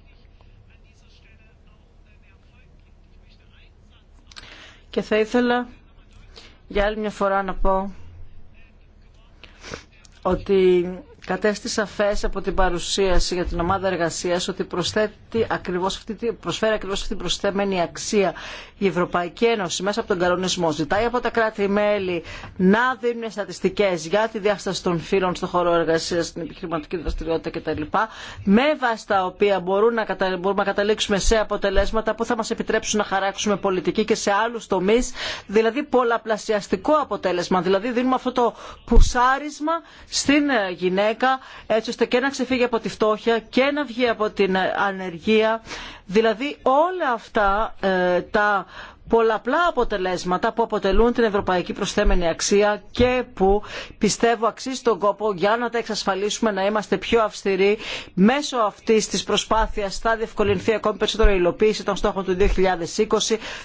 Και θα ήθελα για άλλη μια φορά να πω ότι κατέστη φέσαι από την παρουσίαση για την ομάδα εργασία ότι προσθέτει ακριβώς αυτή, προσφέρει ακριβώ αυτή την προσθέμενη αξία η Ευρωπαϊκή Ένωση μέσα από τον κανονισμό. Ζητάει από τα κράτη-μέλη να δίνουν στατιστικέ για τη διάσταση των φύλων στον χώρο εργασία, στην επιχειρηματική δραστηριότητα κτλ. Με βάση τα οποία μπορούν να μπορούμε να καταλήξουμε σε αποτελέσματα που θα μα επιτρέψουν να χαράξουμε πολιτική και σε άλλου τομεί, δηλαδή πολλαπλασιαστικό αποτέλεσμα. Δηλαδή δίνουμε αυτό το πουσάρισμα στην γυναίκα γυναίκα έτσι ώστε και να ξεφύγει από τη φτώχεια και να βγει από την ανεργία. Δηλαδή όλα αυτά ε, τα πολλαπλά αποτελέσματα που αποτελούν την ευρωπαϊκή προσθέμενη αξία και που πιστεύω αξίζει τον κόπο για να τα εξασφαλίσουμε να είμαστε πιο αυστηροί. Μέσω αυτή τη προσπάθεια θα διευκολυνθεί ακόμη περισσότερο η υλοποίηση των στόχων του 2020,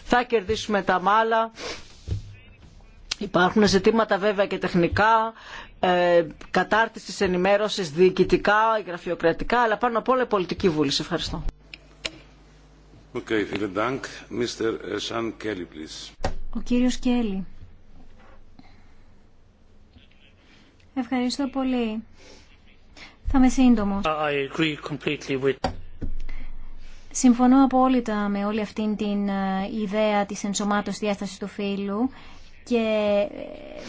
θα κερδίσουμε τα μάλα. Υπάρχουν ζητήματα βέβαια και τεχνικά ε, κατάρτισης, ενημέρωσης, διοικητικά, γραφειοκρατικά, αλλά πάνω απ' όλα η πολιτική βούληση. Ευχαριστώ. Okay, Mr. Ε, Kelly, please. Ο κύριος Κέλλη. Ευχαριστώ πολύ. Θα είμαι σύντομο. With... Συμφωνώ απόλυτα με όλη αυτή την ε, ιδέα της ενσωμάτωσης διάστασης του φύλου και ε,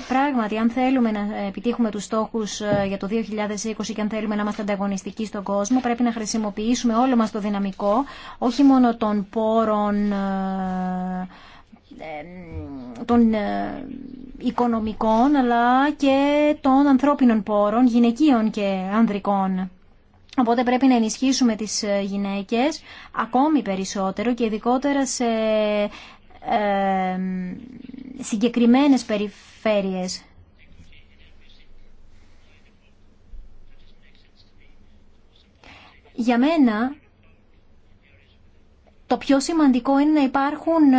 πράγματι, αν θέλουμε να επιτύχουμε τους στόχους ε, για το 2020 και αν θέλουμε να είμαστε ανταγωνιστικοί στον κόσμο, πρέπει να χρησιμοποιήσουμε όλο μας το δυναμικό, όχι μόνο των πόρων ε, των οικονομικών αλλά και των ανθρώπινων πόρων, γυναικείων και ανδρικών. Οπότε πρέπει να ενισχύσουμε τις γυναίκες ακόμη περισσότερο και ειδικότερα σε ε, συγκεκριμένες περιφέρειες. Για μένα το πιο σημαντικό είναι να υπάρχουν,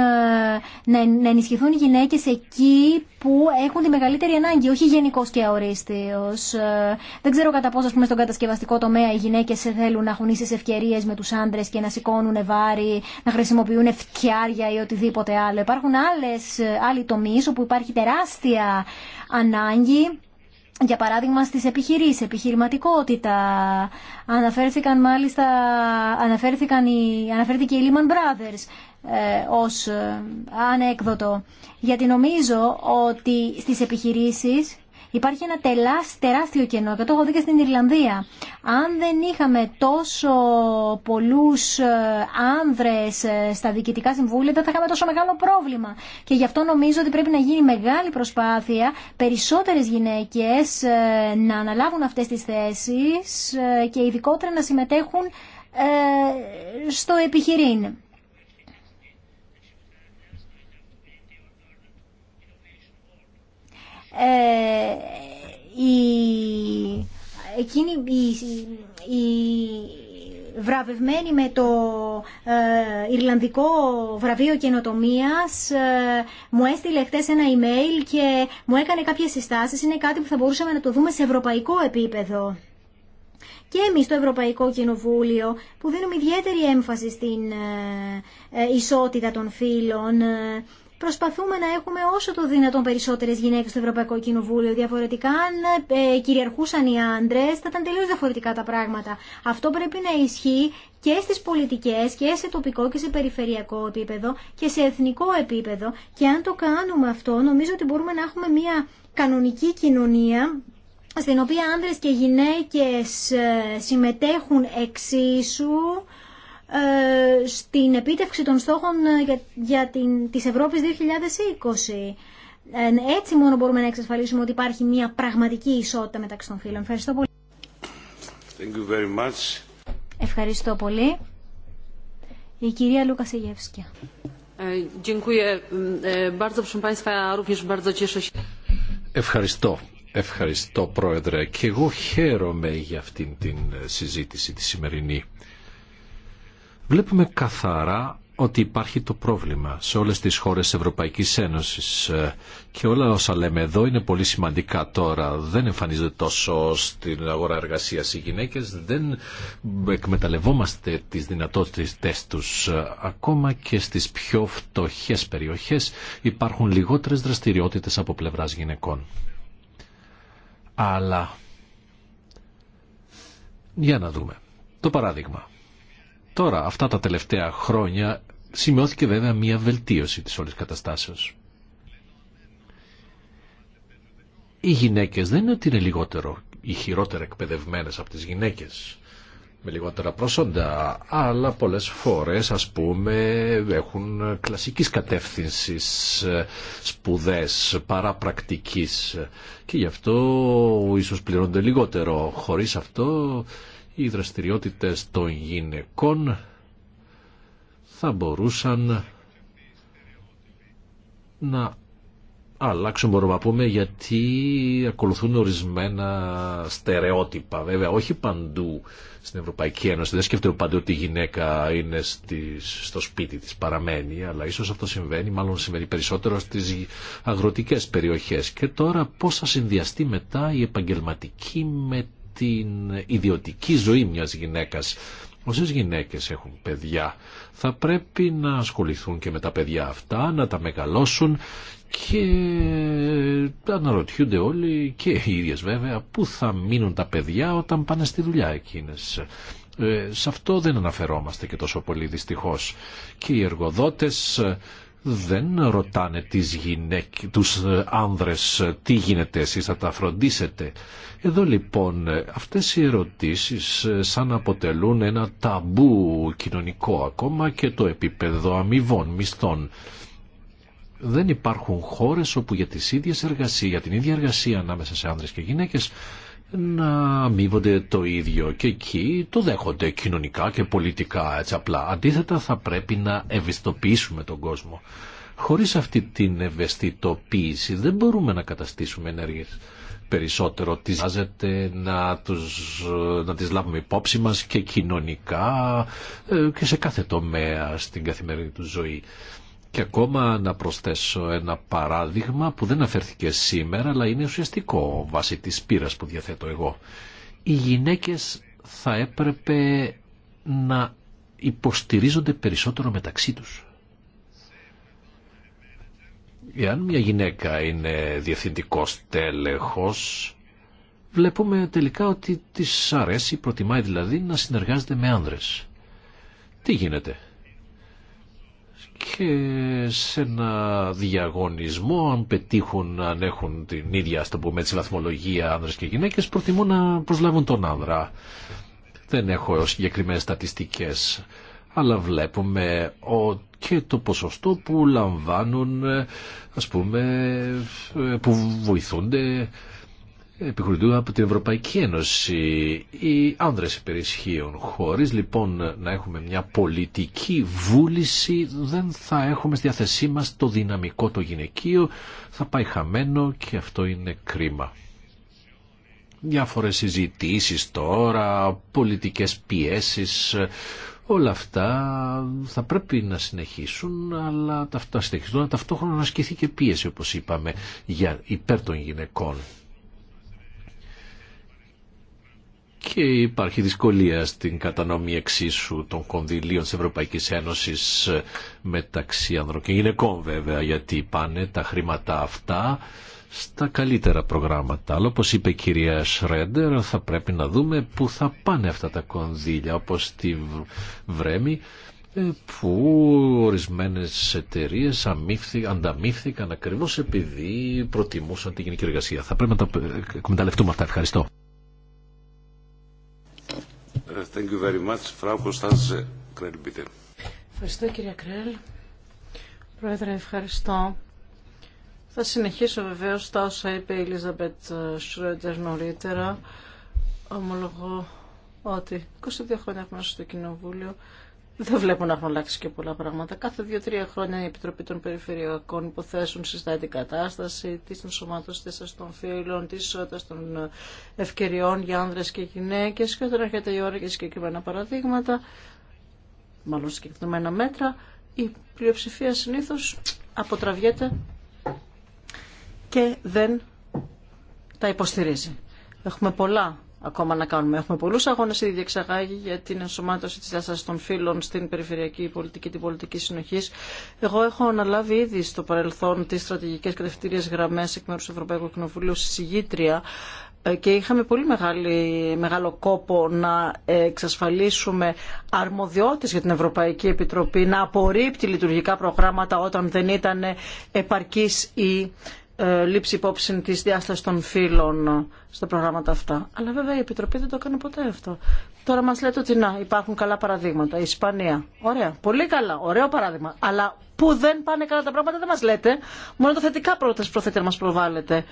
ε, να ενισχυθούν οι γυναίκες εκεί που έχουν τη μεγαλύτερη ανάγκη, όχι γενικώ και αορίστιος. Ε, δεν ξέρω κατά πόσο, ας πούμε, στον κατασκευαστικό τομέα οι γυναίκες θέλουν να έχουν ίσες ευκαιρίες με τους άντρες και να σηκώνουν βάρη, να χρησιμοποιούν φτιάρια ή οτιδήποτε άλλο. Υπάρχουν ε, άλλοι τομείς όπου υπάρχει τεράστια ανάγκη για παράδειγμα στις επιχειρήσεις, επιχειρηματικότητα. Αναφέρθηκαν μάλιστα, αναφέρθηκαν οι, αναφέρθηκε η Lehman Brothers ε, ως ε, ανέκδοτο. Γιατί νομίζω ότι στις επιχειρήσεις Υπάρχει ένα τελάς, τεράστιο κενό και το έχω δει και στην Ιρλανδία. Αν δεν είχαμε τόσο πολλούς ε, άνδρες ε, στα διοικητικά συμβούλια δεν θα είχαμε τόσο μεγάλο πρόβλημα. Και γι' αυτό νομίζω ότι πρέπει να γίνει μεγάλη προσπάθεια περισσότερες γυναίκες ε, να αναλάβουν αυτές τις θέσεις και ειδικότερα να συμμετέχουν στο επιχειρήν. Ε, η, εκείνη, η, βραβευμένη με το ε, Ιρλανδικό βραβείο καινοτομία, ε, μου έστειλε χτες ένα email και μου έκανε κάποιες συστάσεις. Είναι κάτι που θα μπορούσαμε να το δούμε σε ευρωπαϊκό επίπεδο. Και εμείς στο Ευρωπαϊκό Κοινοβούλιο που δίνουμε ιδιαίτερη έμφαση στην ισότητα των φύλων προσπαθούμε να έχουμε όσο το δυνατόν περισσότερε γυναίκε στο Ευρωπαϊκό Κοινοβούλιο. Διαφορετικά, αν ε, κυριαρχούσαν οι άντρε, θα ήταν τελείω διαφορετικά τα πράγματα. Αυτό πρέπει να ισχύει και στι πολιτικέ και σε τοπικό και σε περιφερειακό επίπεδο και σε εθνικό επίπεδο. Και αν το κάνουμε αυτό, νομίζω ότι μπορούμε να έχουμε μια κανονική κοινωνία στην οποία άνδρες και γυναίκες ε, συμμετέχουν εξίσου ε, στην επίτευξη των στόχων ε, για την της Ευρώπης 2020. Ε, έτσι μόνο μπορούμε να εξασφαλίσουμε ότι υπάρχει μια πραγματική ισότητα μεταξύ των φίλων. Ευχαριστώ πολύ. Thank you very much. Ευχαριστώ πολύ. Η κυρία Λούκα Σεγεύσκια. Ευχαριστώ. Ευχαριστώ, Πρόεδρε. Και εγώ χαίρομαι για αυτήν την συζήτηση τη σημερινή βλέπουμε καθαρά ότι υπάρχει το πρόβλημα σε όλες τις χώρες Ευρωπαϊκής Ένωσης ε, και όλα όσα λέμε εδώ είναι πολύ σημαντικά τώρα. Δεν εμφανίζεται τόσο στην αγορά εργασίας οι γυναίκες, δεν εκμεταλλευόμαστε τις δυνατότητες τους. Ε, ακόμα και στις πιο φτωχές περιοχές υπάρχουν λιγότερες δραστηριότητες από πλευράς γυναικών. Αλλά για να δούμε. Το παράδειγμα Τώρα, αυτά τα τελευταία χρόνια σημειώθηκε βέβαια μία βελτίωση της όλης καταστάσεως. Οι γυναίκες δεν είναι ότι είναι λιγότερο ή χειρότερα εκπαιδευμένες από τις γυναίκες με λιγότερα προσόντα, αλλά πολλές φορές ας πούμε έχουν κλασικής κατεύθυνσης σπουδές παραπρακτικής και γι' αυτό ίσως πληρώνονται λιγότερο. Χωρίς αυτό οι δραστηριότητες των γυναικών θα μπορούσαν να αλλάξουν μπορούμε να πούμε γιατί ακολουθούν ορισμένα στερεότυπα βέβαια όχι παντού στην Ευρωπαϊκή Ένωση δεν σκέφτεται παντού ότι η γυναίκα είναι στις, στο σπίτι της παραμένει αλλά ίσως αυτό συμβαίνει μάλλον συμβαίνει περισσότερο στις αγροτικές περιοχές και τώρα πώς θα συνδυαστεί μετά η επαγγελματική με την ιδιωτική ζωή μιας γυναίκας. Όσες γυναίκες έχουν παιδιά θα πρέπει να ασχοληθούν και με τα παιδιά αυτά, να τα μεγαλώσουν και αναρωτιούνται όλοι και οι ίδιες βέβαια πού θα μείνουν τα παιδιά όταν πάνε στη δουλειά εκείνες. Ε, σε αυτό δεν αναφερόμαστε και τόσο πολύ δυστυχώς. Και οι εργοδότες δεν ρωτάνε τις γυναίκες, τους ε, άνδρες ε, τι γίνεται εσείς θα τα φροντίσετε. Εδώ λοιπόν ε, αυτές οι ερωτήσεις σαν αποτελούν ένα ταμπού κοινωνικό ακόμα και το επίπεδο αμοιβών μισθών. Δεν υπάρχουν χώρες όπου για τις ίδιες εργασίες, για την ίδια εργασία ανάμεσα σε άνδρες και γυναίκες να αμείβονται το ίδιο και εκεί το δέχονται κοινωνικά και πολιτικά έτσι απλά. Αντίθετα θα πρέπει να ευαισθητοποιήσουμε τον κόσμο. Χωρίς αυτή την ευαισθητοποίηση δεν μπορούμε να καταστήσουμε ενέργειες περισσότερο. Τι ζάζεται να, τους, να τις λάβουμε υπόψη μας και κοινωνικά ε, και σε κάθε τομέα στην καθημερινή του ζωή. Και ακόμα να προσθέσω ένα παράδειγμα που δεν αφέρθηκε σήμερα, αλλά είναι ουσιαστικό βάσει της πείρας που διαθέτω εγώ. Οι γυναίκες θα έπρεπε να υποστηρίζονται περισσότερο μεταξύ τους. Εάν μια γυναίκα είναι διευθυντικός τέλεχος, βλέπουμε τελικά ότι της αρέσει, προτιμάει δηλαδή να συνεργάζεται με άνδρες. Τι γίνεται και σε ένα διαγωνισμό αν πετύχουν, αν έχουν την ίδια στο πούμε έτσι βαθμολογία άνδρες και γυναίκες προτιμούν να προσλάβουν τον άνδρα. Δεν έχω συγκεκριμένες στατιστικές αλλά βλέπουμε ότι και το ποσοστό που λαμβάνουν ας πούμε που βοηθούνται Επιχωρητούν από την Ευρωπαϊκή Ένωση οι άνδρες υπερισχύων χωρίς λοιπόν να έχουμε μια πολιτική βούληση δεν θα έχουμε στη διάθεσή μας το δυναμικό το γυναικείο θα πάει χαμένο και αυτό είναι κρίμα διάφορες συζητήσεις τώρα πολιτικές πιέσεις Όλα αυτά θα πρέπει να συνεχίσουν, αλλά ταυτόχρονα να ασκηθεί και πίεση, όπως είπαμε, για υπέρ των γυναικών. και υπάρχει δυσκολία στην κατανομή εξίσου των κονδυλίων της Ευρωπαϊκής Ένωσης ε, μεταξύ ανδρών και γυναικών βέβαια γιατί πάνε τα χρήματα αυτά στα καλύτερα προγράμματα. Αλλά όπως είπε η κυρία Σρέντερ θα πρέπει να δούμε πού θα πάνε αυτά τα κονδύλια όπως στη Βρέμη ε, που ορισμένες εταιρείε ανταμείφθηκαν ακριβώς επειδή προτιμούσαν τη γενική εργασία. Θα πρέπει να τα ε, εκμεταλλευτούμε αυτά. Ευχαριστώ. Ε, thank you very much. Frau Krell, bitte. Ευχαριστώ κύριε Κρέλ. Πρόεδρε, ευχαριστώ. Θα συνεχίσω βεβαίως τα όσα είπε η Ελίζαμπετ Σρόντερ νωρίτερα. Ομολογώ ότι 22 χρόνια έχουμε στο Κοινοβούλιο δεν βλέπω να έχουν αλλάξει και πολλά πράγματα. Κάθε δύο-τρία χρόνια η Επιτροπή των Περιφερειακών Υποθέσεων συζητάει την κατάσταση τη ενσωμάτωση των φίλων, τη ισότητα των ευκαιριών για άνδρε και γυναίκε. Και όταν έρχεται η ώρα για συγκεκριμένα παραδείγματα, μάλλον συγκεκριμένα μέτρα, η πλειοψηφία συνήθω αποτραβιέται και δεν τα υποστηρίζει. Έχουμε πολλά ακόμα να κάνουμε. Έχουμε πολλούς αγώνες ήδη διεξαγάγει για την ενσωμάτωση της διάστασης των φύλων στην περιφερειακή πολιτική, την πολιτική συνοχής. Εγώ έχω αναλάβει ήδη στο παρελθόν τις στρατηγικές κατευθυντήριες γραμμές εκ μέρους του Ευρωπαϊκού Κοινοβουλίου συγγήτρια ε, και είχαμε πολύ μεγάλη, μεγάλο κόπο να εξασφαλίσουμε αρμοδιότητες για την Ευρωπαϊκή Επιτροπή να απορρίπτει λειτουργικά προγράμματα όταν δεν ήταν επαρκής η ε, λήψη υπόψη τη διάσταση των φύλων ε, στα προγράμματα αυτά. Αλλά βέβαια η Επιτροπή δεν το έκανε ποτέ αυτό. Τώρα μα λέτε ότι να, υπάρχουν καλά παραδείγματα. Η Ισπανία. Ωραία. Πολύ καλά. Ωραίο παράδειγμα. Αλλά που δεν πάνε καλά τα πράγματα δεν μα λέτε. Μόνο το θετικά πρώτα προθέτε να μα προβάλλετε.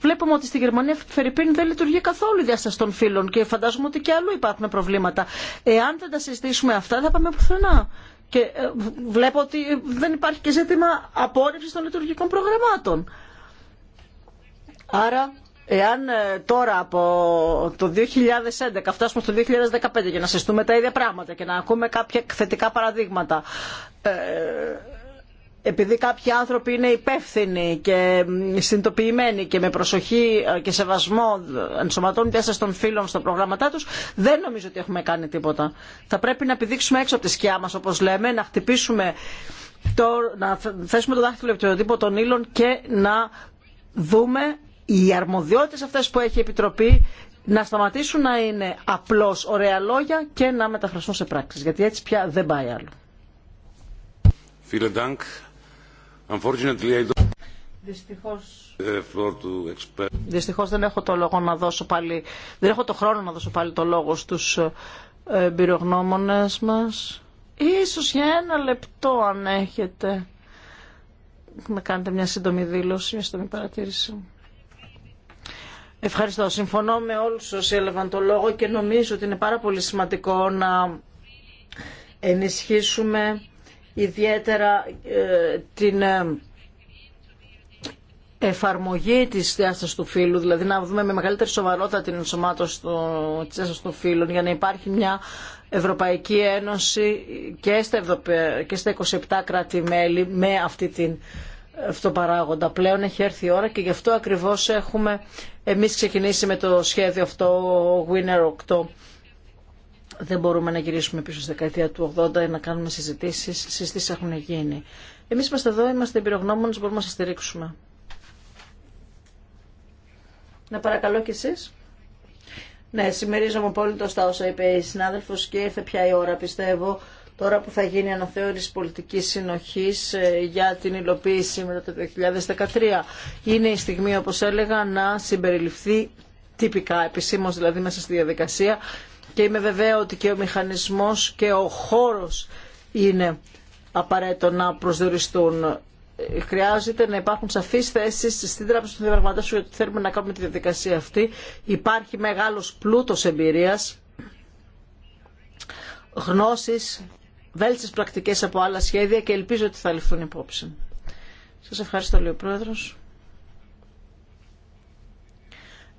Βλέπουμε ότι στη Γερμανία Φερρυπίν δεν λειτουργεί καθόλου η διάσταση των φύλων και φαντάζομαι ότι και αλλού υπάρχουν προβλήματα. Εάν δεν τα συζητήσουμε αυτά, θα πάμε πουθενά. Και ε, βλέπω ότι δεν υπάρχει και ζήτημα απόρριψης των λειτουργικών προγραμμάτων. Άρα, εάν ε, τώρα από το 2011 φτάσουμε στο 2015 για να συστούμε τα ίδια πράγματα και να ακούμε κάποια θετικά παραδείγματα, ε, επειδή κάποιοι άνθρωποι είναι υπεύθυνοι και συνειδητοποιημένοι και με προσοχή ε, και σεβασμό ε, ενσωματώνουν τη διάσταση των φίλων στα προγράμματά τους, δεν νομίζω ότι έχουμε κάνει τίποτα. Θα πρέπει να επιδείξουμε έξω από τη σκιά μας, όπως λέμε, να χτυπήσουμε, το, να θέσουμε το δάχτυλο επί το τύπο των ύλων και να δούμε οι αρμοδιότητες αυτές που έχει η Επιτροπή να σταματήσουν να είναι απλώς ωραία λόγια και να μεταφραστούν σε πράξεις. Γιατί έτσι πια δεν πάει άλλο. Vielen Dank. Δυστυχώς... δεν έχω το λόγο να δώσω πάλι, δεν έχω το χρόνο να δώσω πάλι το λόγο στους ε, εμπειρογνώμονες μας. Ίσως για ένα λεπτό αν έχετε να κάνετε μια σύντομη δήλωση, μια σύντομη παρατήρηση. Ευχαριστώ. Συμφωνώ με όλους όσοι έλαβαν το λόγο και νομίζω ότι είναι πάρα πολύ σημαντικό να ενισχύσουμε ιδιαίτερα ε, την ε, εφαρμογή της διάστασης του φύλου, δηλαδή να δούμε με μεγαλύτερη σοβαρότητα την ενσωμάτωση της διάστασης του φύλου για να υπάρχει μια Ευρωπαϊκή Ένωση και στα, και στα 27 κράτη-μέλη με αυτή την αυτό παράγοντα. Πλέον έχει έρθει η ώρα και γι' αυτό ακριβώς έχουμε εμείς ξεκινήσει με το σχέδιο αυτό Winner 8 δεν μπορούμε να γυρίσουμε πίσω στη δεκαετία του 80 να κάνουμε συζητήσει, συστήσει έχουν γίνει. Εμείς είμαστε εδώ, είμαστε εμπειρογνώμονες, μπορούμε να σα στηρίξουμε. Να παρακαλώ κι εσείς. Ναι, συμμερίζομαι απόλυτο στα όσα είπε η συνάδελφο και ήρθε πια η ώρα, πιστεύω, τώρα που θα γίνει αναθεώρηση πολιτική συνοχή ε, για την υλοποίηση μετά το 2013. Είναι η στιγμή, όπω έλεγα, να συμπεριληφθεί τυπικά, επισήμω δηλαδή μέσα στη διαδικασία, και είμαι βεβαία ότι και ο μηχανισμός και ο χώρος είναι απαραίτητο να προσδιοριστούν. Χρειάζεται να υπάρχουν σαφείς θέσει στην Τράπεζα των Διαπραγματεύσεων γιατί θέλουμε να κάνουμε τη διαδικασία αυτή. Υπάρχει μεγάλο πλούτο εμπειρία, γνώσει, βέλτιστε πρακτικέ από άλλα σχέδια και ελπίζω ότι θα ληφθούν υπόψη. Σα ευχαριστώ, λέει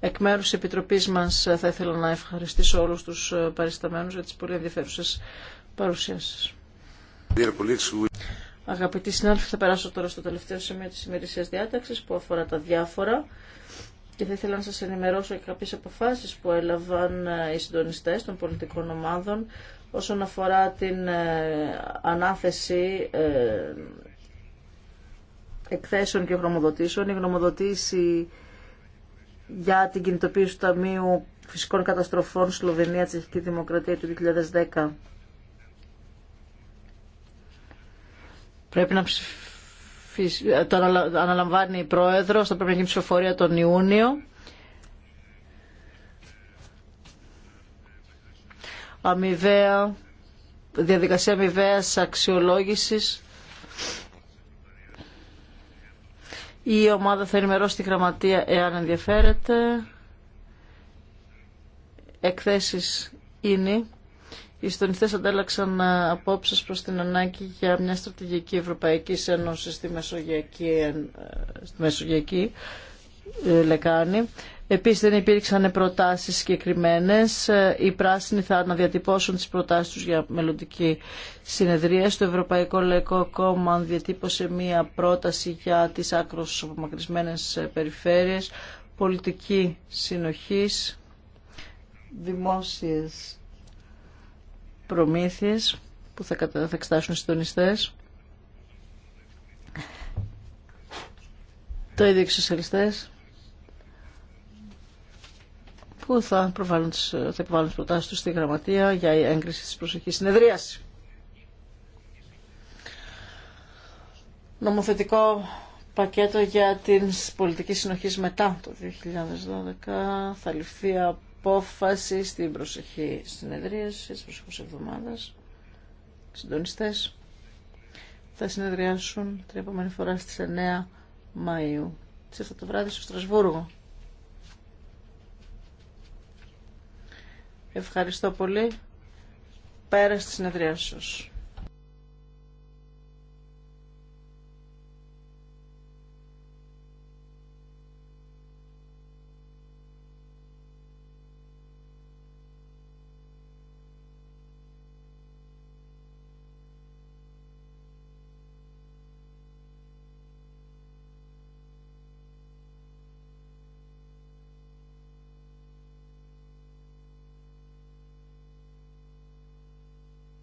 Εκ μέρους της Επιτροπής μας ε, θα ήθελα να ευχαριστήσω όλους τους ε, παρισταμένους για τις πολύ ενδιαφέρουσες παρουσιάσεις. Αγαπητοί συνάδελφοι, θα περάσω τώρα στο τελευταίο σημείο της ημερησίας διάταξης που αφορά τα διάφορα και θα ήθελα να σας ενημερώσω για κάποιες αποφάσεις που έλαβαν ε, οι συντονιστές των πολιτικών ομάδων όσον αφορά την ανάθεση εκθέσεων και γνωμοδοτήσεων. Η γνωμοδοτήση για την κινητοποίηση του Ταμείου Φυσικών Καταστροφών Σλοβενία Τσεχική Δημοκρατία του 2010. Πρέπει να ψηφίσει, το αναλαμβάνει η Πρόεδρο θα πρέπει να γίνει ψηφοφορία τον Ιούνιο. Αμοιβαία, διαδικασία αμοιβαία αξιολόγηση. Η ομάδα θα ενημερώσει τη γραμματεία εάν ενδιαφέρεται. Εκθέσεις είναι. Οι συντονιστέ αντέλαξαν ε, απόψεις προς την ανάγκη για μια στρατηγική Ευρωπαϊκή Ένωση στη Μεσογειακή, ε, στη Μεσογειακή ε, Λεκάνη. Επίση, δεν υπήρξαν προτάσει συγκεκριμένε. Οι πράσινοι θα αναδιατυπώσουν τι προτάσει του για μελλοντική συνεδρία. Στο Ευρωπαϊκό Λαϊκό Κόμμα διατύπωσε μία πρόταση για τις άκρως απομακρυσμένε περιφέρειες, πολιτική συνοχής, δημόσιες προμήθειες που θα, θα εξετάσουν οι συντονιστέ. Το ίδιο που θα, επιβάλλουν θα υποβάλουν τις προτάσεις στη Γραμματεία για η έγκριση της προσεχής συνεδρίας. Νομοθετικό πακέτο για την πολιτική συνοχή μετά το 2012 θα ληφθεί απόφαση στην προσεχή συνεδρίαση της προσεχούς εβδομάδας. Συντονιστές θα συνεδριάσουν την επόμενη φορά στις 9 Μαΐου, 7 το βράδυ στο Στρασβούργο. Ευχαριστώ πολύ. Πέρα στη συνεδρία σας.